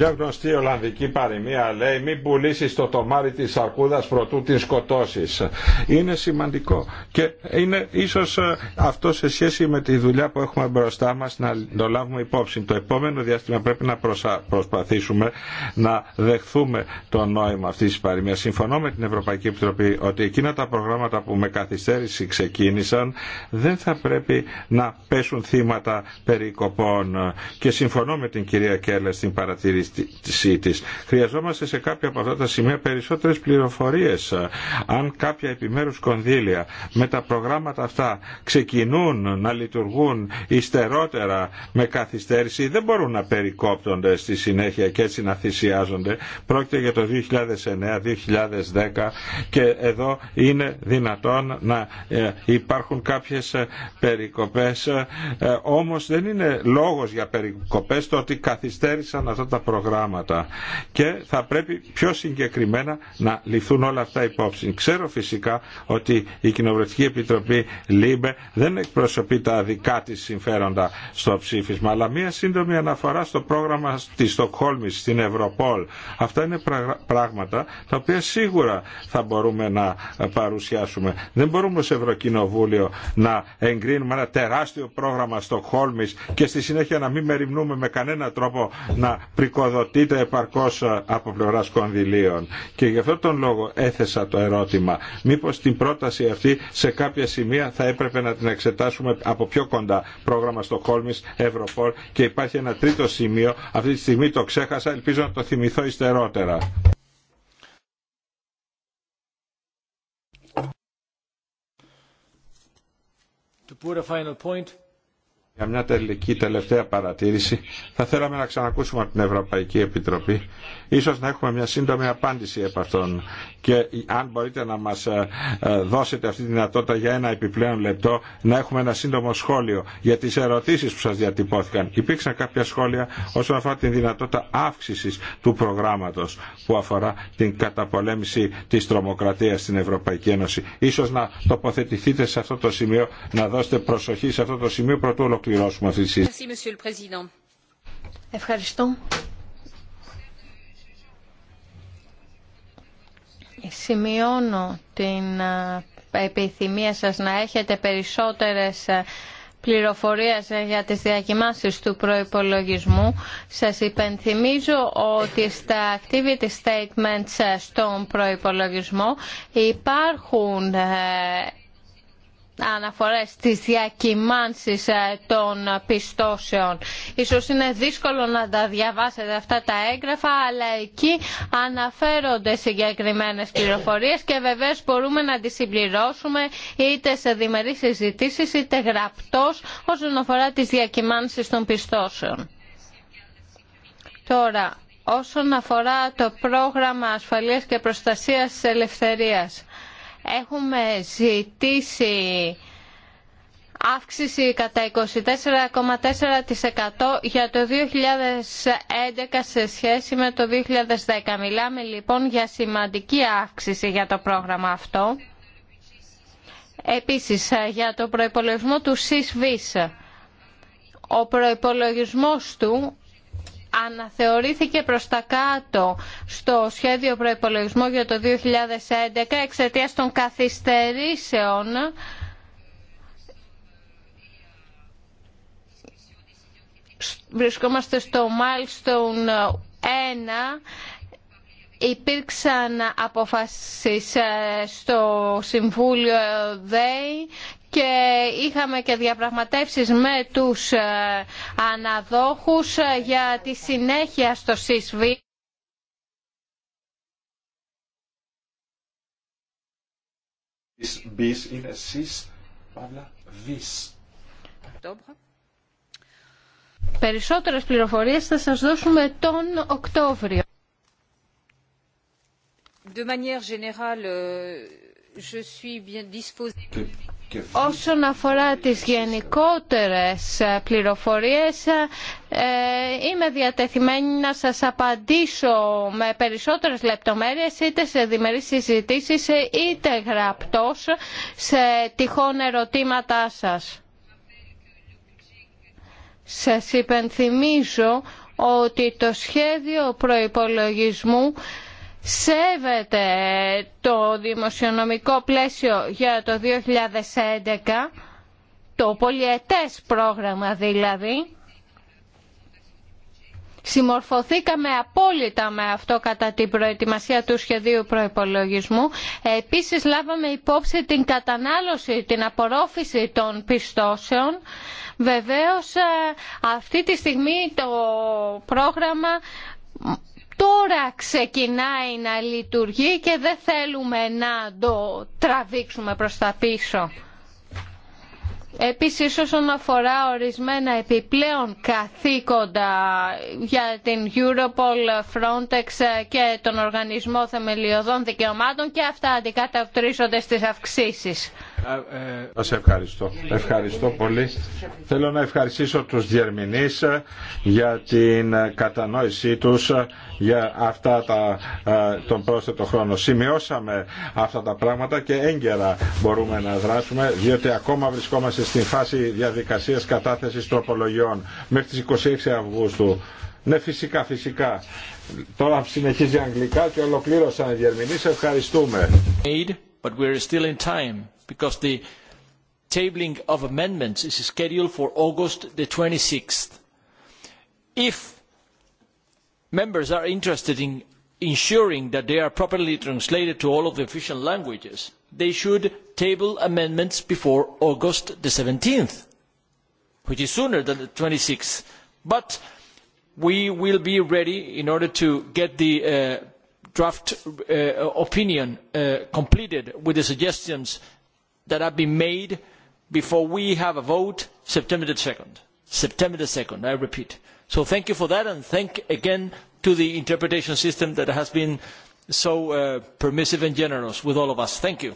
Μια γνωστή Ολλανδική παροιμία λέει μην πουλήσει το τομάρι της αρκούδας προτού την σκοτώσει. Είναι σημαντικό και είναι ίσως ε, αυτό σε σχέση με τη δουλειά που έχουμε μπροστά μας να το λάβουμε υπόψη. Το επόμενο διάστημα πρέπει να προσπαθήσουμε να δεχθούμε το νόημα αυτής της παροιμίας. Συμφωνώ με την Ευρωπαϊκή Επιτροπή ότι εκείνα τα προγράμματα που με καθυστέρηση ξεκίνησαν δεν θα πρέπει να πέσουν θύματα περικοπών και συμφωνώ με την κυρία Κέλλε στην παρατήρηση Χρειαζόμαστε σε κάποια από αυτά τα σημεία περισσότερες πληροφορίες. Αν κάποια επιμέρους κονδύλια με τα προγράμματα αυτά ξεκινούν να λειτουργούν υστερότερα με καθυστέρηση, δεν μπορούν να περικόπτονται στη συνέχεια και έτσι να θυσιάζονται. Πρόκειται για το 2009-2010 και εδώ είναι δυνατόν να ε, υπάρχουν κάποιες ε, περικοπές, ε, όμως δεν είναι λόγος για περικοπές το ότι καθυστέρησαν αυτά τα προγράμματα προγράμματα και θα πρέπει πιο συγκεκριμένα να ληφθούν όλα αυτά υπόψη. Ξέρω φυσικά ότι η Κοινοβουλευτική Επιτροπή ΛΥΜΠΕ δεν εκπροσωπεί τα δικά της συμφέροντα στο ψήφισμα, αλλά μία σύντομη αναφορά στο πρόγραμμα της Στοκχόλμης, στην Ευρωπόλ. Αυτά είναι πράγματα τα οποία σίγουρα θα μπορούμε να παρουσιάσουμε. Δεν μπορούμε ως Ευρωκοινοβούλιο να εγκρίνουμε ένα τεράστιο πρόγραμμα Στοκχόλμης και στη συνέχεια να μην μεριμνούμε με κανένα τρόπο να πρικοδοτήσουμε Υποδοτείται επαρκώς από πλευράς κονδυλίων. Και γι' αυτό τον λόγο έθεσα το ερώτημα. Μήπως την πρόταση αυτή σε κάποια σημεία θα έπρεπε να την εξετάσουμε από πιο κοντά πρόγραμμα στο Κόλμης, Ευρωπόλ και υπάρχει ένα τρίτο σημείο. Αυτή τη στιγμή το ξέχασα, ελπίζω να το θυμηθώ υστερότερα. final point. Για μια τελική τελευταία παρατήρηση, θα θέλαμε να ξανακούσουμε από την Ευρωπαϊκή Επιτροπή. Ίσως να έχουμε μια σύντομη απάντηση επ' Και αν μπορείτε να μας ε, ε, δώσετε αυτή τη δυνατότητα για ένα επιπλέον λεπτό, να έχουμε ένα σύντομο σχόλιο για τις ερωτήσεις που σας διατυπώθηκαν. Υπήρξαν κάποια σχόλια όσον αφορά την δυνατότητα αύξησης του προγράμματος που αφορά την καταπολέμηση της τρομοκρατίας στην Ευρωπαϊκή Ένωση. Ίσως να τοποθετηθείτε σε αυτό το σημείο, να δώσετε προσοχή σε αυτό το σημείο πρωτού αυτή τη συζήτηση. Ευχαριστώ. Σημειώνω την επιθυμία σας να έχετε περισσότερες πληροφορίες ε, για τις διακοιμάσεις του προϋπολογισμού. Σας υπενθυμίζω ότι στα activity statements ε, στον προϋπολογισμό υπάρχουν ε, αναφορές στις διακυμάνσεις ε, των πιστώσεων. Ίσως είναι δύσκολο να τα διαβάσετε αυτά τα έγγραφα, αλλά εκεί αναφέρονται συγκεκριμένες πληροφορίες και βεβαίως μπορούμε να τις συμπληρώσουμε είτε σε διμερείς συζητήσει είτε γραπτός όσον αφορά τις διακυμάνσεις των πιστώσεων. Τώρα, όσον αφορά το πρόγραμμα ασφαλείας και προστασίας της ελευθερίας Έχουμε ζητήσει αύξηση κατά 24,4% για το 2011 σε σχέση με το 2010. Μιλάμε λοιπόν για σημαντική αύξηση για το πρόγραμμα αυτό. Επίσης για το προϋπολογισμό του ΣΥΣΒΙΣ. Ο προϋπολογισμός του αναθεωρήθηκε προς τα κάτω στο σχέδιο προϋπολογισμού για το 2011 εξαιτίας των καθυστερήσεων βρισκόμαστε στο milestone 1 υπήρξαν αποφάσεις ε, στο Συμβούλιο ΔΕΗ και είχαμε και διαπραγματεύσεις με τους ε, αναδόχους ε, για τη συνέχεια στο ΣΥΣΒΗ. Bis είναι Περισσότερες πληροφορίες θα σας δώσουμε τον Οκτώβριο. De manière générale, euh, je suis bien disposée. Όσον αφορά τις γενικότερες ε, πληροφορίες, ε, είμαι διατεθειμένη να σας απαντήσω με περισσότερες λεπτομέρειες είτε σε διμερείς συζητήσεις ε, είτε γραπτός σε τυχόν ερωτήματά σας. Σας υπενθυμίζω ότι το σχέδιο προϋπολογισμού σέβεται το δημοσιονομικό πλαίσιο για το 2011, το πολιετές πρόγραμμα δηλαδή, Συμμορφωθήκαμε απόλυτα με αυτό κατά την προετοιμασία του σχεδίου προϋπολογισμού. Επίσης λάβαμε υπόψη την κατανάλωση, την απορρόφηση των πιστώσεων. Βεβαίως ε, αυτή τη στιγμή το πρόγραμμα τώρα ξεκινάει να λειτουργεί και δεν θέλουμε να το τραβήξουμε προς τα πίσω. Επίσης όσον αφορά ορισμένα επιπλέον καθήκοντα για την Europol, Frontex και τον Οργανισμό Θεμελιωδών Δικαιωμάτων και αυτά αντικατοπτρίζονται στις αυξήσεις. Σας ευχαριστώ. Ευχαριστώ πολύ. Θέλω να ευχαριστήσω τους διερμηνείς για την κατανόησή τους για αυτά τα, τον πρόσθετο χρόνο. Σημειώσαμε αυτά τα πράγματα και έγκαιρα μπορούμε να δράσουμε διότι ακόμα βρισκόμαστε στην φάση διαδικασίας κατάθεσης τροπολογιών μέχρι τις 26 Αυγούστου. Ναι, φυσικά, φυσικά. Τώρα συνεχίζει αγγλικά και ολοκλήρωσαν οι διερμηνείς. Ευχαριστούμε but we are still in time because the tabling of amendments is scheduled for August the 26th. If members are interested in ensuring that they are properly translated to all of the official languages, they should table amendments before August the 17th, which is sooner than the 26th. But we will be ready in order to get the draft opinion completed with the suggestions that have been made before we have a vote September 2. September second, I repeat. So thank you for that and thank again to the interpretation system that has been so permissive and generous with all of us. Thank you.